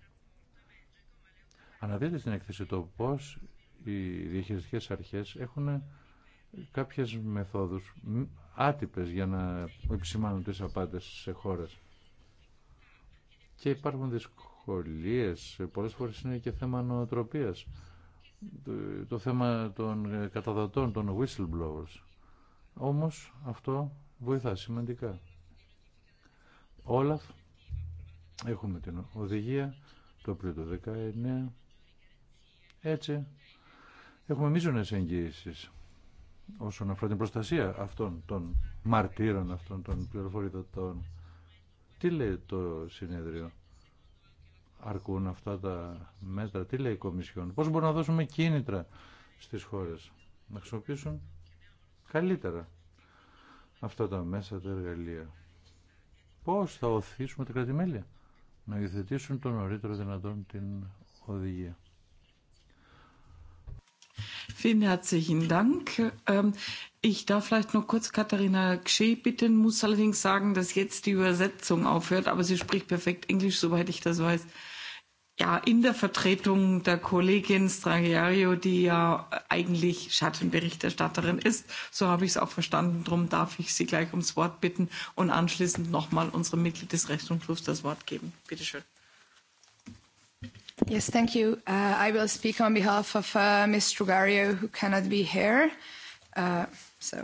Αναδείτε στην έκθεση το πώς οι διαχειριστικές αρχές έχουν κάποιες μεθόδους άτυπες για να επισημάνουν τις απάντες σε χώρες. Και υπάρχουν δυσκολίες δυσκολίες, πολλές φορές είναι και θέμα νοοτροπίας. Το, θέμα των καταδοτών, των whistleblowers. Όμως αυτό βοηθά σημαντικά. όλα έχουμε την οδηγία, το πριν το 19, έτσι, έχουμε μείζονες εγγύησεις όσον αφορά την προστασία αυτών των μαρτύρων, αυτών των πληροφοριδοτών. Τι λέει το συνέδριο αρκούν αυτά τα μέτρα. Τι λέει η Κομισιόν. Πώς μπορούμε να δώσουμε κίνητρα στις χώρες. Να χρησιμοποιήσουν καλύτερα αυτά τα μέσα, τα εργαλεία. Πώς θα οθήσουμε τα κρατημέλεια να υιοθετήσουν το νωρίτερο δυνατόν την οδηγία. Vielen herzlichen Dank. Ähm, ich darf vielleicht noch kurz Katharina Gschee bitten, muss allerdings sagen, dass jetzt die Übersetzung aufhört, aber sie spricht perfekt Englisch, soweit ich das weiß ja in der Vertretung der Kollegin Stragiario, die ja eigentlich Schattenberichterstatterin ist, so habe ich es auch verstanden. Darum darf ich Sie gleich ums Wort bitten und anschließend nochmal unserem Mitglied des Rechnungshofs das Wort geben. Bitte schön. Yes, thank you. I will speak on behalf of Ms. Strugario, who cannot be here. So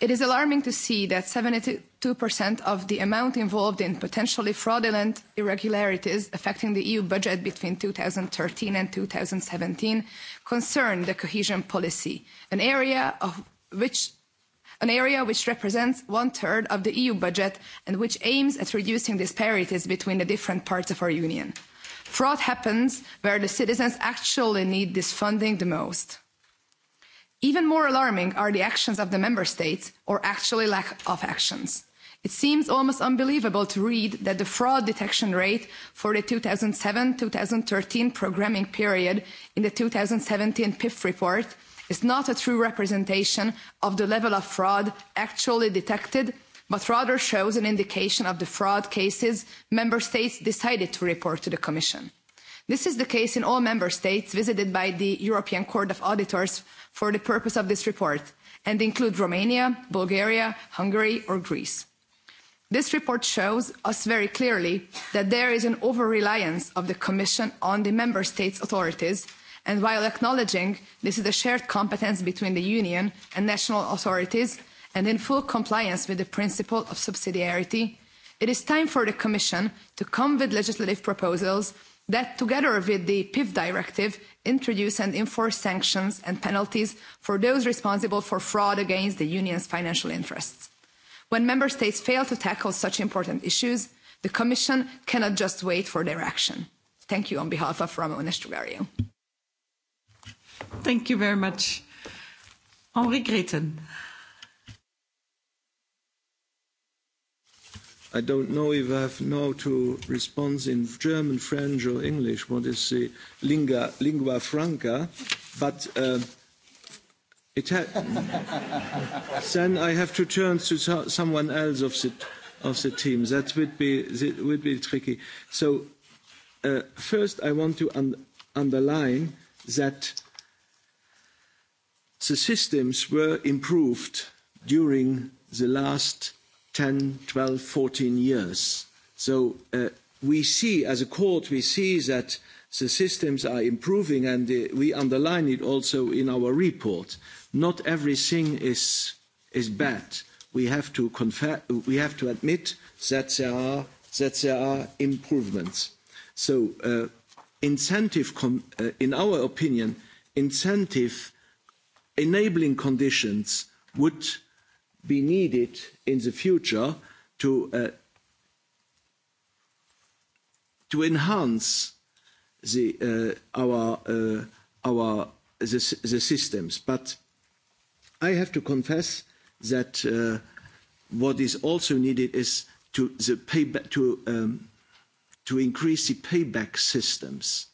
It is alarming to see that 72% of the amount involved in potentially fraudulent irregularities affecting the EU budget between 2013 and 2017 concern the cohesion policy, an area an area which represents one third of the EU budget and which aims at reducing disparities between the different parts of our union. Fraud happens where the citizens actually need this funding the most even more alarming are the actions of the member states or actually lack of actions. it seems almost unbelievable to read that the fraud detection rate for the 2007-2013 programming period in the 2017 pif report is not a true representation of the level of fraud actually detected but rather shows an indication of the fraud cases member states decided to report to the commission. this is the case in all member states visited by the european court of auditors for the purpose of this report and include Romania, Bulgaria, Hungary or Greece. This report shows us very clearly that there is an over-reliance of the Commission on the Member States' authorities, and while acknowledging this is a shared competence between the Union and national authorities, and in full compliance with the principle of subsidiarity, it is time for the Commission to come with legislative proposals that, together with the PIF directive introduce and enforce sanctions and penalties for those responsible for fraud against the union's financial interests. when member states fail to tackle such important issues the commission cannot just wait for their action. thank you on behalf of ramon estrugariu. thank you very much. henri Greten. I don't know if I have now to respond in German, French or English, what is the lingua, franca, but then I have to turn to someone else of the, team. that would be tricky. So first I want to underline that the systems were improved during the last 10, 12, 14 years. So we see, as a court, we see that the systems are improving and we underline it also in our report. Not everything is bad. We have to admit that there are improvements. So incentive, in our opinion, incentive enabling conditions would be needed in the future to to enhance the our our the systems but i have to confess that what is also needed is to the to to increase the payback systems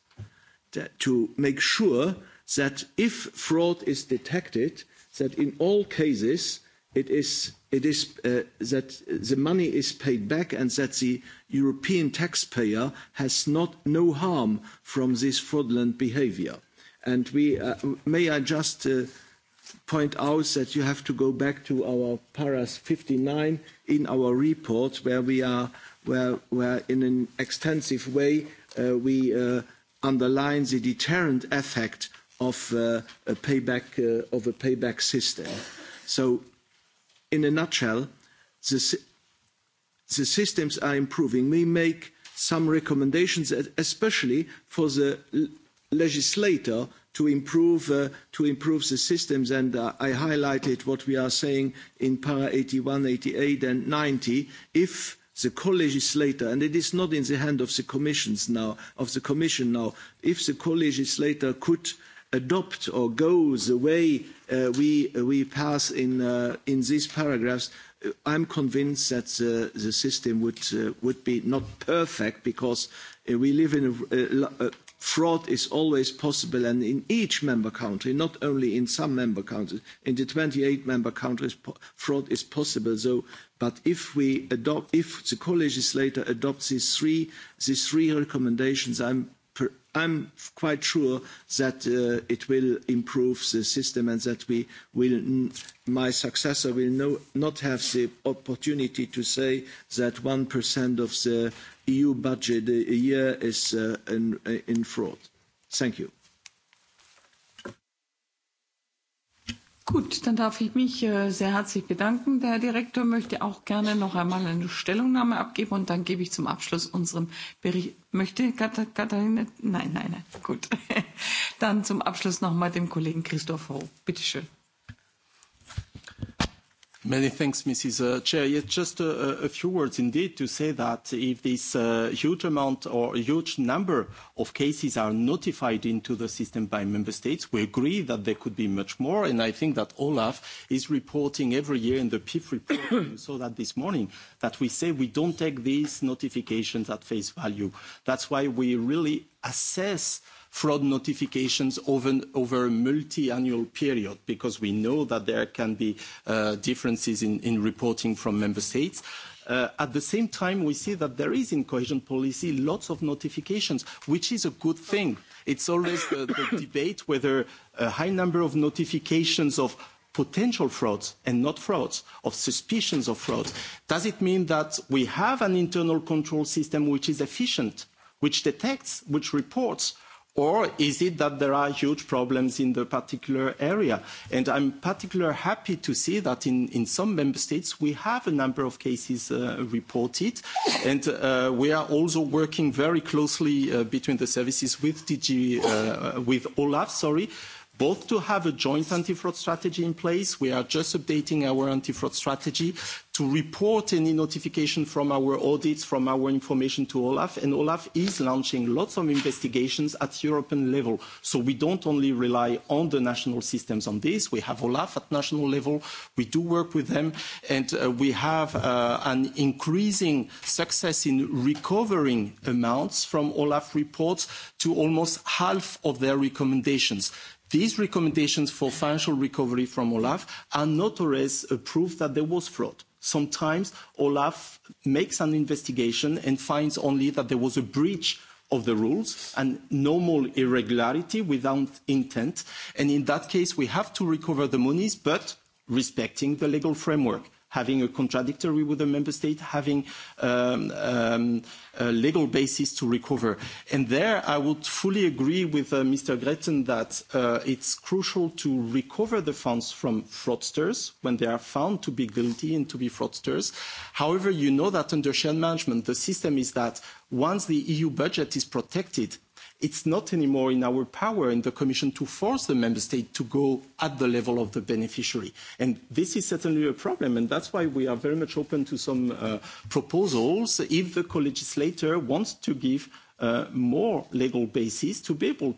to make sure that if fraud is detected that in all cases it is that the money is paid back and that the European taxpayer has not no harm from this fraudulent behaviour. And may I just point out that you have to go back to our paras 59 in our report where we are where in an extensive way we underline the deterrent effect of a payback of a payback system. So in a nutshell the systems are improving. we make some recommendations especially for the legislator to improve the systems and i highlighted what we are saying in para eighty one eighty eight and ninety if the co legislator and it is not in the hand of the commission now if the co legislator could adopt or go the way we we pass in in these paragraphs, I'm convinced that the system would would be not perfect because we live in a fraud is always possible and in each member country, not only in some member countries, in the 28 member countries fraud is possible. So, but if we adopt, if the co-legislator adopts these these three recommendations, I'm I'm quite sure that it will improve the system and that we will, my successor will not have the opportunity to say that 1% of the EU budget a year is in fraud. Thank you. Gut, dann darf ich mich sehr herzlich bedanken. Der Direktor möchte auch gerne noch einmal eine Stellungnahme abgeben und dann gebe ich zum Abschluss unserem Bericht. Möchte Katharina? Nein, nein, nein. Gut. Dann zum Abschluss nochmal dem Kollegen Christoph Ho. Bitte schön. Many thanks, Mrs. Chair. Just a few words indeed to say that if this huge amount or huge number of cases are notified into the system by member states, we agree that there could be much more, and I think that Olaf is reporting every year in the PIF report, saw that this morning, that we say we don't take these notifications at face value. That's why we really assess fraud notifications over a multi-annual period because we know that there can be differences in reporting from member states. At the same time, we see that there is in cohesion policy lots of notifications, which is a good thing. It's always the debate whether a high number of notifications of potential frauds and not frauds, of suspicions of frauds, does it mean that we have an internal control system which is efficient, which detects, which reports, Or is it that there are huge problems in the particular area? And I'm particularly happy to see that in some member states we have a number of cases reported, and we are also working very closely between the services with DG, with OLAF, sorry both to have a joint anti-fraud strategy in place. We are just updating our anti-fraud strategy to report any notification from our audits, from our information to Olaf. And Olaf is launching lots of investigations at European level. So we don't only rely on the national systems on this. We have Olaf at national level. We do work with them. And we have an increasing success in recovering amounts from Olaf reports to almost half of their recommendations. These recommendations for financial recovery from Olaf are not always a proof that there was fraud. Sometimes Olaf makes an investigation and finds only that there was a breach of the rules and normal irregularity without intent. And in that case, we have to recover the monies, but respecting the legal framework having a contradictory with the member state, having a legal basis to recover. And there I would fully agree with Mr. Gretten that it's crucial to recover the funds from fraudsters when they are found to be guilty and to be fraudsters. However, you know that under shared management, the system is that once the EU budget is protected, it's not anymore in our power in the Commission to force the Member State to go at the level of the beneficiary. And this is certainly a problem, and that's why we are very much open to some proposals if the co-legislator wants to give more legal basis to be able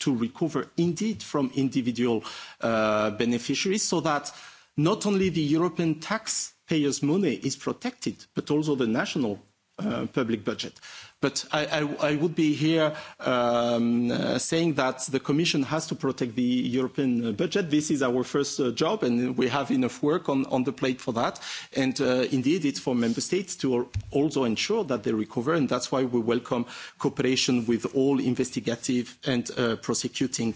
to recover indeed from individual beneficiaries so that not only the European taxpayers' money is protected, but also the national public budget. But I would be here saying that the Commission has to protect the European budget. This is our first job, and we have enough work on the plate for that. And indeed, it's for member states to also ensure that they recover, and that's why we welcome cooperation with all investigative and prosecuting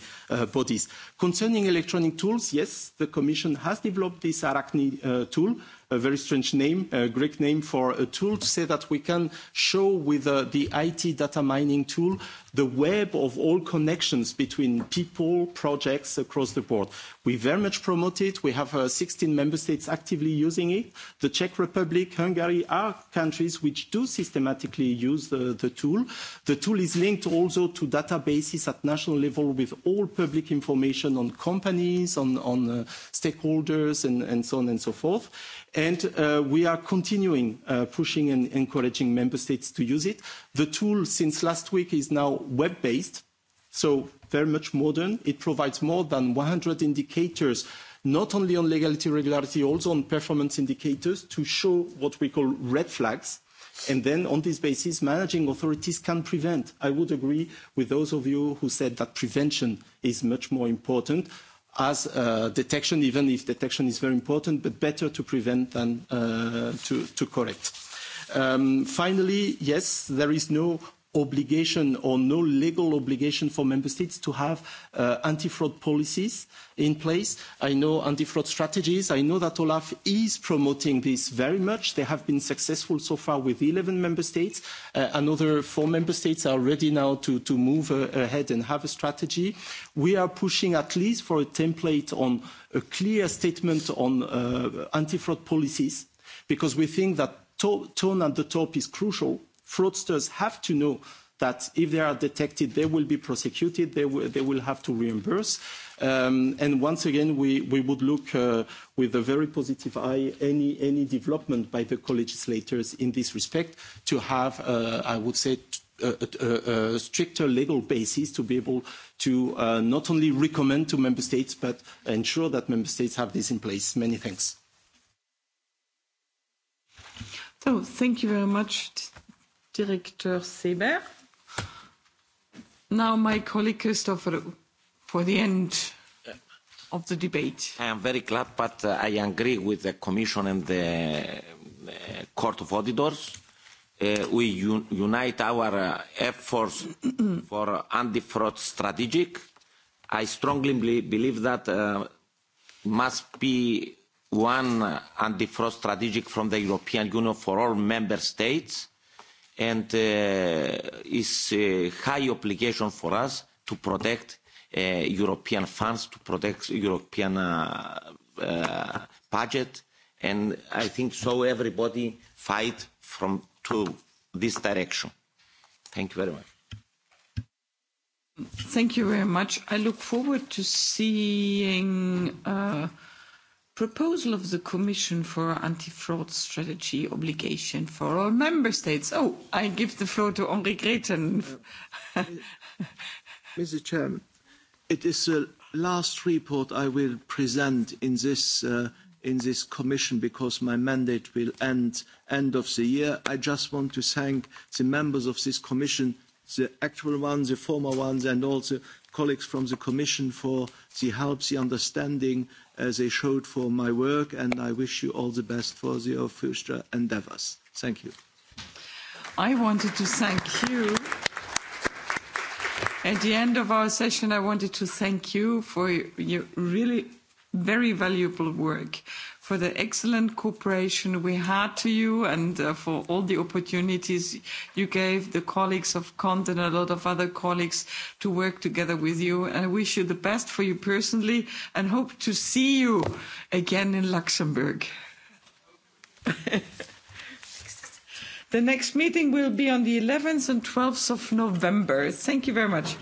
bodies. Concerning electronic tools, yes, the Commission has developed this Arachne tool a very strange name, a Greek name for a tool to say that we can show with the IT data mining tool the web of all connections between people, projects across the board. We very much promote it. We have 16 member states actively using it. The Czech Republic, Hungary are countries which do systematically use the tool. The tool is linked also to databases at national level with all public information on companies, on stakeholders, and so on and so forth. And we are continuing pushing and encouraging member states to use it. The tool since last week is now web-based, so very much modern. It provides more than 100 indicators, not only on legality, regularity, also on performance indicators to show what we call red flags. And then on this basis, managing authorities can prevent. I would agree with those of you who said that prevention is much more important as detection, even if detection is very important, but better to prevent than to correct. Finally, yes, there is no obligation or no legal obligation for member states to have anti-fraud policies in place. I know anti-fraud strategies. I know that Olaf is promoting this very much. They have been successful so far with 11 member states. Another four member states are ready now to move ahead and have a strategy. We are pushing at least for a template on a clear statement on anti-fraud policies because we think that tone at the top is crucial fraudsters have to know that if they are detected, they will be prosecuted, they will have to reimburse. And once again, we would look with a very positive eye any development by the co-legislators in this respect to have, I would say, a stricter legal basis to be able to not only recommend to member states, but ensure that member states have this in place. Many thanks. So thank you very much Director Seber. Now my colleague Christopher for the end of the debate. I am very glad, but I agree with the Commission and the Court of Auditors. We unite our efforts for anti-fraud strategic. I strongly believe that must be one anti-fraud strategic from the European Union for all member states and is a high obligation for us to protect European funds, to protect European budget, and I think so everybody fight from to this direction. Thank you very much. Thank you very much. I look forward to seeing proposal of the Commission for anti-fraud strategy obligation for all member states. Oh, I give the floor to Henri Greten. Mr. Chairman, it is the last report I will present in this in this commission because my mandate will end end of the year. I just want to thank the members of this commission, the actual ones, the former ones, and also colleagues from the commission for the help, the understanding As they showed for my work, and I wish you all the best for your future endeavors. Thank you. I wanted to thank you. At the end of our session, I wanted to thank you for your really very valuable work for the excellent cooperation we had to you and for all the opportunities you gave the colleagues of Cont and a lot of other colleagues to work together with you. And I wish you the best for you personally and hope to see you again in Luxembourg. The next meeting will be on the 11th and 12th of November. Thank you very much.